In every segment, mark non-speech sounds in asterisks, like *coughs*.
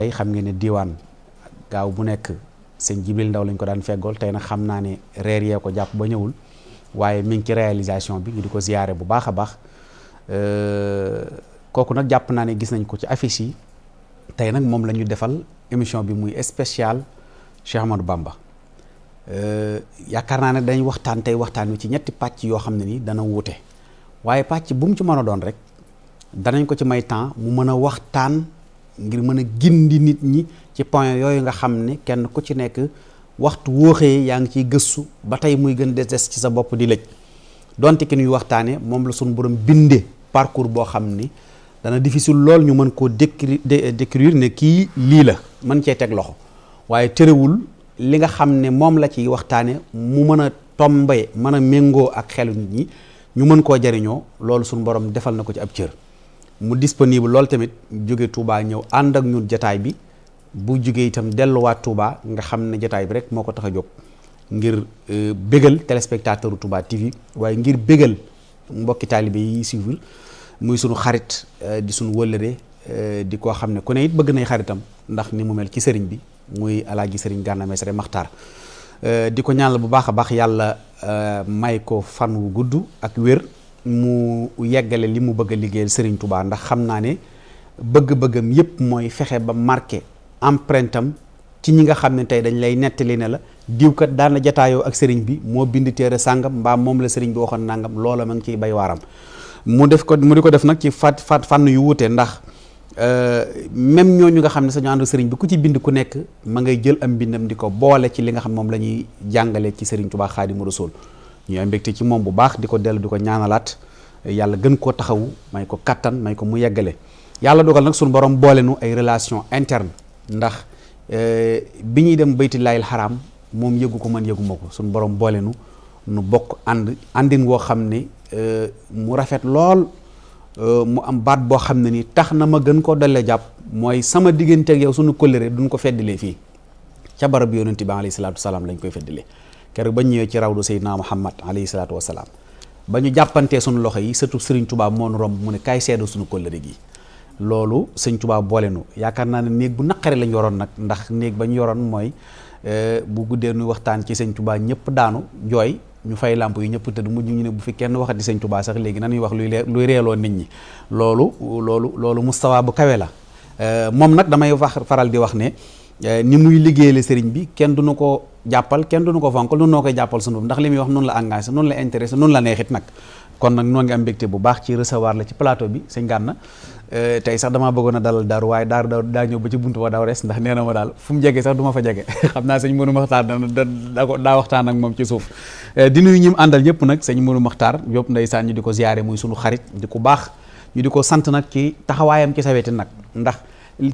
tey xam ngeen ne diwaan gaaw bu nekk sëñ Jibril Ndaw lañ ko daan feggool tey nag xam naa ne reer yee ko jàpp ba ñëwul waaye mi ngi ci réalisation bi ñu di ko ziyaare bu baax a baax euh, kooku nag jàpp naa ne gis nañ ko ci affiche yi tey nag moom la ñu defal émission bi muy spécial Cheikh Ahmadou Bamba euh, yaakaar naa ne dañ waxtaan tey waxtaan wi ci ñetti pàcc yoo xam ne ni dana wuute waaye pàcc bu mu ci mën a doon rek danañ ko ci may temps mu mën waxtaan ngir mën a gindi nit ñi ci point yooyu nga xam ne kenn ku ci nekk waxtu wooxee yaa ngi ciy gëstu ba tey muy gën des des ci sa bopp di lëj donte ki ñuy moom la suñu borom bindee parcours boo xam ni dana difficile lool ñu mën koo décri ne kii lii la mën cee teg loxo waaye tërëwul li nga xam ne moom la ciy waxtaane mu mën a tombe mën a méngoo ak xelu nit ñi ñu mën koo jariñoo loolu suñu borom defal na ko ci ab cër mu disponible lool tamit jóge Touba ñëw ànd ak ñun jataay bi bu jógee itam delluwaat Touba nga xam ne jataay bi rek moo ko tax a jóg ngir euh, bégal téléspectateur Touba TV waaye ngir bégal mbokki taalibe yi suivre muy sunu xarit euh, di sunu wëllëre euh, di koo xam ne ku ne it bëgg nay xaritam ndax ni mu mel ci sëriñ bi muy alaaji sëriñ Gana Messere Maxtaar di ko ñaanal bu baax a baax yàlla may ko fan wu gudd ak wér mu yeggale li mu bëgg a liggéeyal Serigne tubaa ndax xam naa ne bëgg-bëggam yépp mooy fexe ba marqué empreinte am ci ñi nga xam ne tey dañ lay nettali ne la diwkat daan na jataayoo ak sëriñ bi moo bind téere sàngam mbaam moom la sëriñ bi waxoon nangam loola ma ngi ciy bay waaram mu def ko mu di ko def nag ci fat fat fànn yu wuute ndax euh, ñoo ñu nga xam ne sañu ànd sëriñ bi ku ci bind ku nekk ma ngay jël am bindam di ko boole ci li nga xam moom la ñuy jàngale ci sëriñ Tuubaa Xaadimu Rasuul ñu am mbégte ci moom bu baax di ko dellu di ko ñaanalaat yàlla gën koo taxawu may ko kàttan may ko mu yeggale yàlla dogal nag suñu borom boole ay relation interne ndax eh, bi ñuy dem bayti laayil xaraam moom yëgu ko man yëgu ko suñu borom boole nu bokk ànd àndin woo xam ne eh, mu rafet lool eh, mu am baat boo xam ne ni tax na ma gën koo dolli jàpp mooy sama diggante ak yow suñu kóllëre duñ ko feddalee fii ca barab yonent bi alayhi salaatu salaam lañ koy feddalee keroog ba ñëwee ci rawdu Seydina Muhammad alayhi salaatu wasalaam ba ñu jàppantee suñu loxo yi surtout Serigne Touba moon romb mu ne kaay seedoo suñu kóllëre gi loolu Sëñ Touba boole nu yaakaar naa ne néeg bu naqare lañ yoroon nag ndax néeg ba ñu yoroon mooy eh, bu guddee nu waxtaan ci Sëñ Touba ñëpp daanu jooy ñu fay làmp yi ñëpp tëdd mujj ñu ne bu fi kenn waxati Sëñ Touba sax léegi nañuy wax luy luy reeloo nit ñi loolu loolu loolu mustawa bu kawe la eh, moom nag damay wax faral di wax ne Eh, ni muy liggéeyale sëriñ bi kenn du nu ko jàppal kenn du nu ko fànkal noonu noo koy jàppal sunu ndax li muy wax noonu la engagé noonu la intéressé noonu la neexit nag kon nag noo ngi am mbégte bu baax ci recevoir la ci plateau bi sëñ Gana eh, tey sax dama bëggoon a dalal daaru waaye daar daaru daa ñëw ba ci buntu ba daaw res ndax nee na ma daal fu jege sax du ma fa jege *laughs* xam naa sëñ Mourou Makhtar da daa waxtaan ak moom ci suuf eh, di nuyu ñim àndal ñëpp nag sëñ Mourou Makhtar yëpp ndeysaan ñu di ko ziyaare muy sunu xarit di ko baax ñu di ko sant nag ci taxawaayam ci sa nag ndax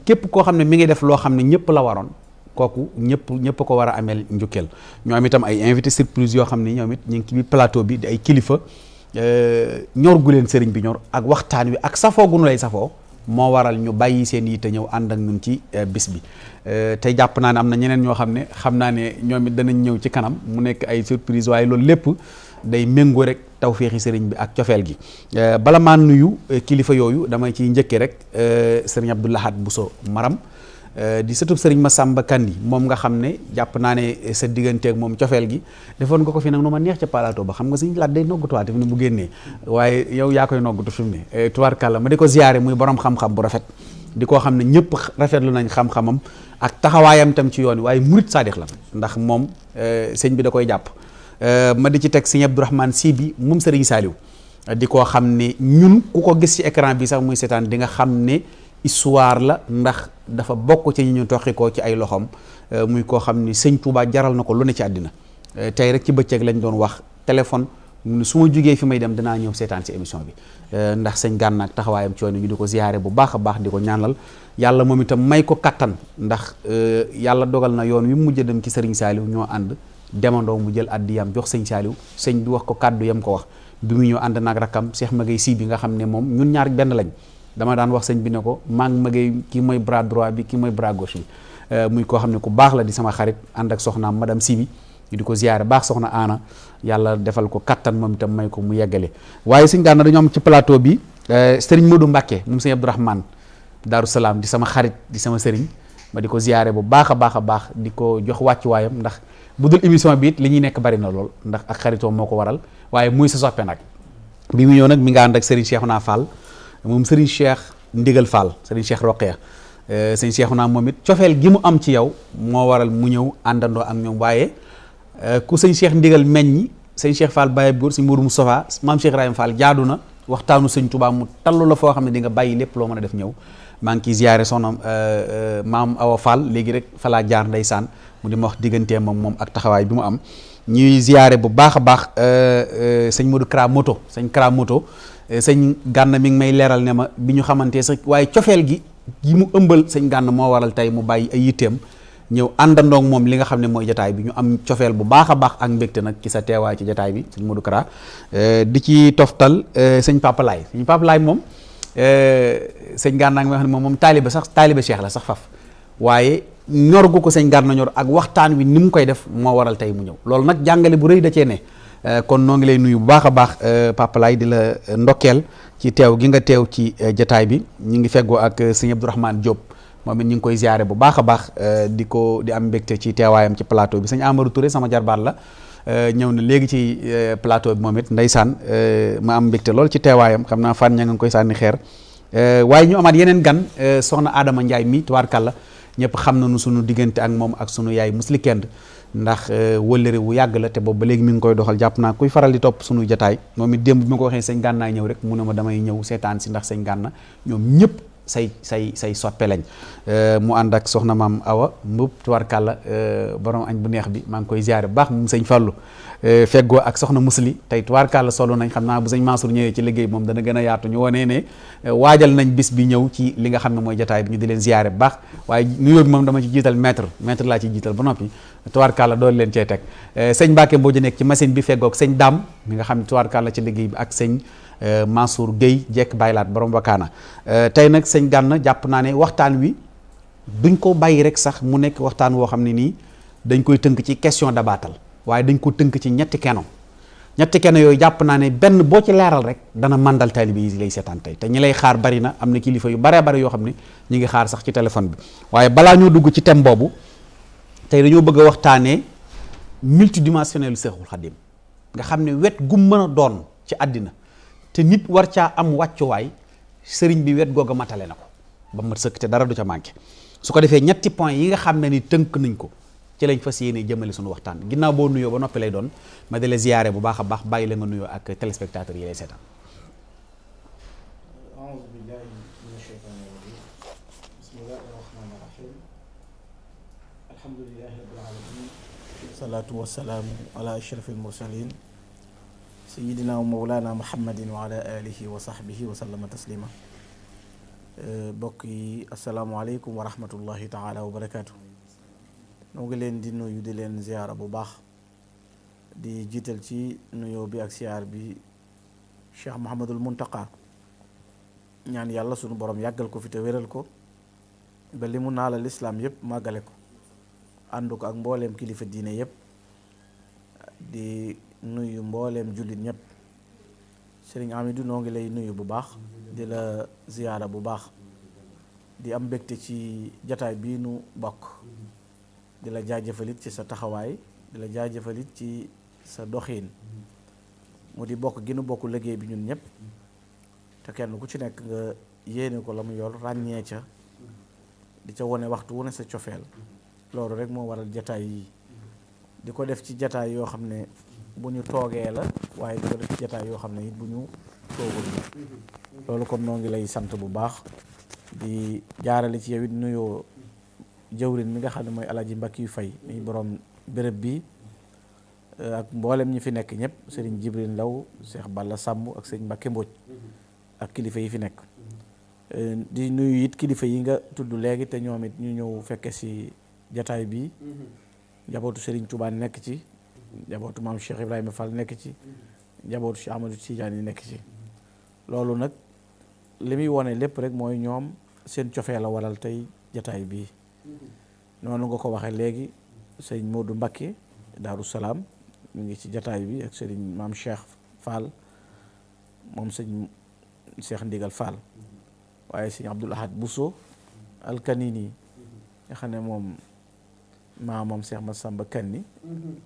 képp koo xam ne mi ngi def loo xam ne ñëpp la waroon kooku ñëpp ñëpp ko war a ameel njukkeel ñoom itam ay invité surprise yoo xam ne ñoom it ñu ngi ci biir plateau bi ay kilifa euh, ñor gu leen bi ñor ak waxtaan wi ak safoo gu moo waral ñu bàyyi seen yi ñëw ànd ak ci euh, bis bi euh, te jàpp naa ne am na ñeneen ñoo xam ne xam naa ne ñoom it danañ ñëw ci kanam mu nekk ay surprise waaye loolu lépp day méngoo rek tawféexi sëriñ bi ak cofeel gi euh, bala maa nuyu euh, kilifa yooyu damay ciy njëkkee rek euh, sëriñ Abdou Lahad Bousso Maram di sëtub sëriñ Massamba Kandi moom nga xam ne jàpp naa ne sa digganteeg moom cofeel gi defoon nga ko fi nag nu ma neex ci Palato ba xam nga sëriñ Laat day noggatuwaat fi ne bu génnee waaye yow yaa koy noggatu fi mu ne tubaarkàlla ma di ko ziyaare muy borom xam-xam bu rafet di koo xam ne ñëpp rafetlu nañ xam-xamam ak taxawaayam tam ci yoon waaye murit saadix la ndax moom sëñ bi da koy jàpp Euh, ma di ci teg sëñ Abdourahmane Sy bi moom sëriñ Saaliw di koo xam ne ñun ku ko gis ci écran bi sax muy seetaan di nga xam ne histoire la ndax dafa bokk ci ñu ñu toxi ko ci ay loxoom euh, muy koo xam ni sëñ Touba jaral na ko lu ne ci àddina euh, tey rek ci bëccëg lañ doon wax téléphone su ma jugee fi may dem danaa ñëw seetaan ci émission bi ndax sëñ Gànna taxawaayam ci woon ñu di ko ziyaare bu baax a baax di ko ñaanal yàlla moom itam may ko kattan ndax yàlla dogal na yoon wi mu mujj dem ci sëriñ Saaliw ñoo ànd demandoo mu jël àddiyaam jox sëñ Saaliw sëñ bi wax ko kàddu yam ko wax bi mu ñëw ànd naag rakkam Cheikh Magay Si bi nga xam ne moom ñun ñaar benn lañ dama daan wax sëñ bi ne ko maa ngi Magay kii mooy bras droit bi kii mooy bras gauche bi euh, muy koo xam ne ku baax la di sama xarit ànd ak soxnaam madame Si bi di ko ziyaare baax soxna aana yàlla defal ko kattan moom itam may ko mu yeggale waaye sëñ daana dañoo am ci plateau bi euh, sëriñ Modou Mbàkke moom sëñ Abdourahmane Daaru Salaam di sama xarit di sama sëriñ ma di ko ziyaare bu baax a baax a baax di ko jox wàccuwaayam ndax bu dul émission bi li ñuy nekk bari na lool ndax ak xaritoo moo ko waral waaye muy sa soppe nag bi mu ñëw nag mi nga ànd ak Serigne naa Fall moom Serigne Cheikh Ndigal Fall Serigne Cheikh Roqeya euh, Serigne Cheikhouna moom it cofeel gi mu am ci yow moo waral mu ñëw àndandoo ak ñëw waaye euh, ku sëñ Cheikh Ndigal meññi Serigne Cheikh Fall Baye Bour si Mourou Moustapha maam Cheikh Ibrahima Fall jaadu na waxtaanu sëñ Touba mu tallu la foo xam ne di nga bàyyi lépp loo mën a def ñëw maa ngi ciy ziare soxna euh, maam Awa léegi rek fa laa jaar ndeysaan mu di ma wax digganteem moom moom ak taxawaay bi mu am ñuy ziyaare bu baax a baax euh, euh, sëñ Modou Kara moto sañ Kara moto euh, sañ gànn mi ngi may leeral ne ma bi ñu xamante sax waaye cofeel gi yi mu ëmbal sëñ gànn moo waral tey mu bàyyi ay yitteem ñëw àndandoog moom li nga xam ne mooy jataay bi ñu am cofeel bu baax a baax ak mbégte nag ci sa teewaay ci jataay bi sëñ Modou Kara di ci toftal sëñ papalaay sëñ papalaay moom sëñ gànnaag may wax ne moom moom taaliba sax taaliba cheikh la sax faf waaye ñor gu ko sëñ Gana ñor ak waxtaan wi ni mu koy def moo waral tey mu ñëw loolu nag jàngale bu rëy da cee ne euh, kon noo ngi lay nuyu bu baax a baax euh, Papa di la euh, ndokkeel ci teew gi nga teew ci jataay bi ñu ngi feggoo ak sëñ Abdourahmane Diop moom it ñu ngi koy ziare bu baax a baax di ko di am mbégte ci teewaayam ci plateau bi sëñ Amadou Touré sama jarbaat la ñëw na léegi ci plateau bi moom it ndeysaan ma am mbégte lool ci teewaayam xam naa fan ña nga koy sànni xeer waaye ñu amaat yeneen gan soxna Adama Ndiaye mi tubaarkàlla ñëpp xam na nañu suñu diggante ak moom ak suñu yaay muslikend ndax euh, wëllëre wu yàgg la te boobu ba léegi mu ngi koy doxal jàpp naa kuy faral di topp sunu jataay moom it démb bi ma ko waxee sëñ gànnaay ñëw rek mu na ma damay ñëw seetaan si ndax sëñ gànna ñoom ñëpp say say say soppe lañ euh, mu ànd ak soxna maam awa mbub tuwarkàlla euh, borom añ bu neex bi maa ngi koy ziare baax mu sëñ Fallou Eh, feggoo ak soxna musli tey tubaarkàlla solo nañ xam naa bu sëñ Mansour ñëwee ci liggéey moom dana gën a yaatu ñu wonee ne eh, waajal nañ bis bi ñëw ci li nga xam ne mooy jataay bi ñu di leen ziyaare bu baax waaye nuyoo bi moom dama ci jiital maître maître laa ci jiital ba noppi tubaarkàlla dool leen cee teg eh, sëñ Mbacke Mbodj nekk ci machine bi feggoog sëñ Dame mi nga xam ne tubaarkàlla ci liggéey bi ak sëñ Mansour Guèye jekk baylaat borom wakaana tey nag sëñ Gànn jàpp naa ne waxtaan wi duñ ko bàyyi rek sax mu nekk waxtaan woo xam ne nii dañ koy tënk ci question dabaatal waaye dañ ko tënk ci ñetti keno ñetti keno yooyu jàpp naa ne benn boo ci leeral rek dana mandal taalibe yi lay seetaan tey te ñi lay xaar bari na am na kilifa yu baree bari yoo xam ne ñu ngi xaar sax ci téléphone bi waaye balaa ñoo dugg ci thème boobu tey dañoo bëgg a waxtaanee multidimensionnel Seexul Xadim nga xam ne wet gu mën a doon ci àddina te nit war caa am wàccuwaay sëriñ bi wet googa matale na ko ba mat sëkk te dara du ca manqué su ko defee ñetti point yi nga xam ne ni tënk nañ ko ci lañ fas yéene jëmale suñu waxtaan ginnaaw boo nuyoo ba noppi lay doon ma di la ziyaare bu baax a baax bàyyi la nga nuyoo ak téléspectateurs yi lay seetaan salaatu wasalaamu ala ashraf almursalin sayidina wa mawlana muhammadin wa ala alihi wa sahbihi wa sallama taslima eh, bokk yi asalaamualeykum wa rahmatullahi taala wa barakaatu noo ngi leen di nuyu di leen ziyaara bu baax di jiital ci nuyoo bi ak siyaar bi Cheikh Mouhamadul Muntaqa ñaan yàlla sunu borom yàggal ko fi te wéral ko ba li mu naala lislaam yëpp màggale ko ànd ko ak mbooleem kilifa diine yëpp di nuyu mbooleem jullit ñëpp sëriñ Amidou noo ngi lay nuyu bu baax di la ziyaara bu baax di am mbégte ci jataay bii nu bokk di la jaajëfalit ci sa taxawaay di la jaajëfalit ci sa doxiin mu di bokk gi nu bokk liggéey bi ñun ñëpp te kenn ku ci nekk nga yéene ko la mu yor ràññee ca di ca wone waxtu wu sa cofeel loolu rek moo waral jataay yi di ko def ci jataay yoo xam ne bu ñu toogee la waaye di ko def ci jataay yoo xam ne it bu ñu toogul la loolu kon noo ngi lay sant bu baax di jaarale yow it nuyoo jëwrin mi nga xam ne mooy alaaji mbakk yu fay mi borom béréb bi euh, ak mboolem ñi fi nekk ñëpp sëriñ Jibril Ndaw Cheikh Balla Samb ak sëriñ Mbacke Mbodj ak kilifa yi fi nekk euh, di nuyu it kilifa yi nga tudd léegi te ñoom it ñu ñëw fekke si jataay bi njabootu sëriñ Touba nekk ci njabootu maam Cheikh Ibrahima fal nekk ci njabootu Cheikh Amadou Tidiane yi nekk ci loolu nag li muy wone lépp rek mooy ñoom seen cofee la waral tey jataay bii noonu nga ko waxee léegi sëñ moo Modou Mbakke Daaru Salaam mu ngi ci jataay bi ak sëriñ maam Cheikh Fall moom sëñ Cheikh Ndigal Fall waaye sëñ Abdoul Ahad Bousso Alkanini nga xam ne moom moom maamam Cheikh Massamba Kanni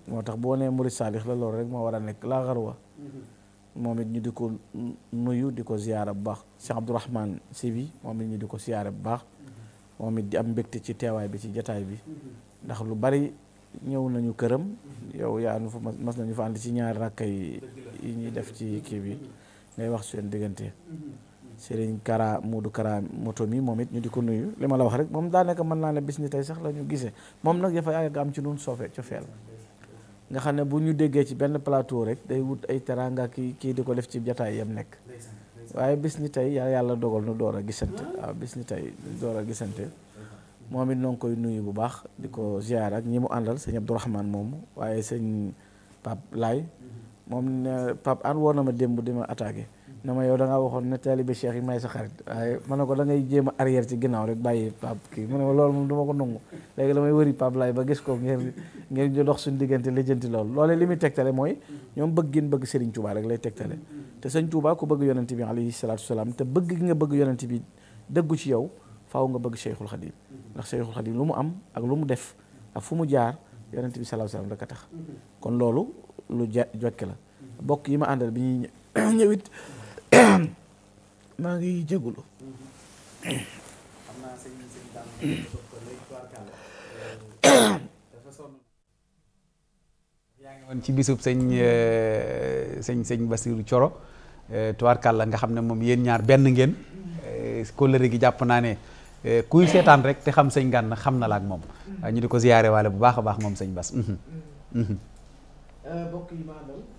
moo tax boo nee Murid Saalix la loolu rek moo war a nekk laa xarwa moom it ñu di ko nuyu di ko ziyaara bu baax seex Cheikh Abdourahman Sibi moom it ñu di ko ziyaara bu baax moom it am mbégte ci teewaay bi ci jataay bi ndax lu bari ñëw nañu këram yow yaa nu fa mas nañu fa ànd ci ñaari rakka yi ñuy def ci kii bi ngay wax seen diggante Serigne Kara Moodu Kara moto mi moom it ñu di ko nuyu li ma la wax rek moom daanaka mën naa ne bis ni tey sax la ñu gisee moom nag dafa yàgg am ci nun soofe cofeel nga xam ne bu ñu déggee ci benn plateau rek day wut ay teraanga kii di ko def ci jataay yam nekk waaye bis ni tey yàlla dogal nu door a gisante waaw bis ni tey door a gisante moom it noo ngi koy nuyu bu baax di ko ziar ak ñi mu àndal sëñ Abdourahmane moomu waaye sëñ Pape Laay moom ne Pape an woon na ma démb di ma attaqué na yow da waxoon ne taalibe cheikh yi may sa xarit waaye ma ne ko da ngay jéem a arrière ci ginnaaw rek bàyyi pap kii mu ne ma loolu moom du ma ko nangu léegi damay wëri pap laay ko ngeen ngeen jo diggante lijjanti loolu loolee li muy tegtale mooy ñoom bëgg gin bëgg Serigne Touba rek lay tegtale te Serigne Touba ku bëgg yonent bi alayhi salaatu salaam te bëgg gi nga bëgg yonent bi dëggu ci yow faaw nga bëgg Cheikhul Khadim ndax Cheikhul Khadim lu mu am ak lu mu def ak fu mu jaar yonent bi salaatu salaam rek a tax kon loolu lu ja jokk la bokk yi ma àndal bi ñuy ñëwit *clears throat* *coughs* maa ngi jégalu. *coughs* ngi woon ci bisub sëñ euh, sëñ sëñ Basiru Coro euh, tubaarkàlla nga xam ne moom yéen ñaar benn ngeen euh, kóllëre gi jàpp naa ne kuy seetaan rek te xam sëñ Gana xam na la ak moom ñu di ko ziyaare waale bu baax a baax moom sëñ Bas mhm. mhm.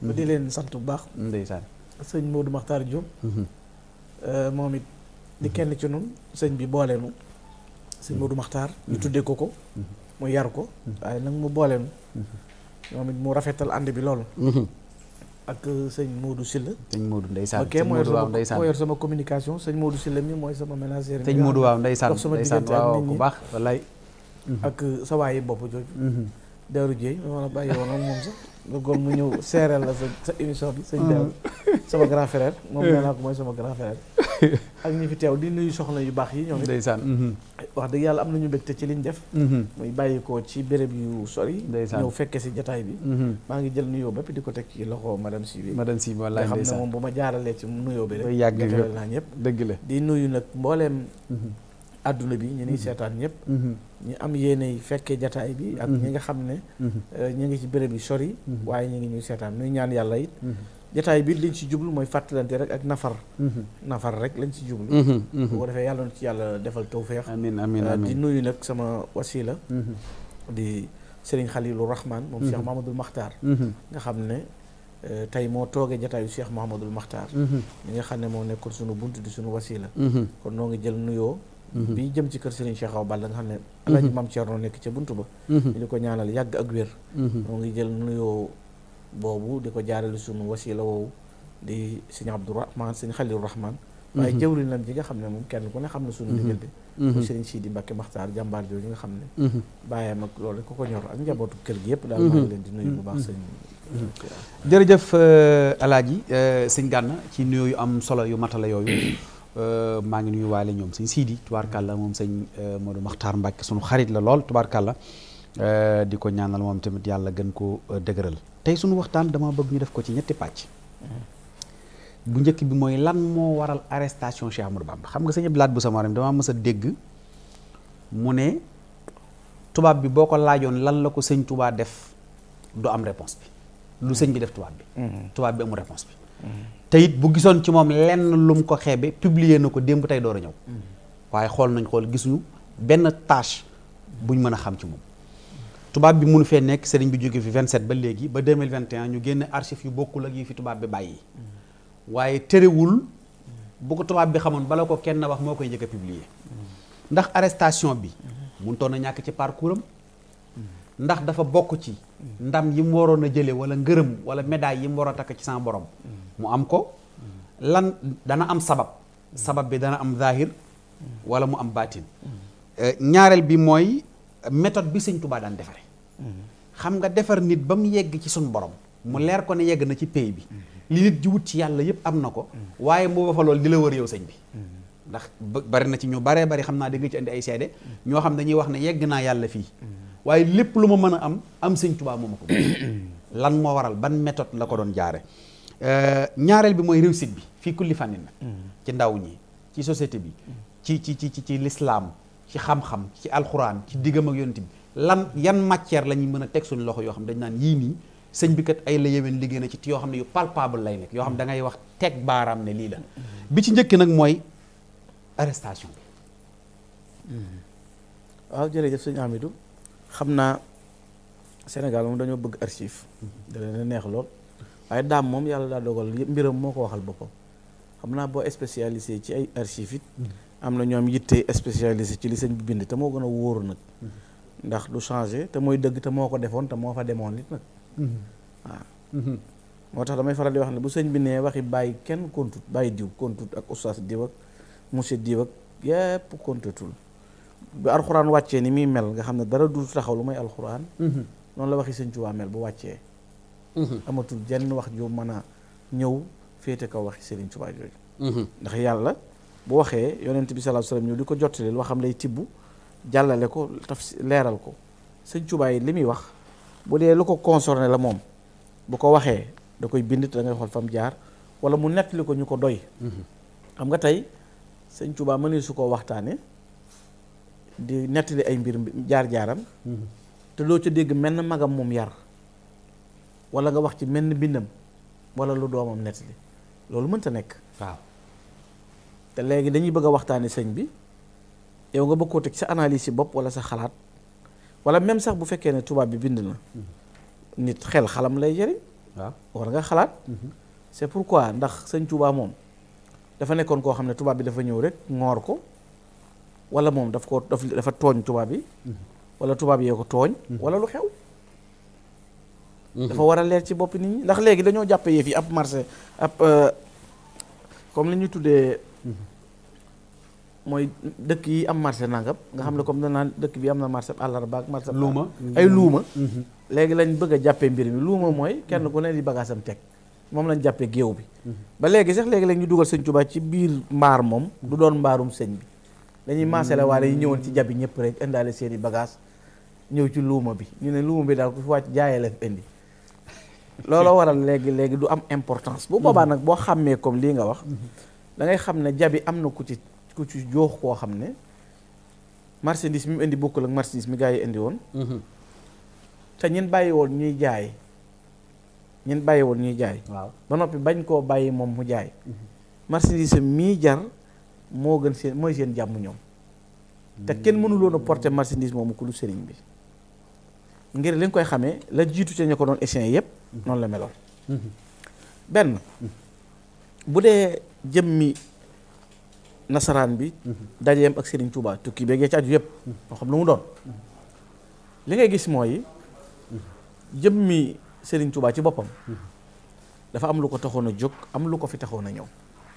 ba di leen sant sëñ Modou Makhtar Diop. Mhm. Euh, moom it di mhm. kenn ci nun sëñ bi boole nu sëñ Modou mhm. Makhtar. ñu tuddee ko ko. mu yar ko. waaye nag mu boole nu. moom it mu rafetal ànd bi loolu. ak euh, sëñ Modou Sylla. sëñ Modou ndeysaan ok mooy yor sama communication sëñ Modou Sylla mooy sama ménager. sëñ Modou waaw ndeysaan ndeysaan waaw ku baax wallaay. ak euh, sa waayi bopp jooju. Daaru Dieye ma la bàyyi woon ak moom sax nga góor mu ñëw seereel la sa sa bi sëñ Daaru mm. sama grand frère moom nee ko mooy sama grand frère *laughs* ak ñu fi teew di nuyu soxna yu baax yi ñoom it ndeysaan mm-hmm. wax dëgg yàlla am nañu mbégte ci liñ def mm-hmm. muy bàyyi ci béréb yu sori ñëw fekke si jataay bi mm-hmm. maa ngi jël nuyoo bépp di ko teg ci loxo madame si bi madame si bi wallaay ndeysaan xam ne moom bu ma jaaralee ci nuyoo bi rek yàgg naa ñëpp dëgg la di nuyu nag mbooleem àdduna bi ñu ngi mhm. seetaan ñëpp mhm. ñu am yéene fekkee jataay bi ak mhm. ñi nga xam ne euh, ñu ngi ci béréb yi sori waaye ñu ngi ñuy seetaan nuy ñaan yàlla it jataay bi liñ si jublu mooy fàttalante rek ak nafar nafar rek lañ ci jublu bu ko defee yàlla na ci yàlla defal tawféex amiin amiin amiin euh, di nuyu nag sama wasila di Serigne Khalilou Rahman moom Cheikh Mahamadul Makhtar nga xam ne euh, tey moo toogee jataayu Cheikh Mahamadul Makhtar ñi nga xam ne moo nekkoon sunu bunt di sunu wasila kon Mhm. bi jëm ci kër Serigne Cheikh Awa Balla nga xam ne mhm. alaaji maam Thierno nekk ca buntu ba ñu mhm. di ko ñaanal yàgg ak wér moo ngi jël nuyoo boobu di ko jaarale sunu wasila woowu di sëñ Abdourahman sëñ Khalil Rahman waaye jëwriñ lan ji nga xam ne moom kenn ku ne xam na sunu diggante mu Serigne Sidi Mbacke Maxtaar jàmbaar jooju nga xam ne bàyyam ak loolu ko ko ñor ak njabootu kër gi yëpp daal maa ngi leen di nuyu bu baax sëñ jërëjëf euh, alaaji euh, sëñ Gana ci nuyoo yu am solo yu matala yooyu Euh, maa ngi nuy waale ñoom sëñ Sidi tubaarkàlla moom sëñ euh, Modou Makhtar Mbacke sunu xarit la lool tubaarkàlla euh, di ko ñaanal moom tamit yàlla gën ko dëgëral tey suñu waxtaan dama bëgg ñu def ko ci ñetti pàcc bu njëkk bi mooy lan moo waral arrestation Cheikh Amadou Bamba xam nga sëñ Abdou bu sama Maram damaa mës a dégg mu ne tubaab bi boo ko laajoon lan la ko sëñ Touba def du am réponse bi lu sëñ bi def tubaab bi mm-hmm. tubaab bi amul réponse bi mm-hmm. te it bu gisoon ci moom lenn lum ko xeebe publier na ko démb tey door a ñëw mm-hmm. waaye xool nañ xool gisuñu benn tâche buñ mën a xam ci moom tubaab bi munu fee nekk sëriñ bi jóge fi 27 ba léegi ba 2021 ñu génn archives yu bokkul ak yi fi tubaab bi bàyyi mm-hmm. waaye terewul bu ko tubaab bi xamoon bala ko kenn wax moo koy jege publier mm-hmm. ndax arrestation bi mënutoon a ñàkk ci parcours am ndax dafa bokk ci ndam yi mu waroon a jële wala ngërëm wala médaille yi mu war takk ci sama borom mu am ko lan dana am sabab sabab bi dana am zahir wala mu am baatin euh, ñaareel bi mooy méthode bi sëñ Tuubaa daan defare xam nga defar nit ba mu yegg ci suñ borom mu leer ko ne yegg na ci pay bi li nit di wut ci yàlla yëpp am na ko waaye booba fa loolu di la wër yow sëñ bi ndax bari na ci ñu baree bari xam naa da nga ci indi ay seede ñoo xam dañuy wax ne yegg naa yàlla fii waaye lépp lu ma mën a am am sëñ Tuubaa moom ma ko *coughs* lan moo waral ban méthode la ko doon jaare euh, ñaareel bi mooy réussite bi fii kulli fànnin nag mm. ci ndaw ñi ci société bi mm. ci ci ci ci lislaam ci xam-xam ci alxuraan ci diggam ak yonent lan yan matière la ñuy mën a teg suñu loxo yoo xam ne dañ naan yii nii sëñ bi kat ay la yeween liggéey na ci yoo xam ne yu palpable lay nekk yoo xam ne mm. dangay wax teg baaraam ne lii la bi ci njëkk nag mooy arrestation bi waaw jërëjëf xam naa Sénégal moom dañoo bëgg archive mhm. da neex lool waaye daam moom yàlla daa dogal mbiram moo ko waxal boppam xam naa boo spécialisé ci ay archives it mhm. am na ñoom yitte spécialisé ci li sëñ bi bind te moo gën a wóoru nag mhm. ndax lu changé te mooy dëgg te moo ko defoon te moo fa demoon it nag waaw moo tax damay faral di wax ne bu sëñ bi nee waxi bàyyi kenn kontut bàyyi diw kontut ak oustaz diw ak monsieur diw ak yépp kontutul bi alxuraan wàccee ni muy mel nga xam ne dara du taxaw lu may alxuraan mhm. noonu la waxi sëñ Tuubaa mel bu wàccee mhm. amatul jenn wax ju mën a ñëw féete kaw waxi sëriñ Tuubaa jooju mhm. ndax yàlla bu waxee yonent bi sallallahu alayhi wasallam ñëw di ko jottalil waxam lay tibb jàllale ko taf leeral ko sëñ Tuubaa yi li muy wax bu dee lu ko concerné la moom bu ko waxee da koy bind te da ngay xool fam jaar wala mu nettali ko ñu ko doy xam nga tey sëñ Tuubaa mënee su koo waxtaanee di nettali ay mbir jaar-jaaram mhm. te loo ci dégg menn magam moom yar wala nga wax ci menn bindam wala lu doomam nettali loolu mënta nekk waaw te léegi dañuy bëgg a waxtaane sëñ bi yow nga bëgg koo teg sa analyse yi bopp wala sa xalaat wala même sax bu fekkee ne tubaab bi bind na mhm. nit xel xalam lay jëriñ waaw war nga xalaat mhm. c'est pourquoi ndax sëñ Tuubaa moom dafa nekkoon koo xam ne tubaab bi dafa ñëw rek ngoor ko wala moom daf ko daf dafa tooñ tubaab bi wala tubaab yee ko tooñ mm-hmm. wala lu xew mm-hmm. dafa war a leer ci bopp nit ñi ndax léegi dañoo jàppee yëf yi ab marché ab euh, comme li ñu tuddee mooy dëkk yi am marché nangam nga xam ne mm-hmm. comme danaa dëkk bi am na marché àllarba ak marché luuma ay luuma léegi lañ bëgg a jàppee mbir mi luuma mooy kenn ku ne di bagaasam teg moom lañ jàppee géew bi ba léegi sax léegi lañ ñu dugal sëñ Tuubaa ci biir mbaar moom du doon mbaarum sëñ bi dañuy maasale waale yi ñëwoon ci jabi ñëpp rek indiaale seeni i ñëw ci luuma bi ñu ne luuma bi daal ku fi wàcc jaayee la fi indi looloo waral léegi léegi du am importance bu boobaa nag boo xàmmee comme lii nga wax da ngay xam ne jabi am na ku ci joox koo xam ne marchandise mu indi bokkul ak marchandise mi gars yi indi woon mhm. te ñun bàyyi woon ñuy jaay ñun bàyyi woon ñuy jaay waaw ba noppi bañ koo bàyyi moom mu jaay mhm. marchandise mii jar moo gën seen mooy seen jàmm ñoom te kenn mënuloon porte porter hmm. marchandise moomu ku sëriñ bi ngir li koy xamee la jiitu ca ña ko doon échange yëpp hmm. noonu la meloon hmm. benn bu dee jëmmi nasaraan bi dajeem ak Serigne Touba tukki beeg ci aju yëpp moo xam lu mu doon li ngay gis mooy jëmmi sëriñ Touba ci boppam dafa am lu ko taxoon a jóg am lu ko fi taxoon a ñëw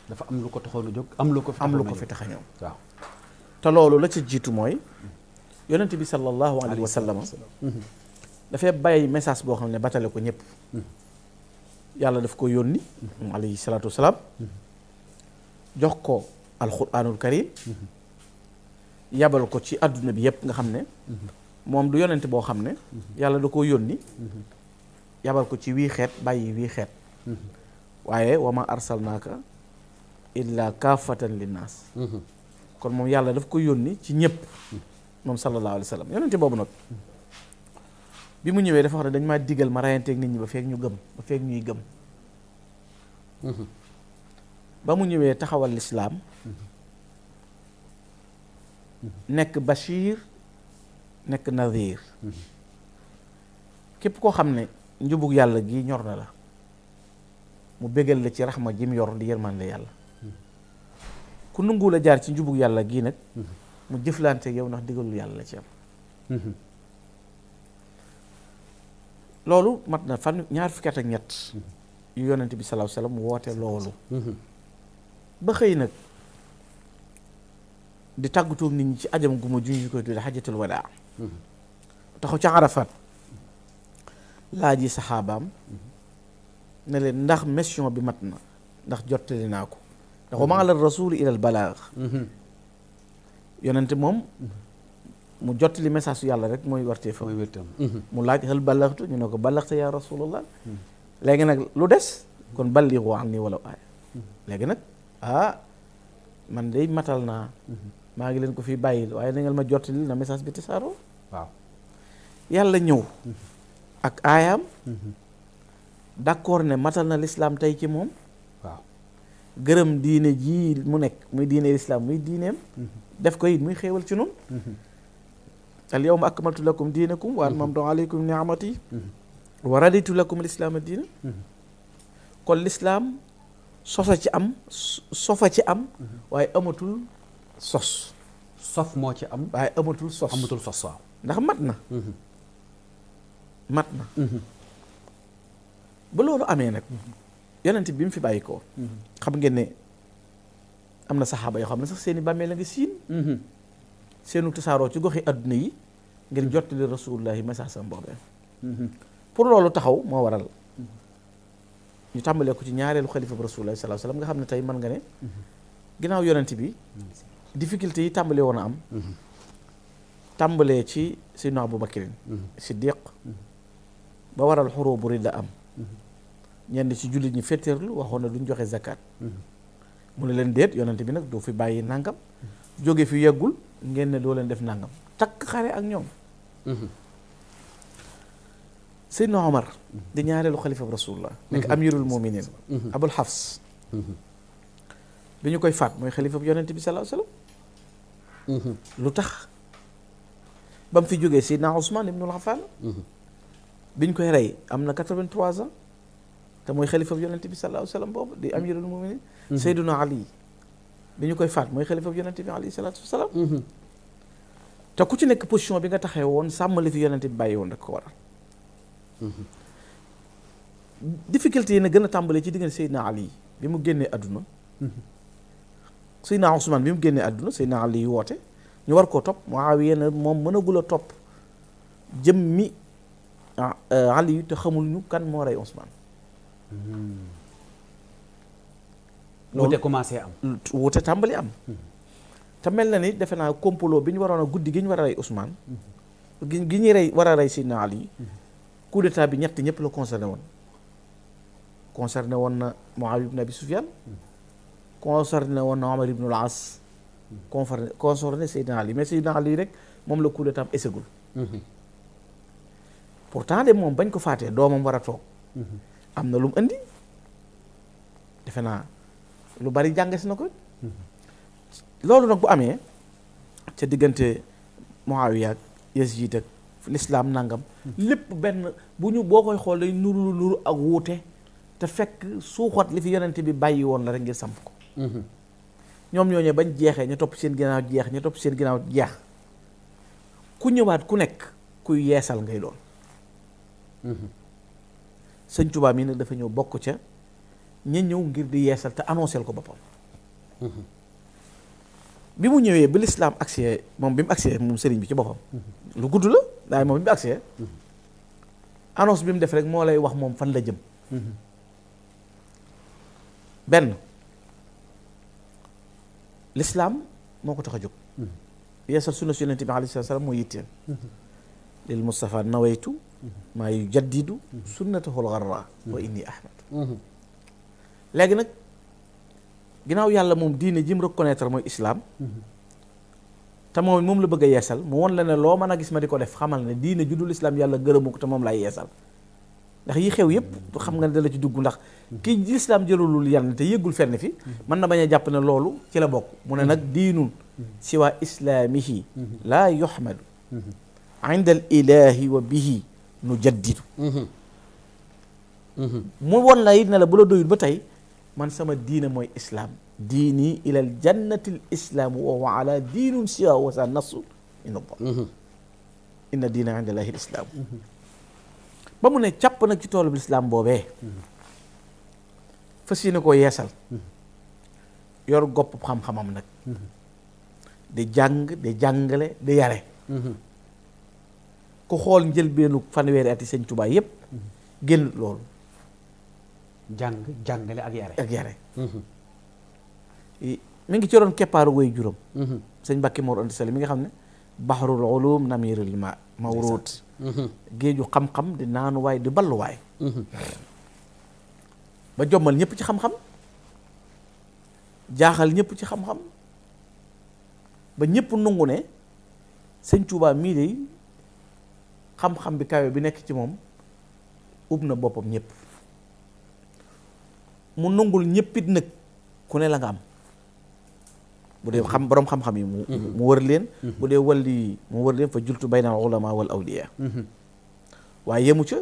dafa am lu ko taxoon a jóg am lu ko fi am lu ko fi tax a ñëw waaw te loolu la ci jiitu mooy yonent bi sallallahu alayhi wa sallam dafay bàyyi message boo xam ne batale ko ñëpp yàlla daf ko yónni alayhi salaatu jox ko alquranul karim ko ci àdduna bi yëpp nga xam ne moom du yonent boo xam ne yàlla du ko yónni yabal ko ci wii xeet bàyyi wii xeet waaye wa arsalnaaka illa kaafatan linnaas mhm. kon moom yàlla daf ko yónni ci ñëpp moom sallallahu alayhi wa sallam boobu nag bi mu ñëwee dafa wax ne dañ maa diggal ma rayanteeg nit ñi ba feeg ñu gëm ba feeg ñuy gëm mhm. ba mu ñëwee taxawal lislaam mhm. nekk bashir nekk nadir képp koo xam ne njubug yàlla gi ñor na la mu bégal la ci raxma jim yor di yërmande yàlla ku nanguwul a jaar ci njubug yàlla gii nag mhm. mu jëflante yow ndax digalul yàlla la ci am mhm. loolu mat na fan ñaar fukki ak ñett mhm. yu yonent bi salaaw salaam woote loolu ba xëy nag di tàggatoog nit ñi ci ajam gu ma junj ko tudde xajatul wadaa taxaw ca Arafat laaj yi saxaabaam ne leen ndax mession bi mat na ndax jottali naa ko wama ala rasuli ila al balaag moom mu jot li message yàlla rek mooy wërtee fa mu laaj hal balaxtu ñu ne ko balaxta ya rasulallah léegi nag lu des kon balligu anni walaw aaya léegi nag ah man day matal naa maa ngi leen ko fi bàyyi waaye na ngeen ma jottali na message bi tasaaroo waaw yàlla ñëw ak aayaam d'accord ne matal na lislaam tey ci moom gërëm diine jii mu nekk muy diine lislaam muy diineem mm-hmm. def ko it muy xéewal ci nun mm-hmm. al yawma akmaltu lakum diinakum wa mm-hmm. atmamtu alaykum ni'mati wa a lakum kon lislaam sosa ci am sofa ci am waaye amatul sos sof moo ci am waaye amatul sos amatul sos ndax mat na mat na ba loolu amee nag yonent bi mu fi bàyyi ko mhm. xam ngeen ne am na saxaaba yoo xam ne sax seeni i bàmmeel la nga siin mhm. seenu tasaaroo ci goxi adduna yi ngir mhm. jottali rasulullahi sa boobee pour loolu taxaw moo waral ñu tàmbalee ko ci ñaareelu xalifa bi rasulullahi sallallahu alayhi wasallam nga xam ne tey mën nga ne ginnaaw yonent bi difficulté yi tàmbalee woon a am tàmbalee ci sayyidina Abu Bakrin siddiq ba waral xuroo bu ridda am ñenn ci jullit ñi féeteerlu waxoon na duñ joxe zakat mu ne leen déet yonent bi nag doo fi bàyyi nangam jóge fi yeggul ngeen ne doo leen def nangam takk xare ak ñoom Seydina Omar di ñaareelu xalifa bi rasulullah nekk amirul muminin abul hafs bi ñu koy faat mooy xalifa bi yonent bi sallallahu alayhi wasallam lu tax ba mu fi jógee Seydina Ousmane ibnul Affan bi ñu koy rey am na quatre-vingt-trois ans te mooy xalifab bi sallallahu alayhi wa sallam boobu di mm-hmm. amirul muminin mm-hmm. sayduna ali bi ñu koy faat mooy xalifab yonente bi alayhi salatu wasalaam mm-hmm. te ku ci nekk position bi nga taxee woon sàmm li fi yonente bi bàyyi woon rek ko waral difficulté yi na gën a tàmbali ci diggante sayduna ali bi mu génnee àdduna sayduna Ousmane bi mu génnee àdduna sayduna woote ñu war koo topp Muawiya na moom mënagul a topp jëm mi ah, euh, ali yu te xamul ñu kan moo rey Ousmane Mm-hmm. wute commencé am mm, wute tàmbali am mm-hmm. te mel na ni defe naa complot bi ñu waroon a guddi gi ñu war a rey Ousmane mm-hmm. gi gi ñuy rey war a rey Seydina Ali coup d'état bi ñett ñëpp la concerné woon concerné woon na Muawiya ibn Abi Sufyan concerné woon na Omar ibn al-As concerné concerné Seydina Ali mais Seydina Ali rek moom la coup d'état am essegul de moom bañ ko faatee doomam war a toog am na lu mu indi defe naa lu bari jànges na ko loolu nag bu amee ca diggante Muawiya ak Yazid ak lislaam nangam lépp benn bu ñu boo koy xool day nuru nuru ak wuute te fekk suuxat li fi yonente bi bàyyi woon la rek ngir samp ko mhm. ñoom ñooñee bañ jeexee ñu topp seen ginnaaw jeex ña topp seen ginnaaw jeex ku ñëwaat ku nekk kuy yeesal ngay doon mhm. sëñ Tuubaa mii nag dafa ñëw bokk ca ña ñëw ngir di yeesal te annoncé ko boppam. Mm-hmm. bi mu ñëwee ba lislaam agsee moom bi mu agsee moom sëriñ bi ci boppam. Mm-hmm. lu gudd la daay moom bi mu agsee. Mm-hmm. annonce bi mu def rek moo lay wax moom fan la jëm. benn lislaam moo ko tax a jóg. yeesal sunna su Yonent bi alayhi salaam moo yitteem. lil Moustapha nawaytu maa yu jaddidu sunnatahul garra wa indi ahmad léegi nag ginnaaw yàlla moom diine jim reconnaître mooy islaam te moom moom la bëgg a yeesal mu won la ne loo mën a gis ma di ko def xamal ne diine ju dul islaam yàlla gërëmu ko te moom laay yeesal ndax yi xew yépp xam nga ne dala ci dugg ndax kii lislaam jëlulul yan te yëggul fenn fi mën na bañ a jàpp ne loolu ci la bokk mu ne nag diinun siwaa islaamihi laa yuhmadu inda al ilahi wa bihi nu jaddidu mu won la it ne la bu la doyul ba tey man sama diina mooy islaam diini ilal jannati l islaamu wa huwa ala diinun siwa wa sa nasu min allah inna diina inda allahi l islaam ba mu ne càpp nag ci toolu bi lislaam boobee fas yéene koo yeesal yor gopp xam-xamam nag di jàng di jàngale di yare ku xool njëlbeenu fanweeri ati sëñ Tuubaa yëpp mhm. génn loolu jàng jàngale ak yare ak yare mhm. mi ngi ci doon keppaaru way juróom mhm. sëñ Mbàkke Mor Anta Sali mi nga xam ne baxrul ulum namirul ma mawruut géeju xam-xam di naanuwaay di balluwaay ba jommal ñëpp ci xam-xam jaaxal ñépp ci xam-xam ba ñëpp nungu ne sëñ Tuubaa mii de xam-xam bi kawe bi nekk ci moom ub na boppam ñëpp mu nungul ñëppit nag ku ne la nga am bu dee xam boroom xam-xam yi mu mu wër leen mhm. bu dee walli mu wër leen fa jultu bayna al ulama wal awliya mhm. waaye yemu ca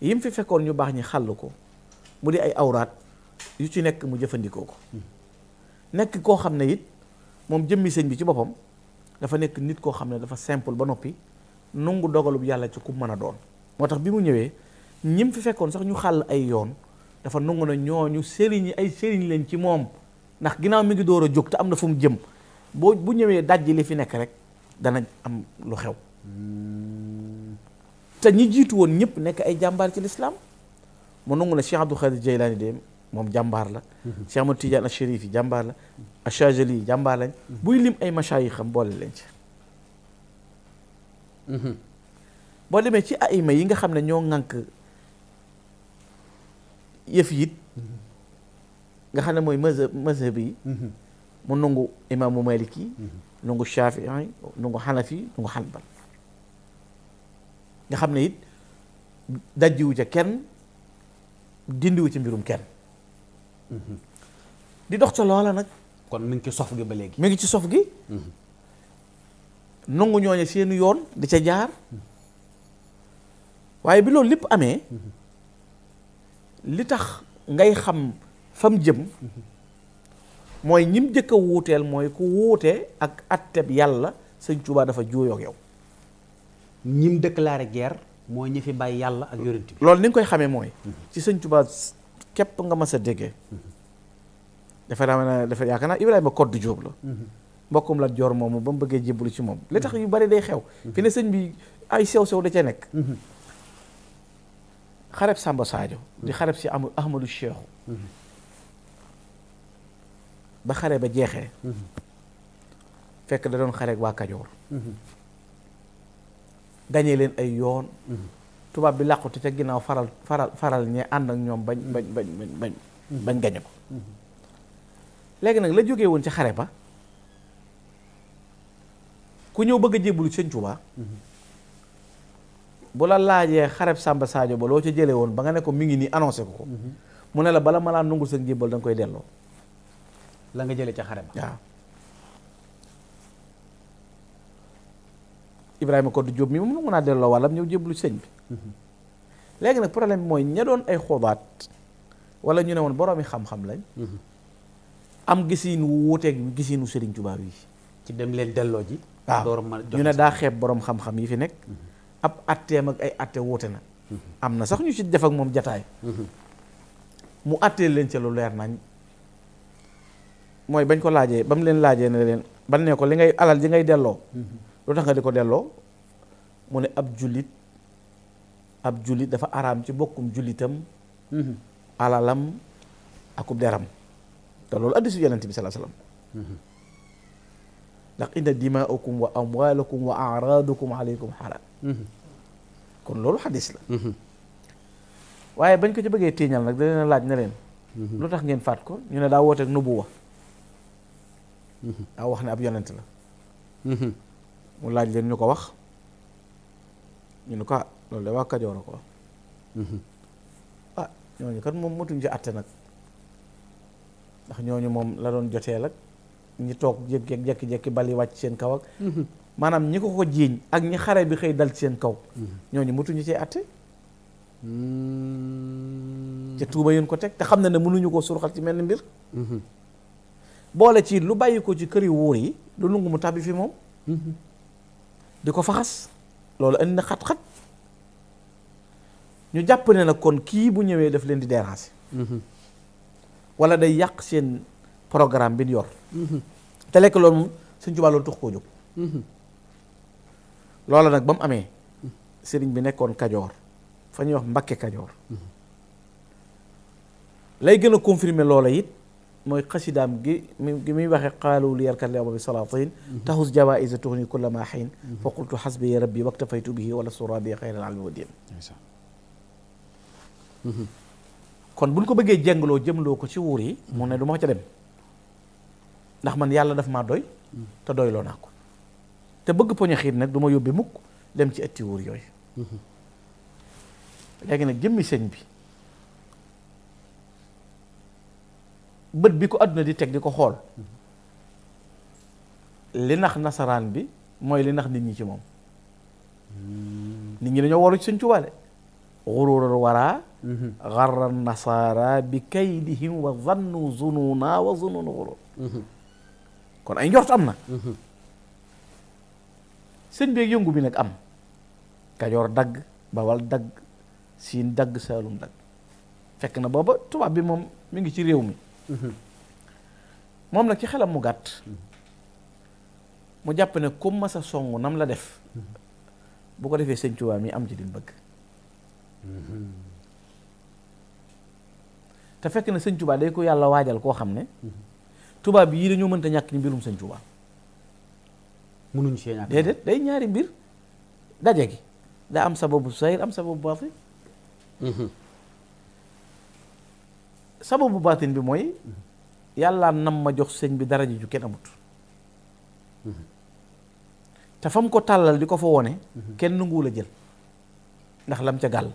yim fi fekkoon ñu baax ñi xàll ko mu dee ay awraat yu ci nekk mu jëfandikoo ko mhm. nekk koo xam ne it moom jëmmi sëñ bi ci boppam dafa nekk nit koo xam ne dafa simple ba noppi nangu dogalub yàlla ci ku mën a doon moo tax bi mu ñëwee ñim fi fekkoon sax ñu xàll ay yoon dafa nangu na ñooñu sëriñ yi ay sëriñ leen ci moom ndax ginnaaw mi ngi door a jóg te am na fu mu jëm boo bu ñëwee dajji li fi nekk rek danañ am lu xew te ñi jiitu woon ñëpp nekk ay jàmbaar ci lislaam mu nangu na Cheikh Abdou Khadir Jeylaani moom jàmbaar la Cheikh Ahmad Tidiane Chérif jàmbaar la Achajali yi jàmbaar lañ buy lim ay machaayix xam mboole leen ci Mm-hmm. boo demee ci ayima yi nga xam ne ñoo ŋànk yëf yit mm-hmm. nga xam ne mooy mazhab mazhab yi mm-hmm. mu nangu imaamu maliki nangu shafii nangu xanafi nangu xanbal nga xam ne it dajjiwu ca kenn dindiwu ci mbirum kenn di dox ca loola nag kon mi ngi ci sof gi ba léegi mi ngi ci sof gi nangu ñooñu seeni yoon di ca jaar waaye bi loolu lépp amee li tax ngay xam fam jëm mooy ñim jëkk a wuuteel mooy ku wuute ak atteb yàlla sëñ Tuubaa dafa juuyoog yow ñim déclaré guerre mooy ñi fi bàyyi yàlla ak yonent loolu ni nga koy xamee mooy ci sëñ Tuubaa képp nga mës a déggee dafa daa mel dafa yaakaar naa Ibrahima Codé Diop la mhm. mbokkum la joor moomu ba mu bëggee jébbalu ci moom li tax yu bari day xew mhm. fi ne sëñ bi ay sew-sew da ca nekk mhm. xareb Samba Sadio di xareb si am Ahmadou Cheikhou mhm. ba xare ba jeexee fekk da doon xare ak waa Kajoor gañee leen ay yoon tubaab bi làquti ca ginnaaw faral faral faral ñee ànd ak ñoom bañ bañ bañ bañ bañ gañe ko léegi nag la jógee woon ci xare ba ku ñëw bëgg a jébbalu sëñ Tuuba bu la laajee xareb Samba Sadio ba loo ca jëlee woon ba nga ne ko mi ngi nii annoncé ko ko mu ne la bala ma laa nungul sa njébbal danga koy delloo la nga jëlee ca xareb waaw Ibrahima Koddu Jóob mi moom nangu naa delloo wàllam ñëw jébbalu sëñ bi léegi nag problème mooy ña doon ay xoobaat wala ñu ne woon boroomi xam-xam lañ mhm. am gisiin wu wuuteeg gisiinu Sëriñ Tuubaa yi ci dem leen delloo ji waaw ñu ne daa xeeb borom xam-xam yi fi nekk mm-hmm. ab atteem ak ay atte woote na mm-hmm. am na sax ñu ci def ak moom jataay mm-hmm. mu attee leen ca lu leer nañ mooy bañ ko laajee ba mu leen laajee ne leen ban ne ko li ngay alal di ngay delloo lu tax nga di ko delloo mu ne ab jullit ab jullit dafa araam ci bokkum jullitam alalam akub deram te loolu addisu yonent bi salaa ndax inna dimaakum wa amwaalakum wa aaraadukum aleykum xaraam mhm. kon loolu xadis la mhm. waaye bañ ko ci bëggee tiiñal nag da leen laaj na leen mhm. lu tax ngeen faat ko ñu ne daa wooteek nubuwa daa wax ne ab yonent la mu laaj leen ñu ko wax ñu ne ko ah loolu de waa Kajoor a ko wax ah ñooñu kat moom motuñ ci àtte nag ndax ñooñu moom la doon joteel ak ñi toog jékki jékki-jékki bali wàcc seen kaw ak mhm. maanaam ñi ko ko jiiñ ak ñi xare bi xëy dal ci seen kaw mhm. ñooñu mutuñu cee atte te mm. tuuba yéen ko teg te xam na ne mënuñu koo surxal ci mel ni mbir mhm. boole ci lu bàyyi ko ci këri wóor yi lu lungu mu tàbbi fi moom di ko faxas loolu indi na xat-xat ñu jàpp ne nag kon kii bu ñëwee daf leen di déranger wala day yàq seen programme bi ñu yor. Mhm. te lekk loolu moom suñ ci wàllu tux koo jóg. Mhm. loola nag ba mu amee. Mhm. sëriñ bi nekkoon kajoor fa ñuy wax mbakke kajoor. lay gën a confirmer loola it mooy xasidaam gi gi muy waxe xaalu li yarkat yowma bi salaatin taxus jawaïsa tuxni kulla ma xiin fa qultu xasbi rabbi waktafaytu bihi wala sura bi xeyran almi wa diin kon buñ ko bëggee jàngloo jëmloo ko ci wuur yi mu ne du ma ca dem ndax man yàlla daf maa doy te doyloo naa ko te bëgg poñe xiit nag du ma yóbbe mukk dem ci ëtti wóor yooyu léegi nag jëmmi sëñ bi bët bi ko àdduna di teg di ko xool li nax nasaraan bi mooy li nax nit ñi ci moom nit ñi dañoo waru ci sëñ Tuubaa xurural wara xarra nasaara bi kaydihim wa zannu zununa wa zununu xurur kon ay njort am na mhm. sëñ beeg yëngu bi nag am kajoor dagg bawal dagg siin dagg saalum dagg fekk na booba tubaab bi moom mi ngi ci réew mi mhm. moom nag ci xelam mu gàtt mhm. mu jàpp ne ku mas songu nam la def bu ko defee sëñ Tuubaa mi am ci lim bëgg te fekk na sëñ Tuubaa day ko yàlla waajal koo xam ne tubaab yii dañoo mënta ñàkk ni mbirum sëñ Tuubaa mënuñ see ñàkk déedéet day ñaari mbir daje gi daa am sababu sayir am sababu baatin mhm. sababu baatin bi mooy yàlla nam ma jox sëñ bi dara ji ju kenn amut mhm. te fam ko tàllal di ko fa wone mhm. kenn nanguwul a jël ndax lam ca gàll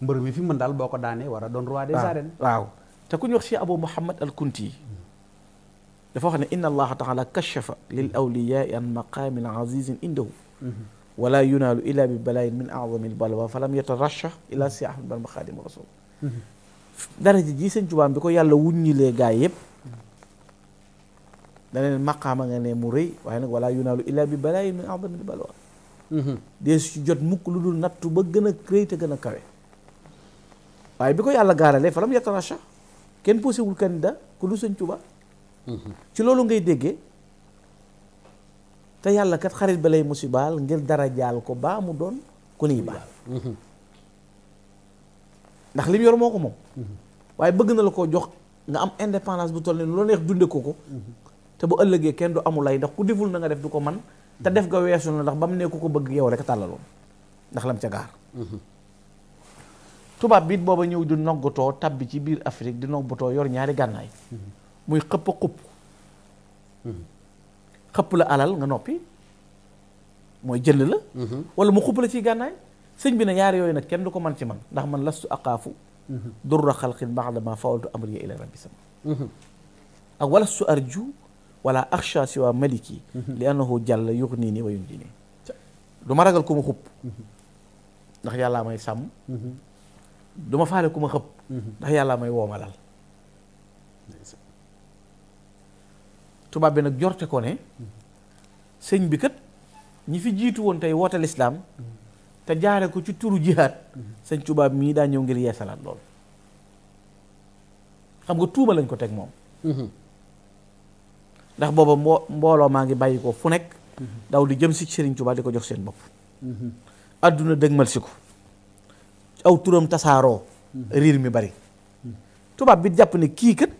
mbër mi fi mën daal boo ko daanee war a doon roi des arènes waaw te ku ñu wax si Abu Muhammad al Kunti yi dafa wax ne inna allaha taala kachafa lil awliyai an maqamin azizin indahu mhm. wala yunaalu illa bi balayin min azami lbalwa fa lam yataracha ila si ahmad bamba xaadimu rasul mhm. daraja ko yàlla wuññilee gaa yëpp mhm. da nga mu waaye nag wala yunaalu illa bi balayin min azami lbalwa dee su jot mukk lu dul nattu ba gën a rëy te gën a kawe waaye bi ko yàlla gaaralee fa lam yataracha kenn posewul candidat ku lu sëñ Tuubaa ci loolu ngay dégge te yàlla kat xarit ba lay musibaal ngir dara jaal ko baa mu doon ku niy baal ndax lim yor moo ko moom waaye bëgg na la koo jox nga am indépendance bu toll ne loo neex dunde ko ko te bu ëllëgee kenn du amul ay ndax ku deful na nga def du ko man te def nga weesu la ndax ba mu ne ku ko bëgg yow rekk tàllaloon ndax lam ca gaar tubaab biit booba ñëw di noggatoo tabbi ci biir Afrique di noggatoo yor ñaari gànnaay muy xëpp xupp xëpp la alal nga noppi mooy jënd la wala mu xupp la ci gànnaay sëñ bi na ñaari yooyu nag kenn du ko man ci man ndax man lastu aqaafu durra xalqin ba'da ma fawaltu amri ila rabbi sama ak wala su arju wala axsha siwa maliki li annahu jàll yuxnii nii wa yunjinii du ma ragal kuma ma xupp ndax yàllaa may sàmm du ma faale ku ma xëpp ndax yàllaa may woomalal tubaab bi nag jorte ko ne sëñ bi kat ñi fi jiitu woon tey woote lislaam te jaare ko ci turu jihaad sëñ tubaab mii daa ñëw ngir yeesalaat lool xam nga tuuma lañ ko teg moom mhm. ndax booba mbo mbooloo maa ngi bàyyi ko fu nekk daw di jëm si sëriñ Tuubaa di ko jox seen bopp adduna mhm. dëgmal si ko aw turam tasaaroo mhm. riir mi bari tubaab bi jàpp ne kii kat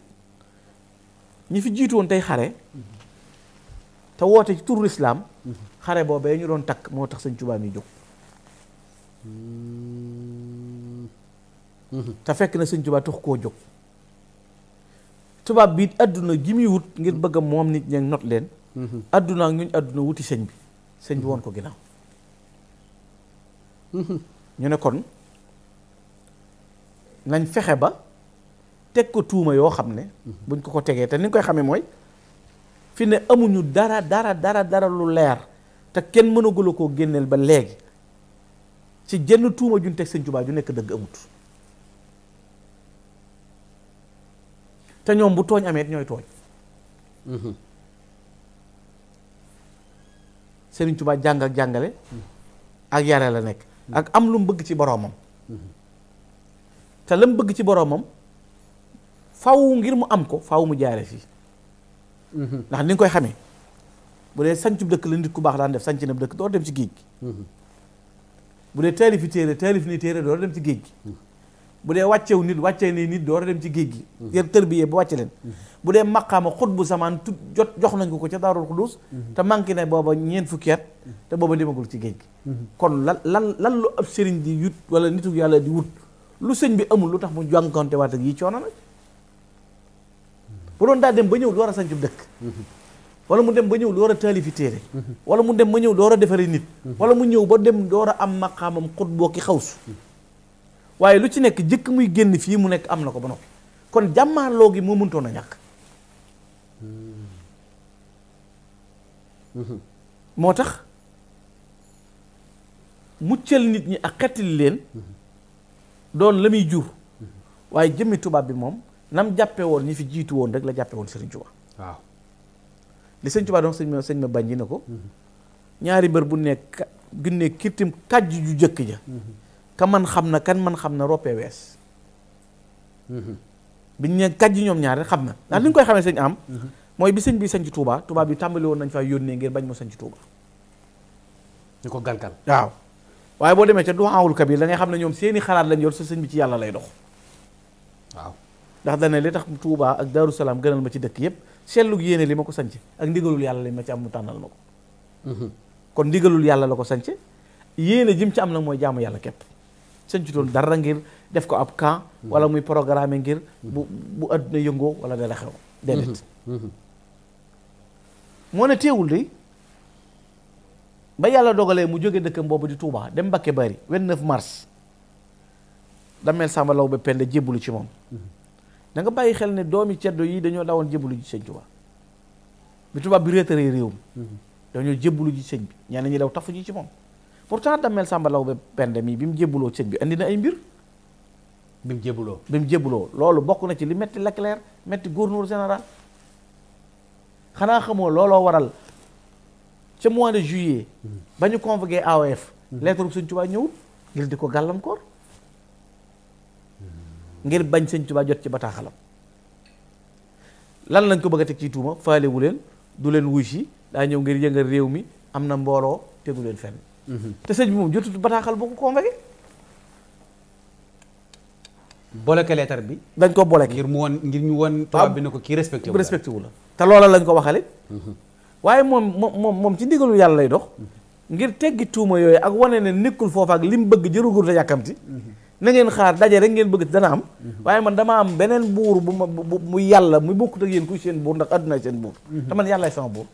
ñi fi jiitu woon tey xare te woote ci turu lislaam xare boobee ñu doon takk moo tax sañ Tuubaa mi jóg te fekk na sëñ Tuubaa tax koo jóg tubaab bi àdduna ji muy wut ngir bëgg moom nit ñeeng not leen adduna ak ñuñ adduna wuti sëñ bi sëñ bi woon ko ginnaaw ñu ne kon nañ fexe ba teg ko tuuma yoo xam ne buñ ko ko tegee te ni koy xamee mooy fi ne amuñu dara dara dara dara lu leer te kenn mënagula koo génneel ba léegi ci jenn tuuma juñ teg sëñ Tuubaa ju nekk dëgg amut te ñoom bu tooñ amee ñooy tooñ mm-hmm. sëriñ Tuubaa jàng ak jàngale ak yare la nekk ak am lu mu bëgg ci boroomam mm-hmm. te la mu bëgg ci boroomam faw ngir mu am ko faw mu jaare fii mhm. ndax ni koy xamee bu dee sancub dëkk la nit ku baax daan def sanc na dëkk door dem ci géej gi mhm. bu dee taalifi téere taalif ni téere door dem ci géej gi mhm. bu dee wàccewu nit wàccee ni nit door dem ci géej gi yar tërbiyee ba wàcce leen bu dee maqaama xut bu samaan tut jot jox nañ ko ko ca daarul xudus te manqué ne booba ñeent fukki at te booba demagul ci géej gi kon lan lan lan lu ab sëriñ di yut wala nitu yàlla di wut lu sëñ bi amul lu tax mu jànkonte waat ak yi coono bu doon daa dem ba ñëw door a sañcu dëkk wala mu dem ba ñëw door a taalifi téere wala mu dem ba ñëw door a defaree nit wala mu ñëw ba dem door a am maqaamam xut boo ki xawsu waaye lu ci nekk jëkk muy génn fii mu nekk am na ko ba noppi kon jàmmaarloo gi moo mëntoon a ñàkk moo tax muccal nit ñi ak xettali leen doon la muy jur waaye jëmmi tubaab bi moom nam jàppe woon ñi fi jiitu woon rek la jàppe woon Serigne Touba waaw li Serigne Touba doon sëñ ma bañ ma ne ko mm-hmm. ñaari mbër bu nekk gunnee kirtim kàjj ju jëkk ja mm-hmm. ka man xam na kan man xam na roppee wees mm-hmm. biñ ne kàjj ñoom ñaari rek xam na ndax li ñu koy xamee sëñ am mooy bi sëñ bi sëñ ci Touba Touba bi tàmbali woon nañ faa yónnee ngir bañ mu sañ ci Touba ñu ko galgal waaw waaye boo demee ca duwaawul kabir da ngay xam ne ñoom seeni xalaat lañ yor sa sëñ bi ci yàlla lay dox ndax dana li tax Touba ak Daaru Salaam gënal ma ci dëkk yëpp sellug yéene li ma ko sanc ak ndigalul yàlla li ma ci am mu tànnal ma ko mhm. kon ndigalul yàlla la ko sanc yéene jim ci am nag mooy jaamu yàlla képp sañcutoon dara ngir def ko ab camp mhm. wala muy programme ngir bu bu àdduna yëngoo wala dara xew déedéet mhm. moo ne teewul de ba yàlla dogalee mu jóge dëkkam boobu di tuubaa dem Mbakke Bari 29 mars dameel Samba Law ba Penda jébbalu ci moom da nga bàyyi xel ne doomi ceddo yi dañoo dawoon jébbalu ji sëñ Tuubaa bi tubaab bi réetaree réew mi mhm. dañoo jébbalu ji sëñ bi ñenn ñi daw tafu ji ci moom pourtant dammel Samba Law ba pende bi mu jébbaloo sëñ bi andi na ay mbir bi mu jébbaloo bi mu loolu bokk na ci li metti Leclerc metti gouverneur général xanaa xamoo looloo waral ca mois de juillet mhm. ba ñu convoqué AOF mhm. lettre bu sëñ Tuubaa ñëwul ngir di ko gàllankoor ngir bañ sëñ Tuubaa jot ci la lan lañ ko bëgg a teg ci tuuma faalewu leen du leen wuy si daa ñëw ngir yëngal réew mi am na mbooloo tegu leen fenn mhm. te sëñ bi moom jotut bataaxal boo ko convoqué boleke leetar bi dañ ko boleke ngir mu woon ngir ñu woon tubaab bi ne ko kii respecté wu respecté wu la te loola lañ ko waxale mhm. waaye moom moom moom ci ndigalu yàlla lay dox mhm. ngir teggi tuuma yooyu ak wane ne nekkul foofa ak li mu bëgg jërugul te yàkkamti na ngeen xaar daje rek ngeen bëgg dana am waaye man dama am beneen buur bu ma mu yàlla mu bokkut ak yéen kuy seen buur ndax àdduna seen buur te man yàllaay sama buur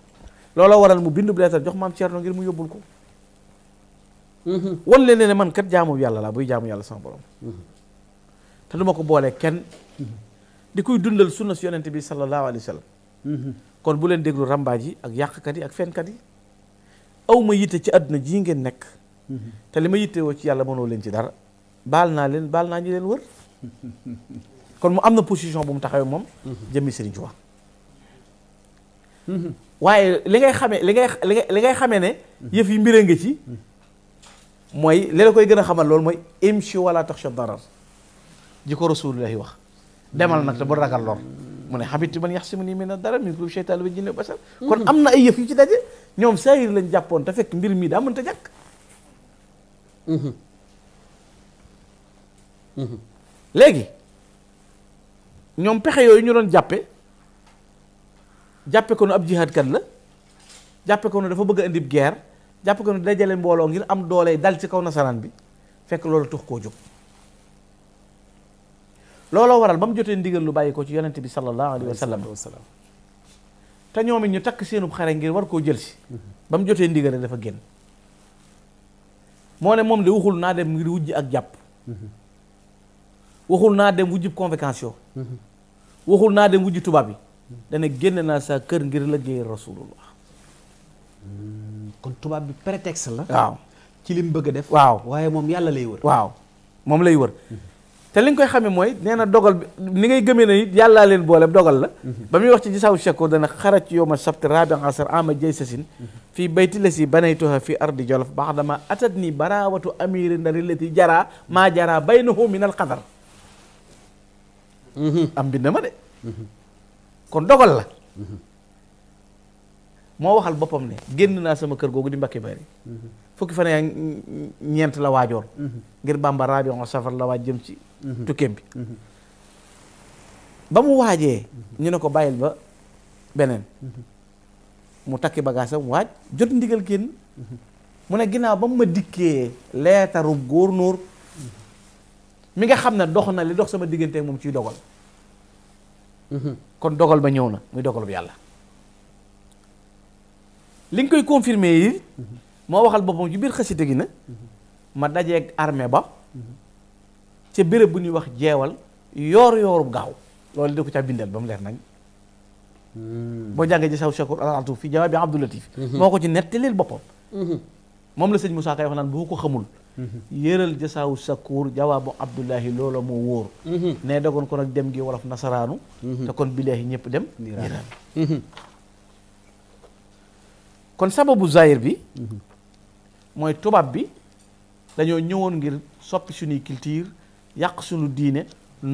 looloo waral mu bindu leetar jox maam Thierno ngir mu yóbbul ko wan leen ne man kat jaamu yàlla laa buy jaamu yàlla sama borom te du ma ko boolee kenn di kuy dundal sunna si yonente bi sallallahu alayhi wa sallam kon bu leen déglu rambaaj yi ak yàqkat yi ak fenkat yi aw ma yitte ci àdduna jii ngeen nekk li ma yitte woo ci yàlla mënoo leen ci dara baal naa leen baal naa ñu leen wër *laughs* kon mu am na position bu mu taxawee moom mhm. jëmmi Serigne Touba mhm. waaye li ngay xamee li ngay li ngay xamee ne mhm. yëf yi mbir a ci mooy li la koy gën a xamal lool mooy imshi walla taxsha darar ji ko rasulullahi wax demal nag te bu ragal lor mu ne xamit man yaxsimuni min ad-darar min kulli shaytaan wa jinni wa basar kon am na ay yëf yu ci daje ñoom saayir lañ jàppoon te fekk mbir mii daa mënta jàkk léegi ñoom pexe yooyu ñu doon jàppe jàppe ko nu ab jihaadkat la jàppe ko nu dafa bëgg a indi guerre jàppe ko nu dajale mbooloo ngir am doole dal ci kaw nasaraan bi fekk loolu tux koo jóg looloo waral ba mu jotee ndigal lu bàyyi ko ci yonente bi sallallahu alayhi wa sallam te ñoom it ñu takk seenub xare ngir war koo jël si mhm. ba mu jotee ndigal dafa génn moo ne moom de waxul naa dem ngir wujj ak jàpp mhm. waxul naa dem wujjub convocation waxul naa dem wujj tubaab yi dana génn naa sa kër ngir liggéey rasulullah kon tubaab bi prétexte la waaw ci mu bëgg a def waaw waaye moom yàlla lay wër waaw moom lay wër mhm. te li nga koy xamee mooy nee na dogal bi ni ngay gëmee ne it yàllaa leen boole dogal la mhm. ba muy wax ci gisaaw chekko dana xaraj yow ma sabti rabi asar ama jay sasin mhm. fii bayti la si banaytuha fii ardi jolof baax dama atat nii barawatu amiri ndari lati jaraa maa jaraa baynahu min al qadar Mm-hmm. am mbind ma de mm-hmm. kon dogal la mm-hmm. moo waxal boppam ne génn naa sama kër googu di Mbacke Bari fukki fan yaa ñeent la waajoon ngir Bàmba rabion safar la waaj jëm ci tukkeem bi ba mu waajee ñu ne ko bàyyil ba beneen mu takki bagaasam waaj jot ndigal génn mu ne ginnaaw ba mu ma dikkee leetaru góornóor mi nga xam ne dox na li dox sama diggante moom ciy dogal kon dogal ba ñëw na muy dogal yàlla li nga koy confirmer yi moo waxal boppam ci biir xasite gi na ma dajeeg armée ba ca béréb bu ñuy wax jeewal yoor yoorub gaaw loolu di ko ca bindal ba mu leer nag hmm. boo jàngee ji saw shakur alatu fi jawaab bi abdoulatif hmm. moo ko ci leen boppam hmm. moom la sëñ Moussa Kay wax naan boo ko xamul yéeral jasaawu sakuur jawaabu abdullahi loola moo wóor mhm. ne dagoon ko nag dem gi wolof nasaraanu mhm. te kon bileehi ñëpp dem niiraan mhm. kon sababu zahir bi mooy tubaab bi dañoo ñëwoon ngir soppi suñuy culture yàq suñu diine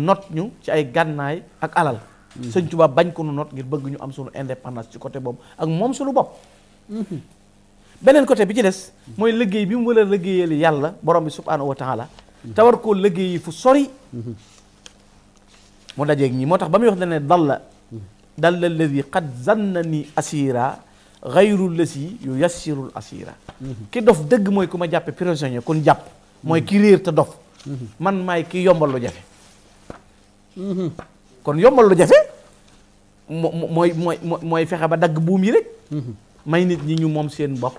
not ñu ci ay gànnaay ak alal sëñ tubaab bañ ko nu not ngir bëgg ñu am suñu indépendance ci côté boobu ak moom suñu bopp beneen côté bi ci des mooy liggéey bi mu war a liggéeyal yàlla borom bi subhaanahu wa taala te war koo liggéey fu sori mu dajeeg ñi moo tax ba muy wax ne ne dalla dalla alladi qad zanna ni asira gayru lasi yu yassirul asira ki dof dëgg mooy ku ma jàppe prisonnier kon jàpp mooy ki réer te dof man maay ki yombal lu jafe kon yombal lu jafe mo mooy mooy mooy fexe ba dagg buum yi rek may nit ñi ñu moom seen bopp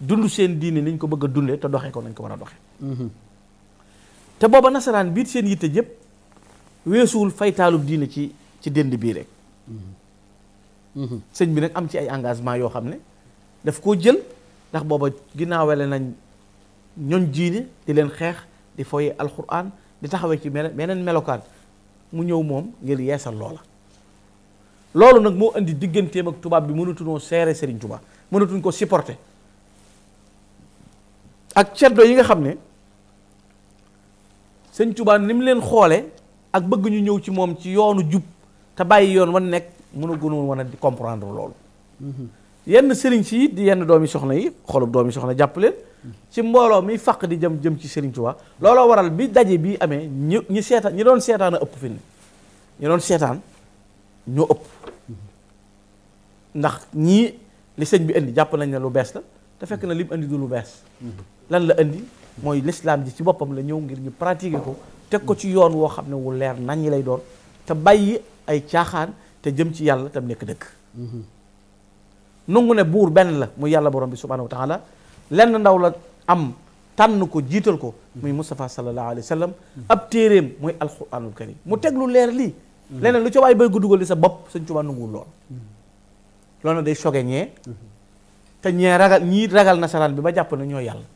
dund seen diine niñ ko bëgg a dundee te doxee ko nañ ko war a doxee. Mhm. te booba nasaraan biir seen yitte yëpp weesuwul faytaalub diine ci ci dënd bii rek. Mhm. Mhm. sëñ bi nag am ci ay engagement yoo xam ne daf koo jël ndax booba ginnaawale nañ ñoñ diine di leen xeex di foyee alxuraan di taxawee ci meneen melokaan mu ñëw moom ngir yeesal loola. loolu nag moo indi digganteem ak tubaab bi mënatuñoo seere Serigne Touba mënatuñ ko supporter ak ceddo yi nga xam ne sëñ Tuubaa ni mu leen xoole ak bëgg ñu ñëw ci moom ci yoonu jub te bàyyi yoon wan nekk mën a gënoon wan a di comprendre loolu mm-hmm. yenn sëriñ si it di yenn yi soxna yi xolub yi soxna jàpp leen ci mbooloo mi fàq di jëm jëm ci sëriñ Tuubaa looloo waral bi daje bi amee ñi ñi seetaan ñi doon seetaan a ëpp fi ne ñi doon seetaan ñoo ëpp mm-hmm. ndax ñii li sëñ bi indi jàpp nañ lu bees la te fekk na lim andi du lu bees. lan la indi mooy lislaam ji ci boppam la ñëw ngir ñu pratiquer ko teg ko ci yoon woo xam ne wu leer nañ ñi lay doon te bàyyi ay caaxaan te jëm ci yàlla tam nekk dëkk. nungu ne buur benn la mu yàlla borom bi subhaanahu wa taala lenn ndaw la am tànn ko jiital ko. muy Moustapha sallallahu alayhi wa sallam. ab téeréem muy alquranul karim mu teg lu leer lii. leneen lu ca waay bëgg dugal li sa bopp Sëñ Tuubaa nanguwul lool. loolu nag te ñee ragal ñii ragal nasaraan bi ba jàpp na ñoo yàlla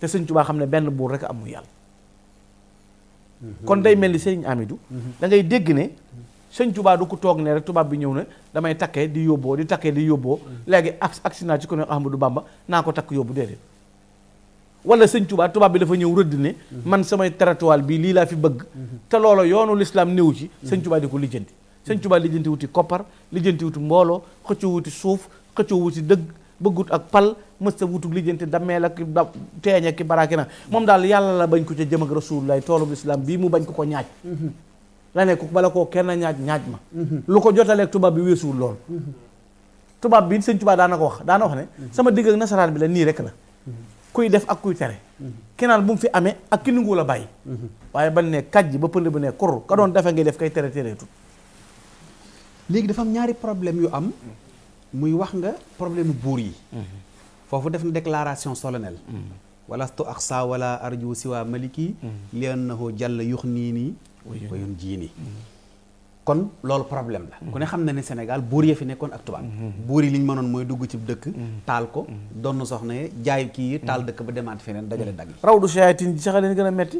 te sëñ Tuubaa xam ne benn buur rek am mu yàlla mhm. kon day mel ni sëñ Amidou mhm. dangay ngay dégg ne sëñ Tuubaa du ko toog ne rek tubaab bi ñëw na damay takkee di yóbboo di takkee di yóbboo mhm. léegi accident ci ko ne Ahmadou Bamba naa ko takk yóbbu déedéet wala sëñ Tuubaa tubaab bi dafa ñëw rëdd ne man samay territoire bii lii laa fi bëgg te loola yoonu lislaam néew ci sëñ Tuubaa di ko lijjanti sëñ Tuubaa lijjanti mbooloo xëcco wuti suuf xëccoowu ci dëgg bëggut ak pal mës ta wutug lijjanti dammeel ak da teeñ ki baraaki na moom daal yàlla la bañ ko ca jëm ak rasulullah toolub islam bii mu bañ ko ko ñaaj mm-hmm. la ne bala koo kenn ñaaj ñaaj ma mm-hmm. lu ko jotaleeg tubaab bi weesuwul lool mm-hmm. tubaab bi sëñ tubaab daana ko wax daana wax ne sama digg ak nasaraan bi la nii rek la kuy def ak kuy tere kenaan bu mu fi amee ak ki nanguwul la bàyyi waaye ban ne kàjj ba pënd bu ne kur ka doon defe ngay def kay tere tereetut léegi ñaari problème yu am muy wax nga problème buur yi mhm. foofu def na déclaration solennelle mhm. walastu aqsa wala arju siwa maliki mhm. li annahu jàll yux nii nii wayun jii nii kon loolu problème la ku ne xam na ne Sénégal buur ya fi nekkoon ak tubaab buur yi li ñu mënoon mooy dugg ci dëkk taal ko donn soxna ye jaay kii yi taal dëkk ba demaat feneen dajale dagg yi rawdu shayatin ji sax leen gën a metti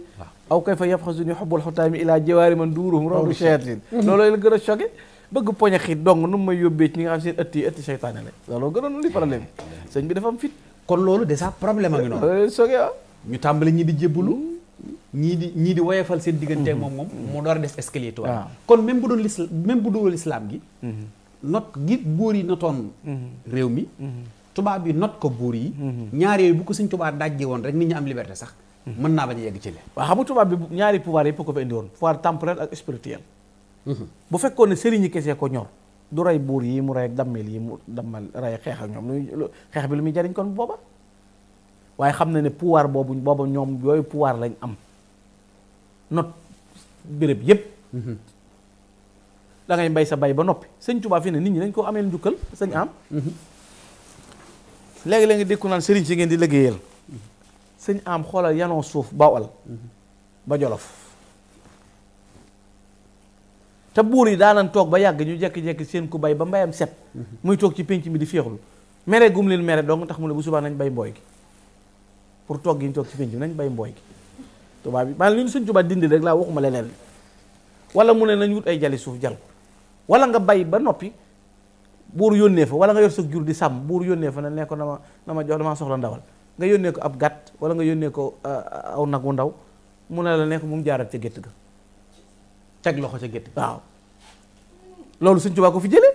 aw kay fa yabxasuni xubbul xutaami ilaa jawaari man duuruhum rawdu shayatin loolu leen gën a bëgg poñe xi dong nu may yóbbee ci ñi nga xam seen ëtt yi ëtti seytaane la loolu gënoon li problème sëñ bi dafa am fit kon loolu déjà problème a ngi noonu euh, sooge tàmbali ñi di jébbalu mm. ñii di ñii di woyefal seen diggante mm-hmm. moom moom mu door a des escalier tuwaay ah. kon même bu doon l'islam même bu doon l'islam gi mm-hmm. not gi buur yi notoon mm-hmm. réew mi tubaab yi not ko buur yi ñaar bu ko suñ tubaab dajji woon rek nit ñi am liberté sax mën naa bañ a yegg ci le waaw xam tubaab bi ñaari pouvoir yëpp ko fi indi woon pouvoir ak spirituel bu fekkoon ne sëriñ yi kese ko ñor du rey buur yi mu rey ak dammeel yi mu dammal rey xeex ak ñoom xeex bi lu muy jariñ kon booba waaye xam na ne pouvoir boobu booba ñoom yooyu pouvoir lañ am not béréb yépp mhm. da mbay sa bay ba noppi sëñ Tuubaa fi ne nit ñi dañ koo amee njukkal sëñ am mhm. léegi-léegi dékku naan sëriñ si ngeen di liggéeyal sëñ am xoolal yanoo suuf bawal mhm. ba jolof te buur yi daanan toog ba yàgg ñu jekki-jekki seen ku bay ba mbayam set mhm. muy toog ci pénc mi di féexlu mere gum leen mere donc tax mu ne bu subaa nañ bay mbooy gi pour toog gi toog ci pénc mi nañ bay mbooy gi tubaab bi maanaam li ñu suñ tubaab dindi rek laa waxuma leneen wala mu ne nañ wut ay jali suuf jal ko wala nga bay ba noppi buur yónnee fa wala nga yor sa jur di sàmm buur yónnee fa na ne ko na ma na ma jox damaa soxla ndawal nga yónnee ko ab gàtt wala nga yónnee ko ah, ah, aw nag wu ndaw mu ne la nekk mu mu jaarat ca ga teg loxo ca gétt waaw loolu Sëñ Tuubaa ko fi jëlee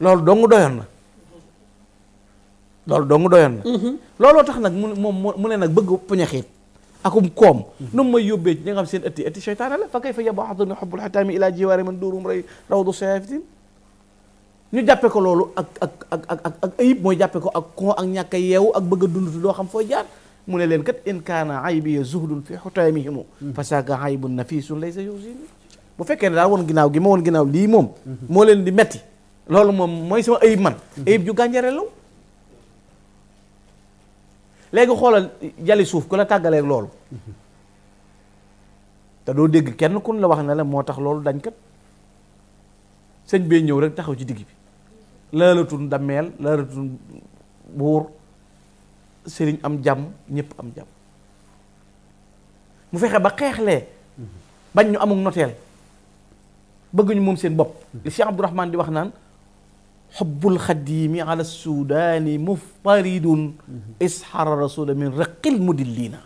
loolu dong doyoon na loolu dong doyoon na mhm. looloo tax nag mu moom mu ne nag bëgg puñaxiit akum koom mhm. nu mu yóbbee ñi nga xam seen ëtti ëtti seytaane la fa kay fa yebo axadun xubbul xataami ilaa jiwaari man duurum ray rawdu sayafitin ñu jàppe ko loolu ak ak ak ak ak ayib mooy jàppe ko ak kon ak ñàkk a yeewu ak bëgg a dund doo xam fooy jaar mu ne leen kat in kaana aybi ya zuhdun fi xutaamihimu fasaka aybun nafisun laysa yusini bu fekkee ne daa woon ginnaaw gi ma woon ginnaaw lii moom moo leen di metti loolu moom mooy sama ayib man ayib ju gànjare law léegi xoolal jali suuf ku la tàggaleeg loolu te doo dégg kenn kun la wax ne la moo tax loolu dañ kat sëñ bee ñëw rek taxaw ci digg bi laalatun dammeel laalatun buur sëriñ am jàmm ñépp am jàmm mu fexe ba xeexle bañ ñu amuk noteel bëgguñu moom seen bopp li Cheikh Abdourahman di wax naan xubbul xadimi ala sudaani muftaridun isxara rasula min raqil mudillina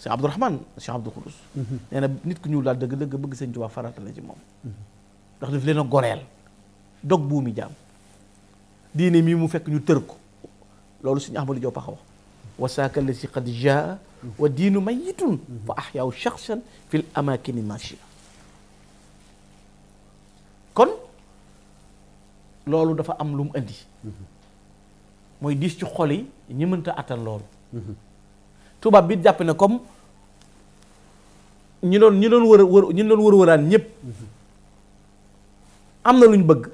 Cheikh Abdourahman Cheikh Abdou Khoudous nee na nit ku ñu laal dëgg-dëgg bëgg seen Tuubaa farata la ci moom ndax daf leen a goreel dog buumi jaam diine mii mu fekk ñu tër ko loolu suñu ahmadu Diop wax wa saaka lasi qad jaa wa diinu mayitun fa ahyaaw shaxsan fil amakini machi kon loolu dafa am lu mu indi mooy diis ci xol yi ñi mënta attan loolu tubaab bi jàpp ne comme ñi doon ñi doon wër wër ñi doon wër wëraan ñëpp am na lu bëgg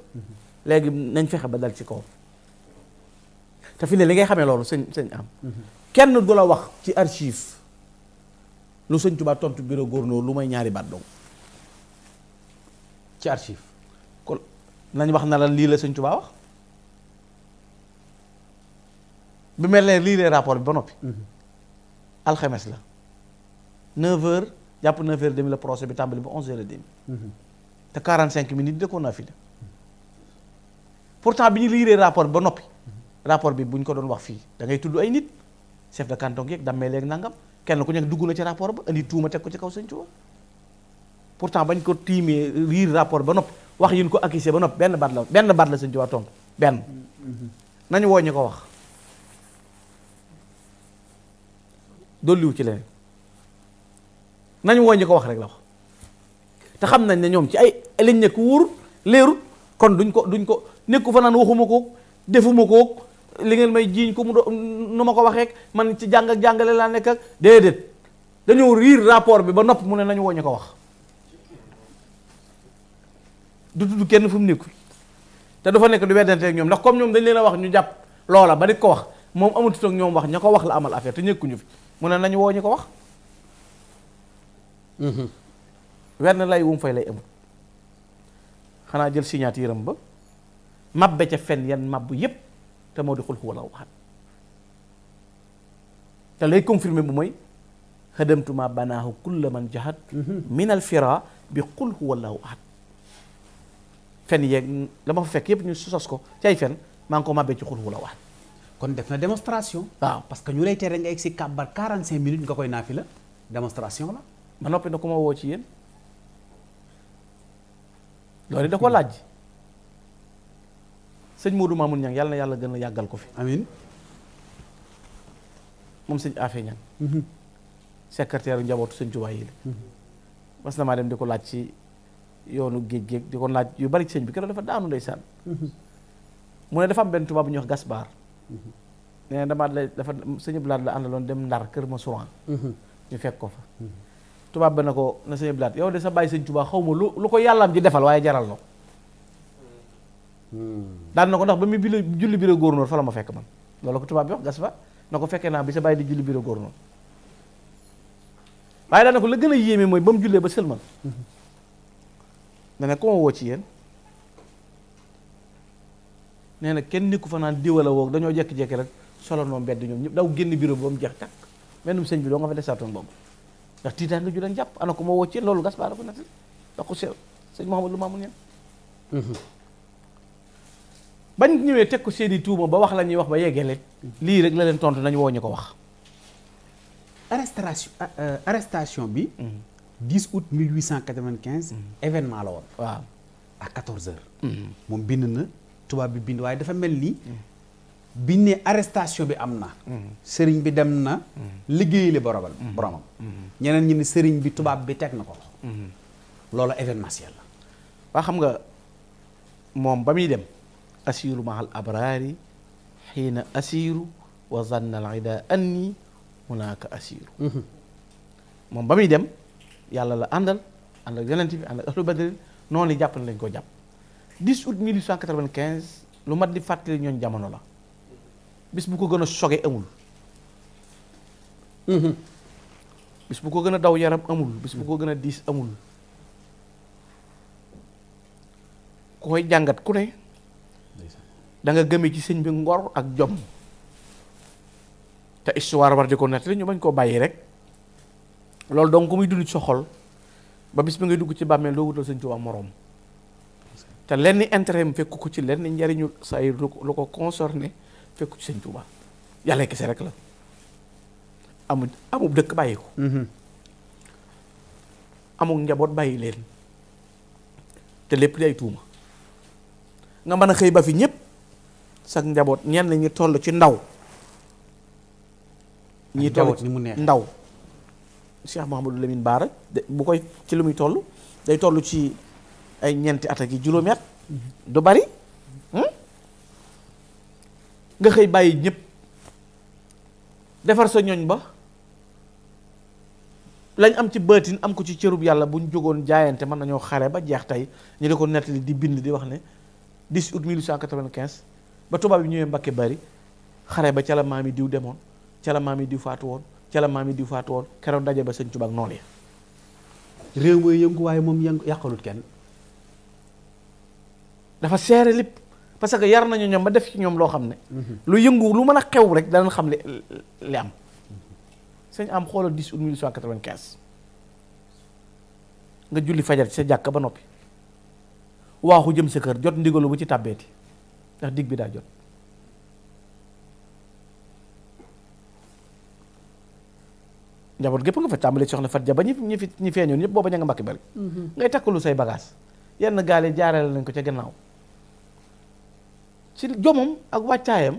léegi nañ fexe ba dal ci kaw te fi ne li ngay xamee loolu sëñ sëñ am kenn du la wax ci archive lu sëñ Tuubaa tontu bureau góornóor lu may ñaari baat dong ci archive kon nañ wax na la lii la sëñ Tuubaa wax bi mel ne lii lee rapport bi ba noppi mhm. alxames la neuf jàpp neuf heures demi la procès bi tàmbali ba onze heures et demi mhm. te quarante cinq minutes dëkkoon naa fi de pourtant bi ñu liiree rapport bi ba noppi rapport bi buñ ko doon wax fii dangay tudd ay nit chef de canton yeeg dammee léegi nangam kenn ku nekk dugg na ci rapport ba indi tuuma teg ko ci kaw Sëñ pour pourtant bañ ko tiimee riir rapport ba nopp wax yi ko accusé ba noppi benn baat la benn baat la Sëñ benn nañu woo ñu ko wax doo liw ci leneen nañu woo ñu ko wax rek la wax te xam nañ ne ñoom ci ay liñ nekk wóor leerut kon duñ ko duñ ko nekku fa naan waxuma ko defuma kook li ngeen may jiiñ ko mu do nu ma ko waxee ak man ci jàng jàngale laa nekk ak déedéet dañoo riir rapport bi ba nopp mu ne nañu woo ñu ko wax du tudd kenn fu mu nekkul te du fa nekk du weddante ñoom ndax comme ñoom dañ leen a wax ñu jàpp loola ba di ko wax moom amatut ak ñoom wax ña ko wax la amal affaire te ñëkkuñu fi mu ne nañu woo ñu ko wax mm-hmm. weer na lay wum fay lay amul xanaa jël signature am ba mabbe ca fen yan mabbu yépp te moo di xul huwallahu ahad te lay confirmer bu mooy xadamtuma banaahu kulla man jahad min al fira bi xul huwallahu ahad fen yeeg la ma fa fekk yëpp ñu sos ko ci ay fen maa ngi ko màbbee ci xul huwallahu kon def na démonstration waaw parce que ñu lay tere nga egg si kàbbar 45 minutes nga koy naafi la démonstration la ba noppi na ku ma woo ci yéen loolu da ko laaj sëñ Modou Mamoun Niang yàlla na yàlla gën a yàggal ko fi. amiin moom sëñ Afé Niang. Mhm. secrétaire njabootu sëñ Tuubaa yi la. Mhm. mas na dem di ko laaj ci yoonu géej géej di ko laaj yu bari ci sëñ bi keroog dafa daanu ndeysaan. Mhm. mu ne dafa am benn tubaab bu ñuy wax Gaspard. nee na damaa lay dafa sëñ Blaat la àndaloon dem Ndar Kër Masouran. ñu fekk ko fa. tubaab ba na ko na sëñ Blaat yow de sa bàyyi sëñ tubaa xaw ma lu lu ko yàllaam ji defal waaye jaral na daan na ko ndax ba mu bile julli bire góor noonu fa ma fekk man loolu ko tubaab bi wax gas fa na ko fekkee naa bi sa bàyyi di julli bire góor noonu waaye daan na ko la gën a yéeme mooy ba mu jullee ba sëlman ne ne woo ci yéen nee na kenn nekku fa naan diwala woog dañoo jekki rek solo noom mbedd ñoom ñëpp daw génn bi ba mu jeex tàkk sëñ bi doo nga fa desaatoon boobu ndax tiitaan ju leen jàpp ana ko ma woo ci yéen loolu gas baa la ko nettal da ko sew sëñ Mouhamadou lu maamun ñeen bañ ñëwee teg ko seeni tuuma ba wax la ñuy wax ba yeggee lii rek la leen tontu nañu woo ñu ko wax. arrestation euh, euh, arrestation cent 10 août 1895. événement la woon. waaw à 14h. Mm-hmm. moom bind na tubaab bi bind waaye dafa mel ni. Mm-hmm. biñ ne arrestation bi am na. Mm-hmm. sëriñ bi dem na. liggéeyale boromam. boromam. ñeneen ñi sëriñ bi tubaab bi teg na ko. loolu événementiel la. waa xam nga moom ba muy dem. asiiru mahal abraari xiina asiiru wa zanna al ida anni hunaaka asiiru moom ba muy dem yàlla la àndal ànd ak yonent bi ànd ak ahlu noonu jàpp na lañ ko jàpp 10 août 1895 lu mat di fàttali ñooñ jamono la bis bu ko gën a soge amul mhmm. bis bu ko gën a daw yaram amul bis bu ko gën a diis amul ku koy jàngat ku ne danga nga gëmee ci sëñ bi ngor ak jom te histoire war di ko nettali ñu bañ koo bàyyi rek loolu donc ku muy dund ci sa xol ba bis bi ngay dugg ci bàmmeel doo wutal sëñ Tuubaa moroom te lenn intérêt mu fekk ko ci lenn njariñu saa yi lu ko concerné fekk ci sëñ Tuubaa yàlla kise rek la amul amul dëkk bàyyi ko mm-hmm. amul njaboot bàyyi leen te lépp di tuuma nga mën a xëy ba fi ñëpp sag njaboot ñenn ñi toll ci ndaw ñi mu ci ndaw Cheikh Mouhamadou Lamine Baara bu koy ci lu muy toll day toll ci ay ñeenti at ak juróomi at mm-hmm. du bari hmm? nga xëy bàyyi ñëpp defar sa ñooñ ba lañ am ci bëtin am ko ci cërub yàlla bu ñu jógoon jaayante mën nañoo xare ba jeex tey ñu di ko nettali di bind di wax ne 10 août 1895 ba tubaab yi ñëwee Mbakke bari xare ba ca la maam yi diw demoon ca yi diw faatu woon ca la maam yi diw faatu woon keroog daje ba sëñ yëngu waaye moom yëngu yàqalut kenn dafa seere lépp parce que yar nañu ñoom ba def ci ñoom loo xam ne. Mhm. lu yëngu lu mën a xew rek danañ xam li li am. sëñ am xoolal 10 août 1895 nga julli fajar ci sa jàkk ba noppi waaxu jëm sa kër jot ndigalu bu ci tàbbeeti. ndax digg bi daa jot njaboot gépp nga fa tàmbali soxna fat ja ba ñi ñi fi ñi feeñoon ñëpp booba ña nga mbakki bari mhm. ngay takkalu say bagage yenn gaale jaarale nañ ko ca gannaaw si jomam ak wàccaayam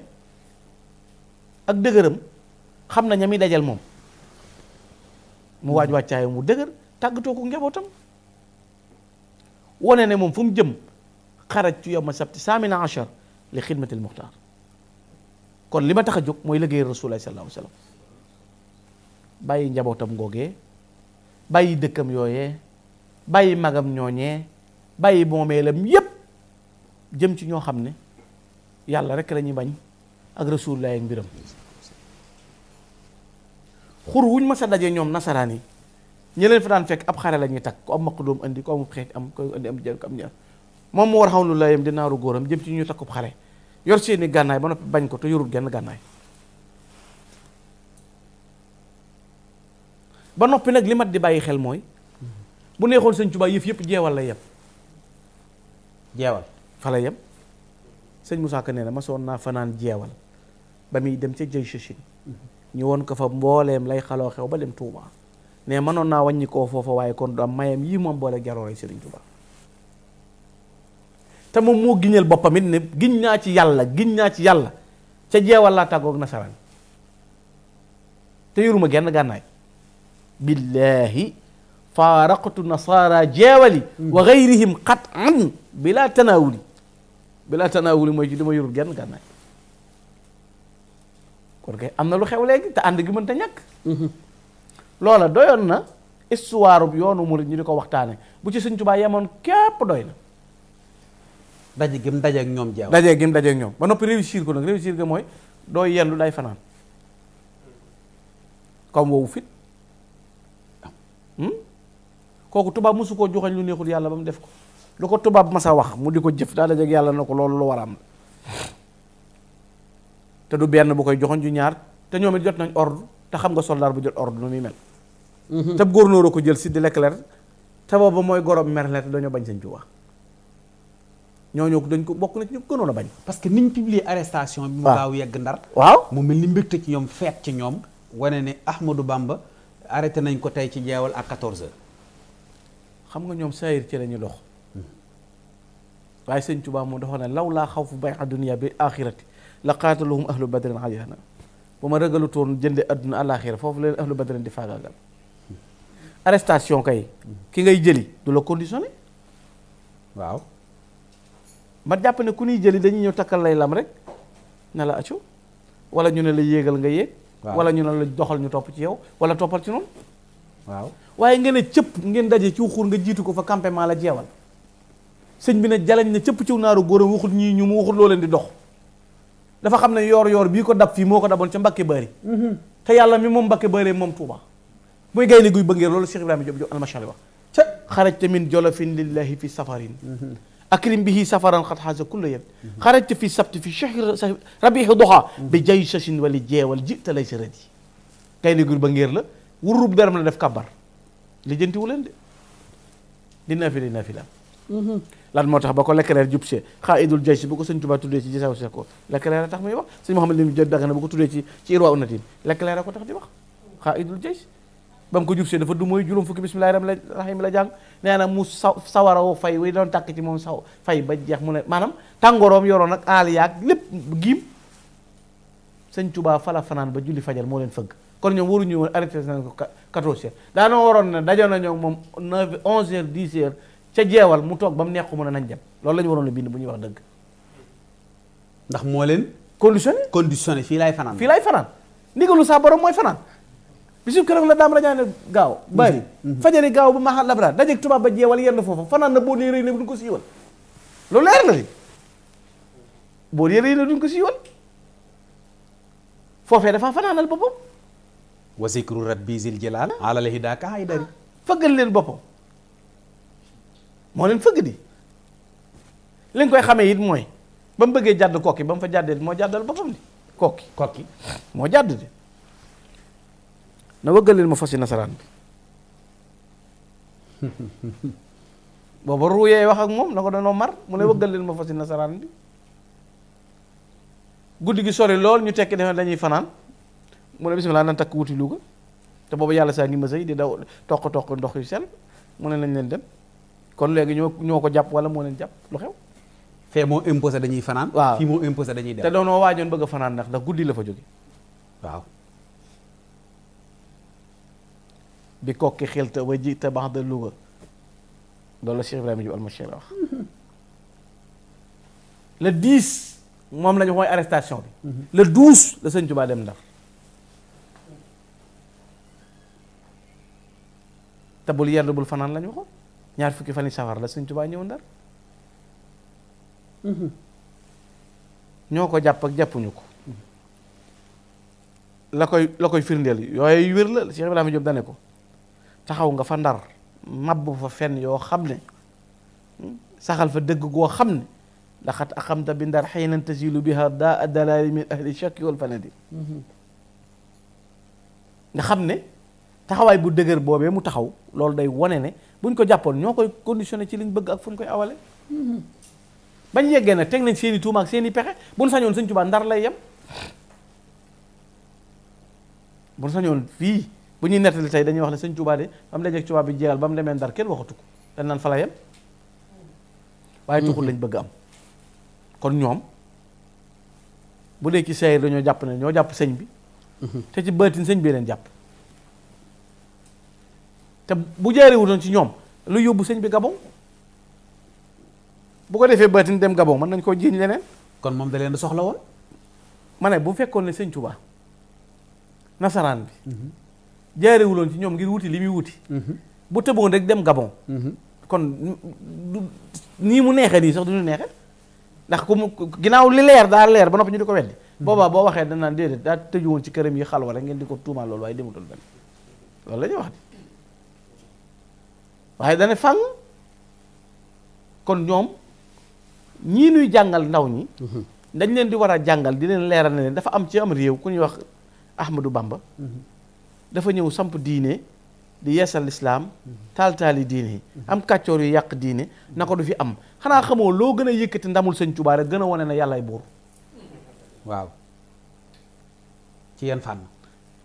ak dëgëram xam na ña dajal moom mu waaj mhm. wàccaayam mu dëgër tàggatoo ko njabootam wane ne moom fu mu jëm xaraj ci yow ma sabti saamina achar li xidmatil muxtaar kon li ma tax a jóg mooy liggéey rasulullahi sallallahu alayhi bàyyi njabootam ngoogee bàyyi dëkkam yooyee bàyyi magam ñooñee bàyyi moomeelam yépp jëm ci ñoo xam ne yàlla rek lañuy bañ ak rasulullahi ak mbiram xur wuñ ma sa daje ñoom nasaraan yi ñi leen fa daan fekk ab xare la ñuy takk ku am maqdoom indi ku am xeet am ko andi am jël ko am ñaar moom mu war xawlu layam di naaru góoram jëm ci ñu takkub xale yor seeni gànnaay ba noppi bañ ko te yorul genn gànnaay ba noppi nag li mat di bàyyi xel mooy bu neexoon sëñ Tuubaa yëf yëpp jeewal la yem jeewal xale la yem sëñ Moussa Ka nee na ma soon naa fanaan jeewal ba muy dem ca jëy sësin ñu woon ko fa mbooleem lay xaloo xew ba dem Tuubaa ne mënoon naa wàññi koo foofa waaye kon du am yii moom boole jaroore sëriñ Tuubaa te moom moo giñal boppam it naa ci yàlla giñ naa ci yàlla ca jeewal laa tàggoog nasaraan te genn gànnaay billaahi faaraqtu nasaara jeewali wa gayrihim qat an bila tanaawuli bila tanaawuli mooy ci dama yorul genn gànnaay kon am na lu xew léegi te ànd gi mënta ñàkk loola doyoon na histoire yoonu murid ñu di ko waxtaane bu ci Sëñ Tuubaa yemoon képp doy na daje gim daje ak ñoom jeew daje gim daje ñoom ba noppi réussir ko nag réussir ko mooy doo yellu day fanaan comme woowu fit hmm? kooku tubaab mosu koo joxañ lu neexul yàlla ba mu def ko lu ko tubaab ma sa wax mu di ko jëf daa daje yàlla na ko loolu lu war a am te du benn bu koy joxoon ju ñaar te ñoom it jot nañ ord te xam nga soldat bu jot ordre nu muy mel mhm. te góornóor a ko jël si di Leclerc te booba mooy gorom merlet dañoo bañ sañ ci ñoo ñooñu dañ ko bokk na ci ñu ko gënoon bañ. parce que niñ publier arrestation bi. mu gaaw yegg ndar. waaw mu mel ni mbégte ci ñoom feet ci ñoom. wane ne Ahmadou bàmb arrêté nañ ko tey ci jeewal ak 14 nga ñoom saayir ci la ñu hmm. waaye sëñ Tuubaa moo doxoon ne law laa xaw fu bay adduniya bi axirati la qaataluhum ahlu badrin ajana ba ma ragalutoon jënde adduna àlaxira foofu leen ahlu badrin di faagaagal. Hmm. arrestation kay. Hmm. ki ngay jëli du la conditionné waaw. ma jàpp ne ku nuy jëli dañu ñëw takkal lay lam rek ne la accu wala ñu ne la yéegal nga yéeg wala ñu ne la doxal ñu topp ci yow wala toppal ci noonu waaw waaye nga cëpp ngeen daje ci xuur nga jiitu ko fa campement la jeewal sëñ bi ne jalañ ne cëpp ciw naaru góoram waxut ñii ñu mu waxut loo leen di dox dafa xam ne yoor yoor bii ko dab fii moo ko daboon ca Mbakke Bari mhm. te yàlla mi moom Mbakke Bari moom Touba muy gaynde guy bëngee loolu Cheikh Ibrahima Diop Diop almachali wax ca xarajta min jolofin lillahi fi safarin mhm. akrim bi safaran xat xaasa kulla yam xarajta fi sabti fi shahri rabihi doxaa bi jayu sachin wala jeewal ji te lay sa kay ne gur ba ngéer la wurub beram la def kabar li jëntiwu leen de li naafi li naafi lan moo tax ba ko Leclerc jub see xaa idul jay si bu ko sëñ Tuubaa tuddee ci gisaw see ko Leclerc a tax muy wax sëñ Mouhamed lim jot dagg na bu ko tuddee ci ci irwa unatim Leclerc a ko tax di wax xaa idul jay ba mu ko jub see dafa du mooy juróom fukki bismillahi rahim la jàng nee na mu saw sawara woo fay way doon takk ci moom saw fay ba jeex mu ne maanaam tàngoroom yoroon ak aal yaag lépp giim sëñ Tuubaa fala fanaan ba julli fajal moo leen fëgg kon ñoom waruñu woon arrêté nañ ko quatorze heures daanoo waroon na dajoon nañoo moom neuf onze heures dix heures ca jeewal mu toog ba mu neexu mën a nañ dem loolu la ñu waroon a bind bu ñuy wax dëgg ndax moo leen conditionné conditionné fii laay fanaan fii laay fanaan ndigalu saa borom mooy fanaan bisu keroog la daam rañaane gaaw mhm. bari mhm. fajari gaaw bu ba maaxal labra dajeg tubaab ba jeewal yenn foofa fanaan na boo nee rëy na duñ ko siiwal loolu leer na fi duñ ko siiwal foofee dafa fanaanal boppam wa zikru rabbi zil jalaal alal hidaaka ay dari ah, fëggal leen boppam moo leen fëgg di li koy xamee it mooy ba mu bëggee jàdd kokki ba mu fa jàddee moo jàddal boppam di kokki kokki moo jàdd di na wëggal ma fas yi nasaraan bi *laughs* booba ruuyee wax ak moom na ko danoo mar mu ne wëggal leen ma fas yi nasaraan bi guddi gi sori lool ñu tekki defe dañuy fanaan mu ne bisimilah nan takk wuti Louga te boobu yàlla saa ngi ma sëy di daw toq toq ndox yu sel mu ne nañ leen dem kon léegi ñoo ñoo ko jàpp wala moo leen jàpp lu xew fee moo imposé dañuy fanaan waaw fii moo imposé dañuy dem te doonoo waajoon bëgg a fanaan ndax ndax guddi la fa jóge waaw bi kokki xelta wa ji tabax da Louga loolu la Cheikh Ibrahima Diouf almachir wax le 10 moom la ñu arrestation bi. Mhm. le 12 la sëñ Tuubaa dem Ndar. te bul yerd bul fanaan la ñu ñaar fukki fan yi safar la sëñ baa ñëw Ndar. Mhm. ñoo ko jàpp ak jàppuñu ko. la koy la koy firndeel yooyu wér la Cheikh Ibrahima Diop dane ko. taxaw nga fa ndar mabbu fa fen yoo xam ne hmm, saxal fa dëgg goo xam ne laxat axamta ndar xëy nan tasilu biha daa addalaali nga xam ne taxawaay bu dëgër boobee mu taxaw loolu day wone ne buñ ko jàppoon ñoo koy conditionné ci liñ bëgg ak fu koy awale bañ yeggee nag teg nañ seen i tuuma ak seen i pexe buñ sañoon sëñ Tuubaa ndar lay yem buñ sañoon fii bu ñuy nettali tey dañuy wax ne sëñ Tuubaa de ba mu dajeeg Tuubaa bi jeexal ba mu demee Ndar kenn waxatu ko dañ naan fa la yem waaye tuxul lañ bëgg am kon ñoom bu dee ci sayir dañoo jàpp ne ñoo jàpp sëñ bi te ci baatin sëñ bi leen jàpp te bu jaarewutoon ci ñoom lu yóbbu sëñ bi Gabon bu ko defee baatin dem Gabon mën nañ koo jiiñ leneen kon moom da leen soxla woon ma bu fekkoon ne sëñ Tuubaa nasaraan bi mm-hmm. jaarewuloon ci ñoom ngir wuti li muy wuti mhm. bu tëboon rek dem Gabon mhm. kon nii mu neexee nii sax duñu neexe ndax ku mu ginnaaw li leer daa leer ba noppi ñu di ko weddi mhm. boobaa boo waxee danaan déedéet daa tëju woon ci këram yi xalwa rek ngeen di ko tuumaal loolu waaye demutul benn loolu la wax di waaye dana fan kon ñoom ñii nuy jàngal ndaw ñi dañ leen di war a jàngal di leen leeral na leen dafa am ci am réew ku ñuy wax Ahmadou Bamba dafa ñëw samp diine di yeesal lislaam taal taali diine yi am kàccoor yu yàq diine na ko du fi am xanaa xamoo loo gën a yëkkati ndamul sëñ Tuubaa gën a wane na yàllaay buur waaw ci yenn fànn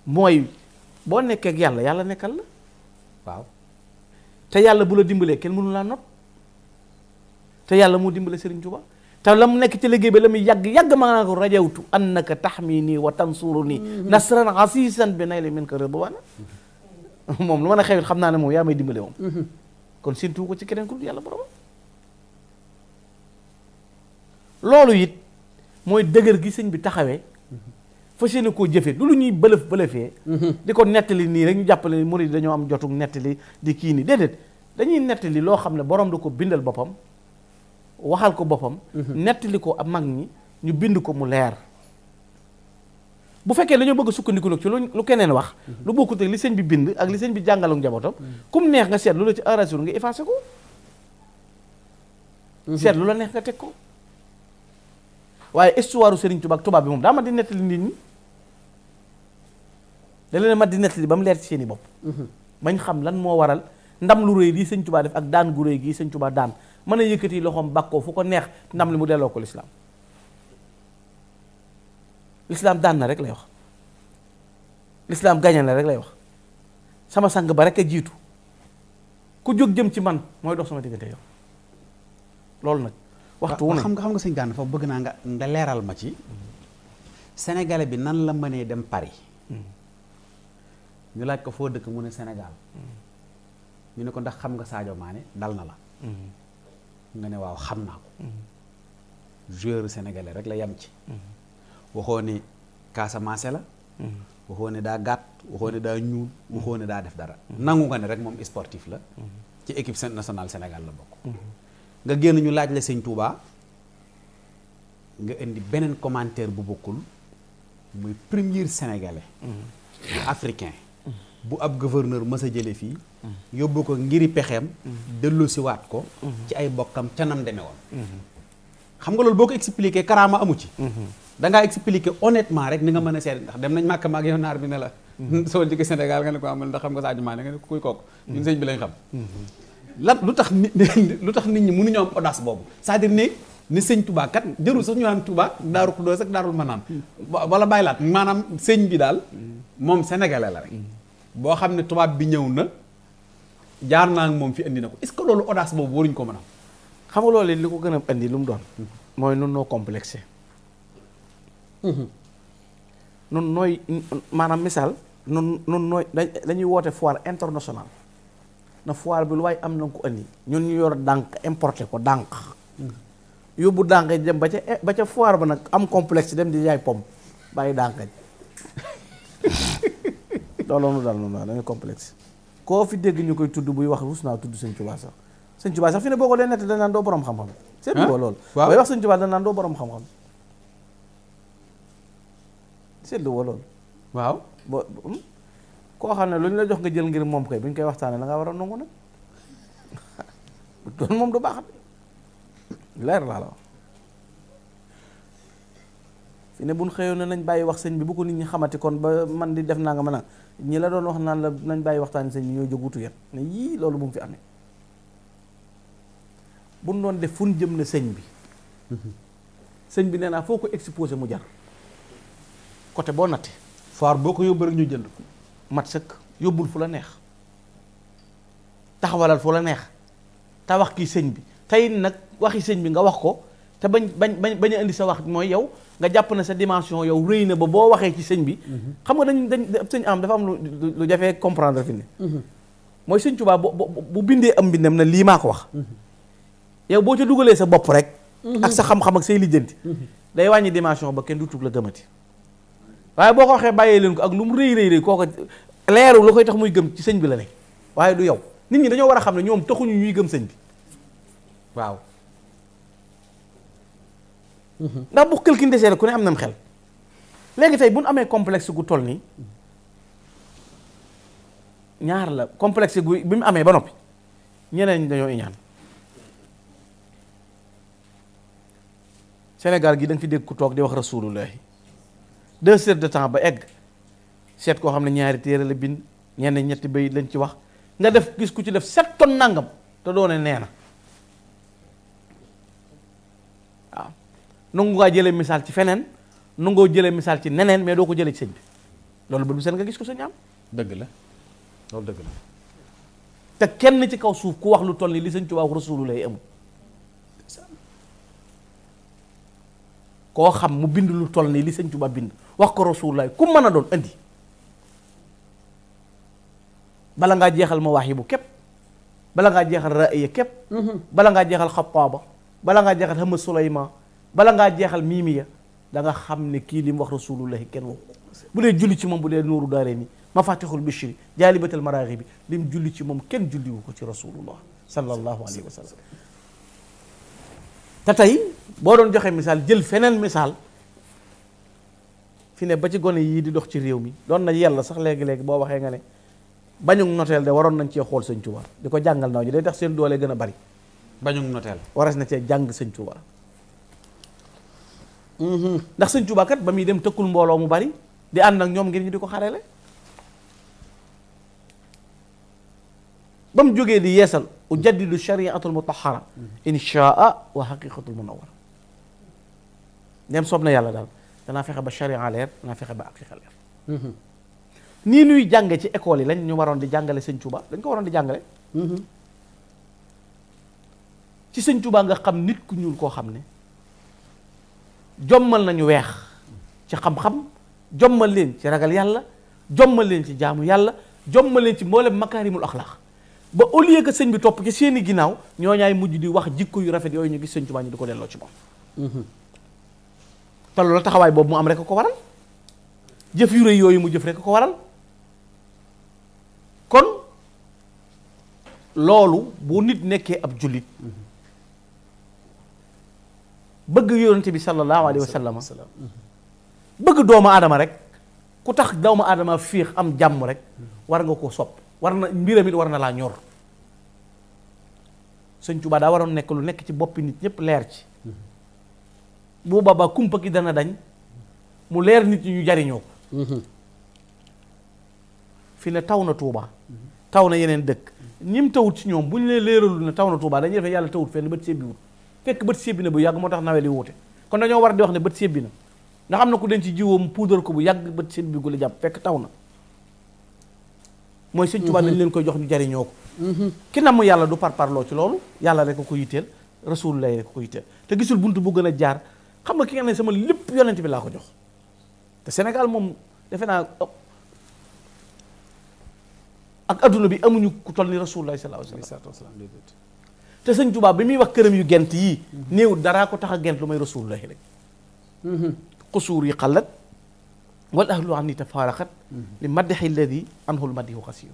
mooy boo nekkee yàlla yàlla nekkal la waaw te yàlla bu la dimbalee kenn mënu laa not te yàlla moo dimbale Sëriñ Tuubaa te la mu nekk ci liggéey bi la muy yàgg yàgg ma naa ko rajawtu annaka tahmini wa tansuruni mm-hmm. nasran asisan bi nayli minka ridwana *laughs* moom lu mën a xewit xam naa ne moom yaa may dimbale moom mm-hmm. kon sintu ko ci keneen ku yàlla borom it mooy dëgër gi sëñ bi taxawee mm-hmm. fas yéene koo jëfee lu ñuy bëlëf bëlëfee di ko nettali nii rek ñu jàppale murid dañoo am jotug nettali di kii nii déedéet dañuy nettali loo xam ne borom da ko bindal boppam waxal ko boppam nettali ko ab mag ñi ñu bind ko mu leer bu fekkee dañoo bëgg a sukkandiku nag ci lu keneen wax lu bokkut ak li sëñ bi bind ak li sëñ bi jàngalu njabootam kum neex nga seet lu la ci arasur nga mhm. la neex nga teg ko waaye histoire Serigne ak Touba bi moom daa ma di nettali nit ñi da leen mat di nettali ba mu leer ci seeni bopp mhm. bañ xam lan moo waral ndam lu réy lii sëñ Touba def ak daan gu rëy gii sëñ tubaa daan mën a yëkkati loxoom bàkkoo fu ko neex ndam li mu delloo ko lislaam lislaam daan na rek lay wax lislaam gañe na rek lay wax sama sang ba rek a jiitu ku jóg jëm ci man mooy dox sama diggante yow loolu nag waxtu wu xam nga xam nga sëñ Gana foofu bëgg naa nga nga leeral ma ci sénégalais bi nan la mënee dem Paris hmm. ñu laaj ko foo dëkk mu ne senegal hmm. ñu ne ko ndax xam nga saajo Mané dal na la hmm. nga ne waaw xam naa ko mm-hmm. joueur sénégalais rek la yem ci mm-hmm. waxoo ne Casamance la mm-hmm. waxoo ne daa gàtt waxoo ne daa ñuul waxoo ne daa def dara nangu nga ne rek moom sportif la ci équipe nationale Sénégal la bokk nga génn ñu laaj la sëñ Touba nga indi beneen commentaire bu bokkul muy premier sénégalais africain bu ab gouverneur mës a jële fii yóbbu ko ngiri pexeem dellu si waat ko ci ay bokkam canam deme woon xam nga loolu boo ko expliqué karaama amu ci da ngaa expliqué honnêtement rek ni nga mën a seet dem nañ màkk maag yow bi la *laughs* soo jógee Sénégal nga ne ko amal xam nga Sadio Mané nga ne ko kuy kooku ñun sëñ bi lañ xam lan lu tax nit *laughs* lu tax nit ñi mënuñoo am audace boobu c'est-à-dire ne ni sëñ Touba kat jërul sax ñu naan Touba daaru Xuddoos ak daarul Manaan wala bàyyi laat maanaam sëñ bi daal moom sénégalais la rek boo xam ne tubaab bi ñëw na jaar naa moom fi indi na ko est que loolu audace boobu waruñ ko mën a xam nga loolu li ko gën a indi lu mu doon mooy nun noo complexé mhm. nun nooy maanaam misaal nun nun nooy dañuy woote foire internationale na foire bi lu waaye am na ko indi ñun ñu yor dànq importé ko dànk mhm. yóbbu dànq ji dem ba ca ba ca foire ba nag am complexe dem di jaay pom bàyyi dànq ji *laughs* loolu nu dal noonu dañuy complexe koo fi dégg ñu koy tudd buy wax rus naa tudd sëñ Tuubaa sax sëñ Tuubaa sax fi ne boo ko dee nett danaan doo borom xam-xam ah? seet boo loolu wax sëñ Tuubaa danaan doo borom xam-xam waaw bo hmm? koo xam ne lu ñu la jox nga jël ngir moom kay bu ñu koy waxtaanee la nga war a nangu nag doon *laughs* moom du baax leer laa la wax fi ne buñ xëyoon ne nañ bàyyi wax sëñ bi bu ko nit ñi xamati kon ba man di def naa nga man a ñi la doon wax naan la nañ bàyyi waxtaani sëñ bi ñoo jóg wutu yéen ne yii loolu bu mu fi amee buñ doon def fun jëm ne sëñ bi sëñ bi nee naa foo ko exposé mu jar côté boo natte foire boo ko yóbbu rek ñu jënd mat sëkk yóbbul fu la neex taxawalal fu la neex te wax kii sëñ bi tey nag waxi sëñ bi nga wax ko te bañ bañ bañ bañ a indi sa wax mooy yow nga jàpp na sa dimension yow rëy na ba boo waxee ci sëñ bi xam nga dañ dañ sëñ am dafa am lu jafee comprendre fi ne mooy sëñ Tuubaa bu bindee am am na lii maa ko wax yow boo ca dugalee sa bopp rek ak sa xam-xam ak say lijjanti day wàññi dimension ba kenn du tug la gëmati waaye boo ko waxee bàyyee leen ko ak lu mu rëy rëy rëy kooko leeru lu koy tax muy gëm ci sëñ bi la ne waaye du yow nit ñi dañoo war a xam ne ñoom taxuñu ñuy gëm sëñ bi waaw ndax bu quelqu'un desee rek ku ne am nam xel léegi tey bu nu amee complexe gu toll nii ñaar la complexe gu bi mu amee ba noppi ñeneen dañoo iñaan Sénégal gi da nga fi dégg ku toog di wax rasulullahi deux heures de temps ba egg seet koo xam ne ñaari téere la bind ñenn ñetti bayit lañ ci wax nga def gis ku ci def seet tonnes nangam te doone nee na nangu ngaa jëlee misaal ci feneen nangoo jëlee misaal ci neneen mais doo ko jëlee ci bi loolu ba du seen nga gis ko sëñ am dëgg la loolu dëgg la te kenn ci kaw suuf ku wax lu toll ni li sëñ Tuubaa rasulu lay amul xam mu bind lu toll nii li sëñ Tuubaa bind wax ko rasulullaay ku mën a doon andi bala ngaa jeexal ma wax yi képp bala ngaa jeexal raaya képp mhm. bala ngaa jeexal xapaaba bala ngaa jeexal xama Suleymaan bala ngaa jeexal miimi ya da xam ne kii li mu wax rasulullahi kenn wax bu dee julli ci moom bu dee nuuru daaree ni mafatixul bichri jaalibatal maraaxi bi lim julli ci moom kenn julliwu ko ci rasulullah sallallahu alayhi wa sallam te tey boo doon joxee misaal jël feneen misaal fi ne ba ci gone yii di dox ci réew mi doon na yàlla sax léegi-léegi boo waxee nga ne bañug noteel de waroon nañ cee xool sëñ Tuubaa di ko jàngal naw ji day tax seen doole gën bari bañug noteel waras na cee jàng sëñ Tuubaa Mm-hmm. ndax sëñ Tuubaa kat ba muy dem tëkkul mbooloo mu bari di ànd ak ñoom ngir ñu di ko xarele ba mu jógee di yeesal ujaddidu shariatul mutahara inchaa wa xaqiqatul munawara dem soob na yàlla daal danaa fexe ba sharia leer naa fexe ba aqiqa leer mm-hmm. nii nuy jànge ci école yi lañ ñu waroon di jàngale sëñ Tuubaa dañ ko waroon di jàngale mm-hmm. ci sëñ Tuubaa nga xam nit ku ñuul koo xam ne jommal nañu weex ci xam-xam jommal leen ci ragal yàlla jommal leen ci jaamu yàlla jommal leen ci mboolem makaarimul axlaax ba au lieu que sëñ bi topp ci seen i ginnaaw ñoo ñaay mujj di wax jikko yu rafet yooyu ñu gis sëñ Tuubaa ñu di ko delloo ci moom mm-hmm. te loolu taxawaay boobu mu am rek ko waral jëf yu rëy yooyu mu jëf rek ko waral kon loolu boo nit nekkee ab jullit mm-hmm. bëgg yonente bi sallallahu alayhi wa sallam bëgg doomu aadama rek ku tax doomu aadama fiix am jàmm rek war nga koo sopp war na mbiram it war na laa ñor sëñ Tuubaa daa waroon nekk lu nekk ci boppi nit ñëpp leer ci bu boobaa kumpa gi dana dañ mu leer nit ñi ñu jariñoo ko mhm. fi ne taw na Tuubaa taw na yeneen dëkk ñim tawut ci ñoom bu ñu lee leeralul ne taw na Tuubaa dañuy defe yàlla tawut fenn ba ci biwut fekk bët sébbi na bu yàgg moo tax nawet yi wuute kon dañoo war di wax ne bët sébbi na ndax am na ku den ci jiwoom puudar ko bu yàgg bët sébbi gu jàpp fekk taw na mooy sëñ Tuubaa mhm. dañ leen koy jox ñu jariñoo ko mhm. ki namm yàlla du parparloo ci loolu yàlla rek ko yitteel rasulullah rek ko yitteel te gisul bunt bu gën a jaar xam nga ki nga ne sama lépp yonent bi laa ko jox te Sénégal moom defe naa ak adduna bi amuñu ku toll ni rasulullah sallallahu alayhi wa sallam te sëñ Tuubaa bi muy wax këram yu gent yii néew dara ko tax a gent lu may rasulullahi rek xusuur mhm. yi xalat wal ahlu an ni tafaaraxat mhm. li maddaxi alladi anhul maddihu xasiir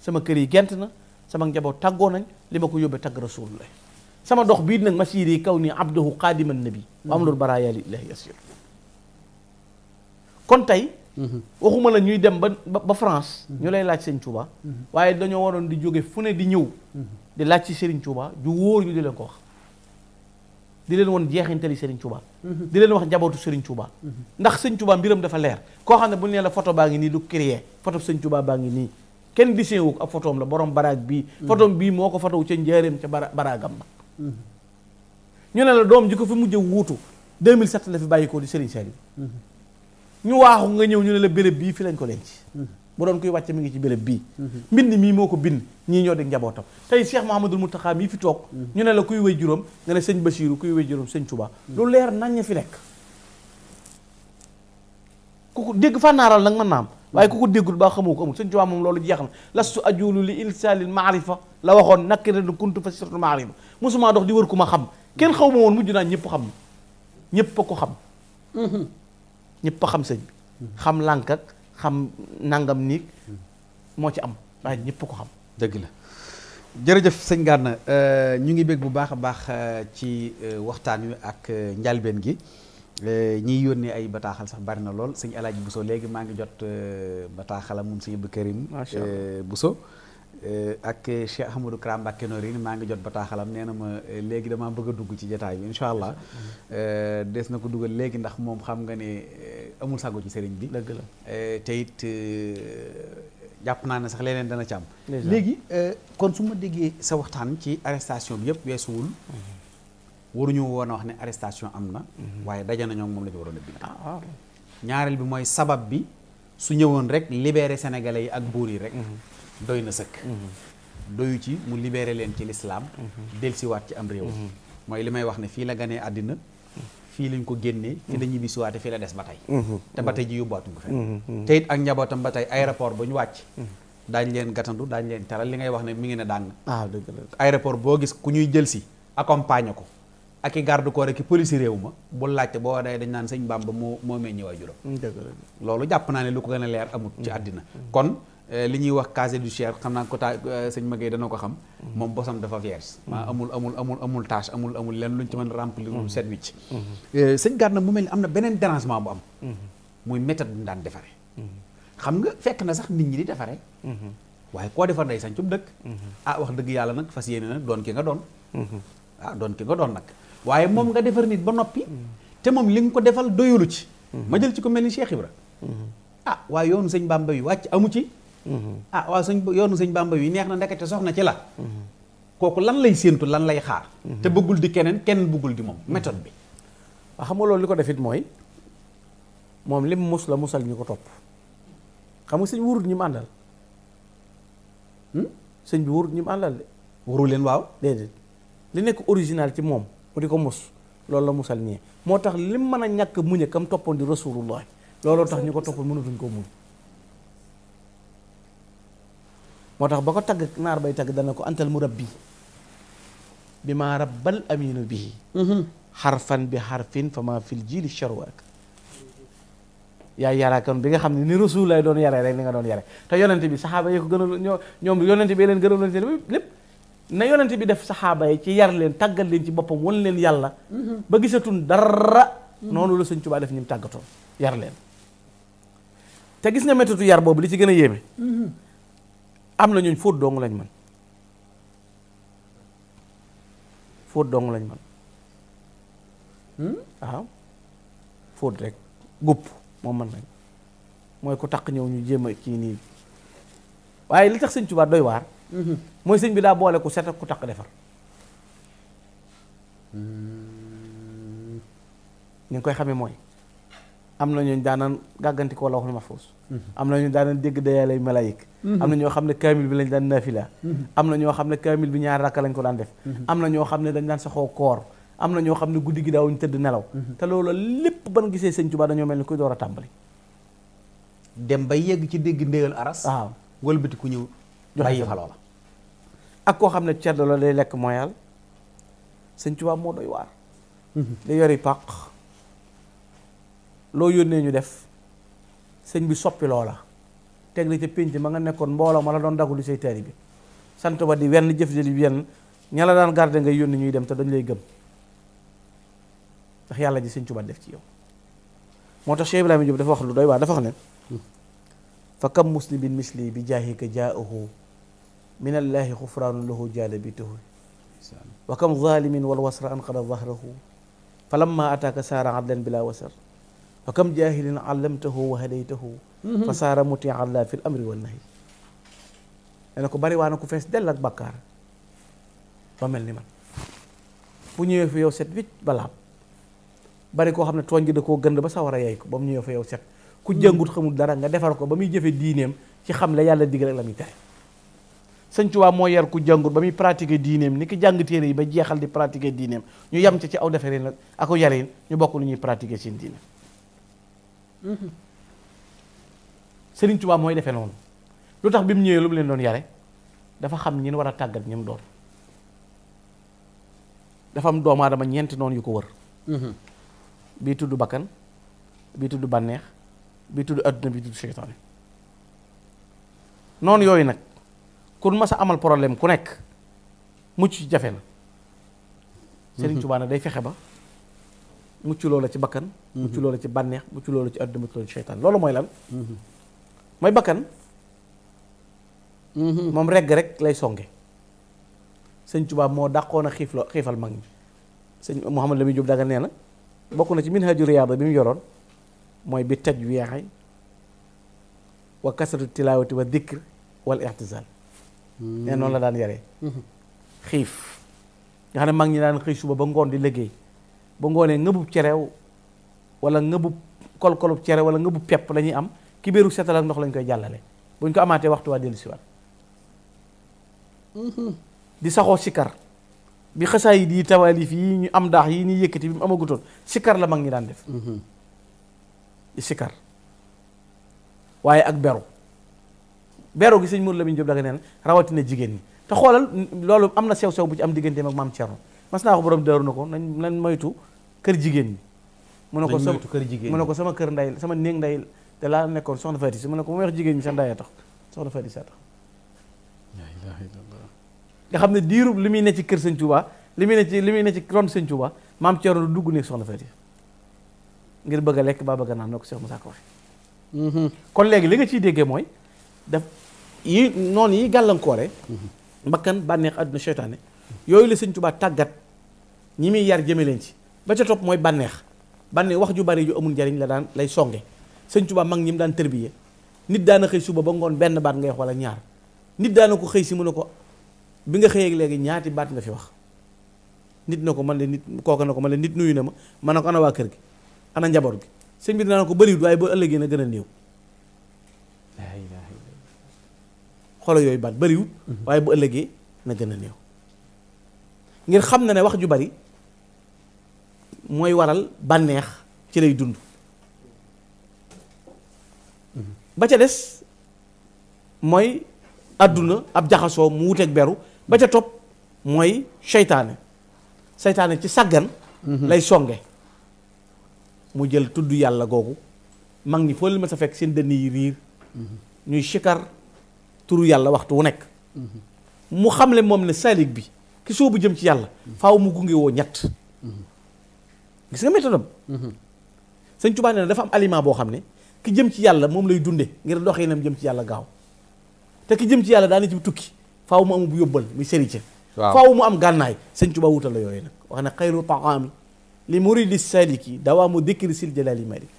sama kër yi gent na sama njaboot tàggoo nañ li ma ko yóbbee tagg rasulullahi sama dox bii nag masiir yi kaw ni abdahu xaadiman nabi wa mhm. am loolu baraaya lillahi yasir kon tey waxuma la ñuy dem ba ba France ñu lay laaj sëñ Tuubaa waaye dañoo waroon di jóge fu ne di ñëw di laaj ci Serigne Touba ju wóor ñu di leen ko wax di leen woon jeexintali Serigne Touba. Mhm. di leen wax njabootu Serigne Touba. Mhm. ndax Serigne Touba mbiram dafa leer koo xam ne bu ñu nee la photo baa ngi nii du créer photo Serigne Touba baa ngi nii kenn dessin wu ab photoom la borom baraag bii. Mhm. photoom bii moo ko fotow ca njaareem ca bara baraagam ba. ñu ne la doom ji ko fi mujjee wuutu 2007 la fi bàyyi ko di seen Saliou. ñu waaxu nga ñëw ñu ne la béréb bii fi lañ ko denc. bu doon kuy wàcc mu ngi ci béréb bii mhm. mbind mii moo ko bind ñii ñoo di njabootam tey Cheikh Mouhamadoul Mountakha mii fi toog mhm. ñu ne la kuy wéy juróom nga ne sëñ Bachirou kuy wéy juróom sëñ Touba mhm. lu leer nañ fi nekk ku ko dégg fànnaaral nag mën naam am waaye ku ko déggul baa xamoo ko amul sëñ Touba moom loolu jeex na lastu ajulu li ilsalil maarifa la waxoon nakk ren kuntu fa sirtu maarifa mosuma dox di wër ku ma xam kenn xaw ma woon mujj naa ñëpp xam ñëpp a ko xam ñépp a xam sëñ bi xam lànk ak xam nangam nii moo ci am waaye ñëpp ko xam. dëgg la jërëjëf sëñ Gana euh, ñu ngi bég bu baax a baax euh, ci euh, waxtaan wi ak njalbeen gi ñiy yónnee ay bataaxal sax bari na lool sëñ Alaaji Bousso léegi maa ngi jot bataaxalam moom sëñ Abdou Karim Bousso Eh, ak eh, Cheikh Ahmadou Kara Mbacké Noreyni maa ngi jot bataaxalam nee na ma eh, léegi damaa bëgg a dugg ci jataay bi incha allah des na ko dugal léegi ndax moom xam nga ne amul sago ci sëriñ bi dëgg la te it jàpp naa ne sax leneen dana ci am léegi kon su ma déggee sa waxtaan ci arrestation bi yëpp weesuwul waruñu woon a wax ne arrestation am na waaye daja nañoo moom la ñu waroon a bind ah, ñaareel bi mooy sabab bi su ñëwoon rek libéré sénégalais yi ak buur yi rek mhm. doy na sëkk doyu ci mu libeere leen ci lislaam delsiwaat ci am réew mooy li may wax ne fii la ganee àddina fii lañ ko génnee fii la ñibbi siwaate fii la des ba tey te ba tey ji yóbbaatuñ ko fenn te it ak njabootam ba tey aéroport ba ñu wàcc daañ leen gatandu daañ leen teral li ngay wax ne mi ngi ne dàng ah dëgg la aéroport boo gis ku ñuy jël si accompagner ko ak i garde corps ak i police réew ma bu laajte boo day dañ naan sëñ Bamba moo moo meññi waajuram loolu jàpp naa ne lu ko gën a leer amut ci mm-hmm. àddina Euh, li ñuy wax casier du cher xam naa quota euh, sëñ Maguette dana ko xam. moom bosam dafa vierge. amul amul amul amul tâche amul amul lenn luñ ci mën a remplir. set wicc. Mhm. Euh, sëñ Gana mu mel ni am na beneen dérangement bu am. Mhm. muy méthode bu ñu daan defaree. Mhm. xam nga fekk na sax nit ñi di defaree. waaye koo defar day sañcum dëkk. ah wax dëgg yàlla nag fas yéene nag doon ki nga doon. ah doon ki nga nag. waaye moom nga defar nit ba noppi. te moom li nga ko defal doyulu ci. ma jël ci ko mel ni Cheikh Ibra. ah waaye yoonu sëñ Bamba yi ah waaw sëñ yoonu suñ bàmba wi neex na ndekete soxna ci la kooku lan lay séentu lan lay xaar te bëggul di keneen kenn bëggul di moom méthode bi waaw xam nga loolu li ko defit mooy moom lim mus la musal ñu ko topp xam nga sëñ bi wurut ñi mu hmm? sëñ bi wurut ñi mu àndal leen waaw déedéet li nekk original ci moom mu di ko mus loolu la musal ñee moo tax lim mën a ñàkk muñe kam toppoon di rasulullah looloo tax ñu ko toppoon mënatuñ koo muñ moo tax ba ko tagg naar bay tagg dana ko antal murabbi bi maa rabbal aminu bii mhm. xarfan bi xarfin fa maa fil jiili charwaak yaay yaraa kon bi nga xam ne ni rasul lay doon yare rek ni nga doon yare te yonente bi saxaaba yi ko gënal ñoo ñoom yonente bi leen gënaloon seen lépp na yonente bi def saxaaba ci yar leen tàggal leen ci boppam wan leen yàlla mhm. ba gisatun dara mhm. noonu la sëñ Tuubaa def ñim tàggatoo yar leen te gis nga métatu yar boobu li ci gën a yéeme am na ñooñ fóot dong lañ man fóot dong lañ man hmm? waaw fóot rek gupp moom man nañ mooy ku taq ñëw ñu jéem a kii nii waaye li tax sëñ Tuubaa doy waar hmm. mooy sëñ bi daa boole ku set ak ku taq defar hmm. ni nga koy xamee mooy am na ñooñ daanan gàggantikoo la waxul ma fuus Mm-hmm. am na ñu daan dégg dayaa lay mm-hmm. am na ñoo xam ne kaamil bi lañ daan naafila mm-hmm. am na ñoo xam ne kaamil bi ñaar rakka lañ ko daan def am na ñoo xam ne dañ daan saxoo koor am na ñoo xam ne guddi gi ñu tëdd nelaw te loolu lépp ban gisee sëñ Tuubaa dañoo mel ni koy door a tàmbali dem bay yegg ci dégg ndéyal aras waaw wëlbati ku ñëw bàyyi fa loola ak koo xam ne ceddo la day lekk mooyal sëñ Tuubaa moo doy waar day yori pàq loo yónnee ñu def sëñ bi soppi loola teg la ca pénc ma nga nekkoon mbooloo ma la doon daggu lu say taari bi sant ba di wenn jëf jëli wenn ña la daan garde ngay yónni ñuy dem te dañ lay gëm ndax yàlla ji sëñ Tuubaa def ci yow moo tax Cheikh Ibrahima Diop dafa wax lu doy waa dafa wax ne fa kam muslimin misli bi jaahika jaahu min allahi xufraanu lahu jaalabitahu wa kam zalimin wal wasra anqada zahrahu fa lamma ataaka saara adlan bila wasar fa kam jaahilin allamtahu day hadaytahu mhm. fa saara teexal allah fi l amri na nahi dana ko bari waa na ku fees dell ak bàkkaar ba mel ni man bu ñëwee fi yow set wicc ba laab bari koo xam ne tooñ gi da koo gën ba sawar a yey ko ba mu ñëwee fi ku mhm. jàngut xamul dara nga defar ko ba muy jëfe diineem ci xam la yàlla digal la muy tere sëñ Tuubaa moo yar ku jàngut ba muy pratiquer diineem ni ki jàng téere yi ba jeexal di pratiquer diineem ñu yam ca ci aw defaree nag ak aw yareen ñu bokk lu ñuy pratiquer seen Serigne Touba mooy defee noonu lu tax bi mu ñëwee lu mu leen doon yare dafa xam ñin war a tàggat ñim doon dafa am doomu aadama ñeenti noonu yu ko wër mm-hmm. bii tudd bakkan bii tudd bànneex bii tudd àdduna bii tudd seytaane noonu yooyu nag kun mas a amal problème ku nekk mucc ci jafe na mm-hmm. Serigne Touba nag day fexe ba mucc loola ci bakkan mucc mhm. loola ci bànneex mucc loola ci àdduna mucc loola ci seytaan loolu mooy lan mhm. mooy bakkan mhm. moom regg rek lay songe sëñ Tuubaa moo dàqoon a xiif la xiifal mag ñi sëñ Mouhamed Lamine Diop Dagana nee na bokk na ci minhaju riyaada bi mu yoroon mooy bi taj weexay wa kasratu tilaawati wa dikr wal i'tizaal nee noonu la daan yaree xiif nga ne mag ñi daan xëy suba ba ngoon di liggéey ba ngoonee ngëbub cerew wala ngëbub kolkolub cere wala ngëbub pepp lañuy am ki béeru setal ak ndox lañ koy jàllale buñ ko amaatee waxtu waa dellu siwaat mhm. di saxoo sikar bi xasaay yi di tawaalif yi ñu am daax yi ñuy yëkkati bi mu amagutoon sikar la mag ñi daan def mhm. di sikar waaye ak beru beru gi sëñ Mourou Lamine Diop daga neen rawatina jigéen ñi te xoolal loolu am na sew-sew bu ci am digganteem ak maam Thierno mas naa ko borom daaru na ko nañ nañ moytu kër jigéen ñi mu ne ko sama kër jigéen mu ne ko sama kër nday sama néeg nday te laa nekkoon soxna Faty Sy mu ne ko mu wax jigéen ñi sa ndaya tax soxna Faty Sy a tax nga xam ne diirub li muy ne ci kër sëñ Touba li muy ne ci li muy ne ci ron sëñ Touba maam Thierno dugg nekk soxna Faty ngir bëgg a lekk baa bëgg a naan noo ko Cheikh Moussa ko waxee mm-hmm. kon léegi li nga ciy déggee mooy daf yi noonu yi gàllankoore mm-hmm. bakkan bànneex àdduna yooyu la sëñ Tuubaa tàggat ñi muy yar jëme leen ci ba ca topp mooy bànneex bànneex wax ju bari ju amul njariñ la daan lay songe sëñ Tuubaa mag ñi mu daan tërbiye nit daana xëy suba ba ngoon benn baat nga wax wala ñaar nit daana ko xëy si mu ne ko bi nga xëyee léegi ñaati baat nga fi wax nit na ko man de nit kooka na ko man de nit nuyu na ma man na ko ana waa kër gi ana njaboot gi sëñ bi dinaa ko bëriwul waaye ba ëllëgee na gën a néew xolo yooyu baat bëriwul waaye bu ëllëgee na gën a néew ngir xam na ne wax ju bari mooy waral bànneex ci lay dund ba ca des mooy àdduna ab jaxasoo mu wuteeg beru ba ca topp mooy seytaane seytaane ci sàggan mhm. lay songe mu jël tudd yàlla googu mag ñi foo leen sa fekk seen dënn yi riir mhm. ñuy sikar turu yàlla waxtu wu nekk mhm. mu xam leen moom ne salik bi ki bu jëm ci yàlla faaw mu gunge woo ñett gis nga méthode am mhm. sëñ Tuubaa nee na dafa am aliment boo xam ne ki jëm ci yàlla moom lay dunde ngir doxinam jëm ci yàlla gaaw te ki jëm ci yàlla daana ci tukki faaw mu am bu yóbbal muy sëriñ faaw mu am gànnaay sëñ Tuubaa wutal la yooyu nag wax na xayru taami li muridi saliki dawaamu dikri sil jalali malik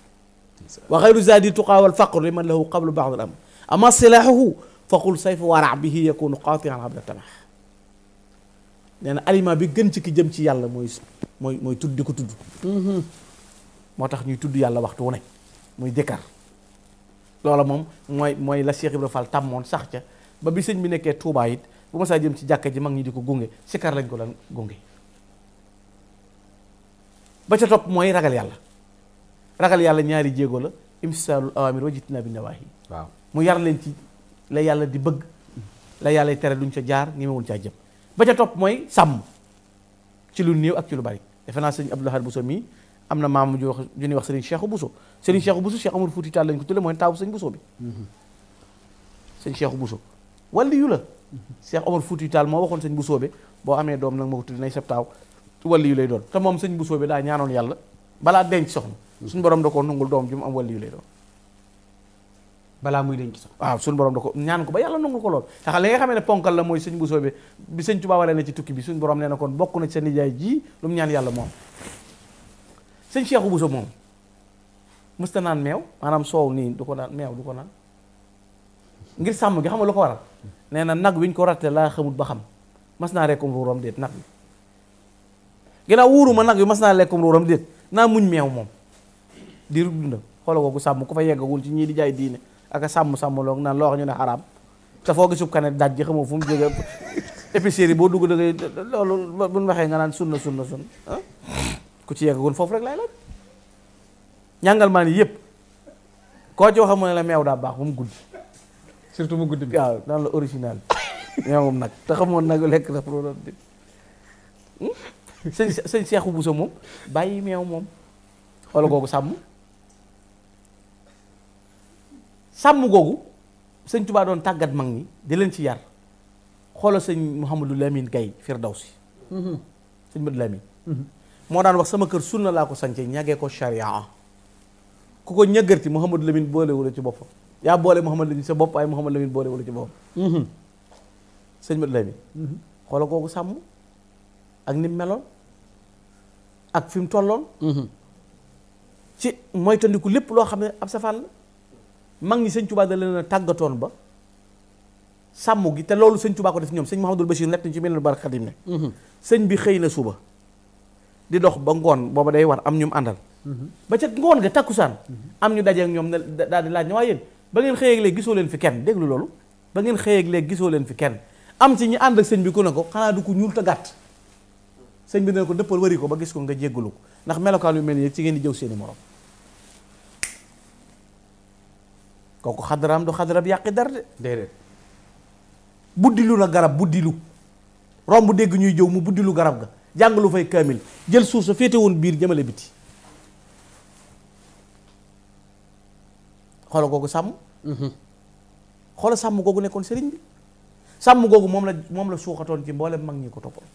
wa xayru zaadi tuqaa wal li man lahu qablu ba'd al amr amma silaahuhu faqul sayfu wa rabihi yakunu qati'an nee na aliment bi gën ci ki jëm ci yàlla mooy mooy mooy tudd di ko tudd mm-hmm. moo tax ñuy tudd yàlla waxtu wu ne muy dëkkar loola moom mooy mooy la Cheikh Ibra Fall tàmmoon sax ca ba bi sëñ bi nekkee Touba it bu ma jëm ci jàkka ji mag ñi di ko gunge sikar lañ ko lan gunge ba ca topp mooy ragal yàlla ragal yàlla ñaari jéego la imsaalul awamir wa jitinaa bi nawaahi waaw mu yar leen ci la yàlla di bëgg la yàlla tere duñ ca jaar ñemewuñ caa jëm ba topp mooy sàmm ci lu néew ak ci lu bari defe naa sëriñ Abdou Lahad Bousso mii am na maam ju wax ju ñuy wax sëriñ Cheikhou Bousso sëriñ Cheikhou Bousso Cheikh Amadou Fouti Tall lañ ko tuddee mooy taawu sëñ Bousso bi sëñ Cheikhou Bousso waliyu la Cheikh Omar Fouti Tall moo waxoon sëñ Bousso bi boo amee doom nag moo ko tudd nay sab taaw waliyu lay doon te moom sëñ Bousso bi daa ñaanoon yàlla balaa denc soxna mm. suñ borom da koo nungul doom ju mu am waliyu doon balaa muy denc sax waaw suñu borom da ko ñaan ko ba yàlla nangu ko lool tax li nga xamee ne ponkal la mooy sëñ Bousso bi bi sëñ Tuubaa waree na ci tukki bi suñu borom nee na kon bokk na ci sa nijaay ji lu mu ñaan yàlla moom sëñ Cheikhu Bousso moom mësta naan meew maanaam soow nii du ko naan meew du ko naan ngir sàmm gi xam nga lu ko waral nee na nag wiñ ko ratte laa xamut ba xam mas naa rekkum ruuram déet nag bi ginnaaw nag bi mas naa lekkum ruuram déet naa muñ meew moom di rub dundam xoola sàmm ku fa yeggagul ci ñii di jaay diine ak a sàmm sàmmaloog naan loo xam ñu ne xaraam te foo gisub kanet daaj ji xamoo fu mu jógee épicerie boo dugg da ngay loolu bu ñu waxee nga naan sunna sunna sunna ah? ku ci yeggagul foofu rek lay laaj ñàngal maan yi yëpp koo ci waxam mu ne la meew daa baax bu mu guddi surtout mu guddi bi waaw naan la original meewum nag te xamoon nag lekk na produit bi sëñ moom bàyyi meew moom xoola googu sàmm sàmm googu sëñ Tuubaa doon tàggat mag ñi di leen ci yar xoola sëñ Mouhamadou Lamine Gaye Firdawsi mhm. sëñ Mouhamadou Lamine mhm. moo daan wax sama kër sunna laa ko sance ñagee ko charia ku ko ñëgërti Mouhamadou Lamine boolewula ci boppam yaa boole Mouhamadou Lamine sa bopp waaye Mouhamadou Lamine boolewula ci boppam mhm. sëñ Mouhamadou Lamine xoolal googu sàmm ak ni meloon ak fi mu tolloon ci moytandiku lépp loo xam ne ab safaan la mag ñi sëñ Tuubaa da leen a tàggatoon ba sàmm gi te loolu sëñ Tuubaa ko def ñoom sëñ Mouhamadul Bachir nekk nañ ci beneen barke Xadim ne mhm. sëñ bi xëy na suba di dox ba ngoon booba day war am ñum àndal mhm. ba ca ngoon nga takkusaan am ñu dajeek ñoom da daal di laaj ne waaye yéen ba ngeen xëyeeg léegi gisoo leen fi kenn déglu loolu ba ngeen xëyeeg léegi gisoo leen fi kenn am ci ñi ànd ak sëñ bi ku ne ko xanaa du ko ñuul te gàtt sëñ bi ne ko dëppal wari ko ba gis ko nga jéggalu ko ndax melokaan yu mel nii ci ngeen di jëw seeni morom kooku xadaraam du xadarab yàqi dar de buddilu la garab buddilu romb dégg ñuy jëw mu buddilu garab ga jàng lu fay kaamil jël suuf sa féete woon biir jëmale biti xoola googu sàmm mhm. xoola sàmm googu nekkoon sëriñ bi sàmm googu moom la moom la suuxatoon ci mboole mag ñi ko toppal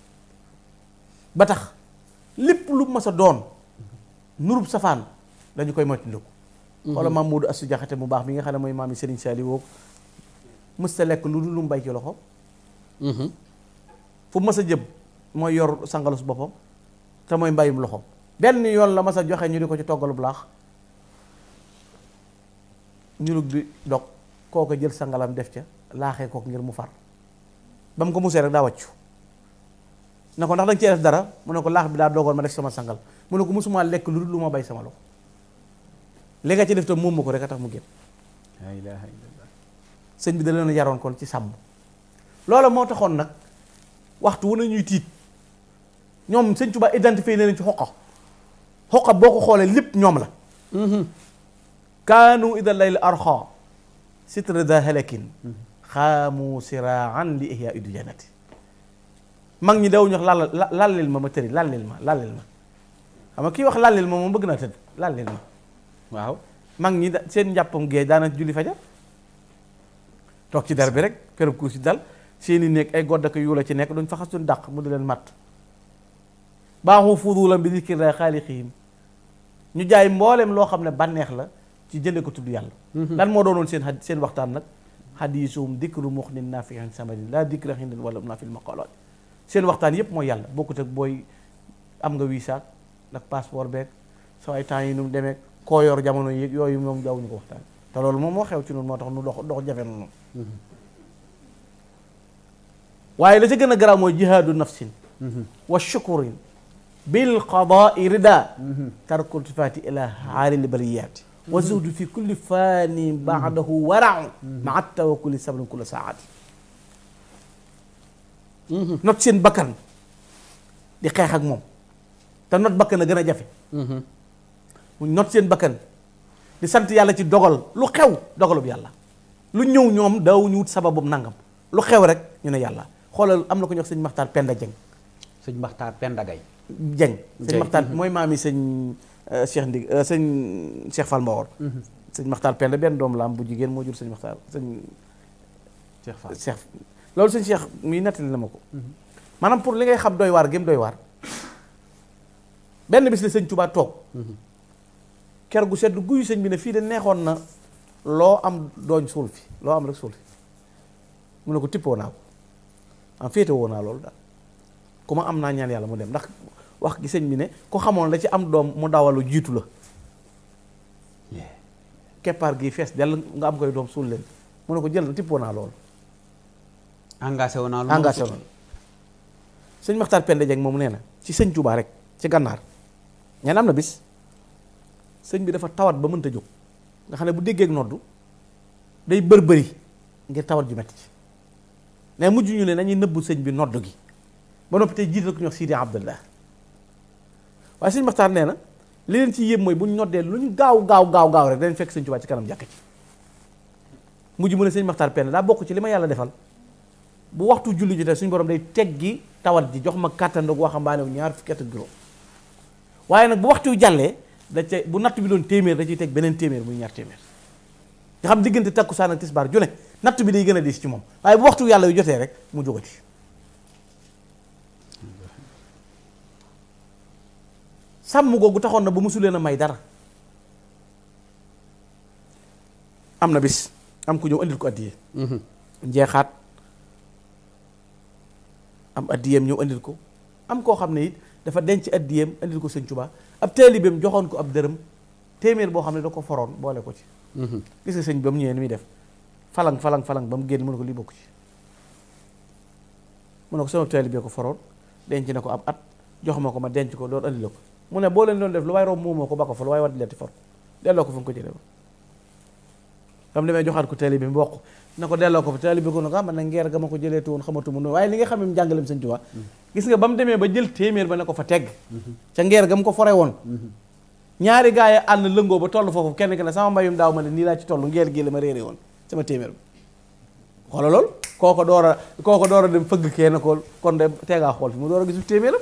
ba tax lépp lu mas a doon nurub safaan dañu koy moytandiku wala maam Moodu Asu Jaxate mu baax mi nga xam ne mooy maam yi Serigne Saliou woo mës ta lekk lu dul lu mu bay ci loxo mhm. fu mës a jëm mooy yor sangalus boppam te mooy loxo benn yoon la mës a joxe ñu di ko ci toggalub laax ñulug bi kooka jël sangalam def ca laaxee kook ngir mu far ba ko musee rek daa wàccu na ko dara mu ne ko laax bi daa dogoon ma sama sangal mu ne ko musuma lekk lu dul lu ma bay sama loxo li nga ci def tam moom ma ko rek a tax mu génn la ilaha illallah sëñ bi da leen yaroon kon ci sàmm loola moo taxoon nag waxtu wu ne tiit ñoom sëñ Tuubaa identifié na leen ci xoqa xoqa boo ko xoolee lépp ñoom la mhm. kaanu ida layl arxa sitra da halakin mhm. xaamu siraan li ihyaa idu janati mag ñi daw ñu wax lal lallil ma ma tëri lallil ma lallil ma xam kii wax lallil ma moom bëgg naa tëdd lallil ma waaw mag ñi seen njàppam gee daana julli fajar toog ci dara bi rek kërëb kuur si dal seeni néeg ay godd ak yuula ci nekk duñ fa xas duñ mu di leen matt baaxu fudulam bi dikir lay xaalixihim ñu jaay mboolem loo xam ne bànneex la ci jënde ko tudd yàlla mhm. lan moo doonoon seen a seen waxtaan nag xadiisum dikru muxnin nafiin samadin laa dikra xindin wala naa fil maqalaat seen waxtaan yépp mooy yàlla bokkut ak booy am nga visa ak passeport beeg sa ay temps yi nu mu koo yor jamono yi yooyu moom daawuñu ko waxtaan te loolu moom moo xew ci noonu moo tax nu dox dox jafe noonu waaye la ca gën a garaaw mooy jihaadu nafsin wa shukurin bil qadaai rida tarkul tifaati ila xaalil bariyaati wa zuhdu fi kulli faani baadahu warau maa tawakkuli sabrin kulla saati not seen bakkan di xeex ak moom te not bakkan a gën a jafe mu not seen bakkan di sant yàlla ci dogal lu xew dogalub yàlla lu ñëw ñoom daawuñu wut sababum nangam lu xew rek ñu ne yàlla xoolal am na ko ñuy wax sëñ Maxtaar Penda Jeng sëñ Maxtaar Penda Gay Jeng sëñ Maxtaar mhm. mooy maami sëñ euh, Cheikh Ndig euh, sëñ Cheikh Fall Mbawor mhm. sëñ Maxtaar Penda benn doom la am bu jigéen moo jur sëñ Maxtaar sëñ Cheikh Fall Cheikh loolu sëñ Cheikh muy nettali na ma ko mhm. maanaam pour li ngay xam doy waar gém doy waar benn bis la sëñ Tuubaa toog ker gu sedd guyu sëñ bi ne fii de neexoon na loo am dooñ suul fi loo am rek suul fi mu ne ko tippoo naa ko am féete woo naa loolu daal am naa ñaan mu dem ndax wax gi sëñ bi ne ku xamoon la ci am doom mu dawalu jiitu la keppaar gi fees dell nga am koy doom suul leen mu ne ko jël na tippoo naa loolu engagé wu naa loolu engagé wu naa sëñ Maxtaar Penda Dieng moom nee na ci sëñ Tuubaa rek ci gànnaar ñeen am na bis sëñ bi dafa tawat ba mënta jóg nga xam ne bu déggeek ak day day bërbëri ngir tawat ju metti ci mais mujj ñu ne nañuy nëbbu sëñ bi noddu gi ba noppi tey jiital ku ñuy wax Sidi Abdallah waaye sëñ Maxtaar nee na li leen ci yéem mooy bu noddee lu ñu gaaw gaaw gaaw gaaw rek dañ fekk sëñ Tuubaa ci kanam jàkk ci mujj mu ne sëñ Maxtaar penn daa bokk ci li ma yàlla defal bu waxtu julli jotee suñ borom day teggi tawat ji jox ma kàttan ak waxambaane ñaar fukki at ak juróom da cay bu natt bi loon téeméer da ciy teg beneen téeméer muy ñaar téeméer nga xam diggante takku ak tisbaar ju ne natt bi day gën a diis ci moom waaye bu waxtu yàlla yu jotee rek mu jógati sàmm googu taxoon na ba mosu leen a may dara am na bis am ku ñëw andil ko addiyee mhm. njeexaat am addiyeem ñëw andil ko am koo xam ne it dafa denc addiyem andil ko sëñ Tuubaa ab taalibeem joxoon ko ab dërëm téeméer boo xam ne da ko foroon boole ko ci mhm. gis nga sëñ ba mu ñëwee ni muy def falan falan falan ba mu génn mu ne ko li bokk ci mu ne ko sama taalibe ko foroon denc na ko ab at jox ma ko ma denc ko loolu andil ko mu leen doon def lu waay romb moomoo ko ba ko fa lu waay delloo ko fu mu ko jëlee ba xam demee joxaat ko taalibe mu wax na ko delloo ko fa taalibe ko ne ko ah, na ngeer ga ma ko jëlee tu woon noonu waaye li nga xam ne mu jàngaleem sëñ Tuubaa mhm. gis nga ba mu demee ba jël téeméer ba ne ko fa tegg ca ngeer ga mu ko fore woon ñaari gaay yi ànd lëngoo ba toll foofu kenn ki ne sama mbayum daaw ma ne nii laa ci toll ngeel gi la ma réere woon sama téeméer ba xoola lool kooko door a kooko door a dem fëgg kenn ko kon de teegaa xool fi mu door a gisul téeméeram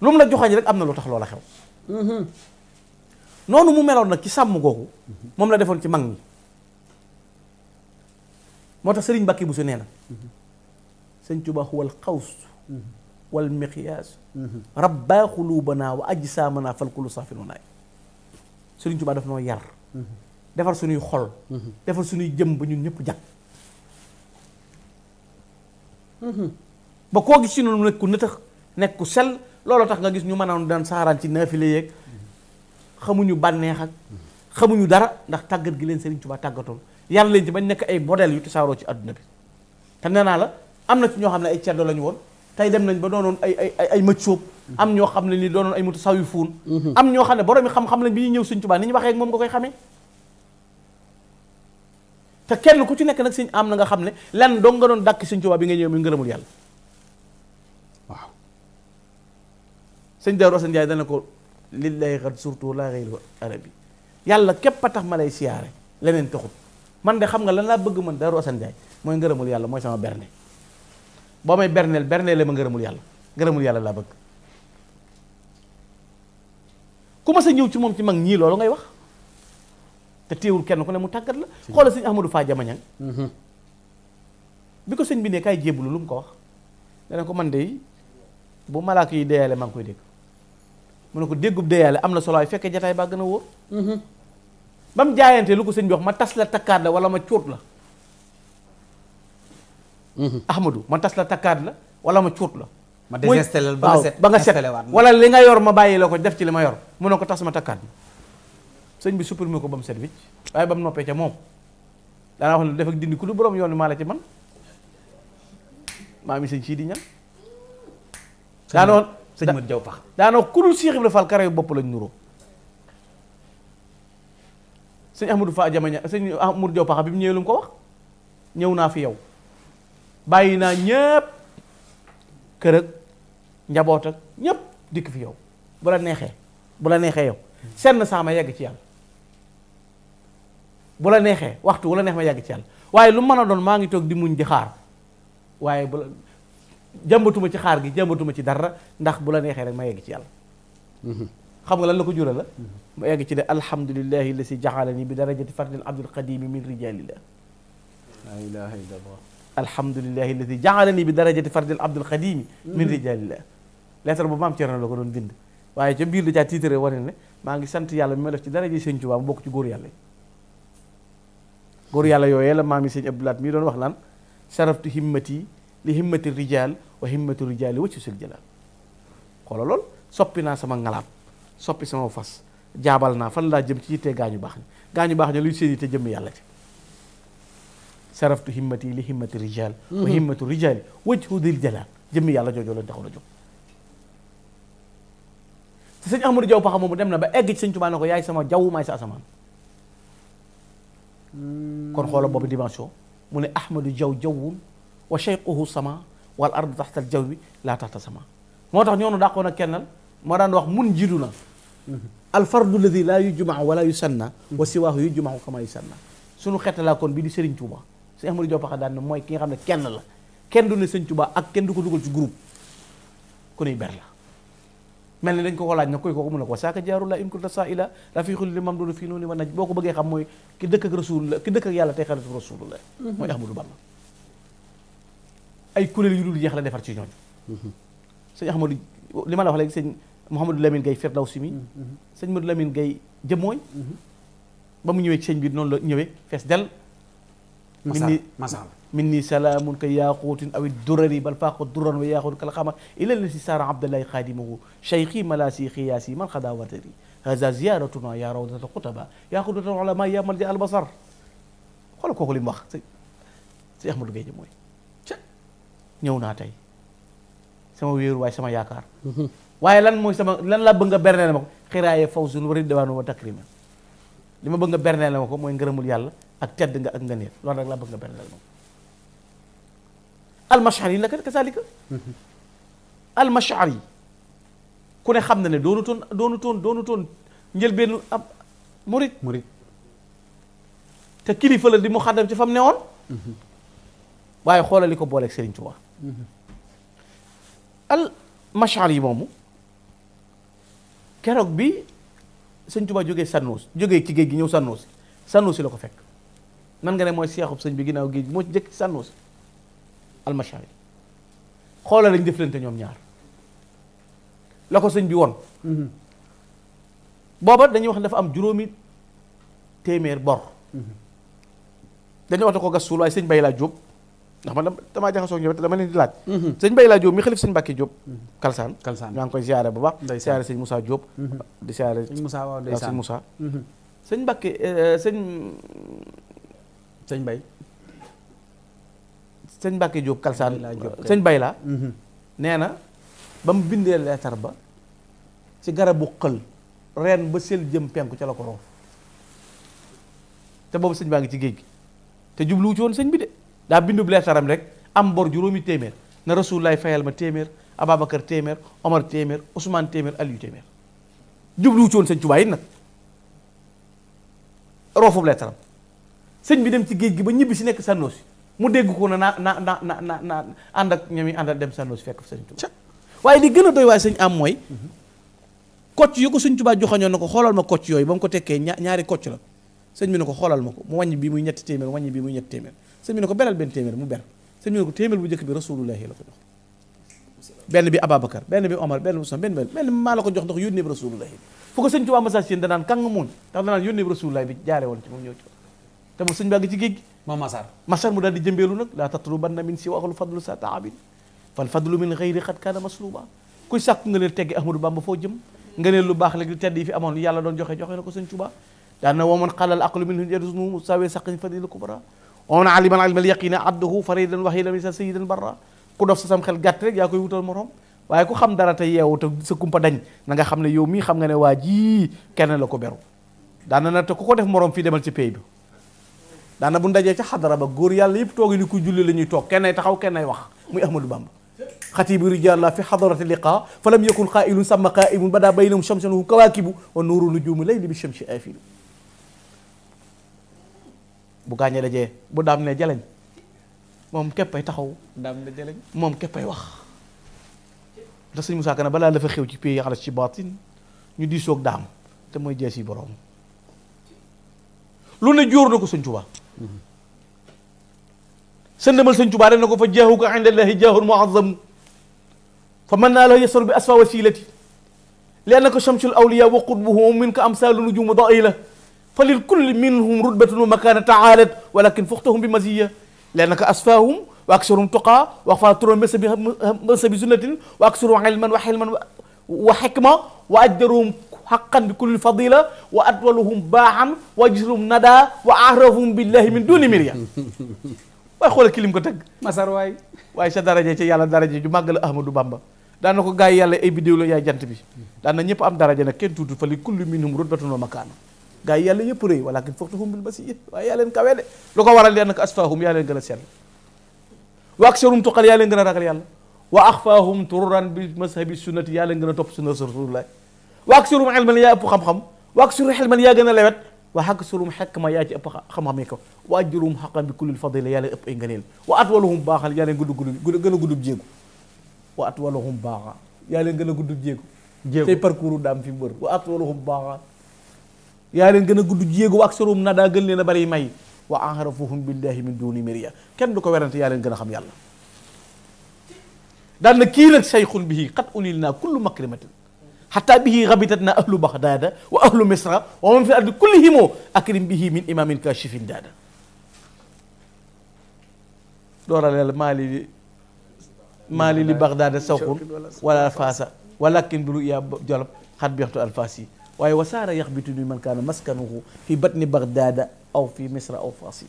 lu mu la joxañ rek am na lu tax loola xew noonu mu meloon nag ci sàmm googu moom la defoon ci mag ñi moo tax sëriñ Mbàkke bu su nee na sëñ Tuubaa wal xaws wal miqyaas rabbaa xuluubanaa wa ajsaamanaa fal kullu saafin wanaay sëriñ Tuubaa daf noo yar defar suñuy xol defar suñuy jëm ba ñun ñëpp jàpp koo gis ci noonu nekk nëtëx nekk ku looloo tax nga gis ñu mënoon daan saaraan ci naafile yeeg xamuñu bànneex ak xamuñu dara ndax tàggat gi leen Sëriñ Tuubaa tàggatoon yar leen ci bañ nekk ay modèles yu saaroo ci àdduna bi te nee naa la am na ci ñoo xam ne ay ceddo lañu woon tey dem nañ ba doonoon ay ay ay ay mëccoob am ñoo xam ne nii doonoon ay mutu saw yu fuun mhm. am ñoo xam ne boroomi xam-xam lañ bi ñuy ñëw Sëñ Tuubaa ni ñu waxee ak moom nga koy xamee te kenn ku ci nekk nag sëñ am na nga xam ne lenn doo nga doon dàkk suñ Tuubaa bi nga ñëw muy ngërëmul yàlla waaw sëñ Daaru Asan Njaay dana ko lillahi xat surtout laa xëy arabi yàlla képp a tax ma lay siyaare leneen taxut man de xam nga lan laa bëgg mën Daaru Asan Njaay mooy ngërëmul yàlla mooy sama bernde boo may berneel berneel ma ngërëmul yàlla ngërëmul yàlla laa bëgg ku ma sa ñëw ci moom ci mag ñii loolu ngay wax te téewul kenn ku ne mu tàggat la xoolal sëñ Ahmadou Fa Jamañang mm-hmm. bi ko sëñ bi ne kaay jébbalu lu mu ko wax dana ko man de bu malaaka yi deyaale maa ngi koy dégg mu ne ko déggub deyaale am na solo ay fekkee jataay baa gën a wóor mm-hmm. ba jaayantee lu ko sëñ jox ma tas la takkaat la wala ma cuut la Mm-hmm. Ahmadou ma tas la takkaat la wala ma cuut la. ma désinstallé la ba nga set ba nga wala li nga yor ma bàyyi la ko def ci li ma yor mu a ko tas ma takkaat bi sëñ bi supprimé ko ba mu set wicc waaye ba mu noppee ca moom daanaa wax ne def ak dindi ku lu borom yoon maa la di ñan. daanoo sëñ Mat daanoo ku dul Seex Ibra Fall bopp lañ nuroo sëñ Ahmadou Fa Jamaña sëñ Ahmadou Jaw Pax bi mu ñëwee lu ko wax ñëw naa fi yow. bàyyi naa ñëpp kër ak njaboot ak ñëpp dikk fi yow bu la neexee bu la neexee yow senn saa ma yegg ci yàlla bu la neexee waxtu bu la neex ma yàgg ci yàlla waaye lu mën a doon maa ngi toog di muñ di xaar waaye bu la jàmbatuma ci xaar gi jàmbatuma ci dara ndax bu la neexee rek ma yegg ci yàlla mhm. xam nga lan la ko jural la mhm. ma yegg ci de ne alhamdulillahi la si jaxalani bi darajati fardil abdul qadimi min rijalillah la ilaha illallah alhamdulillahi alladi jaalani bi darajati fardil abdul xadimi min rijalillah lettre bu maam Cerno la ko doon bind waaye ca biir da caa tiitaree wane ne maa ngi sant yàlla mi ma def ci daraja sëñ Tuubaa mu bokk ci góor yàlla yi góor yàlla yooyee la maam yi sëñ Abdulaat mii doon wax naan saraftu himmati li himmati rijal wa himmati rijali waccu sil jalal xoola lool soppi naa sama ngalaab soppi sama fas jaabal naa fan laa jëm ci yittee gaañu baax ñi gaañu baax ñi luy jëmm yàlla ci saraftu himmati li himmati rijal mhm. wa himmatu rijali wajhu dil jalal jëmmi yàlla joojoo leen taxoon a jóg te sëñ Ahmadou Diaw Pakha moomu dem na ba egg ci sëñ Tuubaa ko yaay sama jaww maay sa asamaan hmm. kon xoolal boobu dimension mu ne Ahmadou Diaw jawwun wa cheyquhu sama wal ardu taxta al jawwi laa taxta sama moo tax ñoonu dàqoon ak kennal moo daan wax mun jiitu na mhm. al fardu alladi laa yujmau wala yusanna mhm. wa siwaahu yujmau kama yusanna sunu xetalaa kon bi di Sëriñ Tuubaa Cheikh Amadou Diop Paxa daan mooy ki nga xam ne kenn la kenn du ne sëñ Tuubaa ak kenn du ko dugal ci groupe ku nuy ber la mel ni dañ ko ko laaj na koy kooku mun na ko saaka jaaru la in kunta saa'ila rafiqul li mamdun fii noonu wa naj boo ko mooy ki dëkk la ki dëkk ak yàlla tey xaritu rasul la mm-hmm. mooy Ahmadou Bamba ay kuréel yu dul la defar ci ñooñu mm-hmm. sëñ Ahmadou li ma la wax léegi sëñ Mouhamadou Lamine Gueye Firdawsi mi mm-hmm. sëñ Modou Lamine Gueye jëmooy ba mu ñëwee ci sëñ bi noonu la ñëwee fees dell minni masal minni salaamun ka yaaquutin awi durari bal faaqa duran wa yaaquutin kal xamar ila lasi saara abdallahi xaadimahu cheykhi malaasi xiyaasi man xadaa watari haza ziyaratuna yaa rawdata xutaba yaa xuddatal ulama yaa malja albasar xoolal kooku li mu wax sëñ sëñ Ahmadou Gueye mooy ca ñëw naa tey sama wéeru waaye sama yaakaar mhm. waaye lan mooy sama lan laa bëgg nga berneel ma ko xiraaya fawzun wa ridwaanu wa takrima li ma bëgg nga berneel ma ko mooy ngërëmul yàlla ak tedd nga ak nga neel loolu rek laa bëgg nga berneel ma ko almashar yi la kasalika almashar yi ku ne xam na ne doonu toon doonu toon doonu toon njëlbeenu ab murit te kilifa la di mu xaddam ci fam ne woon mhm. waaye xoolal li ko booleeg Sëriñ Tuubaa mhm. al mashar yi moomu keroog bi sëñ Tuubaa jógee Sannoosi jóge ci géej gi ñëw si Sannoosi si la ko fekk nan nga ne mooy seexub sëñ bi ginnaaw géej gi moo ci njëkk Sannoosi almashaari xoolal lañ deflante ñoom ñaar la ko sëñ bi woon mhm. booba dañuy wax ne dafa am juróomi téeméer bor mhm. dañuy wax ne ko gas suul waaye sëñ bay laa jóob ndax man damaa jaxasoo ñoom dama leen di laaj mhm. sëñ Baye laa Diop mi xalif sëñ Mbacke Diop mhm. Kalsaan Kalsaan maa ngi koy siyaare bu baax siyaare sëñ Moussa Diop mhm. di siyaare sëñ Moussa sëñ Mbacke eh, eh, sëñ sëñ Baye sëñ Mbacke Diop Kalsaan sëñ Baye laa nee na ba mu bindee leetar ba ci garabu xël reen ba sel jëm penku ca la ko roof te boobu sëñ baa ngi ci géej gi te jubluwu ci woon sëñ bi de daa bindub leetaram rek am bor juróomi téeméer na rasulullaay fayal ma téeméer Ababacar téeméer Omar téeméer Ousmane téeméer Aliou téeméer jubluwu ci woon sëñ Tuubaa yi nag roofub leetaram sëñ bi dem ci géej gi ba ñibbi si nekk sànnoosi mu dégg ko na naa na na na na na ànd ak ñoom yi ànd ak dem sànnoosi fekk fa sëñ Tuubaa waaye li gën a doy waaye sëñ am mooy mhm. kocc yu ko sëñ Tuubaa joxañoon na ko xoolal ma kocc yooyu ba mu ko tekkee ñaari kocc la sëñ bi ne ko xoolal ma ko mu wàññi bii muy ñetti téeméer wàññi bii muy ñetti téeméer sëñ bi ko beral benn téeméer mu bi ne ko téeméer benn bi Ababacar benn bi Omar benn ko jox ndax yónnee bi rasulullahi fu ko sëñ Tuubaa message yéen danaan kàng moon ndax danaan yónnee bi rasulullahi bi jaare woon ci moom ñëw te moom sëñ baa ngi ci géej gi moom Masar Masar mu daal di jëmbeelu nag laa tatlubanna min si waxul fadlu sa taabin fal min xayri xat kaana masluba kuy sàkk nga leen teggi Ahmadou Bamba foo jëm nga leen lu baax léegi lu tedd yi fi amoon yàlla doon joxe joxe na ko sëñ Tuubaa daan na waman xalal aqlu min yadusnu sawee saqin kubra on alima alima al yaqina abduhu faridan waxidan misa sayidan barra ku dof sa sam xel gàtt rek yaa koy wutal morom waaye ku xam dara te yeewu sa kumpa dañ na xam ne yow mii xam nga ne waa ji kenn la ko beru daana na te ku ko def moroom fii demal ci pay bi daana bu ndajee ca xadara ba góor yàlla yëpp toogi ni ku julli la ñuy toog kenn ay taxaw kenn ay wax muy ahmadou bamba xatibu rijalla fi xadarati liqa fa lam yakun qailun sama qaaimun bada baynahum shamsun kawakibu wa nuuru nujumi layli bi shamsi afilu bu gaañee dajee bu daam ne jaleñ moom képpay taxaw daam ne jaleñ moom képpay wax ndax sëñ Moussa Ka ne balaa dafa xew ci pays yaxalas ci baatin ñu di soog daam te mooy jees yi boroom lu ne jóor na ko sëñ Tuubaa sëndamal sëñ Tuubaa dana ko fa jaahu ka inda llahi jaahun muazzam fa mën naa la yasaru bi asfa wasilati li annaka shamsul awliya wa qutbuhum minka amsalu nujum daila fa lil kulli minhum rutbatun wa makaana taalat walakin fuxtahum bi maziya liannaka asfaahum wa aksarum tuqaa wa fa turon masa bi masa bi sunnatin wa aksarum ilman wa xilman wa xikma wa ajdaruhum xaqan bi kulli fadila wa atwaluhum baaxan wa ajsrum nada wa arafum billahi min duni mirya waaye xoolal kilim ko tëgg masar waay waaye sa daraje ci yàlla daraje ju màggal Ahmadou Bamba daan na ko gars yi yàlla ay bidéo la yaay jant bi daan na ñëpp am daraje nag kenn tuuti fa li kulli minhum rutbatun wa makaana gaa yi yàlla yëpp rëy walakin faxtuhum bil basiir waaye yaa leen kawe de lu ko waral leen ko asfaahum yaa leen gën a sell wa aksarum tuqal yaa leen gën a ragal yàlla wa axfaahum tururan bi mazhabi sunnati yaa leen gën a topp sunna rasulullah wa aksarum ilman yaa ëpp xam-xam wa aksarum ilman yaa gën a lewet wa aksarum xekma yaa ci ëpp xam-xam yi ko wa ajrum xaqan bi kullil fadila yaa leen ëpp ay ngëneel wa atwaluhum baaxal yaa leen gudd gudd gën a guddub jéegu wa atwaluhum baaxa yaa leen gën a guddub jéegu jéegu tey parcours daam fi mbër wa atwaluhum baaxa yaa leen gën a gudd jéego wa aksaruhum nadaa gën leen a bari may wa arafuhum billahi min duni miriya kenn du ko werante yaa leen gën a xam yàlla daan na kii nag sayxun bihi xat unil naa kullu makrimatin xataa bihi rabitat na ahlu baxdaada wa ahlu misra wa man fi ardi kullihimoo akrim bihi min imamin kashifin daada dooraleel maali maali li baxdaada sawxun wala faasa walakin bi ruya jolob xat bi waxtu alfaas yi waaye wasaara yax bitu ni man kaana maskanuhu fi batni baghdada aw fi misra aw fasi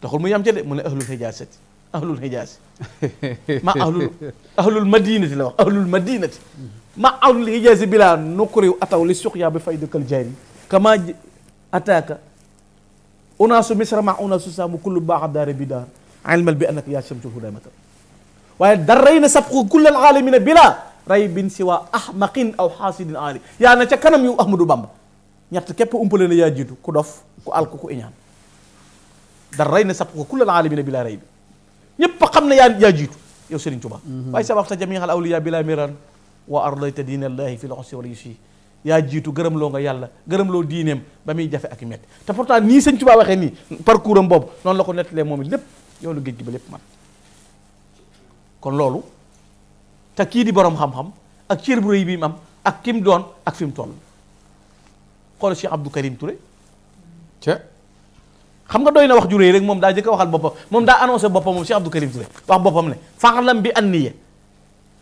taxul mu yam ca de mu ne ahlul hijaasati ahlul hijaasi *laughs* ma ahlul ahlul madinati la wax ahlul madinati ma ahlul hijaasi bila nukriw ataw li suqya bi faydakal jaari kama ataaka unaasu misra ma unaasu saamu kullu baax daara bi daar ilmal bi annaka yaa shamsul hudaa matal waaye darrayna sabqu kullal aalamina bila raybin siwa ahmaqin aw xaasidin aali yaa na ca kanam yu ahmadu bamba ñett képp umpale na yaa jiitu ku dof ku alku ku iñaan dar ray na sapp ko kullal aalamina bilaa ray bi ñépp xam ne yaa yaa jiitu yow Sëriñ Tuubaa mhm. waaye sabaxta jamial awliya bila miran wa ardayta diina allahi fi loxosi wala yusi yaa jiitu gërëmloo nga yàlla gërëmloo diineem ba muy jafe ak i métti te pourtant nii Sëñ Tuubaa waxee nii parcours boobu noonu la ko nettalee moom it lépp yow lu géej gi ba lépp man kon loolu te kii di borom xam-xam ak cër bu rëy bi mu am ak kim doon ak fi mu toll xool Cheikh Abdou Karim Touré ca xam nga doy na wax ju rëy rek moom daa jëkk waxal boppam moom daa annoncé boppam moom Cheikh Abdou Karim Touré wax boppam ne faxlam bi anniya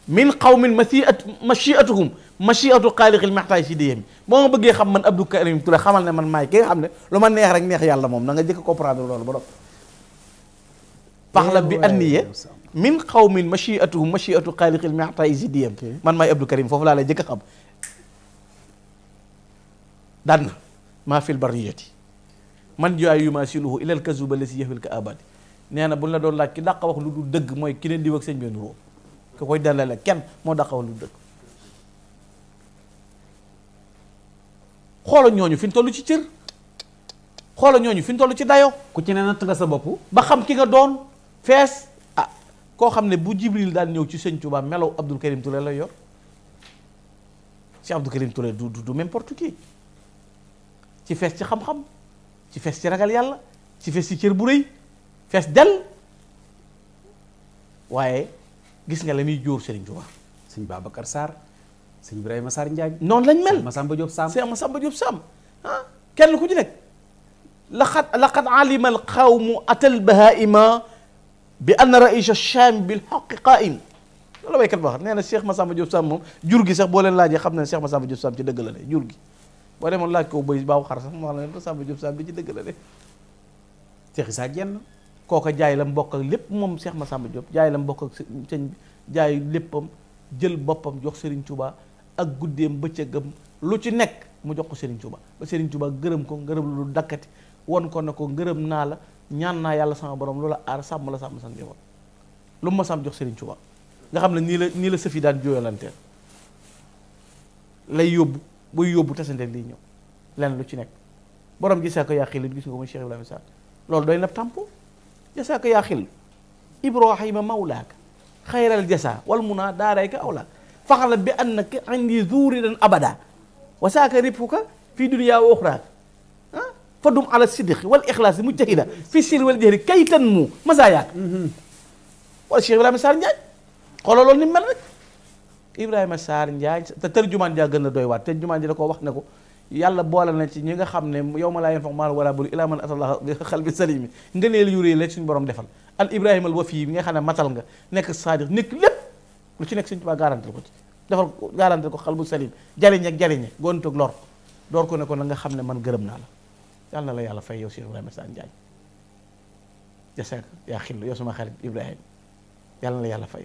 min qawmin masiat machiatuhum machiatu xaaliqil maxtaay si diyami boo ma bëggee xam man Abdou Karim Touré xamal ne man maay ki xam ne lu ma neex rek neex yàlla moom na nga jëkk comprendre loolu ba min xawmin machiatuhum machiatu xaaliqil mata isidiyam man maay Abdou Karim foofu laa lay jëkk a xam daan na maa fil bariyati man jaay yu ma sinuhu ilal kazuba la si yëfil ka abadi neena na buñ la doon laaj ki dàq wax lu dul dëgg mooy ki leen di wax sëñ bi nuroo ki koy dalale kenn moo dàq wax lu dul dëgg xoola ñooñu fi ñu toll ci cër xoola ñooñu fi ñu toll ci dayo ku ci ne natt nga sa bopp ba xam ki nga doon fees koo xam ne bu Jibril daan ñëw ci sëñ Touba melaw Abdou Karim Touré lay yor ci Abdou Karim Touré du du n'importe qui ci fees ci xam-xam ci fees ci ragal yàlla ci fees ci cër bu rëy fees del waaye gis nga la muy jóor Serigne Touba. sëñ Babacar Sarr sëñ Ibrahima Sarr Ndiagne. noonu lañ mel Massamba Diop Sam sëñ ah, kenn ku ci nekk laqad laqad alima al qawmu atal bahaima bi anna raïcha cham bil xaqi qaim loolu baykat ba wax nee na Cheikh Massamba Diop Sam moom jur gi sax boo leen laajee xam na ne ma Massamba Diop Sam ci dëgg la ne jur gi boo demoon laaj ko bëy baaw xar sax mu wax la ne Massamba Diop Sam bi ci dëgg la ne Cheikh Issa Diène kooka jaay la mbokk ak lépp moom seex ma Massamba Diop jaay la mbokk ak sëñ bi jaay léppam jël boppam jox Serigne Touba ak guddeem bëccëgam lu ci nekk mu jox ko Serigne tubaa ba Serigne Touba gërëm ko ngërëm lu dakkati won ko na ko ngërëm naa la ñaan naa yàlla sama borom loola aar sàmm la sàmm sa njaboot lu ma sàmm jox Serigne Touba nga xam ne nii la nii la sëf yi daan jooyalanteel lay yóbbu buy yóbbu tasante lii ñëw lenn lu ci nekk borom gisaa ko yaa xillu gis nga ko muy Cheikh Ibrahima Sall loolu doy na tampo gisaa ko yaa xillu Ibrahima mawlaaka xayral jasa wal munaa daarayka awlaak faxala bi annaka indi zuuri dan abada wasaaka ribxuka fii dunyaa wa uxraak fadum ala siddiq wal ixlaasi mu jahida fii siir wal jahri kaytan mu mazaayaak wala Cheikh Ibrahima Sarr Ndiagne xoolal loolu ni mu mel rek Ibrahima saar Ndiagne te tërjumaan ja gën a doy waat tërjumaan ji da koo wax ne ko yàlla boole na ci ñi nga xam ne yow ma laa yanfa'u maalun walaa banuun illaa man ataa Allaha bi qalbin saliim ngëneel yu rëy la suñu borom defal al Ibrahima al wafi bi nga xam ne matal nga nekk saadiq nekk lépp lu ci nekk suñu Tuubaa garantil ko ci defal ko ko xal bu salim jariñ ak jariñe gontoog lor door ko ko na nga xam ne man gërëm naa yàlla la yàlla fay yow Cheikh Ibrahima Sane Ndiagne jasak yaa xillu yow sama xarit Ibrahima yàlla na la yàlla fay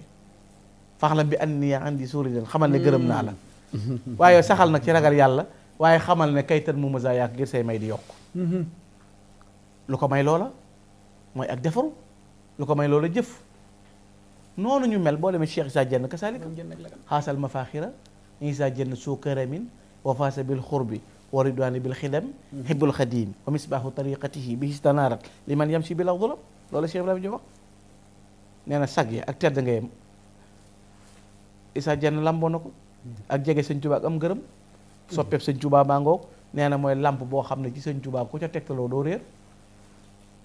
faxlam bi and ni yaa andi suuri leen xamal ne gërëm naa la mm-hmm. waaye saxal nag ci ragal yàlla waaye xamal ne kaytan mu masa yaak ngir say may di yokk mm-hmm. lu ko may loola mooy ak defaru lu ko may loola jëf noonu ñu mel boo demee Cheikh Issa Diène kasaalika xaasal mafaaxira Issa Diène suu këramin wafaasa bil xurbi wa ridwaani bil xidam hibbul xadim wa misbaahu tariqatihi bi istanaarat li man yamsi bil adlam loolu Cheikh Ibrahima di wax nee na sag yi ak tedd nga yem Issa Diagne lamboo na ko ak jege sëñ Tuubaa ak am gërëm soppeeb sëñ Tuubaa baa ngoog nee na mooy lamp boo xam ne ci sëñ Tuubaa ku ca tegtaloo doo réer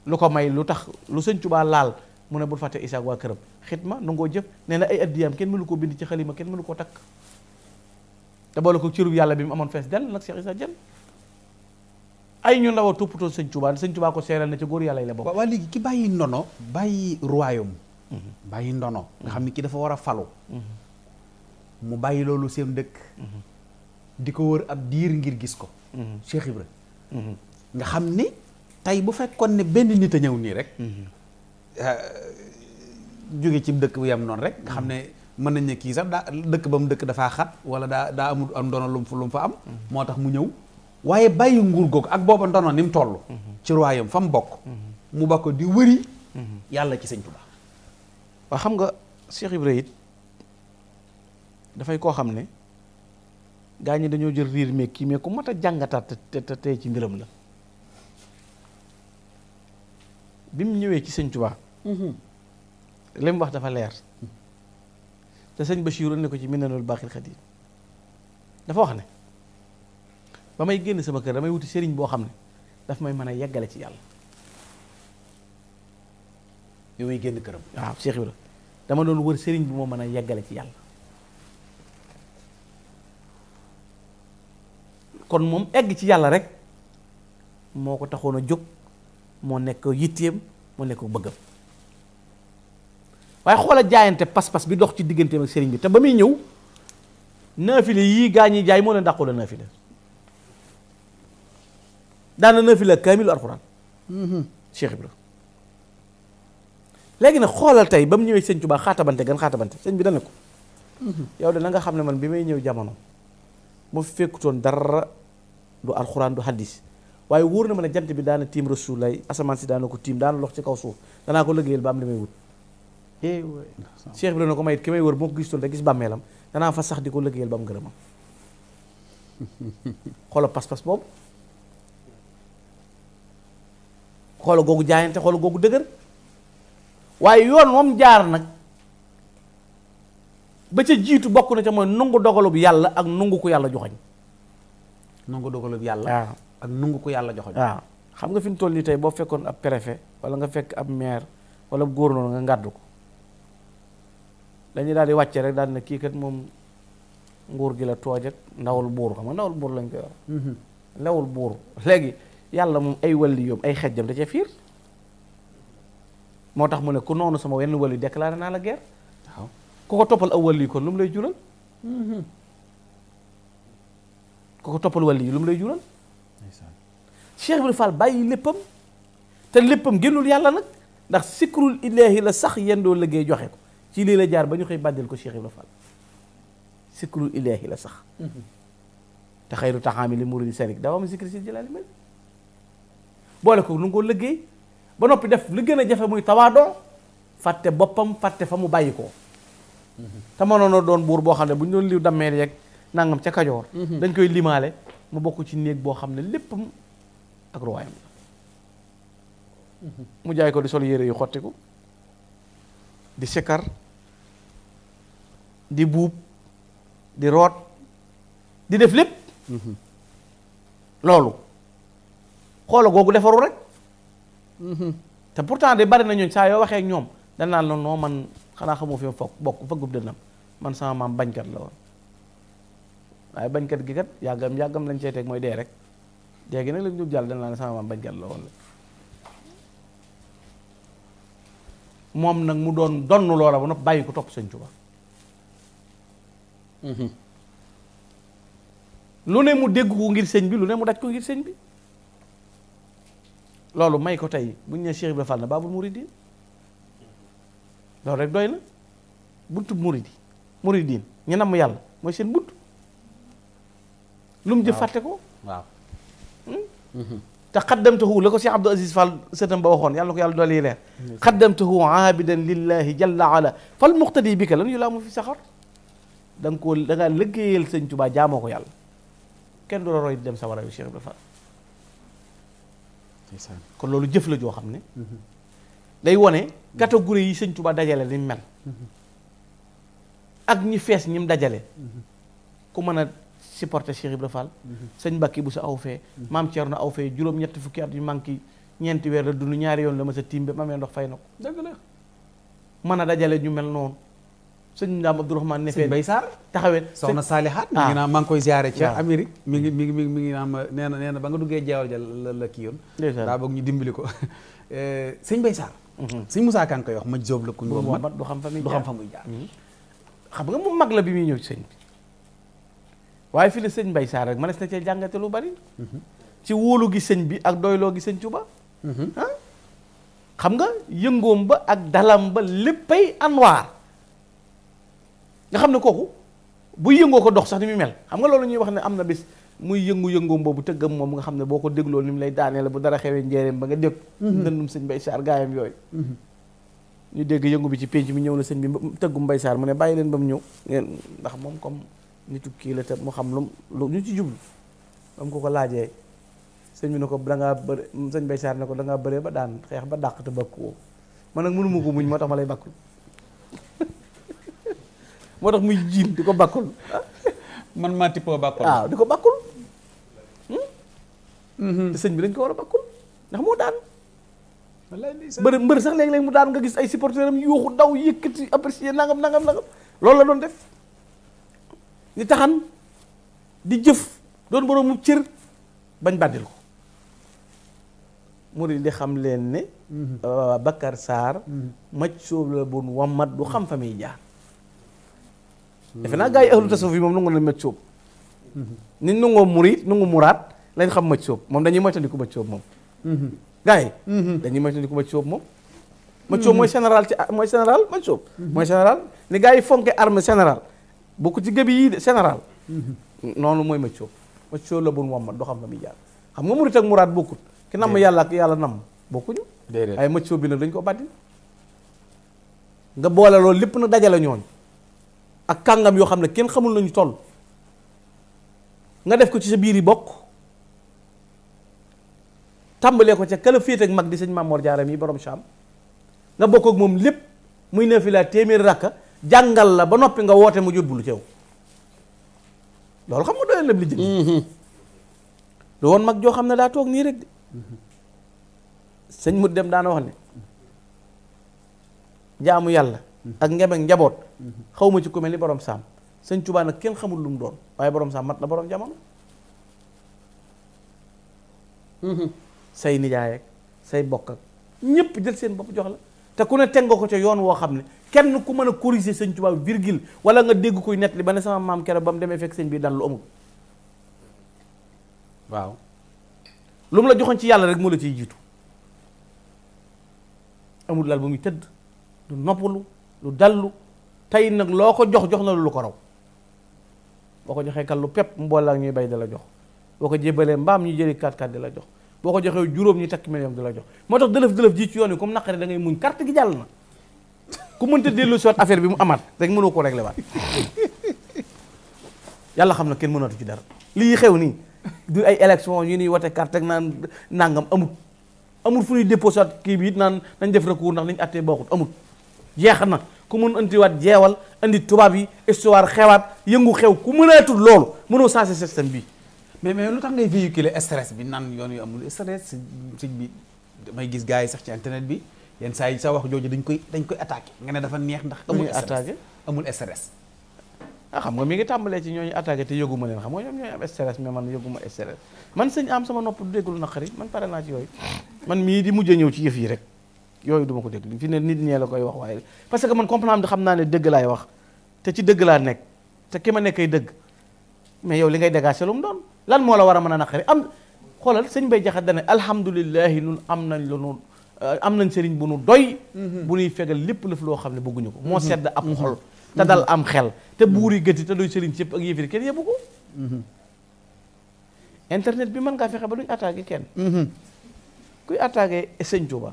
lu ko may lu tax lu sëñ Tuubaa laal mu ne bul fàtte Issa waa këram ma nangoo jëf nee na ay addiyaam kenn mënu koo bind ci xalima kenn mënu koo takk te boole ko cërub yàlla bi mu amoon fees dell nag Cheikh Issa Diène ay ñun la war toppatoo sëñ Tuubaa sëñ Tuubaa ko seeral na ci góor yàlla yi la bokk. waaw léegi ki bàyyi ndono bàyyi royaume. Mhm. bàyyi ndono. nga xam ni ki dafa war a falu. Mhm. mu bàyyi loolu seen dëkk. Mhm. di ko wër ab diir ngir gis ko. Cheikh Ibra. nga xam ni tey bu fekkoon ne benn nit a ñëw nii rek. Euh, jóge ci dëkk bu yam noonu rek nga xam ne. mën nañ ne kii sax daa dëkk ba mu dëkk dafaa xat wala daa daa amul am ndono lu mu fa am mhm. moo tax mu ñëw waaye bàyyi nguur googu ak booba ndono ni mu toll mhm. ci royaume fa mu bokk mhm. mu bokk di wëri yàlla ci sëñ Tuubaa waa xam nga Cheikh Ibrahima dafay koo xam ne gaa ñi dañoo jël riir mais kii mais ku mat a jàngataat te te tey ci mbiram la bi mu ñëwee ci sëñ Tuubaa li wax dafa leer te sëñ Bachir na ko ci Minanul Baqil Xadim dafa wax ne ba may génn sama kër damay wuti sëriñ boo xam ne daf may mën a yeggale ci yàlla. bi may génn këram waaw Cheikh la dama doon wër sëriñ bi moo mën a yeggale ci yàlla. kon moom egg ci yàlla rek moo ko taxoon a jóg moo nekk yitteem moo nekk bëggam. waaye xoola jaayante pas-pas bi dox ci digganteem ak sëriñ bi te ba muy ñëw naafile yii gaa ñi jaay moo leen dàqula naafile daana naafile kaamilu alxuraan mm-hmm. Cheikh la léegi nag xoolal tey ba mu ñëwee sëñ Tuubaa xaatabante gan xaatabante sëñ bi dana ko mm-hmm. yow de na nga xam ne man bi may ñëw jamono ma fekkutoon dara du alxuraan du hadis waaye wóor na ma ne jant bi daana tiim rasulaay asamaan si daana ko tiim daana lox ci kaw suuf danaa ko liggéeyal ba am li eh Cheikh bi la ne ko may it ki may wër boo ko gis tool da gis bàmmeelam danaa fa sax di ko liggéeyal ba mu gërëmam *laughs* xoola pas-pas boobu xoola googu jaayante xoola googu dëgër waaye yoon moom jaar nag ba ca jiitu bokk na ca mooy nungu dogalub yàlla ak nungu ko yàlla joxañ nungu dogalub yàlla ah. ak nungu ko yàlla joxañ waaw ah. xam nga fi mu toll nii tey boo fekkoon ab préfet wala nga fekk ab maire wala góor noonu nga ngàddu ko dañuy daal di wàcce rek daal na kii kat moom nguur gi la tooj ak ndawul buur xam nga ndawul buur lañ koy wax lewul mm-hmm. buur léegi yàlla moom ay wali yoom ay xejjam da ca fiir moo tax mu ne ku noonu sama wenn wali déclaré naa la guerre waaw ku ko toppal aw wali kon lu mu lay jural mm-hmm. ku ko toppal wali yi lu mu lay jural Cheikh Ibrahima bàyyi léppam te léppam génnul yàlla nag ndax sikrul ilaahi la sax yendoo liggéey joxe ko ci lii la jaar ba ñu koy bàddeel ko Cheikh Ibra fal sikrul ilaahi la sax te xayru taxaami li muridi sarik daaw am sikri si jëlaali mel boole ko lu ngoo liggéey ba noppi def li gën a jafe muy tawaadoo fàtte boppam fàtte fa mu bàyyi ko te mënoon doon buur boo xam ne bu ñu doon liw dammeel yeeg nangam ca kajoor dañ koy limaale mu bokk ci néeg boo xam ne léppam ak ruwaayam la mu jaay ko di sol yére yu xottiku di sikkar di buub di root di def lépp mhm. loolu xoola googu defaru rek mhm. te pourtant de bari na ñooñ saa yoo waxee ak ñoom danaan la noo man xanaa xamoo fi mu fokk bokk fëggub dënam man sama maam bañkat la woon waaye bañkat gi kat yàggam yàggam lañ cey teg mooy dee rek dee gi nag lañ ñub jàll danaa ne sama maam bañkat la woon la moom nag mu doon donn loola ba nopp bàyyi ko topp Sëñ Tuubaa lu ne mu dégg ko ngir sëñ bi lu ne mu daj ko ngir sëñ bi loolu may ko tey bu ñu nee Cheikh Ibrahima Fall na baabul muridin loolu rek doy na buntu muridi muridin ñu namm yàlla mooy seen bunt lu mu jëf fàtte ko waaw hmm? mhm. te xaddamtahu la ko Cheikh Abdou Aziz Fall sëtam ba waxoon yàlla ko yàlla dool yi leer xaddamtahu aabidan lillahi jalla ala fal muqtadi bi ka lan yu laa mu fi saxar da nga koo da ngaa liggéeyal sëñ Tuubaa jaamoo ko yàlla kenn du la roy di dem sawara yu Cheikh Ibra Fall kon loolu jëf la joo xam ne mhm. day wone mhm. catégorie yi sëñ Tuubaa dajale ni mel mhm. ak ñi fees ñi dajale ku mën a supporter Cheikh Ibra fal sëñ Mbàkke bu sa aw fee maam na aw fee juróom ñetti fukki at yu manqué ñeenti weer la dund ñaari yoon la ma sa tiim ba ma amee ndox fay na ko dëgg a dajale ñu mel noonu sëñ Ndam Abdourahmane Nefe Bay Sarr taxawet soxna Saalihaat mi ah. ngi naan maa ngi koy ziare ca Amérique mi ngi mi ngi mi ngi mi ngi naan ma nee na nee na ba nga ko *laughs* eh, sëñ Bay Sarr mhm. sëñ Moussa Kane koy wax ma jóob la kuñ wombat du xam fa muy du xam jaar mhm. xam nga mu mag la bi muy ñëw ci sëñ bi waaye fii la sëñ Bay Sarr rek mënees na cee jàngate lu bari mhm. ci wóolu gi sëñ bi ak doyloo gi sëñ Tuba ah. xam nga yëngoom ba ak dalam ba léppay anwaar nga xam ne kooku bu yëngoo ko dox sax ni muy mel xam nga loolu ñuy wax ne am na bis muy yëngu-yëngoom boobu tëggam moom nga xam ne boo ko dégloo ni mu lay daanee la bu dara xewee njeereem ba nga dégg mhm. dënnum sëñ Mbay Saar gaayam yooyu mhm. ñu dégg yëngu bi ci pénc mi ñëw na sëñ bi tëggum Mbay Saar mu ne bàyyi leen ba mu ñëw ngeen ndax moom comme nitu kii la te mu xam lu mu lu ñu ci jublu ba ko ko laajee sëñ bi ne ko da ngaa bëre sëñ Mbay ne ko da ngaa bëree ba daan xeex ba dàq te bakkuwoo man nag mënuma ko muñ moo tax ma lay bakku moo tax muy jiin di ko bàkkul man maa tippoo bàkkul waaw ah, di ko bàkkul hmm? mm-hmm. te sëñ bi dañ ko war a bàkkul ndax moo daan mbër mbër sax léeg-léeg mu daan nga gis ay supporteurs am yuuxu daw yëkkati apprécier nangam nangam nangam loolu la doon def ni taxan di jëf doon borom mu cër bañ bàddil ko murid di xam leen ne mm-hmm. euh, Bakar Sarr mm-hmm. maj soob la bon wamat du xam fa jaar defe naa gars yi ahlu tasawuf moom nangu na mëcc sóob ni nangoo murit nangu muraat lañ xam mëcc sóob moom dañuy moytandiku mëcc sóob moom mm-hmm. gars yi mm-hmm. dañuy moytandiku mëcc sóob moom mëcc sóob mooy mm-hmm. général ci a mooy général mëcc sóob mooy général ni gars yi fonke arme général bokku ci gëbi yii général noonu mooy mëcc sóob la bun wammat doo xam na muy jaar xam nga murit ak muraat bokkut ki nam yàlla ak yàlla namm bokkuñu waaye mëcc sóob bi nag dañ ko bàddi nga boole loolu lépp nag dajale ñooñu ak kàngam yoo xam ne kenn xamul nañu toll nga def ko ci sa biir yi bokk tàmbalee ko ca kala ak mag di sëñ Mamor Diarra mi borom Cham nga bokk ak moom lépp muy nafila téeméeri rakka jàngal la ba noppi nga woote mu jublu ci yow loolu xam nga doyoon na li jël mm-hmm. lu woon mag joo xam ne daa toog nii rek de mm-hmm. sëñ mu dem daana wax ne jaamu yàlla ak ngem njaboot mm-hmm. xaw ma ci ku mel ni borom saam sëñ Tuubaa nag kenn xamul lu mu doon waaye borom saam mat la borom jamono mm-hmm. say nijaay ak say bokk ak ñëpp jël seen bopp jox la te ku ne teg ko ca yoon woo xam ne kenn ku mën a corriger sëñ Tuubaa virgule wala nga dégg koy nettali ba ne sama maam keroog ba mu demee fekk sëñ bi daan lu amul waaw lu mu la joxoon ci yàlla rek moo la ciy jiitu amul daal bu muy tëdd du noppalu lu dallu tey nag loo ko jox jox na lu ko raw boo ko joxee kal lu pepp mboolaa ñuy bay di la jox boo ko jébalee mbaam ñu jëli kat kat di la jox boo ko joxee juróom ñi takk million di la jox moo tax dëlëf dëlëf ji ci yoon yi comme naqari da muñ carte gi jàll na ku mënta dellu sot waat affaire bi mu amaat rek mënoo ko réglé waat yàlla xam na kenn mënatu ci dara lii xew nii du ay élection yu ñuy wote carte ak naan nangam amut amul fu ñuy déposé kii bi it naan nañ def recours ndax liñ attee bokkut amut jeex na ku mën andiwaat jeewal andi tubaab yi histoire xewaat yëngu xew ku mënaatul loolu mënoo changé système bi mais mais lu tax ngay véhiculer stress bi nan yoon yu amul stress sëñ bi damay gis gaa yi sax ci internet bi yenn saa yi sa wax jooju dañ koy dañ koy attaqué nga ne dafa neex ndax amul attaqué amul stress ah xam nga mi ngi tàmbalee ci ñooñu attaqué te yëguma leen xam nga ñoom ñooy am stress mais man yëguma stress man sëñ am sama nopp du déggul naqari man pare naa ci yooyu man mii di mujj ñëw ci yëf yi rek yooyu du ko dégg déglu fi ne nit ñee la koy wax waaye parce que man comprendre xam naa ne dëgg laay wax te ci dëgg laa nekk te ki ma nekk nekkay dëgg mais yow li ngay dégager lu mu doon lan moo la war a mën a naqari am xoolal sëñ bay jaxat dane alhamdulilahi nun am nañ lu nu euh, am nañ sëriñ bu nu doy mhm. bu nuy fegal lépp lëf loo xam ne bëgguñu ko moo mhm. sedd ab mhm. xol te dal am xel te buur yi gëti te doy sëriñ si yëpp ak yëfiri kenn yëbbu ko internet bi mën ngaa fexe ba duñ attaqué kenn kuy attaqué sëñ Tuuba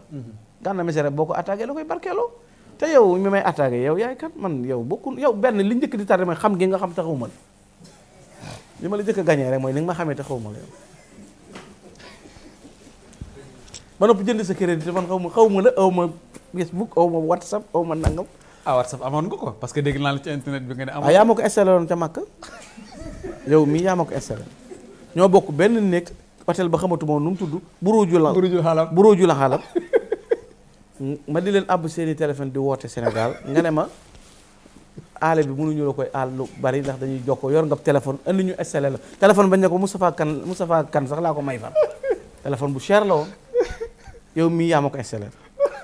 gànna mesere boo ko attaqué la koy barkeeloo te yow mi may attaqué yow yaay kat man yow bokkul yow benn li njëkk di tardé mooy xam gi nga xam taxaw ma la ma la njëkk a gañee mooy li nga ma xamee taxaw ma la yow jënd sa te man xaw ma xaw ma la aw ma Facebook aw ma aw ma nangam ah WhatsApp amoon nga ko parce que dégg naa la bi nga ne amoon ah, yaa ma ko installé woon ca Makka yow ñoo bokk benn nekk hôtel ba xamatuma woon nu mu tudd buruju la buruju la ma di leen àbb seeni téléphone di woote Sénégal nga ne ma aale bi mënuñu la koy aal lu bari ndax dañuy jox ko yor nga téléphone andi ñu installé la téléphone bañ ne ko Moustapha Kane Moustapha Kane sax laa ko may fan téléphone bu cher la woon yow mii yaa ma ko installé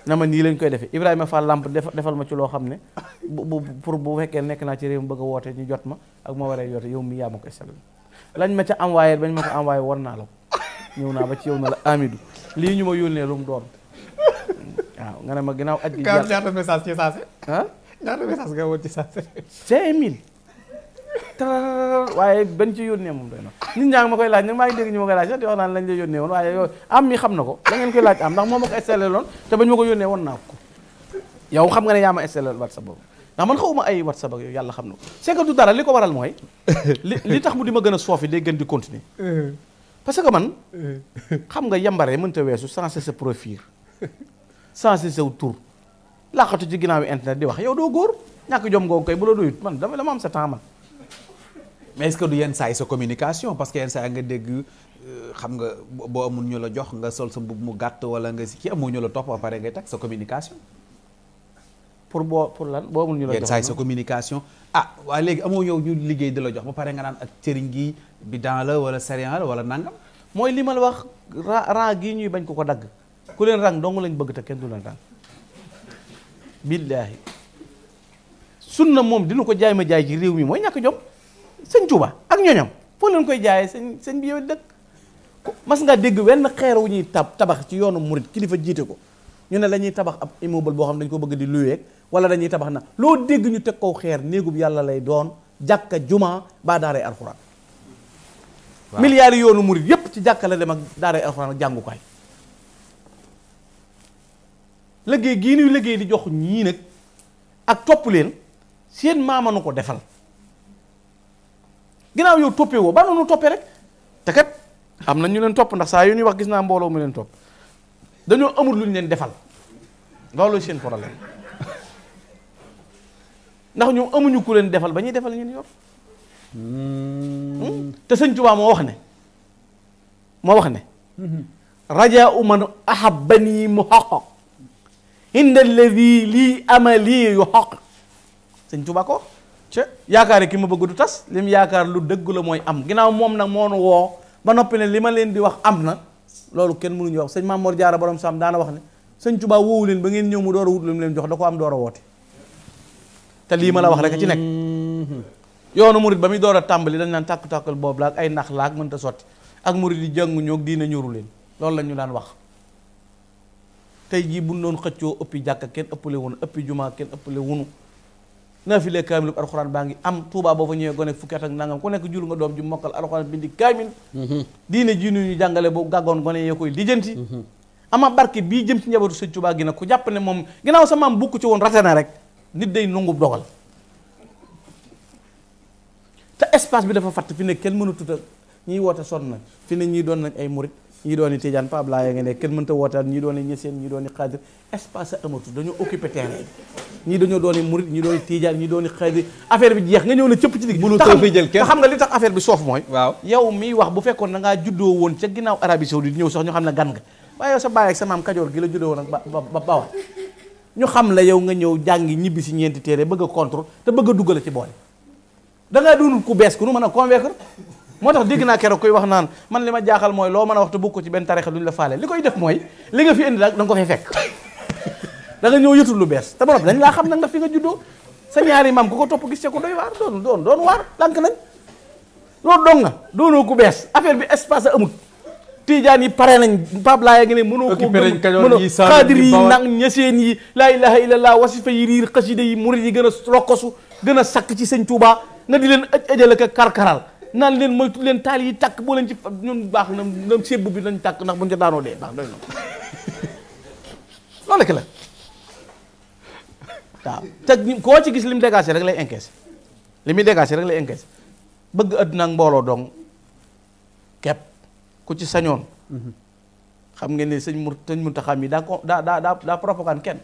na ma nii lañ koy defee Ibrahima Fall Lamp defal ma ci loo xam ne bu pour bu fekkee nekk naa ci réew mi bëgg ñu jot ma ak ma waree yote yow mii yaa ma ko installé lañ ma ca envoyé bañ envoyé war naa la ko ñëw naa ba ci yow na la Amidou lii ñu ma yónnee lu mu doon waaw ah, nga ne ma ginnaaw aj gi. jàpp ñaata message ci saase. ah ñaata message nga woon ci sa cinq mille. waaye benn ci yónnee moom doy na nit ñaa ma koy laaj nag maa dégg ñu ma koy laaj sax di naan lañ la yónnee waaye yow am na ko la ngeen koy laaj am ndax moom ma ko loon te bañ ma ko yónnee woon naa ko yow xam nga ne yaa ma installé whatsapp boobu ndax man xawuma ay whatsapp ak yow yàlla xam na ko du dara li ko waral mooy li li tax mu di ma gën a soofi day gën di continuer parce que man xam nga yambare mënta weesu changer sa profil sensé *laughs* sew tur làqatu ci ginnaaw internet di wax yow doo góor ñàkk jom googu koy bu la doyut man dama am sa temps mais est-ce que du yenn saay sa communication parce que yenn saa nga dégg euh, xam nga boo amul ñu la jox nga sol sa mbubb mu gàtt wala nga si ci amoo ñu la topp ba pare ngay teg sa communication. pour boo pour lan boo amul ñu la jox yenn communication. ah waaye léegi amoo ñëw ñu liggéey di la jox ba pare nga naan ak cëriñ gi bidan la wala sariyan la wala nangam. mooy li ma la wax ra ran gii ñuy bañ ko ko dagg. ku leen rang dong lañu bëgg te kenn du leen rang billaahi sunna moom dina ko jaay ma jaay ci réew mi mooy ñàkk jom sëñ Tuuba ak ñoñam foo leen koy jaayee sëñ sëñ bi yow dëkk mas ngaa dégg wenn xeer wu ñuy tab tabax ci yoonu murit kilifa jiite ko ñu ne lañuy tabax ab immeuble boo xam ne dañ ko bëgg di luyeeg wala dañuy tabax na loo dégg ñu teg kow xeer néegub yàlla lay doon jàkka juma baa daaray alxuraan milliards yoonu murit yépp ci jàkka la dem ak jàngukaay liggéey gii nuy liggéey di jox ñii nag ak topp leen seen maama nu ko defal ginnaaw yow toppee woo ba noonu toppee rek te kat am na ñu leen topp ndax saa yu ñuy wax gis naa mbooloo mu leen topp dañoo amul lu leen defal loolu seen problème ndax ñoom amuñu ku leen defal ba ñuy defal ñun yor hmm. te sëñ Tuubaa moo wax ne moo wax ne mm-hmm. rajaa u man ahabbani mu xaqaq inda alladi lii amali yu xoq sëñ Tuba ko ca yaakaar ki ma bëgg du tas lim yaakaar lu dëgg la mooy am ginnaaw moom nag moo nu woo ba noppi na li ma leen di wax am na loolu kenn mënuñu wax sëñ Mamoor Jaara borom saam daana wax ne sëñ Tuba woowu leen ba ngeen ñëw mu door a wut la mu leen jox da ko am door a woote te lii ma la wax rek ci nekk mm-hmm. yoonu murit ba muy door a tàmbali dañ naan tàkk-tàkkal boobu laag ay nax laag mënta sotti ak murit yi jànguñu ak diina ñuru leen loolu la ñu daan wax tey jii bu doon xëccoo ëppi jàkka kenn ëppale wunu ëppi juma kenn ëppale wunu naafile kaamil alxuraan baa ngi am Touba boo fa ñëwee gone fukki at ak nangam ku nekk jul nga doom ji mokkal alxuraan bindi kaamil mhm. diine ji ñu jàngale boobu gàggoon gone yee koy lijjanti mhm. ama barke bii jëm ci njabootu sëñ Touba gi nag ku jàpp ne moom ginnaaw sa maam bukk ci woon rate na rek nit day nungub dogal te espace bi dafa fatt fi ne kenn mënu tuta ñiy woote sonn na fi ne ñii doon nañ ay murit ñi doon Tijaan Pape Laaye nga ne kenn mënta wootaat ñi doon ñeseen ñi doon xaadir espace amatu dañoo occupé terrain ñi dañoo doon murit ñi doon Tijaan ñi doon xaadir affaire bi jeex nga ñëw ne cëpp ci digg te xam nga li tax affaire bi soof mooy waaw yow miy wax bu fekkoon da ngaa juddoo woon ca ginnaaw Arabie Saoudite ñëw sax ñu xam ne gan nga waaye yow sa baay ak sa maam kajoor gi la juddoo woon ak ba bawal ñu xam la yow nga ñëw jàngi ñibbi si ñeenti téere bëgg contre te bëgg a duggale ci boole da ngaa ku bees ku nu mën a convaincre moo tax dégg naa keroog koy wax naan man li ma jaaxal mooy loo mën a wax te bokk ci benn tarixa duñ la faale li koy def mooy li nga fi indi daal da nga ko fay fekk *laughs* ñëw yëtul lu bees te borom dañ laa xam na nga fi nga juddoo sa ñaari maam ku ko topp ko doy waar doon doon doon loolu dong nga doonoo ku bees affaire bi espace amut tijaan yi pare nañ Pape Laye ngi ne mënoo koo gëm mënoo xaadir yi nag ñeseen yi laa ilaha illallah wasifa yi riir xasida yi murid yi gën a rokkosu gën a sakk ci sëñ Tuubaa nga di leen aj ajal ak karkaral naan leen moytu leen taal yi tàkk boo leen ci ñun baax na ñoom sébb bi nañ tàkk ndax buñ ca daanoo dee baax doy na loolu la waaw koo ci gis li mu dégagé rek lay encaissé li muy dégagé rek lay encaissé bëgg àddina mbooloo dong kepp ku ci sañoon mm-hmm. xam ngeen ne sëñ mur sëñ Muntaxa mi daa ko daa daa daa daa propagande kenn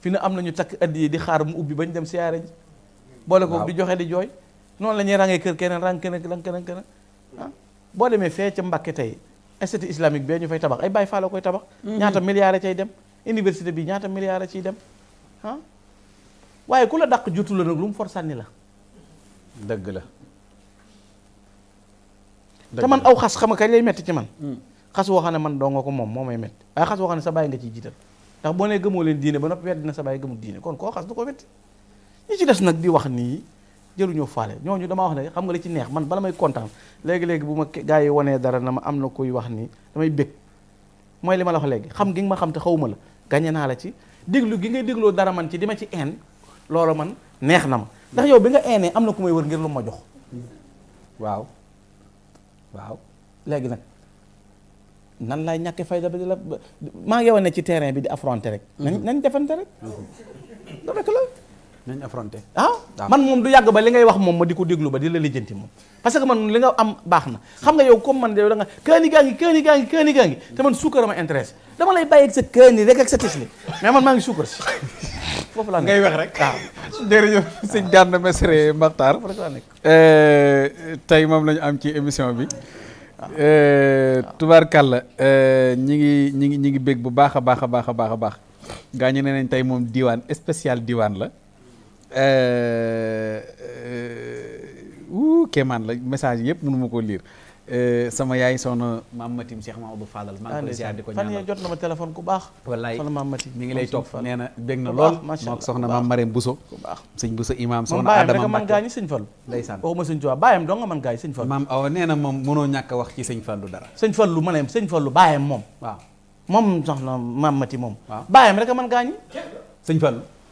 fi na am nañu takk addi di xaar mu ubbi bañ dem siyaare ji boole ko di joxe di jooy noonu la ñuy ràngee kër keneen ràng keneen ràng keneen ah, boo demee fee ca Mbakke tey institut islamique bee ñu fay tabax ay Baay Faal koy tabax. Mhm. ñaata milliards cay dem université bi ñaata milliards ciy dem ah? waaye ku la dàq jotu la nag lu mu for sànni la. dëgg la. te man aw xas xam nga kañ lay metti ci man. Hmm. xas woo xam ne man doo nga ko moom moo may metti waaye xas woo xam ne sa bàyyi nga ciy jiital ndax boo nee gëmoo leen diine ba noppi wedd dina sa bàyyi gëmul diine kon koo xas ko metti ñi des nag di wax nii. jëluñoo faale ñooñu damaa wax ne xam nga li ci neex man bala may kontaan léegi-léegi bu ma gars yi wanee dara na ma am na kuy wax nii damay bég mooy li ma la wax léegi xam gi nga ma xam te xawuma la gañe naa la ci déglu gi ngay dégloo dara man ci di ma ci en loolu man neex na ma ndax bi nga eenee am na ku may wër ngir lu ma jox waaw waaw léegi nag nan laay ñàkke fayda bi la maa ngi yow ne ci terrain bi di affronter rek mm-hmm. nañ defante rek mm-hmm. rek nañ affronté ah man moom du yàgg ba li ngay wax moom ma di ko déglu ba di la lijjanti moom parce que man li nga am baax na xam nga yow comme man yow da nga kaani gaa ngi kaani gaa ngi kaani gaa ngi te man suukar ma intéressé dama lay bàyyi ak sa kaani rek ak sa tisli mais man maa ngi suukar si *laughs* foofu laa nekk ngay wax rek waaw *laughs* jërëjëf sëñ Gana Messere Makhtar euh, tey moom lañu am ci émission bi ah. euh, tubaarkàlla euh, ñi ngi ñi ngi ñi ngi bég bu baax a baax a baax a baax a baax gaa ñu nee nañ tey moom diiwaan spécial diiwaan la wuu euh, euh, kéemaan la message yëpp mënu ma koo liir euh, sama yaay soxna maam Matim Cheikh Mamadou Fadal. maa ngi lay ziar di ko ñaanal ma téléphone ku baax. wallaay soxna maam Matim mi ngi lay topp nee na bég na lool. macha allah soxna maam Marème Bousso. ku baax sëñ Bousso imaam soxna Adama Mbacke moom bàyyam da nga mën gaañu sëñ Fallu. maam awa nee na moom mënoo ñàkk a wax ci sëñ Fallu dara. sëñ Fallu ma ne sëñ Fallu bàyyam moom. waaw moom soxna maam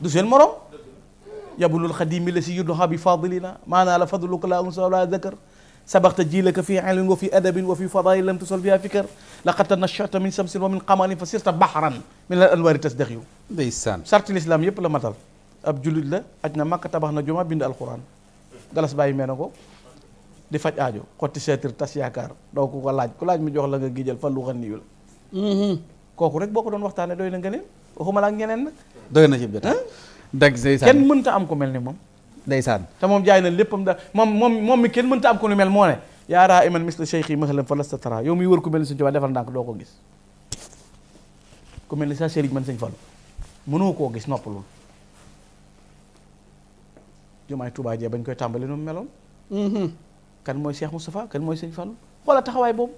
du seen morom yabulul xadimi la si yudduha bi fadlina maanaa la fadluka la unsa wala dakar sabaxta jiilaka fi ilmin wa fi adabin wa fi fadail lam tusal fiha fikar laqad tanashata min samsin wa min qamarin fa sirta bahran min al anwari tasdaxiyu sarti lislaam yëpp la matal ab jullit la aj na makka tabax na juma bind alquran galas bàyyi mee na ko di faj aajo xotti seetir tas yaakaar doo ko ko laaj ku laaj mu jox la nga gijal fa lu xan niyu la mm-hmm. kooku boo ko doon waxtaane na nga neen waxuma la ak na ci jotaay dëgg ndeysaan kenn mënta am ku mel ni moom. ndeysaan te moom jaay na léppam da moom moom moom mi kenn mënta am ku lu mel moo ne. yaa raa iman misla cheikh yi maxalam fa lasta tara yow miy wër ku mel ko gis ku mel ni man sëñ Fallu mënoo koo gis noppalul jumaay Tuubaa jee bañ koy tàmbali nu mu meloon. Mm-hmm. kan mooy Cheikh Moustapha kan mooy sëñ Fallu xoola taxawaay boobu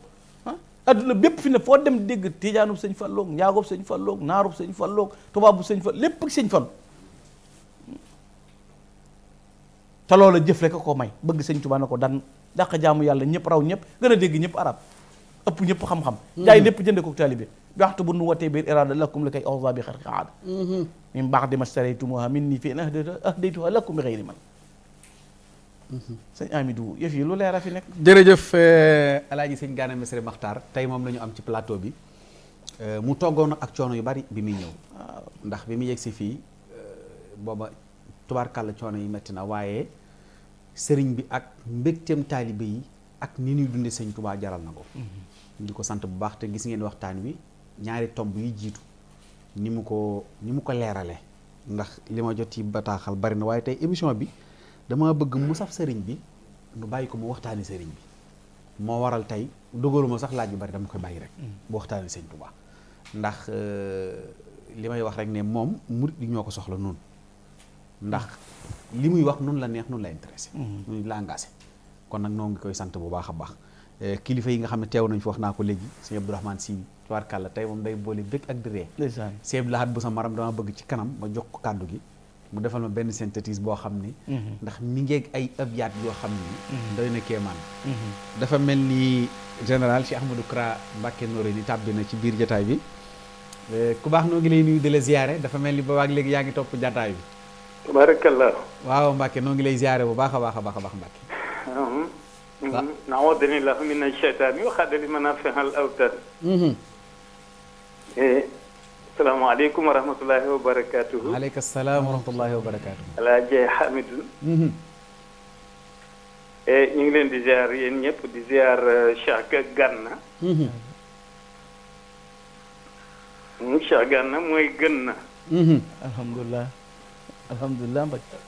ah adduna bépp fi ne foo dem dégg tijaanub sëñ Falloog njaagob sëñ Falloog naarub sëñ Falloog tubaabub sëñ Fall lépp ak sëñ Fallu te loola jëf rek a ko may bëgg sëñ Tuubaa na ko dan dàq jaamu yàlla ñëpp raw ñëpp gën a dégg ñëpp arab ëpp ñëpp xam-xam mm-hmm. jaay lépp jënde ko taalibe bi waxtu bu nu watee biir irada lakum li kay awsa bi xar xaada mm-hmm. min baax di ma staraytumuha min nii fi in ahdaytuha lakum bi xayri man mm-hmm. sëñ Amidou yëf yi lu leer a fi nekk jërëjëf eh, alaaj sëñ Gana Messere Maxtaar tey moom la ñu am ci plateau bi eh, mu toggoon ak coono yu bari bi muy ñëw ndax bi mu yegg si fii eh, booba tubaarkàlla coono yi metti na waaye sëriñ bi ak mbégteem taalibe yi ak ni ñuy dunde sëñ tubaa jaral na ko mm-hmm. di ko sant bu baax te gis ngeen waxtaan wi ñaari tomb yi jiitu ni mu ko ni mu ko leerale ndax li ma jot ci bataaxal bari na waaye tey émission bi dama bëgg mu saf sëriñ bi nu bàyyi ko mu waxtaani sëriñ bi moo waral tey dugaluma sax laaj yu bari dama koy bàyyi rek bu mm-hmm. waxtaani sëñ tubaa ndax euh, li may wax rek ne moom murit yi ñoo ko soxla noonu ndax li muy wax nun la neex nun la intéressé nun mm-hmm. la engagé kon nag noo ngi koy sant bu baax a baax eh, kilifa yi nga xam ne teew nañ fi wax naa ko léegi sëñ Abdourahmane Si tubaarkàlla tey moom day boole bëgg ak di ree sëñ Abdou Lahad bu sa maram dama bëgg ci kanam ma jox ko kàddu gi mu defal ma benn synthétise boo xam ni mm-hmm. ndax mi ngeeg ay abyaat yoo xam ni mm-hmm. doy na kéemaan dafa mel ni général Cheikh Ahmadou Kra Mbacke Noré ni tàbbi na ci biir jataay bi eh, ku baax noo ngi lay nuyu di la dafa mel ni ba waag léegi yaa ngi topp jataay tabarakallah waaw Mbacke noo ngi lay ziare bu baax a baax a baax a baax Mbacke. waaw naawaadanillahu min acheytaan wa xaadali manaafihal awtaan. Mhm. Eh, asalaamaaleykum wa rahmatulahi wa barakaatuhu. waaleykum salaam mhm. eh, ngi leen di ziar yéen ñëpp di ziar eh, Cheikh Ganna. Mhm. Hmm, Cheikh Ganna mooy gën na. alhamdulilah. alhamdulilah Mbacke.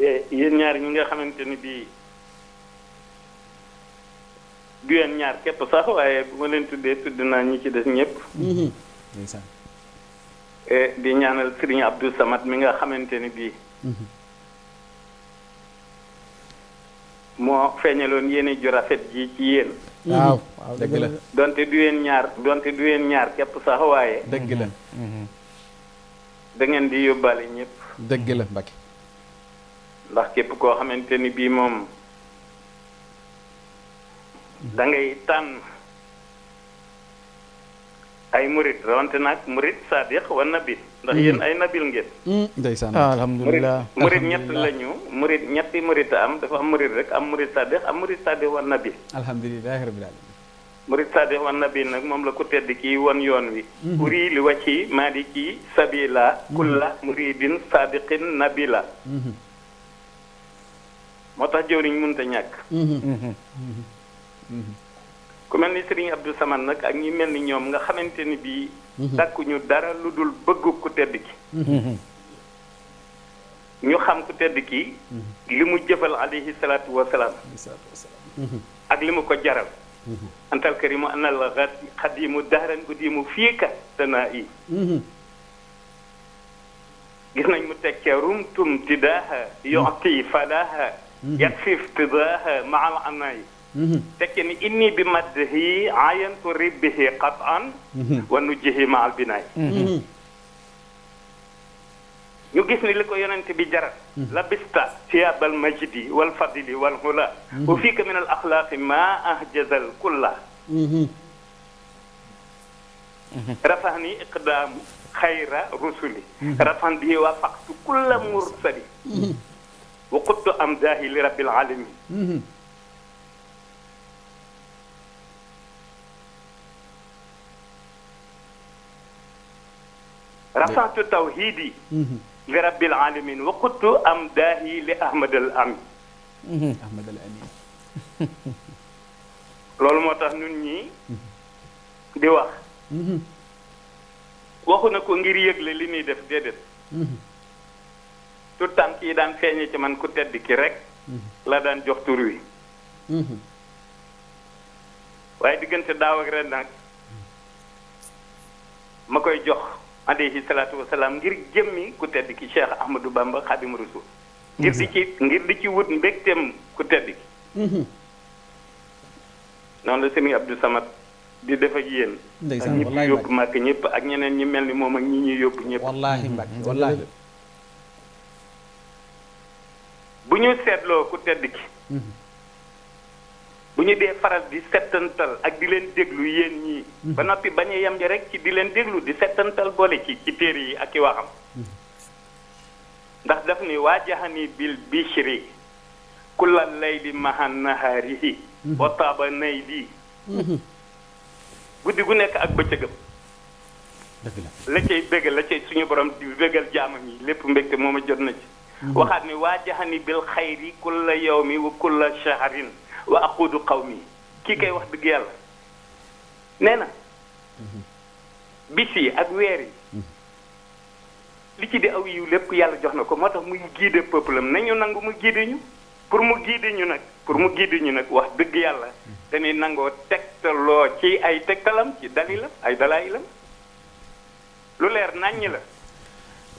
Eh, ñaar ñi nga xamante ni bii du yéen ñaar képp sax waaye bu ma leen tuddee tudd naa ñi ci des ñëpp. Mhm. Eh, di ñaanal Serigne Abdou Samad mi nga xamante ni bii. Mhm. moo feeñaloon yéene ju rafet ji ci yéen. Mhm. waaw donte du yéen ñaar donte du yéen ñaar képp sax waaye. dëgg la. da ngeen di yóbbaale ñëpp. dëgg la Mbacke ndax képp koo xamante ni bii moom da ngay tànn ay murit rawante naag murit sadiq wa nabi ndax yéen mm. ay nabil ngeen mm, ndeysaan alhamdulilah murit ñett la ñu murit ñetti murit a am dafa am murit rek am murit sadiq am murit sadiq wa nabi alhamdulilah rabbil alamin murid sadiq wan nabi nag moom la ku tedd kii wan yoon wi mhm. uri li wacci maliki sabila mhm. kulla muridin sadiqin nabila mhm. moo tax jëwriñ mënut a ñàkk ku mel ni Serigne Abdou Samane nag ak ñi mel ni ñoom nga xamante ni bii dàkkuñu dara lu dul bëggu ku tedd ki ñu xam ku tedd ki li mu jëfal alayhi salaatu wasalaam ak li mu ko jaral أنت الكريم أنا القديم دهرا أديم فيك ثنائي gis nañ mu teg ca rumtum tidaaha yoxti falaaha yakfi iftidaaha maal anay tekki ni inni bi maddihi ayantu ribbihi qatan wa nujjihi maal binaay ñu gis ni li ko yonent bi jaral hmm. la bista siyaabal majdi wal fadli wal hula hmm. wa fiika min al axlaaqi maa ahjazal kulla hmm. rafani iqdaamu xayra rusuli rafan bi wafaqtu kulla mursali wa quttu amdaahi li rabbil alamin رفعت توحيدي li rabbil alamin waquttu am daahi mhm. ahmad al amin loolu moo tax ñun ñi mhm. di wax mhm. waxu na ko ngir yëgle li ñuy def déedéet tout tànk yi daan feeñe ci man ku tedd ki rek la daan jox tur wi waaye diggante daaw ak ren nag ma koy jox alayhi salaatu wasalaam ngir jëmmi ku tedd ki Cheikh Ahmadou Bamba Xaadimu Rasuul ngir di ci ngir di ci wut mbégteem ku tedd ki mhm. noonu la sëriñ Abdou Samad di def ak yéen ak ñi yóbbu màkk ñëpp ak ñeneen ñi mel ni moom ak ñi ñuy yóbbu ñëpp wallaahi mbàkke bu ñu seetloo ku tedd ki mhm. bu ñu dee faral di settantal ak di leen déglu yéen ñii. Mhm. ba noppi bañ a yem ja rek ci di leen déglu di settantal boole ci ci téere yi ak i waxam. Mhm. ndax daf ni waajahani bil bishri kulla layli mahan naharihi mhm. wa taaba nay di guddi gu nekk ak bëccëgam dëgg la la cay bëgg la suñu borom di bëggal jaamam yi lépp mbégte mooma jot na ci waxaat ni waajahani bil xayri kulla yawmi wa kulla shahrin waa wa xaw qawmi kii kay wax dëgg yàlla nee na bis yi ak weer yi li ci di aw yiw lépp yàlla jox na ko moo tax muy guider peuple am nañu nangu mu guider ñu pour mu guider ñu nag pour mu guider ñu nag wax dëgg yàlla dañuy nangoo tegtaloo ci ay tegtalam ci dalilam ay dalaayilam lu leer nàññi la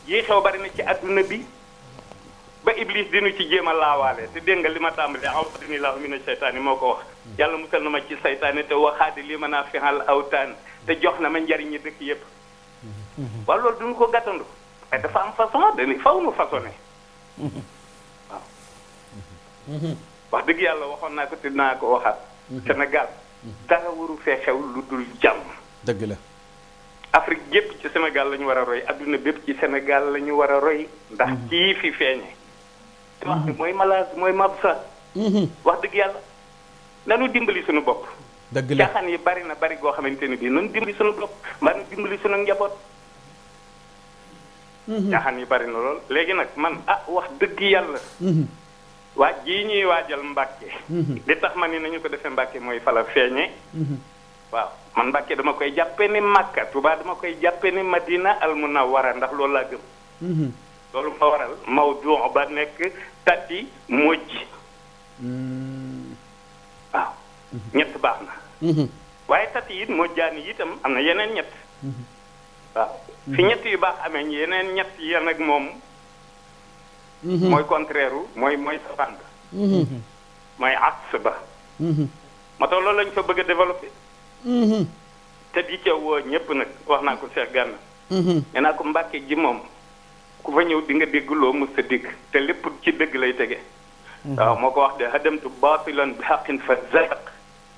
yi xew bari na ci àdduna bi ba Iblis dinu ci jéem a laawaale te dégg nga li ma tàmbalee awdinilaahu mina seytaani moo ko wax yàlla musal na ma ci seytaani te waxaadi li mën a fexal awtaan te jox na ma njariñi dëkk yépp waaw loolu duñu ko gàttandu waaye dafa am façon dañuy faw nu façonné waaw wax dëgg yàlla waxoon naa ko te naa ko waxaat Sénégal dara waru fee xew lu dul jàmm dëgg la Afrique yépp ci Sénégal la war a roy adduna bépp ci senegal lañu war a roy ndax mm-hmm. kii fi feeñe ci wax mhm. mooy malaas mooy mabsa mhm. wax dëgg yàlla nanu dimbali suñu bopp dëgg la caaxaan yi bari na bari goo xamante ne bii nanu dimbali suñu bopp mbaa nu dimbali suñu njaboot mhm. caaxaan yi bari na lool léegi nag man ah wax dëgg yàlla waaj ji ñuy waajal mbàkke li tax ma ni nañu ko defee mbàkke mooy fala feeñe waaw man mbàkke dama koy jàppe ni màkka tubaa dama koy jàppe ni madina al munawwara ndax loolu laa gëm loolu ma waral mawdu ba nekk taddi mojj hmm. waaw hmm. ñett baax na hmm. waaye tati it mojjaani itam am na yeneen ñett waaw ñett yu baax amee yeneen ñett yi nag moom mooy contraire u mooy mooy safaan ba mooy aks ba moo tax loolu lañ fa bëgg a développé te di ca woo ñëpp nag wax naa ko Cheikh Gana nee naa ko Mbàkke ji moom ku fa ñëw di nga dégg loo mës a te lépp ci dëgg lay tege mhm. waaw moo ko wax de hadamtu baatilan bi xaqin fa zahaq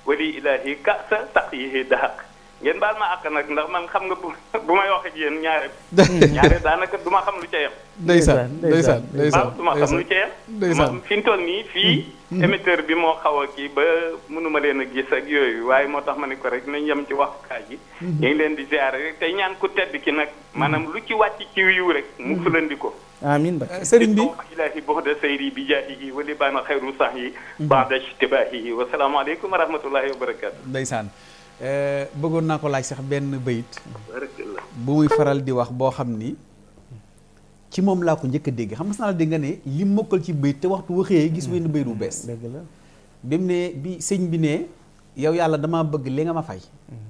wali ilaahi kasa taq yihi dahaq ngeen baal ma àq nag ndax man xam nga bu *laughs* bu may wax ak yéen ñaare. *laughs* daanaka du ma xam lu ca yem. ndeysaan ndeysaan ndeysaan du ma xam lu ca yem. fi mu toll nii fii. Mm, mm. émetteur bi moo xaw a ba mënuma leen a gis ak yooyu waaye moo tax ma ne ko rek nañ yem ci waxukaay yi. Mm-hmm. ñu ngi leen di ziare tey ñaan ku tedd ki nag maanaam mm-hmm. lu ci wàcc ci wiw rek. mu mm-hmm. fulandi ko. amiin ba eh, sëriñ bi ilaahi boxda sayri bi jaahihi wali baana xayru sax yi. baada istibaahihi wa salaamu aleykum wa rahmatullahi wa barakaatu. ndeysaan. Eh, bëggoon naa ko laaj sax benn bayit bu muy faral di wax boo xam ni ci moom laa ko njëkk a dégg xam nga naa la dégg nga ne li mokkal ci bayit te waxtu waxee gis wenn bayit bu mm. bees la bi mu ne bi sëñ bi ne yow yàlla dama bëgg li nga ma fay mm.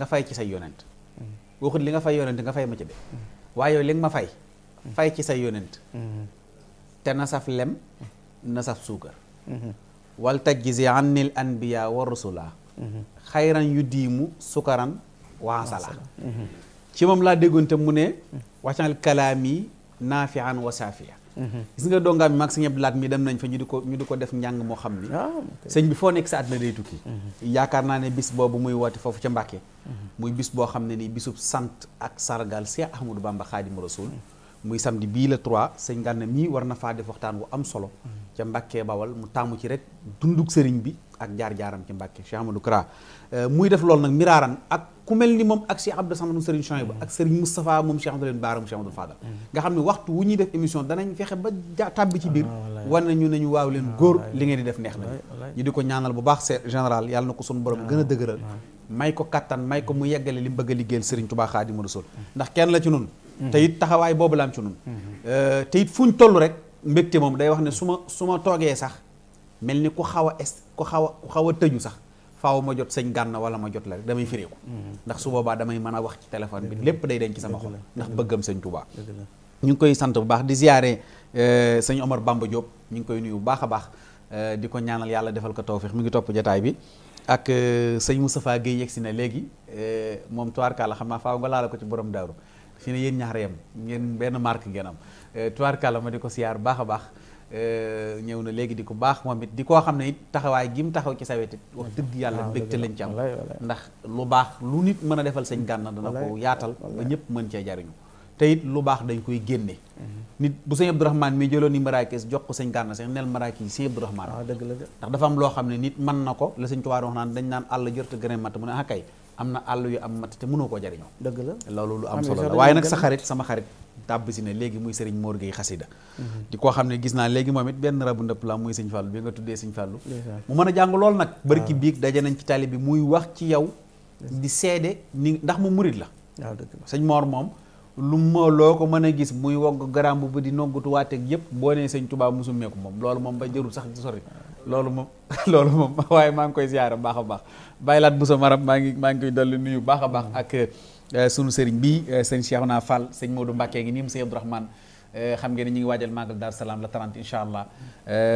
nga fay ci say yonent mm. waxut li nga fay yonent nga fay ma ci de waaye yow li nga ma fay fay ci say yonent te na saf lem na saf suukar mm-hmm. wal tajzi anil anbiya wa rusula mm-hmm. xayran yu diimu sukaran waasala mhm. ci moom laa déggoon tam mu ne waccangal kalaam yi naafian wa saafiya mhm. gis nga dongaam mi maag sëñ Abdu Laat mi dem nañ fa ñu di ko ñu di ko def njàng moo xam ni ah, sëñ bi foo nekk sa àddina day tukki mhm. yaakaar naa ne bis boobu muy woote foofu ci Mbàkke muy bis boo xam ne ni bisub sant ak sargal Seex Ahmadou Bamba Xaadimu Rasuul muy samedi bii la 3 sëñ Gànna mii war na faa def waxtaan wu am solo ca Mbàkke Bawal mu taamu ci rek dunduk sëriñ bi ak jaar-jaaram ci Mbàkke Cheikh Euh, muy def loolu nag miraaran ak ku mel ni moom ak Cheikh Abdou Samad moom Serigne Chouaïbou ak Serigne Moustapha moom Cheikh Abdou Leen Baara moom Cheikh Abdou nga xam ne waxtu wu ñuy def émission danañ fexe ba ja tàbbi ci biir ñu ah, nañu ñu waaw leen góor ah, li ngeen di def neex na ñu di ko ñaanal bu baax se général yàlla na ko sunu borom ah, gën a dëgëral may ko kattan may ko mu yeggale li mu bëgg a liggéeyal Serigne Touba Khadimou Rassoul mm-hmm. ndax kenn la ci nun mm-hmm. te it taxawaay boobu la am ci nun mm-hmm. euh, te it toll rek mbégte moom day wax ne su ma su ma toogee sax mel ni ku xaw a est ku xaw a xaw a tëju sax faaw ma jot sëñ gànn wala ma jot la rek damay firéeku mhm. ndax su boobaa damay mën a wax ci téléphone bi lépp day denc ci sama xol ndax bëggam sëñ Touba ñu ngi koy sant bu baax di ziyaare euh, sëñ Omar Bamba Diop ñu ngi koy nuyu bu baax a baax euh, di ko ñaanal yàlla defal ko tawféex mi ngi topp jataay bi ak euh, sëñ Moustapha Guèye yegsi na léegi moom tubaarkàlla xam naa faaw nga laala ko ci borom daaru fi ne yéen ñaar yem ngeen benn marque ngeen am tubaarkàlla ma di ko siyaar a baax Euh, ñëw na léegi di ko baax moom it di koo xam ne it taxawaay gi mu taxaw ci sa wet it wax dëgg yàlla mbégte lañ ci am ndax lu baax lu nit mën a defal sëñ Gana dana ko yaatal ba ñëpp mën cee jariñu te it lu baax dañ koy génne nit bu sëñ Abdourahmane mi jëloon ni marakis jox ko sëñ Gana sax neel marakis yi sëñ Abdourahmane ah, ndax dafa am loo xam ne nit mën na ko la sëñ Tuubaa wax naan dañ naan àll jërta gën a mat mu ne ah kay am na àll yu am mat te mënoo koo jariñoo dëgg la loolu lu am solo waaye nag sa xarit sama xarit tàbb si na léegi muy sëriñ Mor Gueye xasida mhm. di koo xam ne gis naa léegi moom it benn rabu ndëpp la muy sëñ Fallou bi nga tuddee sëñ Fallou mu mën a jàng lool nag barki biig daje nañ ci tali bi muy wax ci yow di seede ni ndax mu murit la sëñ Mor moom lu ma loo ko mën a gis muy wogg garam bu di noggatu waateeg yëpp boo nee sëñ Touba musumeeku moom loolu moom ba jërul sax di sori loolu moom *laughs* loolu moom *laughs* waaye maa ngi koy a baax a baax bàyyi laat bu sa maram maa ngi maa ngi koy dolli nuyu baax a baax mm. ak Euh, sunu sëriñ bi euh, sëñ Cheikhouna Fall sëñ Modou Mbacké ngi nii mu sëñ Abdourahmane euh, xam ngeen ne ñu ngi waajal màggal Dar Salaam la 30 incha allah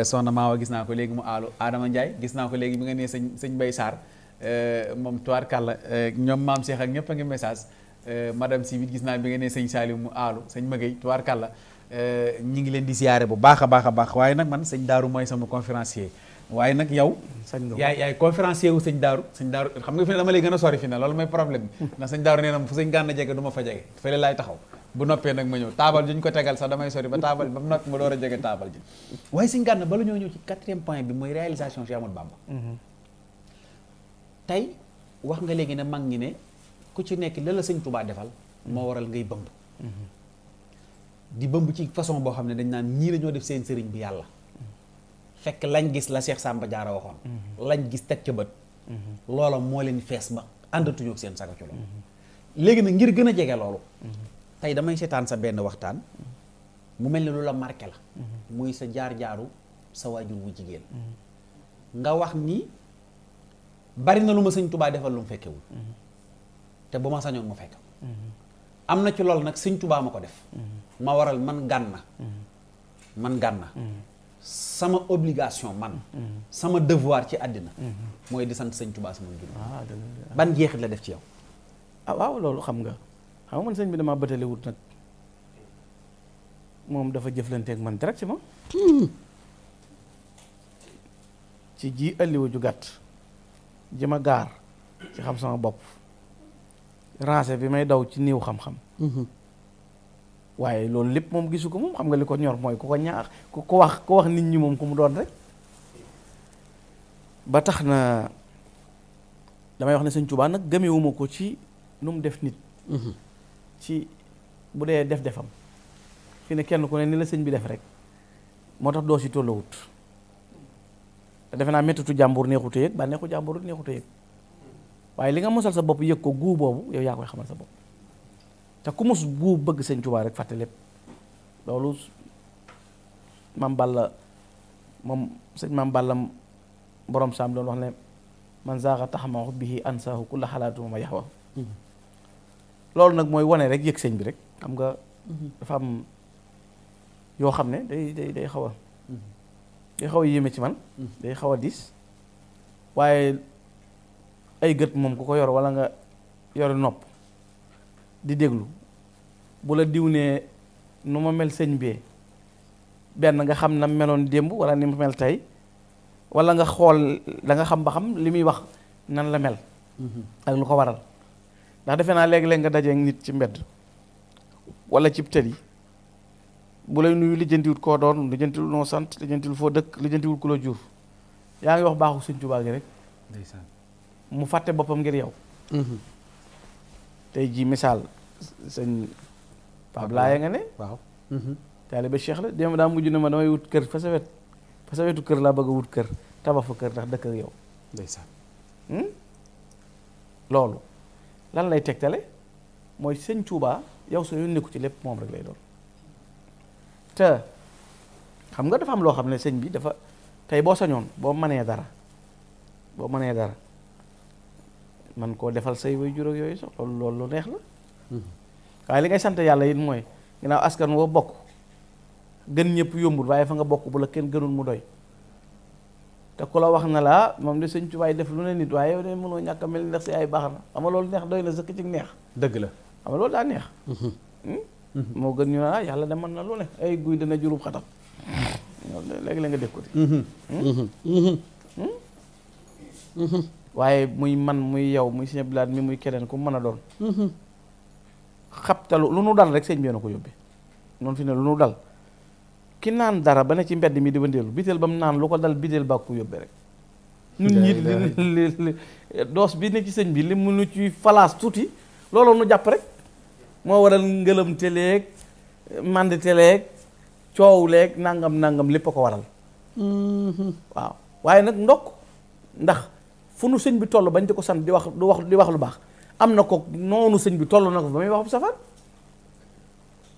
soxna Maawa gis naa ko léegi mu aalu aadama Ndiaye gis naa ko léegi bi nga nee sañ Bay saar moom Touare Kalla ñoom maam Cheikh ak ñëpp a ngi message madame si gis naa bi nga nee sëñ Saliou mu aalu sëñ Maguette Touare Kalla ñu ngi leen di siyaare bu baax a baax a baax waaye nag man sëñ Daaru mooy sama conférencier. waaye nag yow yaay yaay conférencier wu sëñ daaru sëñ daaru xam nga fi ne dama lay gën a sori fi ne loolu mooy problème bi hmm. ndax sëñ daaru nee na fu sëñ gànna jege du fa jege fële laay taxaw bu noppee nag ma ñëw taabal ji ko tegal sax damay sori ba taabal ba noppi ma door a jege taabal ji waaye sëñ gànna bala ñoo ñëw ci quatrième point bi mooy réalisation Cheikh Amadou Bamba hmm. tey wax nga léegi ne mag ngi ne ku ci nekk la la sëñ Touba defal hmm. moo waral ngay bëmb di bëmb ci façon boo xam ne dañ naan ñii la ñoo def seen bi yàlla fekk lañ gis la Cheikh Samba Diarra waxoon. Mhm. lañ gis teg ca bët. Mhm. loola moo leen fees ba àndatuñu seen sago ci loolu. Mhm. léegi na ngir gën a jege loolu. tey damay seetaan sa benn waxtaan. mu mel ni lu la marqué la. muy sa jaar jaaru sa waajur wu jigéen. nga wax ni bari na lu ma sëñ Tubaa defal lu mu fekkewul te bu ma sañoon mu fekk. am na ci loolu nag sëñ Tubaa ma ko def. ma waral man gànna man gànna sama obligation man. sama devoir ci àddina. mooy di sant sëñ tubaas sama njur. Ah, ban jeexit la def ci yow. ah loolu xam nga xam nga man sëñ bi damaa bëtale wut nag moom dafa jëflanteeg man directement. Hmm. ci ji ëlliwu ju gàtt ji ma gaar ci xam sama bopp rancé bi may daw ci néew xam-xam. Hmm. waaye loolu lépp moom gisu ko moom xam nga li ko ñor mooy ko ko ñaax ku ko wax ko wax nit ñi moom ku mu doon rek ba tax na damay wax ne sëñ Tuubaa nag gëmewuma ko ci nu mu def nit mhm. ci bu dee def defam fi ne kenn ku ne ni la sëñ bi def rek moo tax doo si tollowut te defe naa méttitu jàmbur neexute yëg ba neexu jàmbur neexute yëg waaye li nga mosal sa bopp yëg ko guu boobu yow yaa koy xamal sa bopp te ku mos bu bëgg sëñ Tuubaa rek fàtte lépp loolu mam Balla moom sëñ mam Balla borom saam doon wax ne man zaaxa taxama xubbihi ansaahu kulla xalaatu ma yaxwa loolu nag mooy wane rek yëg sëñ bi rek xam nga dafa am yoo xam ne day day day xaw a day xaw yéeme ci man day xaw a diis waaye ay gët moom ku ko yor walla nga yore nopp di déglu bu la diw nee nu ma mel sëñ bee benn nga xam na meloon démb wala ni ma mel tey wala nga xool danga xam ba xam li muy wax nan la mel mm-hmm. ak lu ko waral ndax defe naa léeg leen nga dajeek nit ci mbedd wala cib yi bu lay nuyu lijjantiwut koo doon lijjantiwul noo sant lijjantiwul foo dëkk lijjantiwul ku la jur yaa ngi wax baaxu Sëñ Tuubaa gi rek mu fàtte boppam ngir yow mm-hmm. tey jii misaal sëñ Pape Laaye nga ne waaw mhm. taaliba la dem daa mujj na ma damay wut kër fa sa wet fa sa wetu kër laa bëgg a wut kër tabax fa kër ndax dëkk ak yow ndeysaan hmm? loolu lan lay tegtale mooy sëñ Tuubaa yow suñu nekku ci lépp moom rek lay doon te xam nga dafa am loo xam ne sëñ bi dafa tey boo sañoon boo mënee dara boo mënee dara man koo defal say way juróog yooyu sax loolu lu neex la hmm. waaye li ngay sant yàlla it mooy ginnaaw askan woo bokk gën ñëpp yombul waaye fa nga bokk bu la kenn gënul mu doy te ku la wax na laa moom de sëñ Tuubaa def lu ne nit waaye yow de mënoo ñàkk a mel ndax si ay baax na xam nga loolu neex doy na sëkk ci neex dëgg la xam nga loolu daa neex hmm. Hmm? moo gën ñu naa ah, yàlla de mën na lu ne ay guy dana jurub xatam waaye muy man muy yow muy sëñ Abdoulaye mi muy keneen ku mën a doon mm-hmm. xabtalu lu nu dal rek sëñ bi na ko yóbbee noonu fi ne lu nu dal ki naan dara ba ne ci mbedd mi di wëndeelu biteel ba mu naan lu ko dal biteel baa ko yóbbee rek ñun ñi li li doos bi ne ci sëñ bi li mu nu ci falaas tuuti looloo jàpp rek moo waral ngëlam teleeg mànd teleeg coow leeg nangam nangam lépp a ko waral mm-hmm. waaw waaye nag ndokk ndax fu nu sëñ bi toll bañ di ko sant di wax du wax di wax lu baax am na ko noonu sëñ bi toll na ko ba may wax bu safar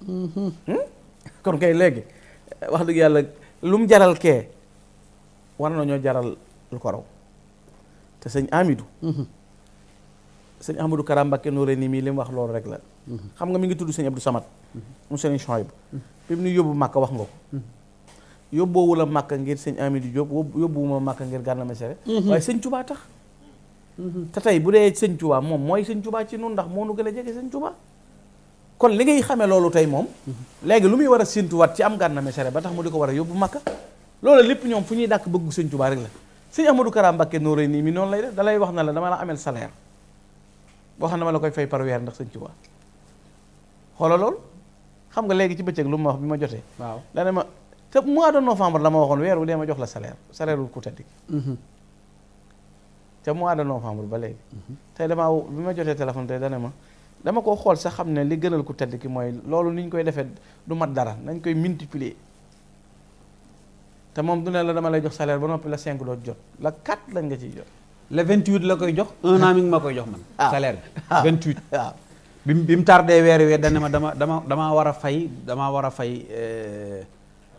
mm-hmm. hmm? kon kay léegi wax dëgg yàlla lu mu jaral kee war na ñoo jaral lu ko raw te sëñ Amidou mm-hmm. sëñ Amadou Kara Mbacké nooré nii wax loolu rek la mm-hmm. xam mi ngi tudd sëñ Abdou mu sëñ Choyb bi mu yóbbu Màkka wax nga ko yóbboowu la Màkka ngir sëñ amidu Diop yóbbuwuma Màkka ngir Gana waaye sëñ Touba tax Mhm. te tey bu dee sëñ Tuba moom mooy sëñ Tuba ci nun ndax moo nu gën a jege sëñ Tuba kon li ngay xamee loolu tey moom mhm. léegi lu muy war a sintuwaat ci am Gana Messere ba tax mu di ko war a yóbbu Makka loolu lépp ñoom fu ñuy dàkk bëggu sëñ Tuba rek la sëñ Amadou Kara Mbacké nooré nii mi noonu lay def dalay wax na la dama la amel salaire boo xam ne dama la koy fay par weer ndax sëñ Tuba xoola loolu xam nga léegi ci bëccëg lu ma wax bi ma jotee waaw dana ma te mois de novembre la ma waxoon weer wu ma jox la salaire salaire wu te mois de novembre ba léegi. Mhm. tey damaa bi ma jotee téléphone tey dana ma dama koo xool sa xam ne li gënal ku tedd ki mooy loolu ni ñu koy defee du mat dara nañ koy multiplier. te moom du ne la dama lay jox salaire ba noppi la 5 doo jot la 4 lañ nga ci jot. le 28 la koy jox un ah. an mi ngi ma koy jox man. Ah. salaire bi 28 ah. waaw. bi mu bi mu tardé weer weer dana ma dama dama damaa war a fay damaa war a fay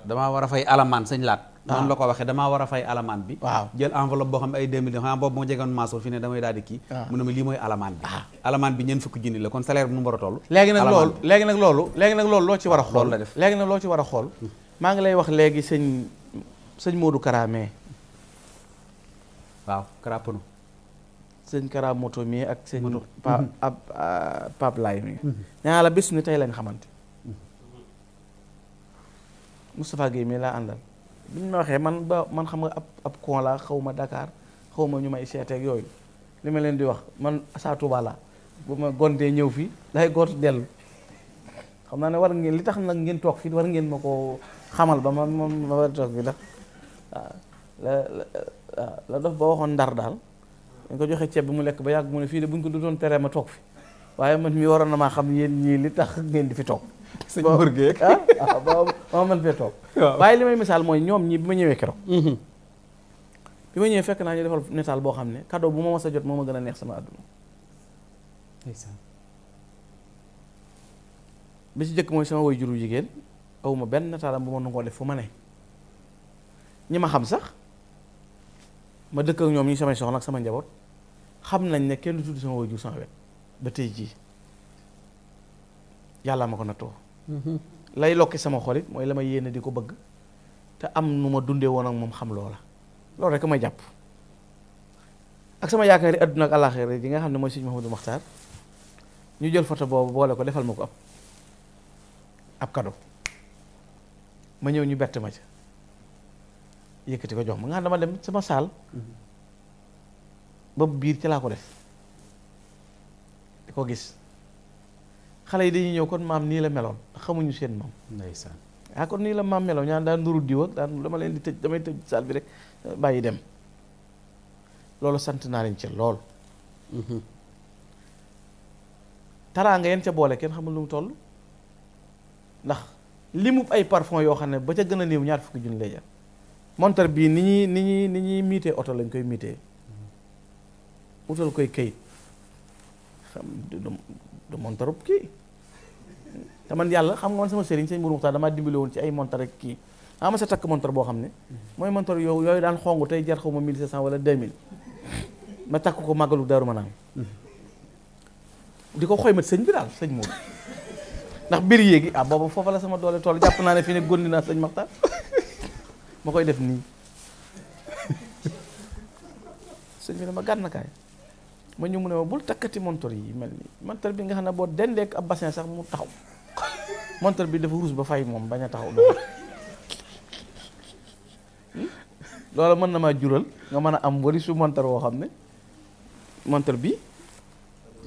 dama war a fay euh, alamaan sëñ laat. noonu la ko waxee damaa war a fay alamaan bi waaw jël enveloppe boo xam ne ay deux millions xanaa boobu moo jegoon maasul fi ne damay daal di kii ah. mooy alamaan bi ah. bi ñeent fukki junni la kon salaire bi a toll léegi nag loolu léegi nag léegi nag loolu loo ci war a xool la def war a xool hmm. maa ngi lay wax léegi sëñ sëñ Modou Karamé waaw Karapano mi ak sëñ pa hmm. ab Pape Laay hmm. mi lañ xamante laa àndal bi ma waxee man ba man xam nga ab ab kon xaw ma dakaar xaw ma ñu may seeteeg yooyu li ma leen di wax man saa Touba laa bu ma gontee ñëw fii lay gont dellu xam naa ne war ngeen li tax nag ngeen toog fii war ngeen ma ko xamal ba ma ma ma war a toog fii la la dof waxoon ndar daal dañ ko joxe ceeb bi mu lekk ba yàgg mu ne fii de buñ ko du teree ma toog fi waaye man mi waroon na maa xam yeen ñii li tax ngeen di fi toog sëñ Mor Gueye ah, ah ba ma man fee toog. waaye li may misaal mooy ñoom ñi bi ma ñëwee keroog. Mhm. bi ma ñëwee fekk naa ñu defal netaal boo xam ne cadeau bu ma mos a jot moo ma gën a neex sama àdduna. bi ci jëkk mooy sama woy juru jigéen awuma benn nataalam bu ma nangoo def fu ma ne. ñi ma xam sax ma dëkk ak ñoom ñi samay soxna ak sama njaboot xam nañ ne kenn du tudd sama woy jur sama wet ba tey jii yàlla ma ko nattoo. lay lokki sama xolit mooy la ma yéene di ko bëgg te am nu ma dundee woon ak moom xam loola loolu rek ma jàpp ak sama yaakaari àdduna ak rek yi nga xam ne mooy si sëñ Mouhamadou Makhtar ñu jël photo boobu boole ko defal ma ko ab ab cadeau ma ñëw ñu bett ma ca yëkkati ko jox ma nga xam dama dem sama saal mm-hmm. ba biir ci laa ko def di ko gis xale yi dañuy ñëw kon maam nii la meloon xamuñu seen maam. ndeysaan ah, kon nii la maam meloon ñaan daan nuru diw ak dama leen di tëj damay tëj saal bi rek bàyyi dem loolu sant naa leen ci lool. Mhm. taraanga yeen ca boole kenn xamul lu mu toll ndax limub ay parfum yoo xam ne ba ca gën a néew ñaar fukki junni lay montar bii ni ñi ni ñuy ni ñuy miite oto lañ koy miitee mhm. utal koy këyit du montarub kii te man yàlla xam nga man sama sëriñ sëñ Mourou Moukhtar damaa dimbale woon ci ay montar kii ah ma sa takk montar boo xam ne mooy montar yow yooyu daan xongu tey jar xaw ma 1500 wala ma takk ko màggalu Daaru Manaan di ko xooy ma sëñ bi daal sëñ Mourou ndax biir yéegi ah booba foofa la sama doole tool jàpp naa ne fi ne góndi naa sëñ Maxtaar ma koy def nii sëñ bi ne ma ma ñu mu ne ma bul takkati montor yi mel ni montor bi nga xam ne boo dendeek ab bassin sax mu taxaw montor bi dafa ruus ba fay moom bañ a taxaw hmm? loolu mën na maa jural nga mën a am wari su montor woo xam ne montor bi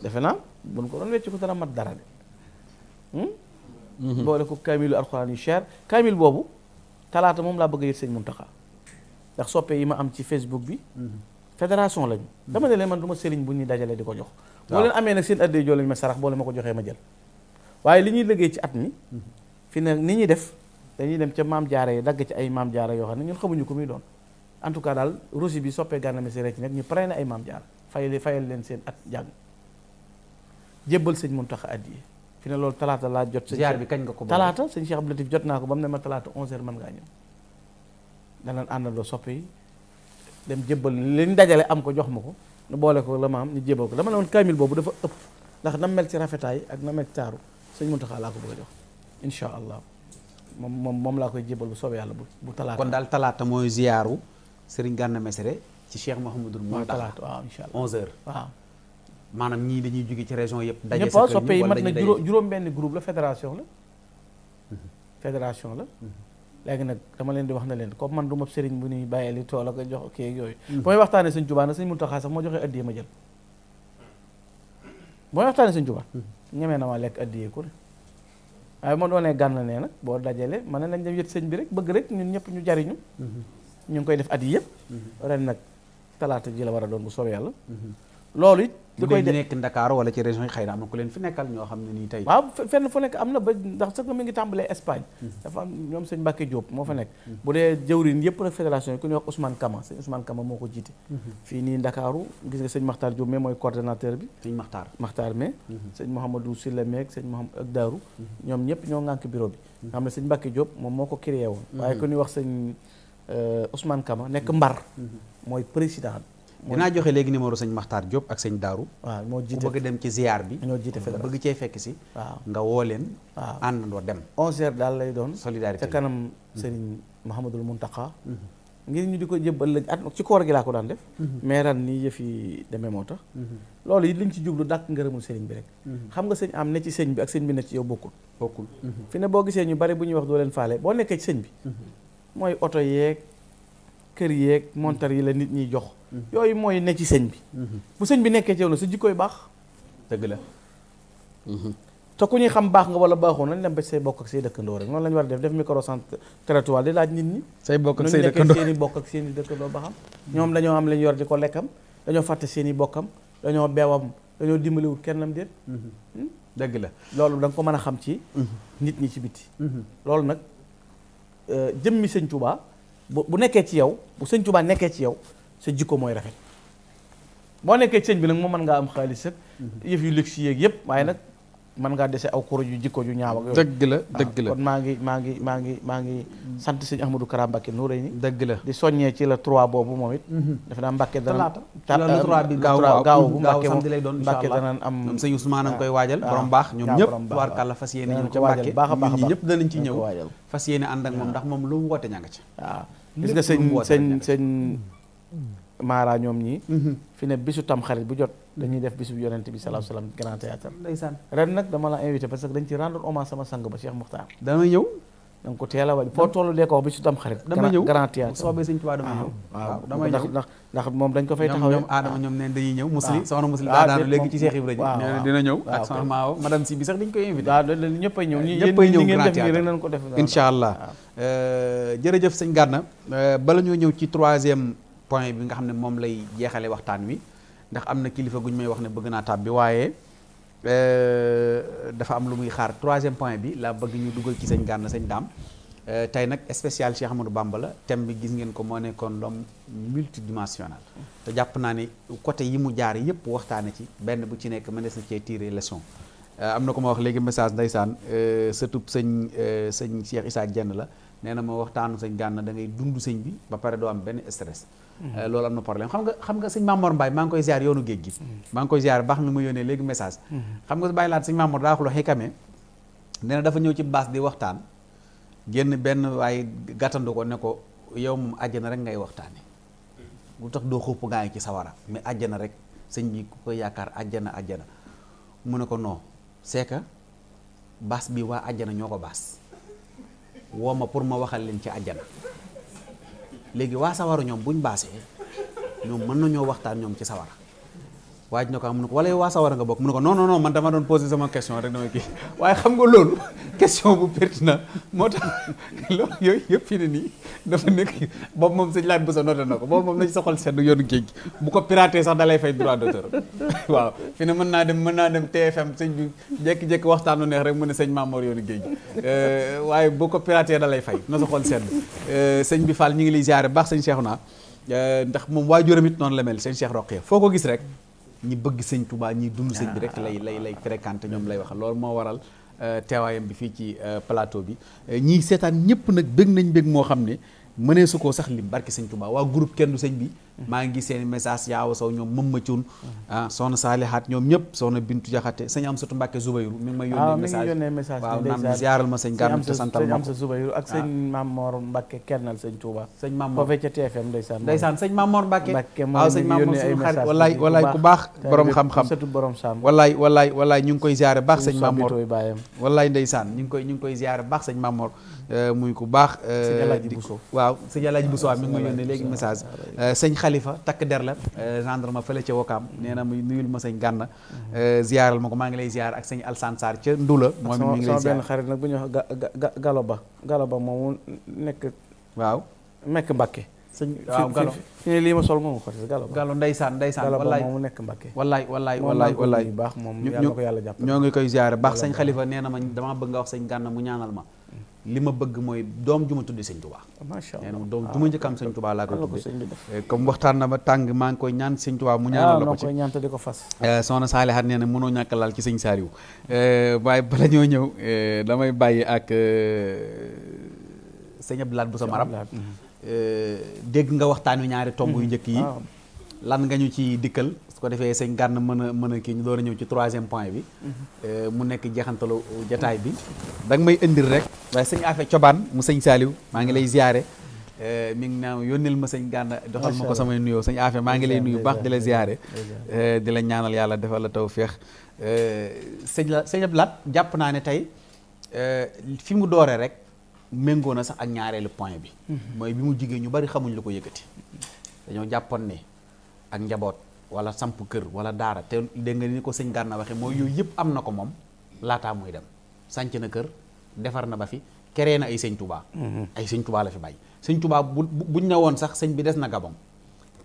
defe naa buñ ko doon wecc ko dana mat dara de hmm? mhm. boole ko kaamilu alxuraan yu cher kaamil boobu talaata moom laa bëgg a yët sëñ Muntaxa ndax soppe yi ma am ci Facebook bi mhm. fédération lañ dama ne leen man du ma sëriñ bu ñuy dajalee di ko jox boo leen amee nag seen addee joo lañ ma sarax boo leen ma ko joxee ma jël waaye li ñuy liggéey ci at mi mm-hmm. fi nag ni ñuy def dañuy dem ca maam jaara yi dagg ci ay maam jaara yoo xam ne ñun xamuñu ko muy doon en tout cas daal rosi bi soppee gànname si rek nag ñu pare na ay maam jaara fayal fayal leen seen at jàng jébbal sëñ mun tax Muntaxa addiye fi ne loolu talaata laa jot jaar bi kañ nga ko talaata sëñ Cheikh Abdou jot naa ko ba mu ma talaata onze heures mën ngaa ñëw danañ àndandoo soppe yi dem jébbal li ñu dajale am ko jox ma ko nu boole ko la ma am ñu jébbal ko dama ne woon kaamil boobu dafa ëpp ndax na mel ci rafetaay ak na mel ci taaru sëñ Muntaxa laa ko bëgg jox incha allah moom moom moom laa koy jébbal bu soobee yàlla bu bu talaata. kon daal talaata mooy ziyaaru Serigne Gana Messere ci Cheikh Mouhamadul Mountakha waaw incha allah 11h waaw. maanaam ñii dañuy jóge ci région yëpp. daje sa kër yi mat na juróom benn groupe la fédération la. Mhm. Mhm. léegi nag dama leen di wax na leen comme man du ma sëriñ bu ñuy bàyyee li tool ak jox kii ak yooyu hmm. bu may waxtaane sëñ Tuubaa nag sëñ Muntaxaa sax moo joxee addiyee ma jël bu may hmm. na maa lekk addiyee ku ne waaye ma nee nag boo dajale man ne nañ dem yët sëñ bi rek bëgg rek ñun ñëpp ñu jariñu hmm. ñu ngi koy def at yi yëpp nag talaata ji la war a doon bu soobee yàlla loolu it li koy de nekk Ndakaar wala ci région yi xëy na am na ku leen fi nekkal ñoo xam ne nii tey waaw fenn fu nekk am na ba ndax sa mi ngi tàmbalee Espagne hmm. dafa am ñoom sañ Mbacke Diop moo fa hmm. nekk bu dee jëwrin yëpp nag fédération yi ku ñuy wax Ousmane moo ko jiite hmm. fii nii Ndakaaru gis nga sëñ Makhtar Diop mooy coordonnateur bi sëñ Makhtar maxtaar mais sëñ Mouhamadou Silla meeg sëñ Mouhamadou ak Daaru ñoom ñëpp ñoo ŋànk bureau bi nga xam ne sëñ Mbacke Diop moom moo ko créé woon waaye ku ñuy wax sëñ euh, Ousmane Kama nekk Mbar mooy président dinaa joxe léegi numéro sëñ Makhtar Diop ak sëñ Daaru waaw moo jiite ku bëgg dem ci ziar bi ñoo jiite fédération bëgg cee fekk si waaw nga woo leen waaw àndandoo dem onze daal lay doon solidarité ca kanam mm-hmm. sëriñ Mahamadul Muntaka mm-hmm. ngir ñu di ko jëbbal lañ at ci koor gi laa ko daan def mm-hmm. mais ren nii yëf yi demee moo tax loolu it liñ ci jublu dàkk ngërëmul sëriñ bi rek xam nga sëñ am ne ci sëñ bi ak sëñ bi ne ci yow bokkul bokkul fi ne boo gisee ñu bari bu ñuy wax doo leen faale boo nekkee ci bi mooy oto yeeg kër yeeg montar yi la nit ñiy jox yooyu mooy ne ci sëñ bi mhm. bu sëñ bi nekkee ci yow la sa jikkooy baax dëgg la mhm. te ku ñuy xam baax nga wala baaxoo nañ dem ba say bokk ak say dëkkandoo rek noonu lañ war def def micro centre territoire di laaj nit ñi say bokk ak say bokk ak seen i dëkkandoo ba xam ñoom dañoo am la yor di ko lekkam dañoo fàtte seeni bokkam dañoo beewam dañoo dimbaliwul kenn lam déet mhm. hmm? dëgg la loolu da ko mën a xam ci nit ñi ci biti loolu nag euh, jëmmi sëñ Touba bu nekkee ci yow bu sëñ nekkee ci yow sa jikko mooy rafet boo nekkee sëñ bi nag moom man ngaa am xaalis ak mhm. yëf yu luxe yeeg yëpp waaye nag mën ngaa dese aw koro yu jikko yu ñaaw ak yooyu dëgg la ah, dëgg la maa ngi maa ngi maa ngi maa ngi sant sëñ Ahmadou Kara Mbacké nuuréy ni dëgg la di soññee ci la trois boobu moom it mhm. dafa naa Mbacké dana euh, gaaw gaaw bu Mbacké moom lay doon Mbacké danañ am sëñ Ousmane a ngi koy ah, waajal ah, borom baax ñoom ñëpp tubaarkàlla fas yéene ñu ca Mbacké baax a baax ñi ñëpp danañ ci ñëw fas yéene ànd ak moom ndax moom lu mu woote ña nga ca waaw gis nga sëñ sëñ sëñ Mara ñoom ñii. Mhm. fi ne bisu tam xarit bu jot. dañuy def bisu yonent bi da nga ko teel a wàññi foo toll dee ko bisu tam moom dañ ko fay taxawee. ñoom Adama ñoom neen dañuy ñëw. musli ah. soxna musli ah, daa ci Cheikh ah, si sax dañ euh, jërëjëf sëñ Gana euh, bala ñëw ci troisième point bi nga xam ne moom lay jeexale waxtaan wi ndax am na kilifa gu ñu may wax ne bëgg naa tab bi waaye euh, dafa am lu muy xaar troisième point bi la bëgg ñu dugal ci sëñ Gana sëñ Dame euh, tey nag spécial Cheikh Amadou Bamba la thème bi gis ngeen ko moo nekkoon l'homme multidimensionnel te jàpp naa ne côté yi mu jaar yëpp waxtaane ci benn bu ci nekk mënees na cee tirer leçon euh, am na ko ma wax léegi message ndeysaan surtout sëñ sëñ Cheikh Issa Dieng la nee na ma waxtaanu sëñ Gana da ngay dund sëñ bi ba pare doo am benn stress Euh, loolu am na problème xam nga xam nga sëñ Mamor Mbaye maa ngi koy ziar yoonu géej gi maa ngi koy ziar baax nga mu yónnee léegi xam nga bàyyi laat sëñ Mamor daa wax lu xikame nee na dafa ñëw ci baas di waxtaan génn benn waaye gàttandu ko ne ko yow moom àjjana rek ngay waxtaane lu tax doo xupp gaa yi ci sawara mais àjjana rek sëñ bi ku ko yaakaar àjjana àjjana mu ne ko non c'est que baas bi waa àjjana ñoo ko baas woo ma pour ma waxal leen ci àjjana léegi waa sawara ñoom buñ baasee ñoom mën nañoo waxtaan ñoom ci sawara waa ji ne ko am na ko wala yow waa sawara nga bokk mu ne ko non non non man dama doon posé sama question rek damay kii waaye xam nga loolu *laughs* question bu na moo tax *laughs* loolu yooyu yëpp fi ne nii dafa nekk *laughs* boobu moom sëñ laaj bu sa noté na ko boobu moom nañ sa sedd yoonu géej gi bu ko piraté sax dalay fay droit d'auteur waaw ne mën naa dem mën naa dem TFM sëñ bi jékki-jékki waxtaan lu neex rek mun ne sëñ Mamour yoonu géej euh, waaye bu ko piraté dalay fay na sa xol sedd euh, sëñ bi Fall ñu ngi lay ziare baax sëñ naa euh, ndax moom waajuram it noonu la mel sëñ Cheikh foo ko gis rek ñi bëgg sëñ Touba ñi dund sëñ bi rek ah. lay lay lay fréquenté ñoom lay wax loolu moo waral euh, teewaayam bi fii ci euh, plateau bi euh, ñii seetaan ñëpp nag bëgg nañ bëgg moo xam ne mënee su koo sax lim barki sëñ Touba waa groupe kenn du sëñ bi maa ngi seen message yaawa saw ñoom mam ma cun ah soxna saalihaat ñoom ñëpp soxna bintu jaxate sëñ am satu mbàkke Zoubayru mi ngi may yónnee ah, message waaw naam ziaral ma sëñ gàmm te santal ma ko Zoubayru ak ah. sëñ Maam Mor Mbàkke kennal sëñ Touba sëñ Maam Mor foofee ca TFM ndeysaan ndeysaan sëñ Maam Mor Mbàkke waaw sëñ Maam suñu xarit walaay walaay ku baax borom xam-xam sëtu borom sam walaay walaay walaay ñu ngi koy ziare baax sëñ Maam Mor walaay ndeysaan ñu ngi koy ñu ngi koy ziare baax sëñ Maam Mor Euh, muy ku baax. Euh, sëñ Alaaji Bousso waaw sëñ Alaaji Bousso mi ngi ma léegi message. Euh, sëñ xalifa takk der la. gendarme ma ca Wakaam nee na muy nuyul ma sañ Gànna. Mhm. ziyaaral ma ko maa ngi lay ziyaar ak sëñ Alsane ca Ndula. moom mi ngi bu ñuy wax ga galo ba galo ba moomu nekk. waaw mekk Mbàkke. sëñ waaw Gallo fi ne lii ma sol moom ko si Gallo Gallo ndeysaan ndeysaan wallaay moom nekk Mbàkke wallaay wallaay wallaay wallaay baax moom yàlla ko yàlla jàpp ñoo ngi koy ziyaare baax sëñ Xalifa nee na ma damaa bëgg nga wax sëñ Gànna mu ñaanal ma li ma bëgg mooy doom ju ma tudde sëñ Tuubaa macha allah nee na doom ju ma njëkk am sëñ Tuubaa laa koy ah, tudde eh, comme waxtaan na ba tàng maa ngi koy ñaan sëñ Tuubaa mu ñaanal ah, la ko ci ñaan te di ko fas eh, nee na mënoo ñàkk laal ci sëñ Saaliw eh, waaye bala ñoo ñëw damay bàyyi ak sëñ Abdou bu sama maram dégg nga waxtaan wi ñaari tomb yu mm-hmm. njëkk yi ah. lan nga ñu ci dikkal su ko defee sëñ gànn mën a mën a kii ñu door ñëw ci troisième point bi euh, mu nekk jeexantalu jataay bi da nga may indil rek waaye sëñ Afe Cobaan mu sëñ Saaliw maa ngi lay ziyaare euh, mi ngi naan yónnil ma sëñ gànn doxal ma ko samay nuyoo sëñ Afe maa ngi lay nuyu baax di la ziyaare euh, di la ñaanal yàlla defal la tawféex sëñ la sëñ laat jàpp naa ne tey fi mu dooree rek méngoo na sax ak ñaareelu point bi mm-hmm. mooy bi mu jigéen ñu bari xamuñ lu ko yëkkati dañoo jàppoon ne ak njaboot wala samp kër wala daara te dégg nga ni ko sëñ Gana waxee mooy yooyu yëpp am na ko moom laataa muy dem sànc na kër defar na ba fi créé na ay sëñ Touba. Mhm. ay sëñ Touba la fi bàyyi. sëñ Touba bu buñ ne woon sax sëñ bi des na Gabon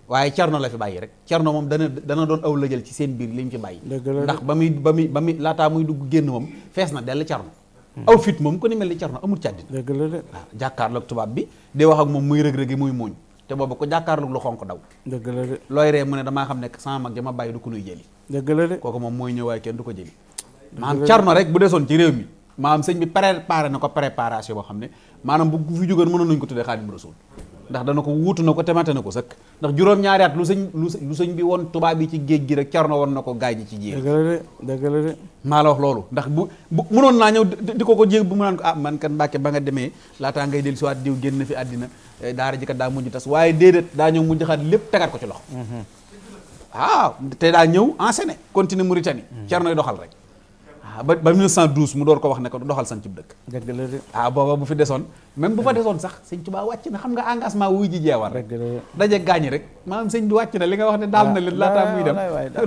waaye Cerno la fi bàyyi rek Cerno moom dana dana doon aw lëjal ci seen biir li mu fi bàyyi. ndax ba muy ba muy ba muy laataa muy dugg génn moom fees na dell Cerno mhm. aw fit moom ku ni mel ni Cerno amul càddin. dëgg la tubaab bi di wax ak moom muy rëg-rëgi muy muuñ te boobu ku jàkkaarloog lu xonq daw dëgg la de looy ree mu ne damaa xam ne sama mag ja ma bàyyi du ko nuy jëli dëgg la de kooku moom mooy ñëwaay kenn du ko jëli maanaam carno rek bu boo xam ne maanaam bu fi jógoon mënoon nañu ko tuddee Xaadimu ko wuutu na ko temate na ko sëkk ndax juróom-ñaari at lu sëñ lu bi woon tubaab yi ci géej gi rek carno woon na ko gaay ñi ci jéeg dëgg la de la de maa la wax loolu ndax bu bu mënoon naa ñëw di ko ko jéeg bu mu naan ko ah man kan Mbàkke ba nga demee laataa ngay dellu si waat diw génn fi àddina Eh, daa ji kat daa mujj tas waaye déedéet daa ñëw mujj xaat lépp tegaat ko ci loxo waaw mhm. ah, te daa ñëw enseigné continué Mauritanie mhm. doxal rek ah, ba ba mu door ko wax ne ko doxal san cib dëkk dëgg la ah booba bu fi desoon même bu fa desoon sax sëñ Tuubaa wàcc na xam nga engagement wuy ji jeewal rek daje gaañi rek maanaam sëñ bi wàcc na li nga wax ne daal na leen ah, laataa muy dem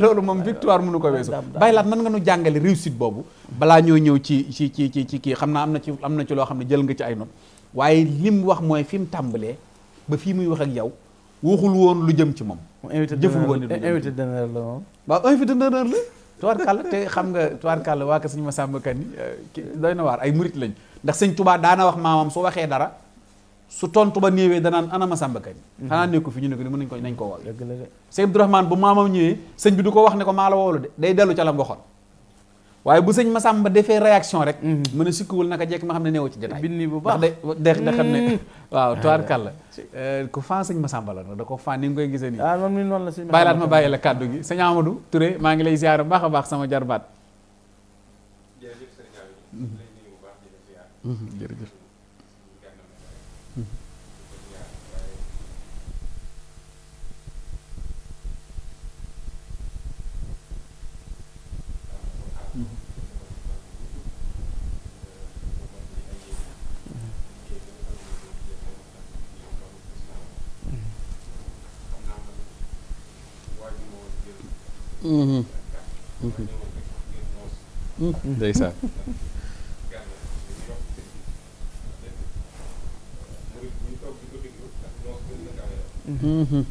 loolu moom victoire mënu ko weesu bàyyi laat nan nga nu jàngale réussite boobu balaa ñoo ñëw ci ci ci ci ci kii xam naa am na ci am na ci loo xam ne jël nga ci ay note waaye lim wax mooy fi mu tàmbalee ba fii muy wax ak yow waxul woon lu jëm ci moom. jëful woon invité d'honneur la moom. waaw invité d'honneur la. tubaarkàlla te xam nga tubaarkàlla waa ka sëñ Massamba Kanni euh, doy na waar ay murit lañ ndax sëñ Tuubaa daana wax maamam su waxee dara su tontu ba néewee danaan ana Massamba Kanni mhm. xanaa nekku fi ñu ne ko ni mën nañ ko nañ ko woo. dëgg la de Sëñ Abdourahmane bu maamam ñëwee sëñ bi du ko wax ne ko maa la woolu de day dellu ca la mu waaye bu sëñ Massamba defee réaction rek. mën mm. a sikkuwul a jekk ma xam ne neewoo ci bi nii bu baax ndax da xam ne. Mm. *laughs* waaw tubaarkàlla. *laughs* Euh, ku faa sëñ Massamba la nag da ko faa ni nga koy gisee nii. ah noonu la sëñ bàyyi laat ma bàyyi la kàddu gi sëñ Amadou Touré maa ngi lay ziar bu baax a baax sama jarbaat. ndeysaan. Mm-hmm.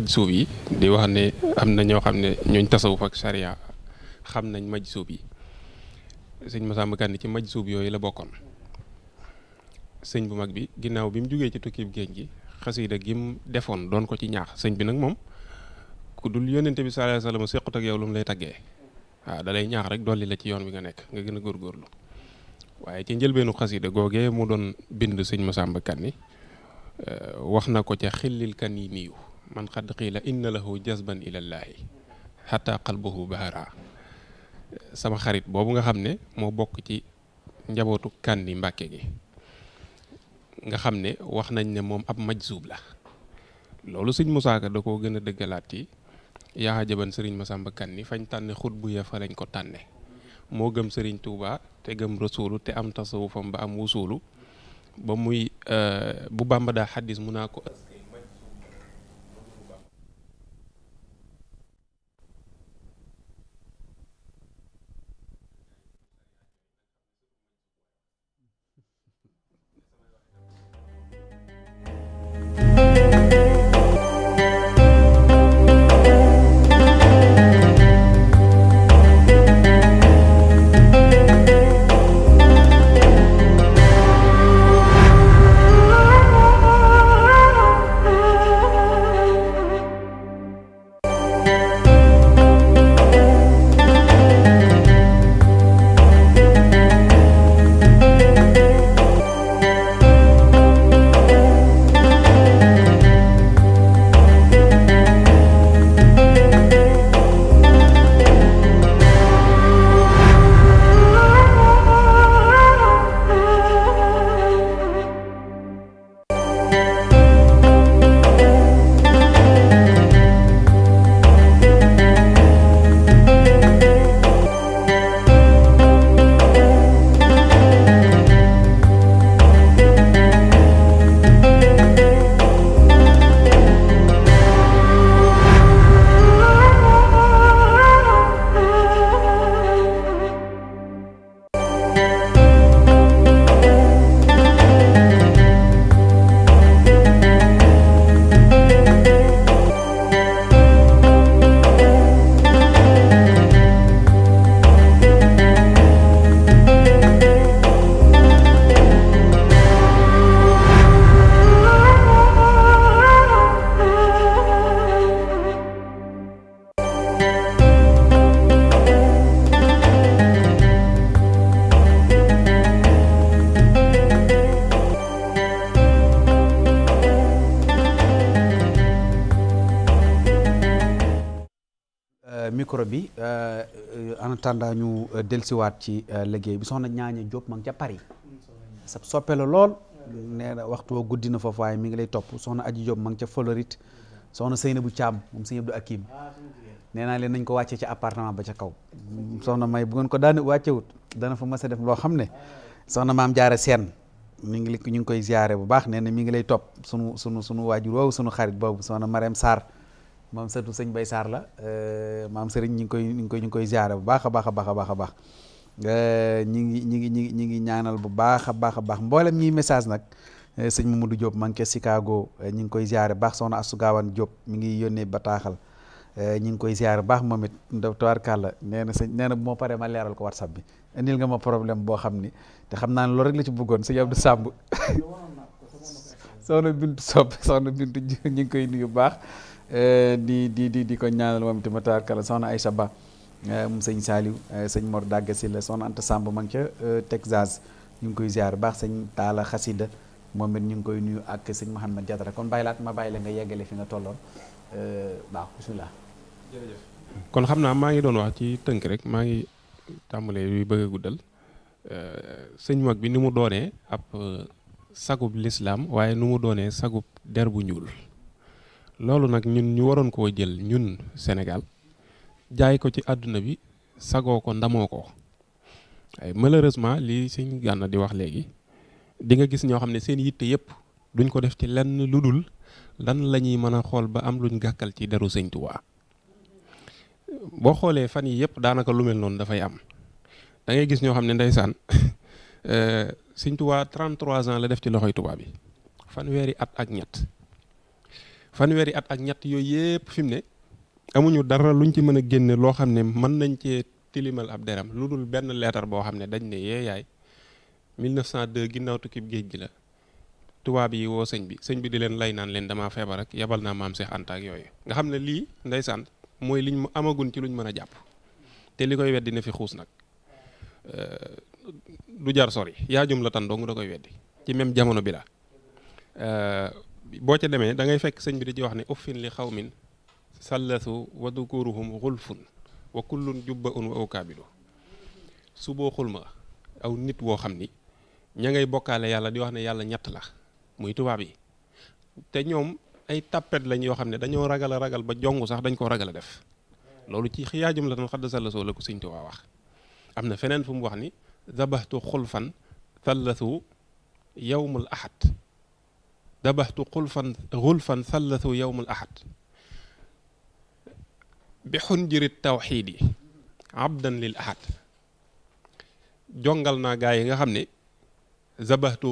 majsuub yi li wax ne am na ñoo xam ne ñooñ tasawuf ak sariya xam nañ majsuub yi sëñ Massamba Kanni ci maj majsuub yooyu la bokkoon sëñ bu mag bi ginnaaw bi mu jógee ci tukki géej gi xasida gi mu defoon doon ko ci ñaax sëñ bi nag moom ku dul yónnente bi sallallahu alayhi wasallam séqut ak yow lu mu lay taggee waaw da lay ñaax rek dolli la ci yoon bi nga nekk nga gën a góorgóorlu waaye ci njëlbeenu xasida googee mu doon bind sëñ Massamba Kanni euh, wax na ko ca xillil man xad xiila inna lahu jazban ilallaahi xataa qalbuhu bahara sama xarit boobu nga xam ne moo bokk ci njabootu kandi mbàkke gi nga xam ne wax nañ ne moom ab majzuub la loolu sëñ musaaka Ka da koo gën a dëggalaat yi yaa jaban sëriñ Masamba Kanni fañ tànne xutbu ya fa lañ ko tànne moo gëm sëriñ tuuba te gëm rasuulu te am tasawufam ba am wusuulu ba muy eh, bu Bàmba daa xaddis mu ko dellusiwaat ci euh, liggéey bi soxna ñaaña Diop ma ngi ca Paris sab soppe la lool nee na waxtu woo guddi na foofu waaye mi ngi lay topp soxna aji Diop ma ngi ca Floride soxna Seynabou Thiam moom sëñ Abdou Akim nee naa leen nañ ko wàccee ca appartement ba ca kaw soxna may bu ngeen ko daan wàccewut dana fa mas a def loo xam ne soxna maam jaare seen mi ngi ñu ngi koy ziare bu baax nee na mi ngi lay topp sunu sunu sunu waajur woowu sunu xarit boobu soxna Marème saar maam sëtu sëñ Bay Saar la euh, maam sëriñ ñi ngi koy ñi ngi koy ñu ngi koy ziare bu baax a baax a baax a baax a baax euh, ñi ngi ñi ngi ñi ngi ñi ngi ñaanal bu baax a baax a baax mboolem ñiy message nag euh, sëñ mu du maa ngi koy Chicago ñi ngi koy ziare baax soxna Astou Gawane Diop mi ngi yónnee bataaxal ñi ngi koy ziare baax moom it tabaarkàlla nee na sëñ nee bu moo paree ma leeral ko WhatsApp bi indil nga ma problème boo xam ni te xam naa ne loolu rek la ci bëggoon sëñ Abdou Samb *laughs* soxna Bintu Sopp soxna Bintu ñu ngi koy nuyu baax Eh, di di di di ko ñaanal moom itam tabarkalla soxna ay Ba eh, moom sëñ Saliou eh, sëñ Mor Dagga si la soxna ant Samb man ca Texas ñu ngi koy ziar baax sëñ Taala Xasida moom ñu ngi koy nuyu ak sëñ Mouhamed Diatara kon bàyyi laat ma bàyyi la nga yeggale fi nga tolloon kon xam naa maa ngi doon wax ci tënk rek maa ngi tàmbalee yuy bëgg a guddal sëñ mag bi ni mu doonee ab sagub lislaam waaye nu mu doonee sagub der bu ñuul. loolu nag ñun ñu waroon koo jël ñun Sénégal jaay ko ci àdduna bi sagoo ko ndamoo ko waaye malheureusement lii sëñ Gana di wax léegi di nga gis ñoo xam ne seen yitte yëpp duñ ko def ci lenn lu dul lan la ñuy mën a xool ba am luñ gàkkal ci deru sëñ Tuubaa boo xoolee fan yi yëpp daanaka lu mel noonu dafay am da ngay gis ñoo xam ne ndeysaan *laughs* euh, sëñ Tuubaa 33 ans la def ci loxoy Tuubaa bi weeri at ak ñett. fanweeri at ak ñett yooyu yëpp fi mu ne amuñu dara luñ ci mën a génne loo xam ne mën nañ cee tilimal ab deram lu dul benn leetar boo xam ne dañ ne yee yaay 1902 ginnaaw tukki géej gi la tubaab yi woo sëñ bi sëñ bi di leen lay naan leen dama feebar ak yebal naa maam Cheikh Anta yooyu nga xam ne lii ndeysaan mooy liñ mu amagun ci luñ mën a jàpp te li koy weddi ne fi xuus nag euh, du jar sori yaajum la tan dong da koy weddi ci même jamono bi la euh, boo ca demee da ngay fekk sëñ bi di ci wax ne uffin li xawmin sallasu wa dukuruhum xulfun wa kullun jubba un wa awkaabidu su boo ma aw nit woo xam ni ña ngay bokkaale yàlla di wax ne yàlla ñett la muy tubaab yi te ñoom ay tappet lañ yoo xam ne dañoo ragal a ragal ba jongu sax dañ koo ragal a def loolu ci xiyaajum la tan xadd sallasoo la ko sëñ Tuubaa wax am na feneen fu mu wax ni zabahtu xulfan sallasu yawmul ahad dabaxtu xulfan xulfan thalathu yowm al ahad bi xunjirit tawxiid yi abdan lil ahad jongal naa gaa yi nga xam ne zabaxtu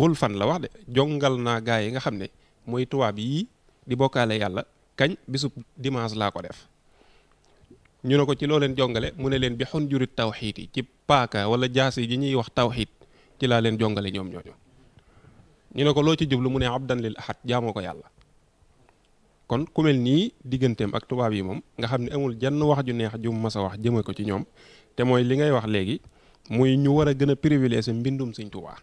xulfan la wax de jongal naa gaa yi nga xam ne mooy tubaab yii di bokkaale yàlla kañ bisub dimaas laa ko def ñu ne ko ci loo leen jongale mu ne leen bi xunjurit tawxiid yi ci paaka wala jaasi ji ñuy wax tawxiid ci laa leen jongale ñoom ñooñu ñu ne ko loo ci jublu mu ne abdan lil xat jaamoo ko yàlla kon ku nii digganteem ak tubaab yi moom nga xam ne amul jenn wax ju neex ju mas a wax jëme ko ci ñoom te mooy li ngay wax léegi muy ñu war a gën a privilégier mbindum Sëñ Tuubaa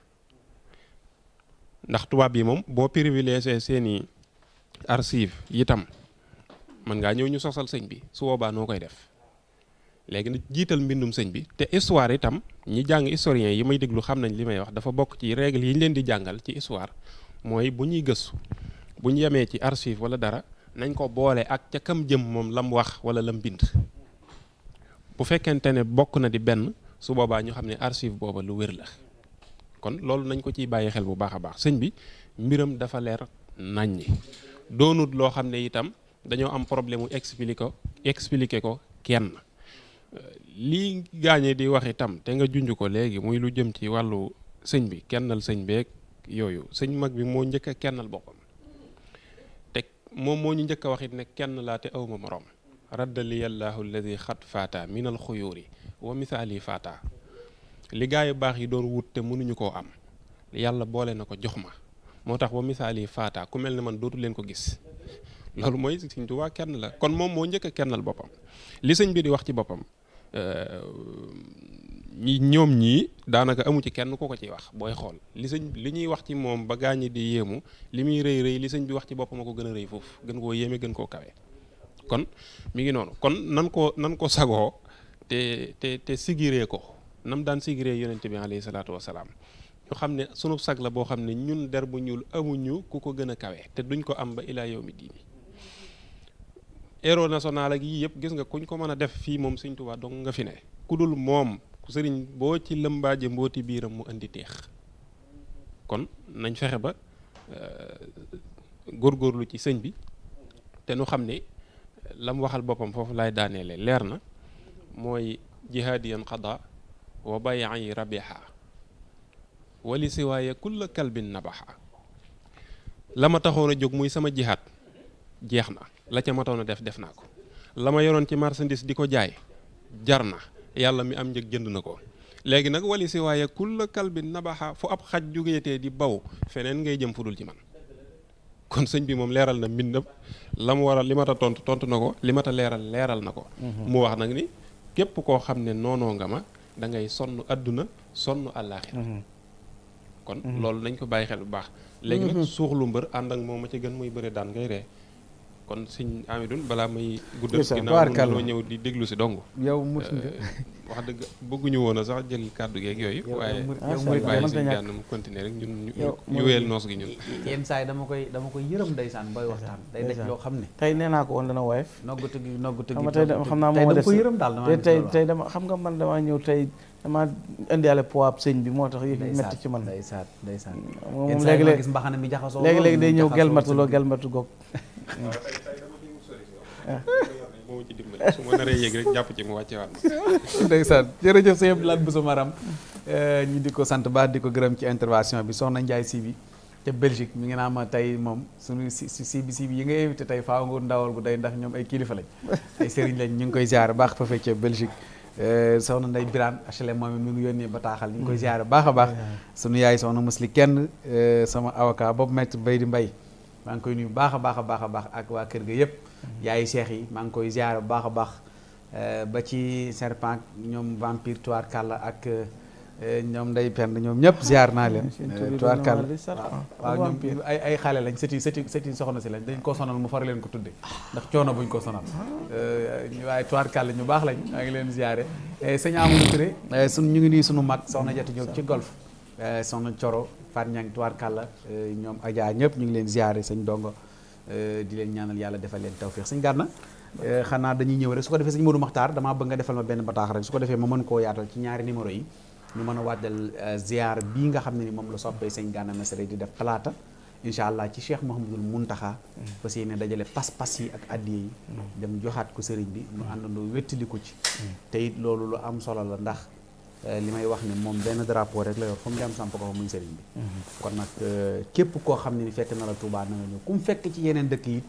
ndax tubaab yi moom boo privilégier seeni archive yitam mën ngaa ñëw ñu sosal sëñ bi su boobaa noo koy def léegi nag jiital mbindum sëñ bi te histoire itam ñi jàng historien yi may déglu xam nañ li may wax dafa bokk ci règle yi ñu leen di jàngal ci histoire mooy bu ñuy gëstu bu ñu yemee ci archive wala dara nañ ko boole ak ca kam jëm moom lam wax wala lam bind bu fekkente ne bokk na di benn su boobaa ñu xam ne archive booba lu wér la kon loolu nañ ko ciy bàyyi xel bu baax a baax sëñ bi mbiram dafa leer nañ ñi doonut loo xam ne itam dañoo am problème mu expliquer expliquer ko kenn lii gaañee di wax itam te nga junj ko léegi muy lu jëm ci wàllu sëñ bi kennal sëñ beeg yooyu sëñ mag bi moo njëkk a boppam te moom moo ñu njëkk a wax it ne kenn laa awma moroom raddali yallaahu alladi xat faata minal xuyuuri wa misaali faata li gaayu baax yi doon te mënuñu koo am yàlla boole na ko jox ma moo tax wa misaali faata ku mel ne man dootu leen ko gis loolu mooy sëñ kenn la kon moom moo njëkk kennal boppam li sëñ bi di wax ci boppam Euh, ñi ñoom ñii daanaka amu ci kenn ku ko ciy wax booy xool li sëñ li ñuy wax ci moom ba gaañi di yéemu li muy rëy rëy li sëñ bi wax ci boppam a ko gën a rëy foofu gën koo yéeme gën koo kawe kon mi ngi noonu kon nan ko nan ko sagoo te te te sigiree ko nam daan sigiree yonent bi alayhi salaatu wasalaam ñu xam ne sunu sag la boo xam ne ñun der bu ñuul ñu ku ko gën a kawe te duñ ko am ba ilaa yawmi diini héros national ak yii yëpp gis nga kuñ ko mën a def fii moom sëñ Tuubaa dong nga fi ne ku dul moom ku sëriñ boo ci lëmbaaje mbooti biiram mu indi teex kon nañ fexe ba euh, góorgóorlu ci sëñ bi te nu xam ne lam waxal boppam foofu lay daaneele leer na mooy jihaadiyan xada wa bayan rabiha wali siwaaye kulla kalbin nabaxa la ma taxoon a jóg muy sama jihaad jeex na la ca matoon a def def naa ko la ma yoroon ci marchandise di ko jaay jar na yàlla mi am njëg jënd na ko léegi nag wali si waaye kulla kalbi nabaxa fu ab xaj jógeetee di baw feneen ngay jëm fu ci man kon sëñ bi moom leeral na mbindam la war a li mat tontu tontu na ko li mat a leeral leeral na ko mhm. mu wax nag ni képp koo xam ne noonoo nga ma da ngay sonn adduna sonn àllaaxira mhm. kon mhm. loolu nañ ko bàyyi xel bu baax léegi nag suuxlu mbër ànd ak moom ma ci gën muy bëre daan ngay ree kon sëñ Amidoune balaa may. guddal ginnaaw ma ñëw di déglu si dong. yow mos nga euh, wax dëgg bëgguñu woon a sax jël kàddu geeg yooyu. waaye yow bàyyi si ñaan mu continuer rek ñun ñu wéyal noos gi ñun. yenn saa yi dama koy dama koy yërëm booy waxtaan. day daj loo xam ne. tey nee naa ko woon dana woyof. noggatu gi noggatu gi tey xam naa moo des tey tey tey dama xam nga man damaa ñëw tey. damaa indiwaale poids sëñ bi moo tax yëf yi métti ci man ndeysaan ndeysaan moom léegi léegi léegi day ñëw gelmatu loo gelmatu goog *laughs* moo ci dimbali su ma naree yéeg rek jàpp ci mu wàccewaat ma. ndeysaan jërëjëf sëñ Abdou Lahad Bousso Maram eh, ñu di ko sant baax di ko gërëm ci intervention bi soxna Ndiaye si bi ca Belgique mi ngi naa ma tey moom suñu si si bi bi yi nga invité tey faaw nga ndawal gu day ndax ñoom ay kilifa lañ ay sëriñ lañ ñu ngi koy ziar baax fa fekk ca Belgique. Eh, soxna Ndeye Birane HLM moom mi ngi yónnee bataaxal ñu ngi koy ziar baax a baax. Mm-hmm. sunu yaay soxna Musli kenn eh, sama avocat boobu bay di mbay maa ngi koy nuyu bu baax a baax baax a baax ak waa kër gi yëpp. Mm-hmm. yaay seex yi maa ngi koy ziar bu baax a baax euh, ba ci serpent ñoom vampire Touare Kalla ak euh, ñoom nday pend ñoom ñëpp ziar naa leen. Euh, Touare Kalla ah, waaw ñoom ay ay xale lañ sëti sëti sëti soxna si lañ dañ koo sonal mu far leen ko tudde ndax buñ ko sonal. Ah. waaye Touare Kalla ñu baax lañ maa ngi leen ziare sëñ Amadou Touré. sunu ñu ngi nuyu sunu mag soxna Jatu Diop ci golf soxna Coro. Fat Niang Tuwaar kall euh, ñoom Adja ñëpp ñu ngi leen ziare sëñ Dongo euh, di leen ñaanal yàlla defal leen tawféex sëñ Gana euh, xanaa dañuy ñëw rek su ko defee sëñ Modou Makhtar damaa bëgg nga defal ma benn bataax rek su ko defee ma mën koo yaatal ci ñaari numéro yi ñu mën a waajal ziar bii nga xam ne ni moom la soppee sëñ Gana Messere di def talaata incha allah ci Cheikh mun Muntaxa fas yéene dajale pas-pas yi ak addiye yi mm. dem joxaat ko sëriñ bi ñu mm. àndandoo wettali ko ci mm. te it loolu lu am solo la ndax Euh, li may wax ni moom benn drapeau rek la yor fa mu dem samp ko fa muy sëriñ bi. Mhm. kon nag euh, képp koo xam ne ni fekk na la Touba na nga ñëw ku mu fekk ci yeneen dëkk yi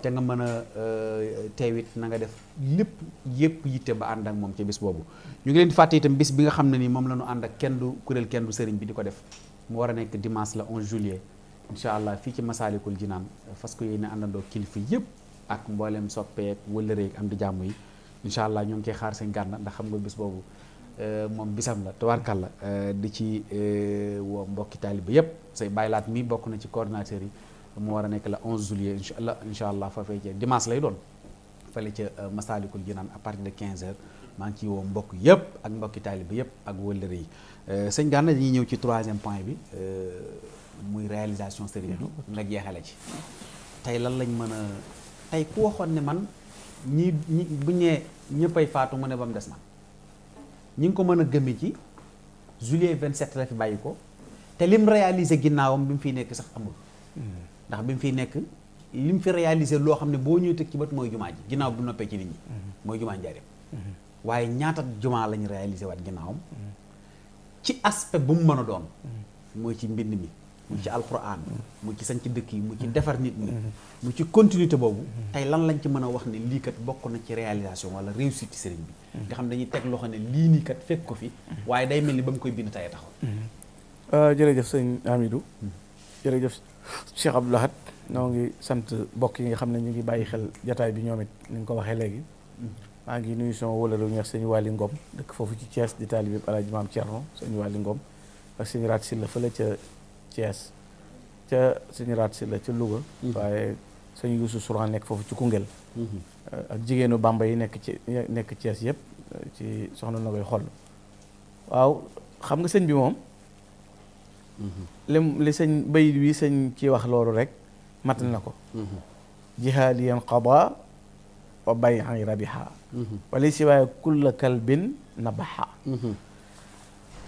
te nga mën a euh, teewit na nga def lépp yépp yitte ba ànd ak moom ci bis boobu. ñu ngi leen di fàtte itam bis bi nga xam ne ni moom la ñu ànd ak kenn du kuréel kenn du sëriñ bi di ko def mu war a nekk dimaas la 11 juillet incha allah fii ci Masaalikul Jinaan fas ko yéene àndandoo kilifa yëpp ak mboolem soppeek wëllëreek am di jàmm yi incha allah ñoo ngi koy xaar seen gànna ndax nga bis boobu. Euh, moom bisam la tubaarkàlla euh, di ci euh, woo mbokki taaliba yëpp say bàyyilaat mi bokk na ci coordinateur yi mu war a nekk la 11 juillet incha allah incha allah foofee ca dimanche lay doon fële ca ji naan à partir de quinze h maa ngi ci woo mbokk yëpp ak mbokki taaliba yëpp ak wëllëre yi sëñ Gana dañuy ñëw ci troisième point bi muy réalisation sérieux bi nga jeexale ci tey lan lañ mën a tey ku waxoon ne man ñi ñi bu ñee ñëppay faatu mu ne ba des man ñi ngi ko mën a gëmee ci juillet 27 la fi bàyyi ko te lim réalisé ginnaawam bi mu fiy nekk sax amul. ndax bi mu fiy nekk lim fi réalisé loo xam ne boo ñuy tëg ci bët mooy jumaa ji ginnaaw bu noppee ci nit ñi. mooy jumaa njaareem. waaye ñaata jumaa lañu réalisé waat ginnaawam. ci aspect bu mu mën a doon. mooy ci mbind mi. mu ci alquran mu ci sañ ci dëkk yi mu ci defar nit mu ci continuité boobu tey lan lañ ci mën a wax ni lii bokk na ci réalisation wala réussit ci sëriñ bi nga xam dañuy teg loxo ne lii nii kat fekk ko fi waaye day mel ni ba mu koy bind tey taxaw euh, jërëjëf sëñ Amidou jërëjëf Cheikh Abdou Lahad noo ngi sant bokk yi nga xam ne ñu ngi bàyyi xel jataay bi ñoom it ni ko waxee léegi maa ngi nuyu sama wóolal wu ñuy wax sëñ Waly dëkk foofu ci Thiès di taalibe Alaaji Maam Thierno sëñ Waly Ngom ak sëñ Thiès ca suñu raat si la ca Louga mhm. waaye suñu Yuusu Sourang nekk foofu ci Koungheul mhm. eh, ak jigéenu Bamba yi nekk ci nekk Thiès yëpp eh, ci soxna na koy xoll waaw xam nga sëñ bi moom mhm. lim li sëñ bay wi sëñ ci wax loolu rek matal na ko jihaadiyan qada wa bay'an rabiha wala si waaye kulla kalbin nabaha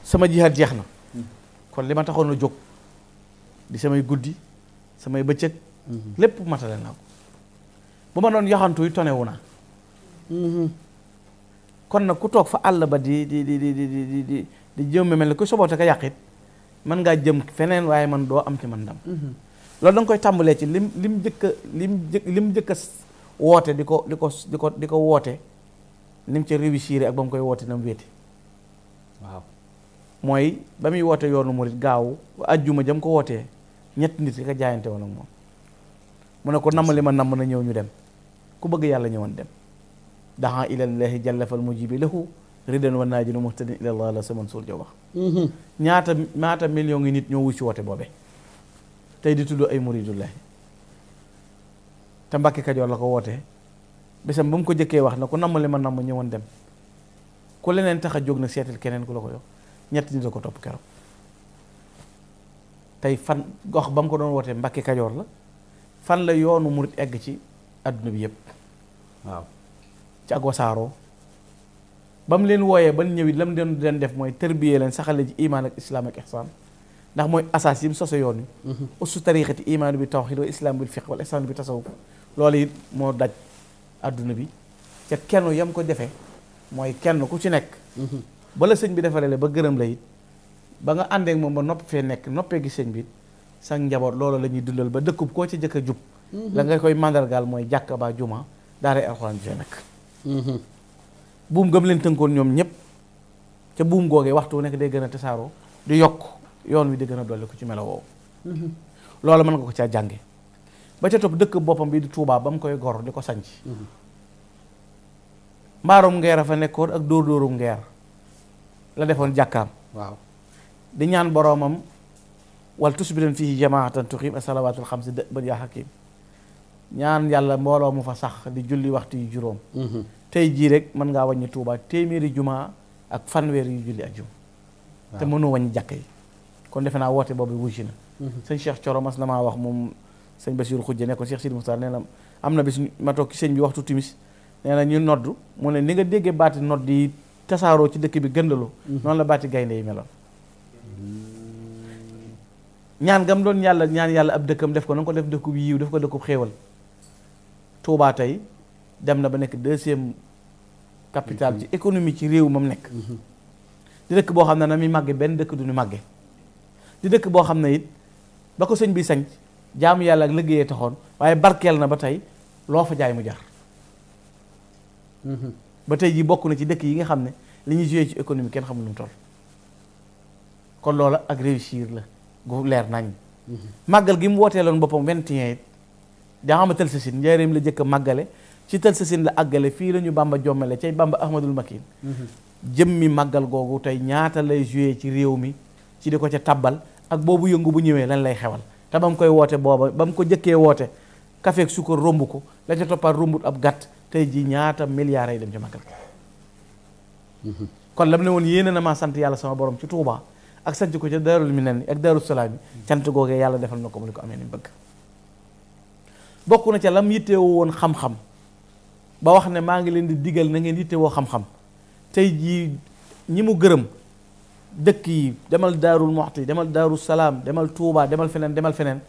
sama jihaad jeex na kon li ma taxoon a jóg di samay guddi samay bëccëg mhm. lépp matale naa ko bu ma doon yaxantu yi tonewu naa mhm. kon nag ku toog fa àll ba di di di di di di di di jëmme mel ne ku soboote ka yàqit man ngaa jëm feneen waaye man doo am ci man ndam mhm. loolu danga nga koy tàmbalee ci lim lim jëkka lim jëkk lim jëkka woote di ko di ko di ko di ko woote ni mu ca réussir ak ba mu koy woote na mu wéete waaw mooy ba muy woote yoonu murit gaaw ajjuma jam ko wootee ñett nit rek a jaayante woon ak moom mu ne ko namm li ma namm na ñëw ñu dem ku bëgg yàlla ñëwoon dem daxan ilallaahi jallafal mujibi lahu ridan wa naajinu muhtadin ilallah la saman suul jo wax mm-hmm. ñaata ñaata million yi nit ñoo wuy ci woote boobe tey di tudd ay muridullahi te Mbàkke Kajoor la ko woote bésam ba mu ko jëkkee wax na ku namm li ma namm ñëwoon dem ku leneen tax a jóg nag seetal keneen ku la ko yox ñett nit a ko topp keroog tey fan gox ba mu ko doon wootee Mbàkke Kajoor la fan la yoonu murit egg ci àdduna bi yëpp waaw ci ak wasaaroo ba mu leen wooyee ban ñëwit la mu doon leen def mooy tërbiyee leen saxale ji imaan ak islaam ak ihsaan ndax mooy yi mu soso yoon wi mhm. ussu tariqati imaanu bi tawxiid wa islaam bil fiq wal ihsaan bi tasawuf loolu it moo daj àdduna bi ca kenn yam ko defee mooy kenn ku ci nekk mhm. bala sëñ bi defaree la ba gërëm la it ba nga àndeek moom ba nopp fee nekk noppee gi sëñ bi sax njaboot loolu la ñuy dundal ba dëkkub koo ci jëkk a jub mm-hmm. la nga koy mandargaal mooy jàkka ba juma daaray alxuraan ji fee nekk mm-hmm. gëm leen tënkoon ñoom ñëpp ca buum googee waxtu nekk day gën a tasaaroo di yokk yoon wi di gën a dolli ko ci melo woowu mm-hmm. mën nga ko caa jànge ba ca topp dëkk boppam bi di Touba ba mu koy gor di ko sanc mbaarum ngeer nekkoon ak dóor dóorum la defoon jàkkaam waaw di ñaan boroomam wal tusbiran fii jamaatan xam asalawaatul xamsi bal yaa xakim ñaan yàlla mbooloo mu fa sax di julli waxtu yu juróom mm-hmm. tey jii rek mën ngaa wàññi Tuubaa téeméeri jumaa ak fanweer yu julli ak jum te mënoo wàññi jàkk yi kon defe naa woote boobu wujji na mm-hmm. sëñ Cheikh Coro mas na maa wax moom sëñ Basiru Xujje ne ko Cheikh Sidi Moustar nee na am na bis ma toog ci sëñ bi waxtu timis nee na ñu nodd mu ne ni nga déggee baati nodd yi tasaaroo ci dëkk bi gëndaloo mm-hmm. noonu la baati gaynde yi meloon ñaan gam doon yàlla ñaan yàlla ab dëkkam def ko na ko def dëkkub yiw def ko dëkkub xéewal Touba tey dem na ba nekk deuxième capital ci économie ci réew moom nekk mhm. di dëkk boo xam ne na muy màgge benn dëkk du ñu màgge di dëkk boo xam ne it ba ko sëñ bi sañ jaamu yàlla ak liggéeyee taxoon waaye barkeel na ba tey loo fa jaay mu jar mhm. ba tey ji bokk na ci dëkk yi nga xam ne li ñuy joué ci économie kenn xamul lu mu toll kon loola ak réussir la gu leer nañ màggal gi mu wooteeloon boppam 21 it jaaxama tël sasin njaareem la jëkk a màggale ci tël sasin la àggale fii la bàmba jommale cay bàmba ahmadul makin jëmmi màggal googu tey ñaata lay joué ci réew mi ci di ko ca tabbal ak boobu yëngu bu ñëwee lañ lay xewal te ba mu koy woote booba ba mu ko jëkkee woote kafeeg sukkar romb ko la ca toppaat rombut ab gàtt tey ji ñaata milliards yi dem ci màggal mhm. kon lam ne na maa sant yàlla sama borom ci Touba ak sanc ko ca daarul minan ak daaru salaam yi cant yàlla defal na ko mu li ko amee ni bëgg bokk na ca lam yittewoo woon xam-xam ba wax ne maa ngi leen di digal na ngeen yittewoo xam-xam tey jii ñi mu gërëm dëkk yi demal daarul moxti demal daarul salaam demal tuubaa demal feneen demal feneen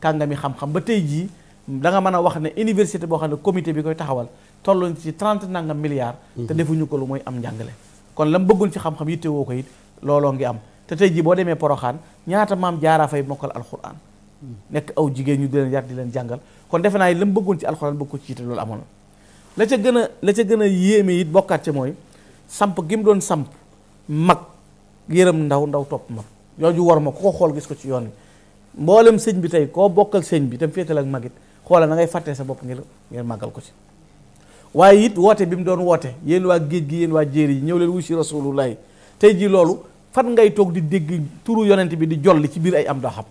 kàngami xam-xam ba tey jii da mën a wax ne université boo xam ne comité bi koy taxawal tolluñ ci trent nangam milliards te mhm. defuñu ko lu mooy am njàngale kon lam bëggoon ci xam-xam yittewoo ko it looloo ngi am te tey jii boo demee poroxaan ñaata maam jaaraa fay mokkal alxuraan nekk aw jigéen ñu di leen yar di leen jàngal kon defe naa la mu bëggoon ci alxuraan bëgg ko ci te loolu amoon la ca gën a la ca gën a yéeme it bokkaat mooy samp gi mu doon samp mag yërëm ndaw ndaw topp mag yooju war ma ko xool gis ko ci yoon wi mboolem sëñ bi tey koo bokkal sëñ bi tam féetal ak magit xoola na ngay fàttee sa bopp ngir ngir màggal ko ci waaye it woote bi mu doon woote yéen waa géej gi yéen waa jéeri yi ñëw leen wuy si rasulullahi tey ji loolu fan ngay toog di dégg turu yonent bi di jolli ci biir ay am doo xam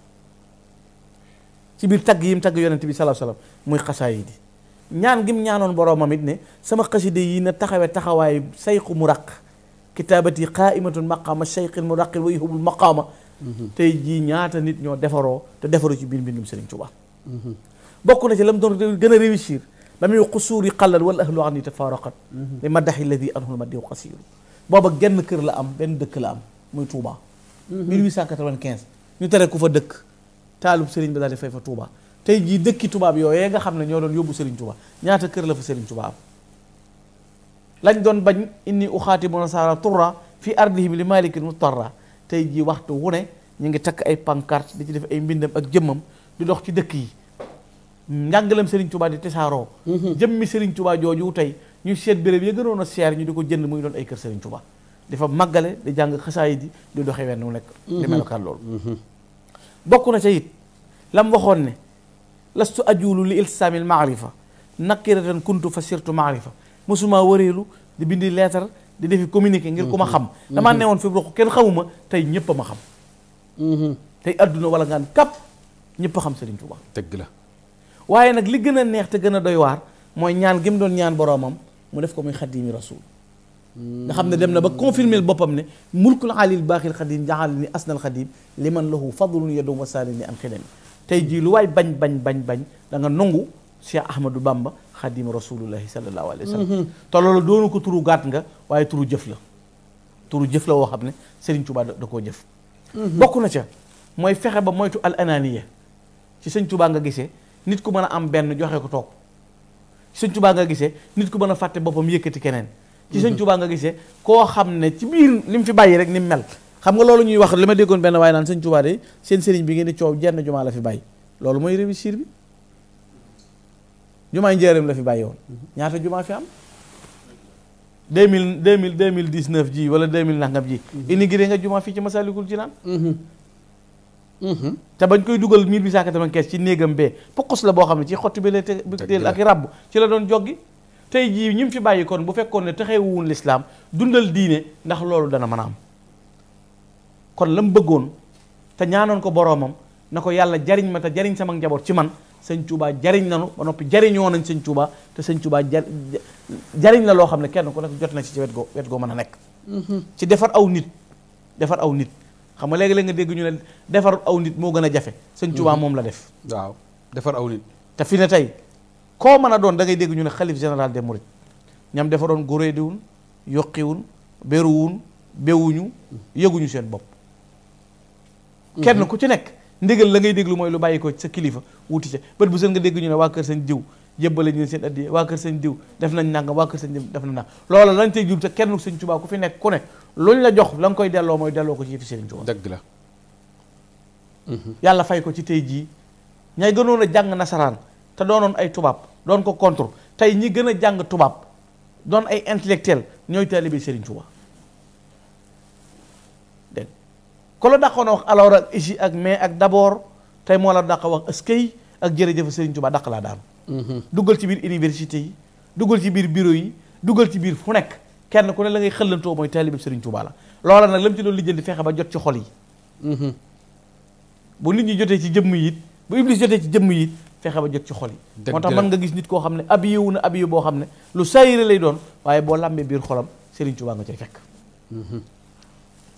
ci biir tagg yim tagg yonent bi sallallahu alayhi muy xasaa ñaan gim ñaanoon boroomam it ne sama xaside yi na taxawe taxawaay sayqu mu raq kitaabati qaaimatun maqaama sayqil mu raqil wa yuhubul maqaama mhm. tey jii ñaata nit ñoo defaroo te defaru ci biir mbindum Sëriñ Tuubaa mhm. bokk na ci la mu doon gën a réussir damay xusuuri xallan wala ahlu an yi tafaaraqat mhm. li madaxi alladi ma madiw qasiru booba genn kër la am benn dëkk la am muy Touba. 1895 mhm. ñu tere ku fa dëkk taalub Serigne bi daal di fay fa tuuba tey jii dëkki tubaab yooyee nga xam ne ñoo doon yóbbu Serigne Touba ñaata kër la fa Serigne Touba am lañ doon bañ inni uxaati monasara turra fi ardihim li malikin mutarra tey jii waxtu wu ne ñu ngi takk ay pancarte di ci def ay mbindam ak jëmmam di dox ci dëkk yi njàngalam Serigne Touba di tesaaroo mhm. jëmmi Serigne Touba jooju tey ñu seet béréb ya gënoon a seer ñu jënd muy doon ay kër Serigne di fa màggale di jàng xasaay di doxe doxee wenn wu nekk. di mhm. melokaan loolu. Mhm. bokk na sa it la mu waxoon ne lastu ajulu li ilsaamil maarifa nakiratan kuntu fa sirtu maarifa mosuma wëreelu di bindi leetar di defi communiqué. ngir ku ma mhm. xam. damaa ne woon fi mu kenn xamuma tey ñëpp ma xam. tey adduna wala ngaan kap ñëpp a xam Serigne Touba. dëgg la waaye nag li gën a neex te gën a doy waar mooy ñaan gi doon ñaan boroomam mu def ko muy xaddiimi rasuul nga xam ne dem na ba confirmer boppam ne mulkul xaalil baaxil xadim jaxal ni asnal xadim li man lahu fadlun yadum wasaani ni an xidami tey jii lu waay bañ bañ bañ bañ da nga nangu Cheikh Ahmadou Bamba xadim rasulullahi sallallahu alayhi wa sallam mm-hmm. te loolu doonu ko turu gàtt nga waaye turu jëf la turu jëf la woo xam ne Serigne Touba da koo jëf mm-hmm. bokk na ca mooy fexe ba moytu al ananiya ci Sëñ Touba nga gisee nit ku mën a am benn joxe ko toog Sëñ Touba nga gisee nit ku mën a fàtte boppam yëkkati keneen ci sëñ Tuubaa nga gisee koo xam ne ci biir li mu fi bàyyi rek ni mu mel xam nga loolu ñuy wax li ma déggoon benn waaye naan sëñ Tuubaa de seen sëriñ bi ngeen di coow jenn jumaa la fi bàyyi loolu mooy réussir bi jumaa njëriñ la fi bàyyi woon ñaata jumaa fi am deux mille deux mille deux mille dix neuf ji wala deux mille nangam ji mhm. inigré nga jumaa fii ci Masaalikul Jinaan mhm. Mhm. te bañ koy dugal 1895 ci néegam bee pokos la boo xam ne ci xottu bi la teel ak ràbb ci la doon joggi tey jii ñi fi bàyyi kon bu fekkoon ne taxewuwun lislaam dundal diine ndax loolu dana mën a am kon la mu bëggoon te ñaanoon ko boroomam na ko yàlla jariñ ma te jariñ sama njaboot ci man sëñ Tuubaa jariñ nanu ba noppi jariñoo nañ sëñ Tuubaa te sëñ Tuubaa jariñ la loo xam ne kenn ko nekk jot na ci ci wet goo wet goo mën a nekk mm-hmm. ci defar aw nit defar aw nit xam nga léegi-léeg nga dégg ñu defar aw nit moo gën a jafe sëñ Tuubaa mm-hmm. moom la def waaw defar aw nit te fi ne tey koo mën a doon da ngay dégg ñu ne xalif général des mourides ñam defaroon góoreediwun yokkiwun beruwun bewuñu yëguñu seen bopp mhm. kenn ku ci nekk ndigal la ngay déglu mooy lu bàyyi ko sa kilifa wuti ca bët bu seen nga dégg ñu ne waa kër seen jiw jébbale ñu seen addiye waa kër seen def nañ nangam waa kër seen diw def na nangam loola lañ tey jub te kenn sëñ Tuubaa ku fi nekk ku ne luñ la jox la nga koy delloo mooy delloo ko ci yëfi sëñ Tuubaa dëgg la yàlla fay ko ci tey jii ñay gënoon a jàng nasaraan te doonoon ay tubaab doon ko contre tey ñi gën a jàng tubaab doon ay intellectuel ñooy taalibe Serigne Touba dégg ko la dàqoon a wax alors ak ici ak mais ak d'abord tey moo la dàq wax askay ak jërëjëf Serigne Touba dàq laa daanu. Mm-hmm. duggal ci biir université yi duggal ci biir bureau yi duggal ci biir fu nekk kenn ku ne la ngay xëllantoo mooy taalibe Serigne Touba la loola nag la mu ci doon lijjanti fexe ba jot ci xol yi. Mm-hmm. bu nit ñi jotee ci jëmm yi it bu iblis jotee ci jëmm yi fexe ba jot ci xol yi moo tax mën nga gis nit koo xam ne ab abiyewu na abiye boo xam ne lu sayire lay doon waaye boo làmbee biir xolam Serigne Touba nga cay fekk mhm.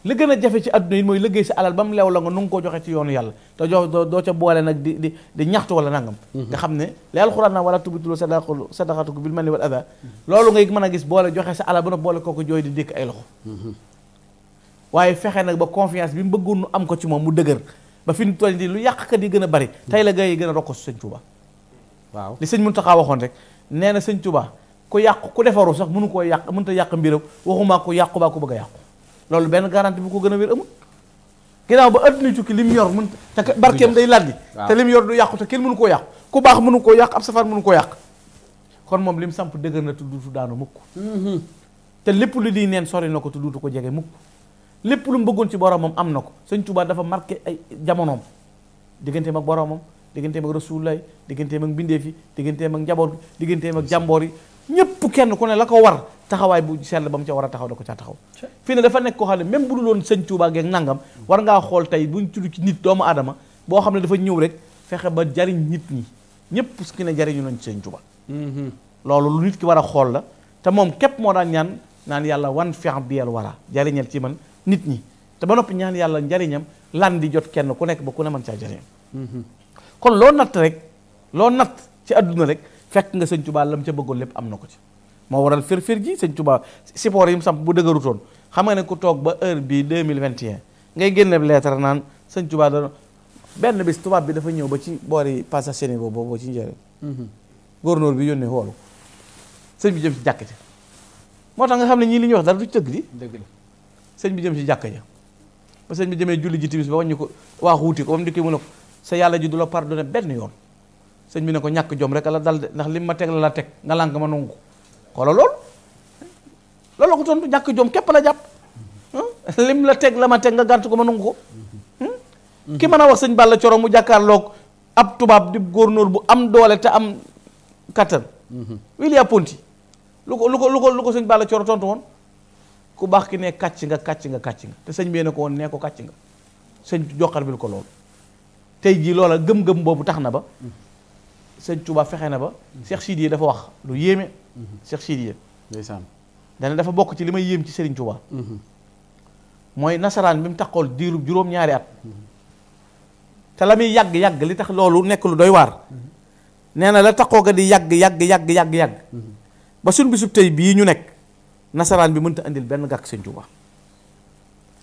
li gën a jafe ci adduna yi mooy liggéey sa alal ba mu leew la nga nu nga ko joxe ci yoonu yàlla te jox doo ca boole nag di di di ñaxtu wala nangam mhm. nga xam ne li alxuraan na wala sa sadaqatu sadaqatuku bil manni wal adha mhm. loolu ngay mën a gis boole joxe sa alal ba na boole kooku jooy di dékk ay loxo waaye fexe nag ba confiance bi mu bëggoon am ko ci moom mu dëgër ba fi mu toll nii lu yàq yi gën a bari tey la gars yi gën a rokkos sëñ Touba waaw li sëñ Mountakha waxoon rek nee na sëñ Touba ku yàq ku defaru sax mënu koo yàq mënut a yàq mbiram waxumaa yàqu baa ko bëgg a loolu benn garantie bu ko gën a wér amul ginnaaw ba adduna cukki lim yor mën te barkeem day laddi te lim yor du yàqu te kenn mënu koo yàqu ku baax mënu koo yàq ab safar mënu koo yàq kon moom lim samp dëgër na tudduutu daanu mukk mhm. te lépp lu di neen sori na ko tudduutu ko jege mukk lépp lu mu bëggoon ci boromam am na ko sëñ Tuubaa dafa marqué ay jamonoom digganteem ak boromam digganteem ak rasulullaay digganteem ak mbindeef yi digganteem ak njaboot bi digganteem ak jàmboor yi ñëpp kenn ku ne la ko war taxawaay bu sell ba mu ca war a taxaw da ko caa taxaw dafa nekk koo xam ne même bu dul woon sëñ Tuubaa geeg nangam xool tey buñ tudd ci nit doomu aadama boo xam ne dafa ñëw rek fexe ba jariñ nit ñi ñëpp su ki ne jariñu nañ ci sëñ mm-hmm. loolu lu nit ki war a xool la te moom képp moo daan ñaan naan yàlla wan fian biyel wara jariñal ci man nit ñi te ba noppi ñaan yàlla njariñam lan di jot kenn ku nekk ba ku ne mën caa jariñam mhm. kon loo natt rek loo natt ci àdduna rek fekk nga sëñ Tuubaa lam ca bëggoon lépp am na ko ci moo waral firfir ji sëñ Tuubaa por yi mu samp bu dëgërutoon xam nga ne ku toog ba heure bii mille vingt 2021 ngay génne lettre naan sëñ Tuubaa da benn bis tubaab bi dafa ñëw ba ci boori passage seni boobu boobu ci njëriñ mhm. góornóor bi yónnee woolu sëñ bi jëm moo tax nga xam ne ñii li ñuy wax dara du ci dëgg sëñ bi jëm si jàkk ja ba sëñ bi jëmee julli ji timis ba wàññi ko waa xuuti ko ba mu dikki mu ne ko sa yàlla ji du la pardonné benn yoon sëñ bi ne ko ñàkk jom rek la dal de ndax lim ma teg la la teg nga lànk ma nangu ko xoola loolu loolu ko képp la jàpp lim la teg la ma teg nga gàntu ko ma nangu ki mën a wax sëñ Balla Coro mu jàkkaarloog ab tubaab di nóor bu am doole te am kattan William Ponty lu ko lu ko lu ko lu ko sëñ Balla Coro tontu woon ku baax ki ne kàcc nga kàcc nga kàcc nga te sëñ bi ne ko woon nee ko kàcc nga sëñ joxar bil ko loolu tey jii loola gëm-gëm boobu tax na ba sëñ Touba fexe na ba Cheikh yi dafa wax lu yéeme Cheikh Sidiye ndeysaan dana dafa bokk ci li may yéem ci Serigne Touba mhm. mooy nasaraan bi mu taxool diirub juróom-ñaari at te la muy yàgg-yàgg li tax loolu nekk lu doy waar mhm. nee na la taxoo ko di yàgg yàgg yàgg yàgg yàgg ba suñ bisub tey bii ñu nekk nasaraan bi mënta andil benn gàkk sëñ Tuuba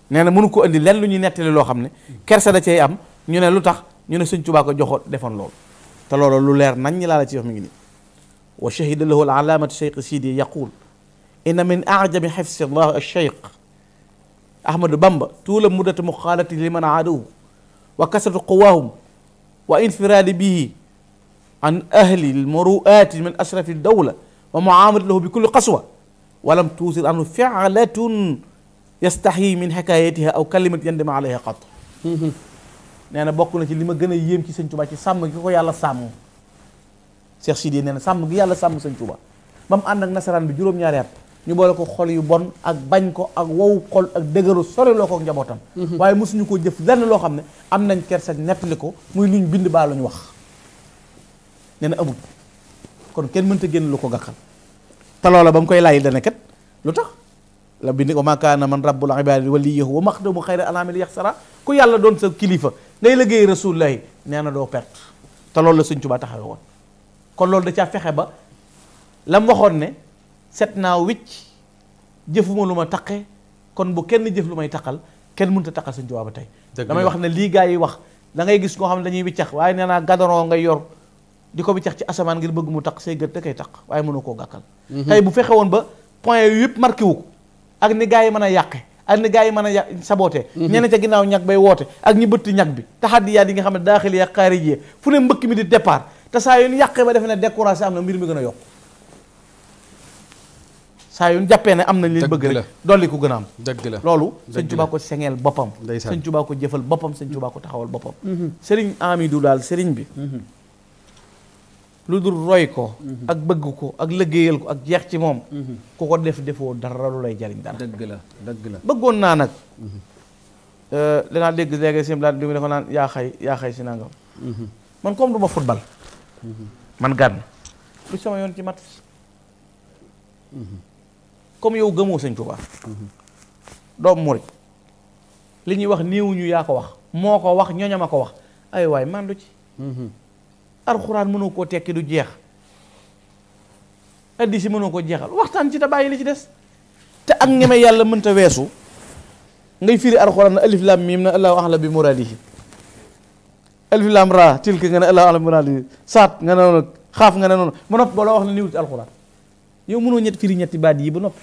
nee na mënu ko andi lenn lu ñuy nettali loo xam ne kersa da cay am ñu ne lu tax ñu ne sëñ Tuuba ko joxoon defoon loolu te loolu lu leer nañ ñi laa la ci wax mi ngi nii wa shahida lahu al alaamatu cheikh sidi yaqul inna min ajami xifsi allah al cheikh ahmadou bamba tuula muddatu muxaalati liman aaduhu wa kasratu quwaahum wa infiraadi bihi an ahli al muruaati min ashrafi dawla wa muaamalat lahu bi kulli qaswa walam tuusir anhu fi'latun yastahi min hikayatiha aw kalimat yandima alayha qat mhm. nee na bokk na ci li ma gën a yéem ci sëñ ci sàmm gi yàlla sàmm Cheikh Sidi na sàmm gi yàlla sàmm sëñ Tuba ba mu ànd ak bi juróom ñu boole ko xol yu bon ak bañ ko ak wow xol ak dëgëru sori loo ko njabootam mhm. waaye mosuñu ko jëf lenn loo xam ne am nañ kersa nettali ko muy luñ bind baa luñ wax nee na kon kenn mënta génn lu ko gàkkal te loola ba mu koy laaj dana kat lu tax la bind wa maa kaana man rabbul ibaadi waliyahu wa maxdamu xayra alaamil yaxsara ku yàlla doon sa kilifa ngay liggéey rasulullahi nee na doo pert te loolu la Sëñ Tuubaa taxawe woon kon loolu da caa fexe ba lam waxoon ne set naa wicc jëfuma lu ma taqe kon bu kenn jëf lu may taqal kenn mënut a taqal Sëñ Tuubaa ba tey damay wax ne lii gaa yi wax da ngay gis koo xam ne dañuy wiccax waaye nee naa gadoroo ngay yor di ko bi cax ci asamaan ngir bëgg mu taq say gët da koy taq waaye mënoo koo gàkkal mhm. tey bu fexe woon ba point yu yëpp marqué wu ko ak ni gars yi mën a yàqe ak ni gars yi mën a saboté mhm. ñeneen ca ginnaaw ñag bay woote ak ñi bëtt ñag bi taxadiyaat yi nga xam ne daaxili ya xaariji fu ne mbëkk mi di départ te saa yoon yàqee ba defe ne découragé am na mbir mi gën a yokk saa yoon jàppee ne am nañ leen bëgg rek dolli ko gën a am dëgg la loolu sëñ Tuubaa ko sengeel boppam sëñ Tuubaa ko jëfal boppam sëñ Tuubaa taxawal boppam mhm. bi lu dul roy ko mhm. ak bëgg ko ak liggéeyal ko ak jeex ci moom mhm. ku ko def defoo dara lu lay jariñ dara dëgg la dëgg la bëggoon naa nag mhm. euh, danaa dégg léegi sim laat bi mu dafa naan yaa xay yaa xay si nangam man comme du ma football man gànn lu sama yoon ci mat comme yow gëmoo sañ Tuubaa doom murit li ñuy wax néew ñu yaa ko wax moo ko wax ñooñam a ko wax ay waay man ci alxuraan mënoo koo tekki du jeex addi si mënoo ko jeexal waxtaan ci te bàyyi li ci des te ak ñeme yàlla mënta weesu ngay firi alxuraan na alif lam mim na allahu axla bi muraadihi alif lam ra tilka nga ne allahu axla bi muraadihi nga ne noonu xaaf nga ne noonu ba noppi ba wax ne niwul ci alxuraan yow mënoo ñett firi ñetti baat yi ba noppi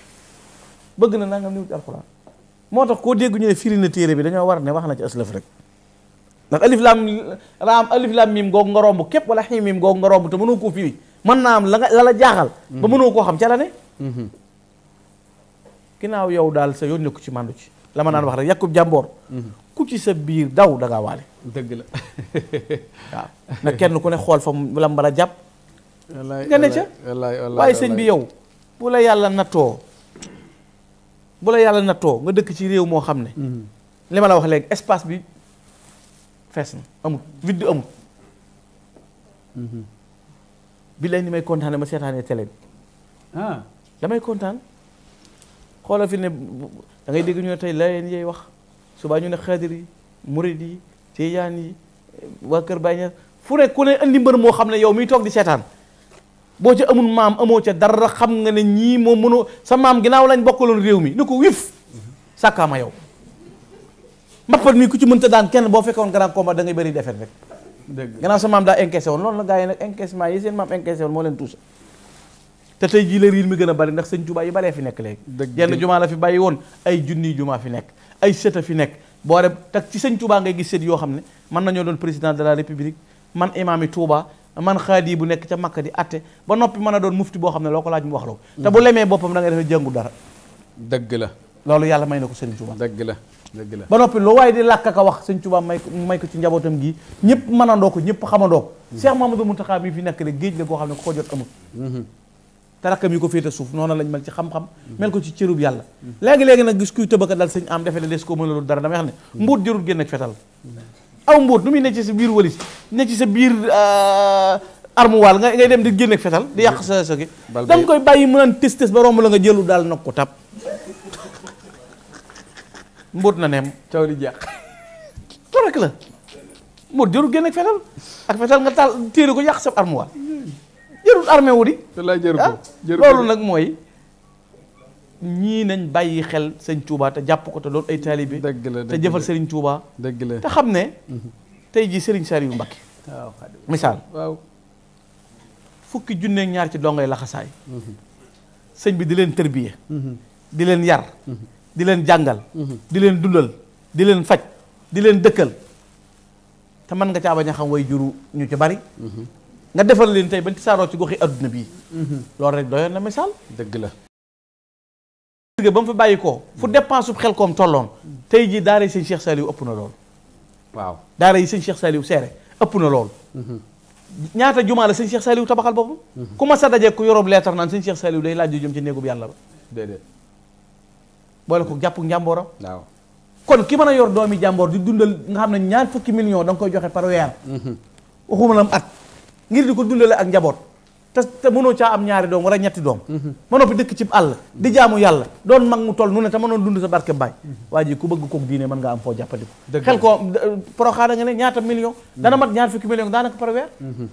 bëgg na nangam niwul ci alxuraan moo tax koo dégg ne firi na téere bi dañoo war ne wax na ci aslaf rek ndax alif laam raam alif miim googu nga romb képp wala xii miim googu nga romb te mënoo koo firi mën naa am la nga la la jaaxal ba mënoo koo xam ca la ne ginnaaw yow daal sa yoon ku ci màndu ci la ma naan wax rek yàkkub jàmboor ku ci sa biir daw da ngaa waale dëgg la *laughs* na kenn ku ne xool fa la mën a jàpp nga ne ca waaye sëñ bi yow bu la yàlla nattoo bu la yàlla nattoo nga dëkk ci réew moo xam ne mm-hmm. li ma la wax léegi espace bi fees na amul vidde amul mhm. bi lay ni may kontaane ma seetaanee télé bi ah damay kontaan xoolal fi ne da ngay dégg ñu tey layeen yey wax subaa ñu ne xaadir yi murid yi tijaan yi waa kër Baay Ñas fu ne ku ne andi mbër moo xam ne yow miy toog di seetaan boo ca amul maam amoo ca dara xam nga ne ñii moo mënoo sa maam ginnaaw lañ bokkaloon réew mi ni ko wif sàkkaama yow mbappat mi ku ci mënta daan kenn boo fekkoon grand combat da ngay bëri defet rek dëgg gannaaw sa maam daa encaissé woon loolu la gars yi nag encaissement yi woon moo leen tuusa te tey jii la riir mi gën a bari ndax sëñ Tuubaa yi baree fi nekk léegi yenn jumaa la fi bàyyi woon ay junniy jumaa fi nekk ay sët a fi nekk boo dem teg ci sëñ Tuubaa ngay gis sët yoo xam ne man nañoo doon président de la république man imaami Tuubaa man xaadi bu nekk ca Makka di atte ba noppi mën a doon mufti boo xam ne ko laaj mu wax la ko te bu lemee boppam da ngay defee jàngu dara dëgg loolu yàlla may na ko sëñ Tuubaa dëgg la ba noppi loo waaye di làkk ak a wax sëñ Tuubaa may may ko ci njabootam gii ñëpp mënandoo ko ñëpp xamandoo ko mm-hmm. Cheikh ma Mountakha mi fi nekk de géej la goo xam ne ku ko jot amul mm-hmm. tarakam yi ko féete suuf noonu lañ mel ci xam-xam mm-hmm. mel ko ci cërub yàlla léegi-léegi nag gis kuy tëbaka dal sañ am defe ne des ko mën a loolu dara damay xam ne mbuut jërul génn ak fetal aw mbuut nu muy ne sa biir walis ne ci sa biir euh, armuwaal nga ngay dem di génn fetal di yàq sa sa ki da koy bàyyi mu naan tës tës ba romb la nga jëlu daal nag ko tap mbóot na neem caw li *laughs* la mbóot jarul génn ak fetal ak fetal nga taal téere ko yàq sa armoire jarul armé wu di ah, loolu nag mooy ñii nañ bàyyi xel sëñ Touba te jàpp ko te doon ay taalibe dëgg la te jëfal sëriñ Touba dëgg te xam ne mhm. tey jii sëriñ Saliou yu waaw misaal waaw fukki junne ñaar ci dongay laxasaay mhm. sëñ bi di leen tërbiye mhm. di leen yar di leen jàngal di leen dulal di leen faj di leen dëkkal te man nga caa bañ a xam way juru ñu ci bari nga defar leen tey bañ ci saaroo ci goxi adduna bii loolu rek doyoon na misaal dëgg la ba mu fa bàyyi ko fu dépense bu xel koom tolloon tey jii daara yi sëñ Cheikh Saliou ëpp na lool waaw daara yi sëñ Cheikh Saliou seere ëpp na lool ñaata jumaa la sëñ Cheikh Saliou tabaxal boppam mhm. ku ma sa dajee ku yorob leetar naan sëñ Cheikh Saliou day laaj ju jëm ci néegub yàlla ba boole ko jàpp njàmbooram waaw kon ki mën a yor doomi jàmboor di dundal nga xam ne ñaar fukki million da nga koy joxe par weer mhm. waxuma la am at ngir di ko dundale ak njaboot te te mënoo caa am ñaari doom wala ñetti doom mhm. ma noppi dëkk ci àll di jaamu yàlla doon mag mu toll nu ne te mënoon dund sa barke baay mhm. waa ji ku bëgg kook diine mën nga am foo jàppandiko xel ko proxaada nga ne ñaata million dana mat ñaar fukki million daanaka par weer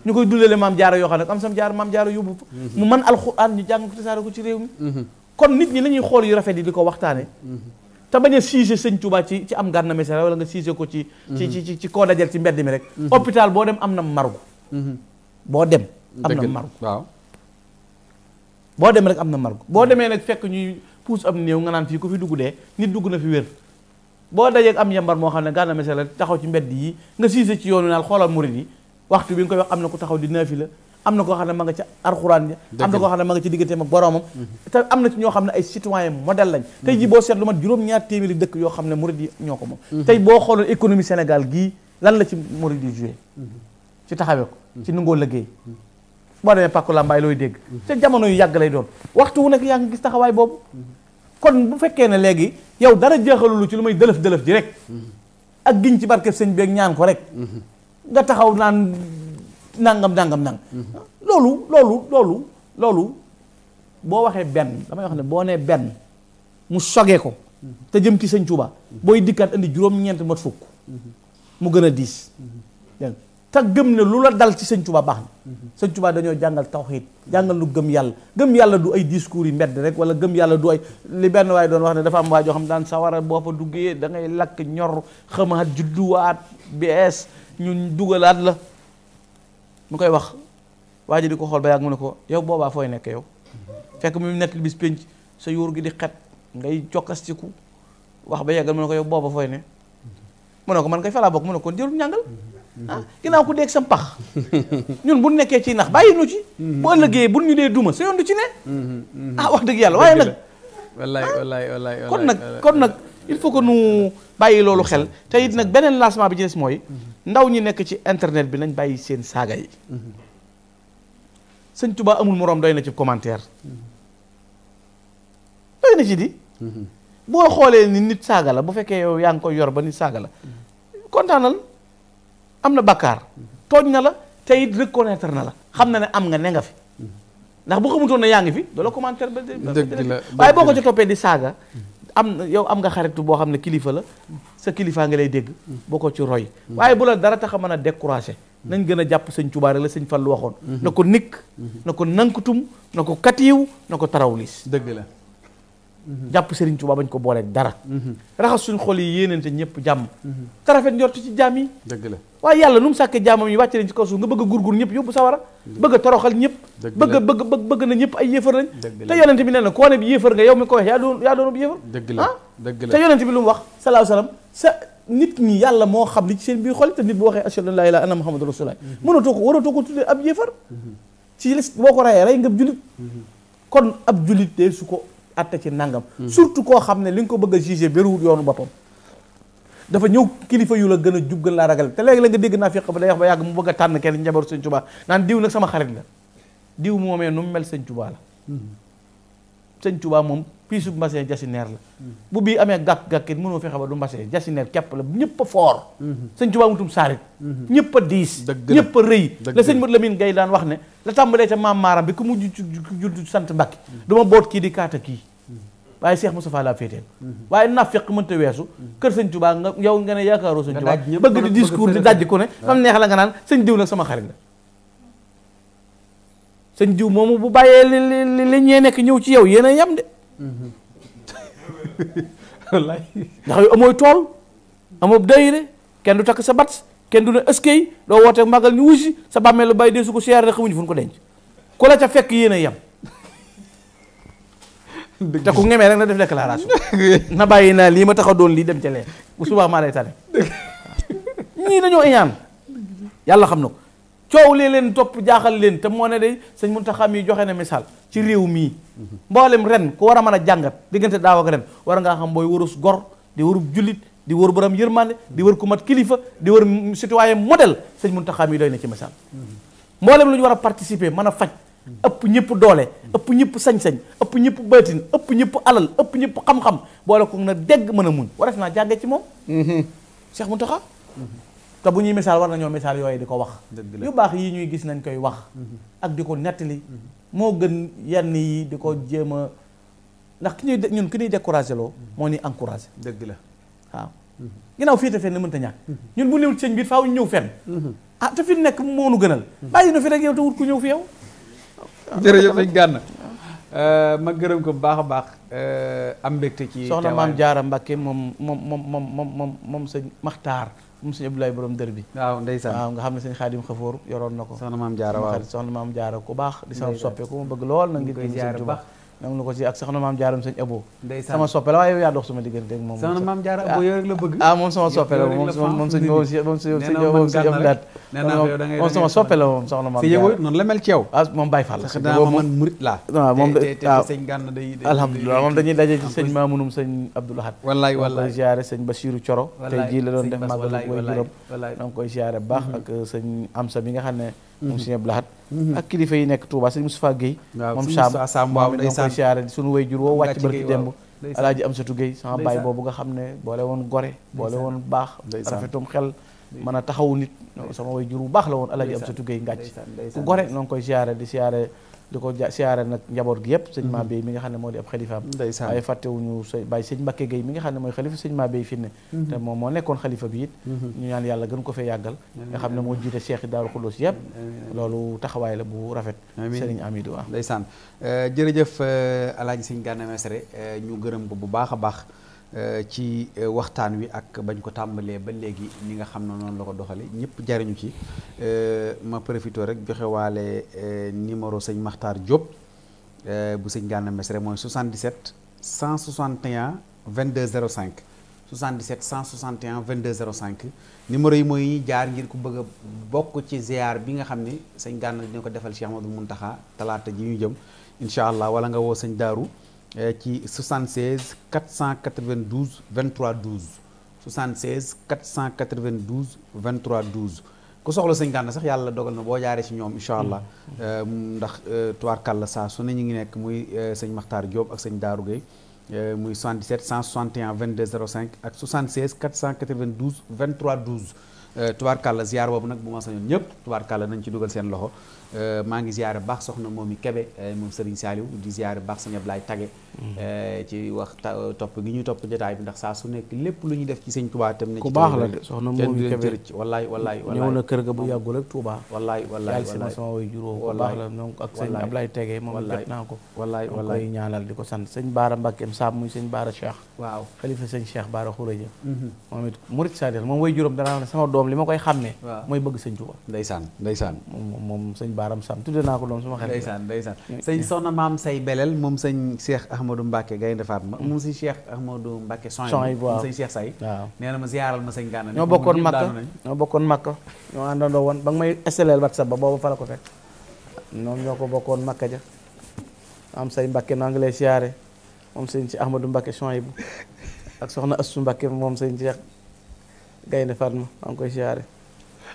ñu koy dundale maam jaara yoo xam ne am sam jaar maam jaara yóbbu mu mën alxuraan ñu jàng ko tasaare ko ci réew mi kon nit ñi la ñuy xool yu rafet yi di ko waxtaane te bañ a siise sëñ Touba ci ci am Gana Messere wala nga siise ko ci ci ci ci koo dajal ci mbedd mi rek hôpital boo dem am na margu boo dem am na margu boo dem rek am na margu boo demee nag fekk ñuy puus am néew nga naan fii ku fi dugg dee nit dugg na fi wér boo dajee am yambar moo xam ne Gana Messere la taxaw ci mbedd yi nga siise ci yoonu naal xoolal murid yi waxtu bi nga koy wax am na ku taxaw di naafi la am na koo xam ne ma nga ca arxuraan ja am na koo xam ne ma nga ci digganteem ak boromam mhm. te am na ci ñoo xam ne ay citoyen modèle lañ mhm. tey ji boo seet lu mat juróom-ñaar téeméeri dëkk yoo xam ne murid yi ñoo ko moom mhm. tey boo xooloon économie Sénégal gii lan la ci murid yi joué ci taxawee ko ci nungoo liggéey boo demee pàkku làmbaay looy dégg ca jamono yu yàgg lay doon waxtu wu nekk yaa ngi gis taxawaay boobu kon bu fekkee ne léegi yow dara jeexalulu ci lu may dëlëf dëlëf ji rek ak giñ ci barkeb sëñ bi ak ko rek nangam nangam nang loolu loolu loolu loolu boo waxee benn damay wax ne boo nee benn mu sogee ko te jëm ci sëñ Tuuba booy dikkaat indi juróom-ñeent mat fukk mu gën a diis te gëm ne lu la dal ci sëñ Tuuba baax na sëñ Tuuba dañoo jàngal tawxiid jàngal lu gëm yàlla gëm yàlla du ay diis discours yi mbedd rek wala gëm yàlla du ay li benn waaye doon wax ne dafa am waa joo xam daan sawara boo fa duggee da ngay lakk ñor xamaat judduwaat bees ñu dugalaat la mu koy wax waa ji ko xool ba yàgg mu ne ko yaw boobaa fooy nekk yow fekk mu nekk bis pénc sa yóor gi di xet ngay jokkastiku wax ba yàggal mu ne ko yow booba fooy ne mu ne ko man kay falaa bokk mu ne ko jël ñàngal ah ginnaaw ku dégg sa pax ñun bu nekkee ci nax bàyyi nu ci. bu ëllëgee bu ñu dee duma sa yoon du ci ne. ah wax dëgg yàlla waaye nag. wallaay wallaay wallaay kon nag kon nag il faut que nu bàyyi loolu xel teyit nag beneen lancement bi ci mooy mm-hmm. ndaw ñi nekk ci internet bi nañ bàyyi seen saaga yi mm-hmm. sëñ Tuubaa amul moroom doy na ci commentaire mm-hmm. doy na ci di boo xoolee ni nit saaga la bu fekkee yow yaa ngi koy yor ba nit saaga la kontaanal am na bakkaar tooñ na la te it reconnaître na la xam na ne am nga nenga fi ndax bu xamutoon ne yaa ngi fi doo la commentaire ba waaye boo ko ci toppee di saaga am yow am nga xaritu boo xam ne kilifa la sa kilifaa nga lay dégg boo ko ci roy waaye bu la dara tax a mën a découragé nañ gën a jàpp sëñ Tuubaa la sëñ Fallu waxoon na ko nikk na ko nankutum na ko katiiw na ko tarawlis dëgg la jàpp Serigne Touba bañ ko booleeg dara. raxas suñ xol yi yéenante ñëpp jàmm. te rafet njort ci jaam yi. dëgg la waaye yàlla nu mu sàkkee jaamam yi wàcce leen ci kaw suuf nga bëgg a gurgur ñëpp yóbbu sawara. bëgg toroxal ñëpp. bëgg bëgg na ñëpp ay yéefar lañ. te yonent bi nee koo ne yéefar nga yow mi ko wax yaa doon yaa doon bu yéefar. dëgg ah sa nit ñi yàlla moo xam li ci seen biir xol te nit bu mm-hmm. ko waratoo ko tuddee ab yéefar mm-hmm. ci boo ko rayee rey nga julit mm-hmm. kon ab julit dee su ko atte ci nangam. surtout koo xam ne li nga ko bëgg a jugé bëriwul yoonu boppam. dafa ñëw kilifa yu la gën a jub gën laa ragal te léegi la nga dégg naa fiq ba day wax ba yàgg mu bëgg a tànn kenn njabaru sëñ Tuubaa naan diw nag sama xarit la diw moomee nu mu mel sëñ Tuubaa la. Hmm. sëñ moom piisub mbase jasineer la bu bii amee gàkk-gàkkit mënoo fexe ba du mbase jasineer kepp la ñëpp a foor sëñ Tuubaa mutum saarit ñëpp a diis ñëpp a rëy la sëñ Mat ba Gay daan wax ne la tàmbalee ca maam maaram bi ku mujj judd sant Mbàkke du ma boot kii di kaata kii waaye Cheikh Moustapha laa féeteel waaye nafiq mënta weesu kër sëñ Tuubaa nga yow yaakaaroo sëñ Tuubaa bëgg di discours di dajj ku ne xam neex la nga naan sëñ diw nag sama xarit la sëñ diw moomu bu bàyyee li li li ñee nekk ñëw ci yow yéen a Mm-hmm. *laughs* wallaay ndax yow amooy tool amoo dayire kenn du takk sa bat kenn du ne ëskey doo woote magal ñu wusi sa bàmmeelu bàyyi dee su ko siyaare rek xamuñu fu ko denc ku la ca fekk yéen a yem te ku ngemee rek na def déclaration na bàyyi naa lii ma taxa doon lii dem ca lee bu subaa maa lay tane ñii dañoo iñaan yàlla xam na ko coow lee leen topp jaaxal leen te moo ne day sëñ Muntaxa mi joxe na misaal ci réew mii mboolem ren ku war a mën a jàngat diggante daaw ak ren war ngaa xam booy warus gor di warub jullit di wër borom yërmande di war ku mat kilifa di war wër citoyen modèle sëñ Muntaxa mi doy na ci misaal mboolem lu ñu war a participer mën a faj ëpp ñëpp doole ëpp ñëpp sañ-sañ ëpp ñëpp bëtin ëpp ñëpp alal ëpp ñëpp xam-xam boole ko na dégg mën a muñ waras naa jànge ci moom mm-hmm. Cheikh Muntaxa te bu ñuy misaal war ñoo misaal yooyu di ko wax yu baax yi ñuy gis nañ koy wax mm-hmm. ak di ko nettali mm-hmm. moo gën yenn yi di ko jéem a ndax ki ñuy ñun ki ñuy découragé loo mm-hmm. moo ni encouragé dëgg la waaw ginnaaw fii te fenn mënta ñàkk ñun bu néewul sëñ biir faaw ñu ñëw fenn ah te fi nekk moo nu gënal bàyyi na fi rek yow te wut ku ñëw fi yow jërëjëf sëñ euh, ma gërëm ko bu baax a baax euh, am mbégte ci soxna maam Jaara Mbàkke moom moom moom moom moom moom sa Maxtaar mu sëñ Abdoulaye borom dër bi waaw ndeysaan waaw nga xam ne sëñ Xaadim Xafoor yoroon na ko soxna maam Jaara waaw soxna maam Jaara ku baax di sama soppe ku ma bëgg lool nag ngir sëñ Tuubaa nangu lu ko ci ak soxna maam jaaram sëñ abo sama soppe la waaye yow yaa dox suma diggante ak moom soxna maam jaara ah. abo yow rek la bëgg ah moom sama soppe la moom moom sëñ moom sëñ am daat moom sama soppe la moom soxna maam jaara noonu la mel ci ah, man murit laa waaw ah, moom sëñ gànn day alhamdulilah moom dañuy daje ci sëñ maamunum sëñ Abdou Lahad wallaay wallaay sëñ Basiru Coro tey jii la doon def màggal way juróom da nga koy ziare baax mhm. ak sëñ Amsa bi nga xam ne moom mhm. sëñ Abdou Lahad mhm. ak kilifa yi nekk Touba sëñ Moustapha Guèye moom Sam moom it ñoo koy siyaare suñu way jur woo wàcc barki démb alaaji Amsatou Guèye sama baay boobu nga xam ne boole woon gore boole woon baax rafetum xel mën a taxawu nit sama way jur bu baax la woon alaaji Amsatou Guèye ngàcc ku gore noo koy siyaare di siyaare di ko siyaare nag njaboot gi yëpp sëñ mhm. Mabéy mi nga xam ne moo di ab xalifaam waaye fàttewuñu sa bàyyi sëñ Mbakke Gueye mi nga xam ne mooy xalifa sëñ Mabéy fi ne mhm. te moom moo nekkoon xalifa bi it mhm. ñu ñaan yàlla gën ko fee yàggal nga xam ne moo jiite Cheikh Daaru Xuloos yëpp loolu taxawaay la bu rafet sëriñ Amidou waaw ndeysaan euh, jërëjëf euh, alaaji sëñ Gana Messere euh, ñu gërëm ko bu baax a baax Euh, ci euh, waxtaan wi ak bañ ko tàmbalee ba léegi ñi nga xam ne noonu la ko doxale ñëpp jariñu ci euh, ma profité rek joxewaale numéro sëñ Makhtar Diop bu sëñ Gana Messere mooy 77 161 22 05 77 161 22 05 numéro yi mooy jaar ngir ku bëgg bokk ci ziar bi nga xam ni sëñ Gana dina ko defal Cheikh mun Mountakha talaata ji ñu jëm incha allah wala nga woo sëñ Daaru Euh, ci 76 492 23 12 76 492 23 12 ku soxla sëñ Gana sax yàlla dogal na boo jaaree si ñoom incha allah mm. euh, ndax euh, tubaarkàlla saa su ne ñu ngi nekk muy sëñ maxtaar Diop ak sëñ Darou Gueye muy 77 161 22 05 ak 76 492 23 12 tubaarkàlla ziar boobu nag bu ma sañoon ñëpp tubaarkàlla nañ ci dugal seen loxo. Euh, maa ngi ziare baax soxna moom i Kebe euh, moom Serigne Saliou di ziare baax sëñ Ablaye Tage ci wax euh, gi ñuy topp jotaay bi ndax saa su nekk lépp lu ñuy def ci sëñ Touba tam ne ku baax la de soxna moom i Kebe rëcc wallaay wallaay ñëw bu yàggul rek Touba wallaay wallaay sama sama way juróom ku baax la donc ak sëñ Ablaye Tage moom jot naa ko wallaay wallaay di ko sant sëñ Baara Mbackeem Sam muy sëñ Baara Cheikh waaw xalifa sëñ Cheikh Baara Khourédia mm-hmm. moom it Mourid Sadel moom way juróom danaa wax ne sama doom li ma koy xam xàmmee mooy bëgg sëñ Touba ndeysaan ndeysaan moom moom sëñ baaram sam tudde naa ko doom suma xel ndeysaan ndeysaan sëñ soxna maam say belel moom sëñ Cheikh Ahmadou Mbacke Gaynde Fatma mm. moom sëñ Cheikh si Mbacke soy moom sëñ Cheikh say waaw nee na ma ziyaaral ma sëñ Gana ñoo bokkoon makka ñoo bokkoon makka ñoo àndandoo woon ba nga may esteleel WhatsApp ba booba fa la ko fekk ñoom ñoo ko bokkoon makka ja am say Mbacke noo ngi lay siyaare moom sëñ si Ahmadou Mbacke Soyibu ak soxna Assu Mbacke moom sëñ Cheikh Gaynde Fatma maa ngi koy siyaare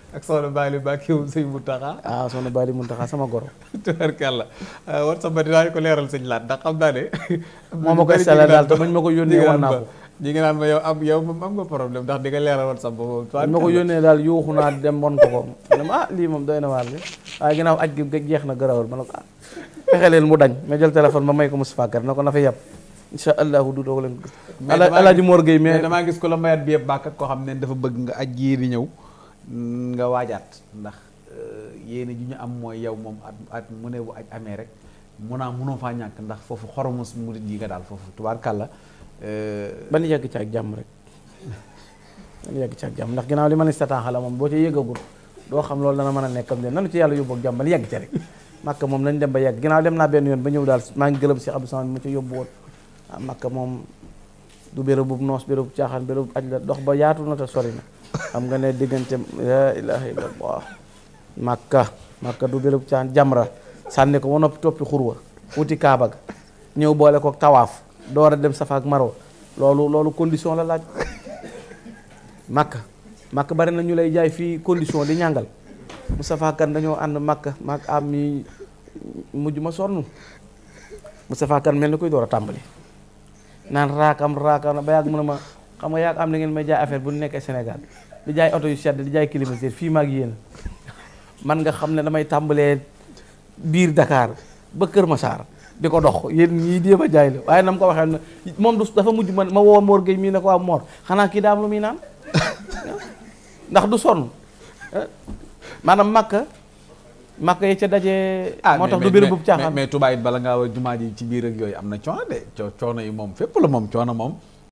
ak soxna Baali Bakiw sëñ Muntaxa ah soxna Baali Muntaxa sama goro *laughs* tubarkàlla ah, war sama dinaa ñu ko leeral sëñ laat ndax xam naa ne *laughs* moo ma koy sala daal te bañ ma ko yónnee woon naa ko ñi ngi yow am yow moom am ndax di nga leeral woon sa bopp bañ ko yónnee daal yuuxu naa dem won ko ko ma ah lii moom doy na waar li waaye ginnaaw aj gi jeex na garawul ma ne ko ah fexe leen mu dañ ma jël téléphone ma may ko Moussa Kar na ko na fa yàpp incha allahu du doog leen ko gis mais damaa gis ko la mayat bi yëpp bàkk ak koo xam ne dafa bëgg nga aj yii di ñëw nga waajaat ndax euh, yéen ji ñu am mooy yow moom at at mu ne bu aj amee rek mun naa munoo faa ñàkk ndax foofu xoromus murit yi nga daal foofu tubaarkàlla. Euh, ban yàgg ci ak jàmm rek *laughs* ban yàgg ci ak jàmm ndax ginnaaw li ma ne sataaxa moom boo ci yëgagul doo xam loolu dana mën a nekkam de nanu ci yàlla yóbbu ak jàmm ban yàgg ci rek. *laughs* màkk moom lañ dem ba yàgg ginnaaw dem naa benn yoon ba ñëw daal maa ngi gërëm si Abdou Samad mu ci yóbbu woon ah moom du béréb bu noos béréb bu caaxaan béréb bu aj la dox ba yaatu na te sori na xam nga ne diggante la ilaha illallah makka makka du bérëb caan jamra sànni ko ba noppi toppi xurwa wuti kaaba ga ñëw boole ko tawaaf door a dem safa maro loolu loolu condition la laaj makka makka bari na ñu lay jaay fii condition di ñàngal Moustapha Kane dañoo ànd makka maak am mi mujj ma sonn Moustapha Kane mel ni koy door a tàmbali naan raakam raakam ba yàgg mu ne ma xam nga yaa am na ngeen may jaay affaire bu nekkee Sénégal di jaay oto yu sedd di jaay climatiseur fii maag yéen man nga xam ne damay tàmbalee biir dakaar ba Kër Massar di ko dox yéen ñii di ma jaay la waaye na ma ko waxee na moom du dafa mujj ma ma woo Mor Gueye mii ne ko am moor xanaa kii daam lu muy naan ndax du sonn maanaam makka makka yi ca daje. ah moo tax du biir bu caaxaan mais mais bala ngaa wax jumaa ji ci biir ak yooyu am na coono de coono yi moom fépp la moom coono moom.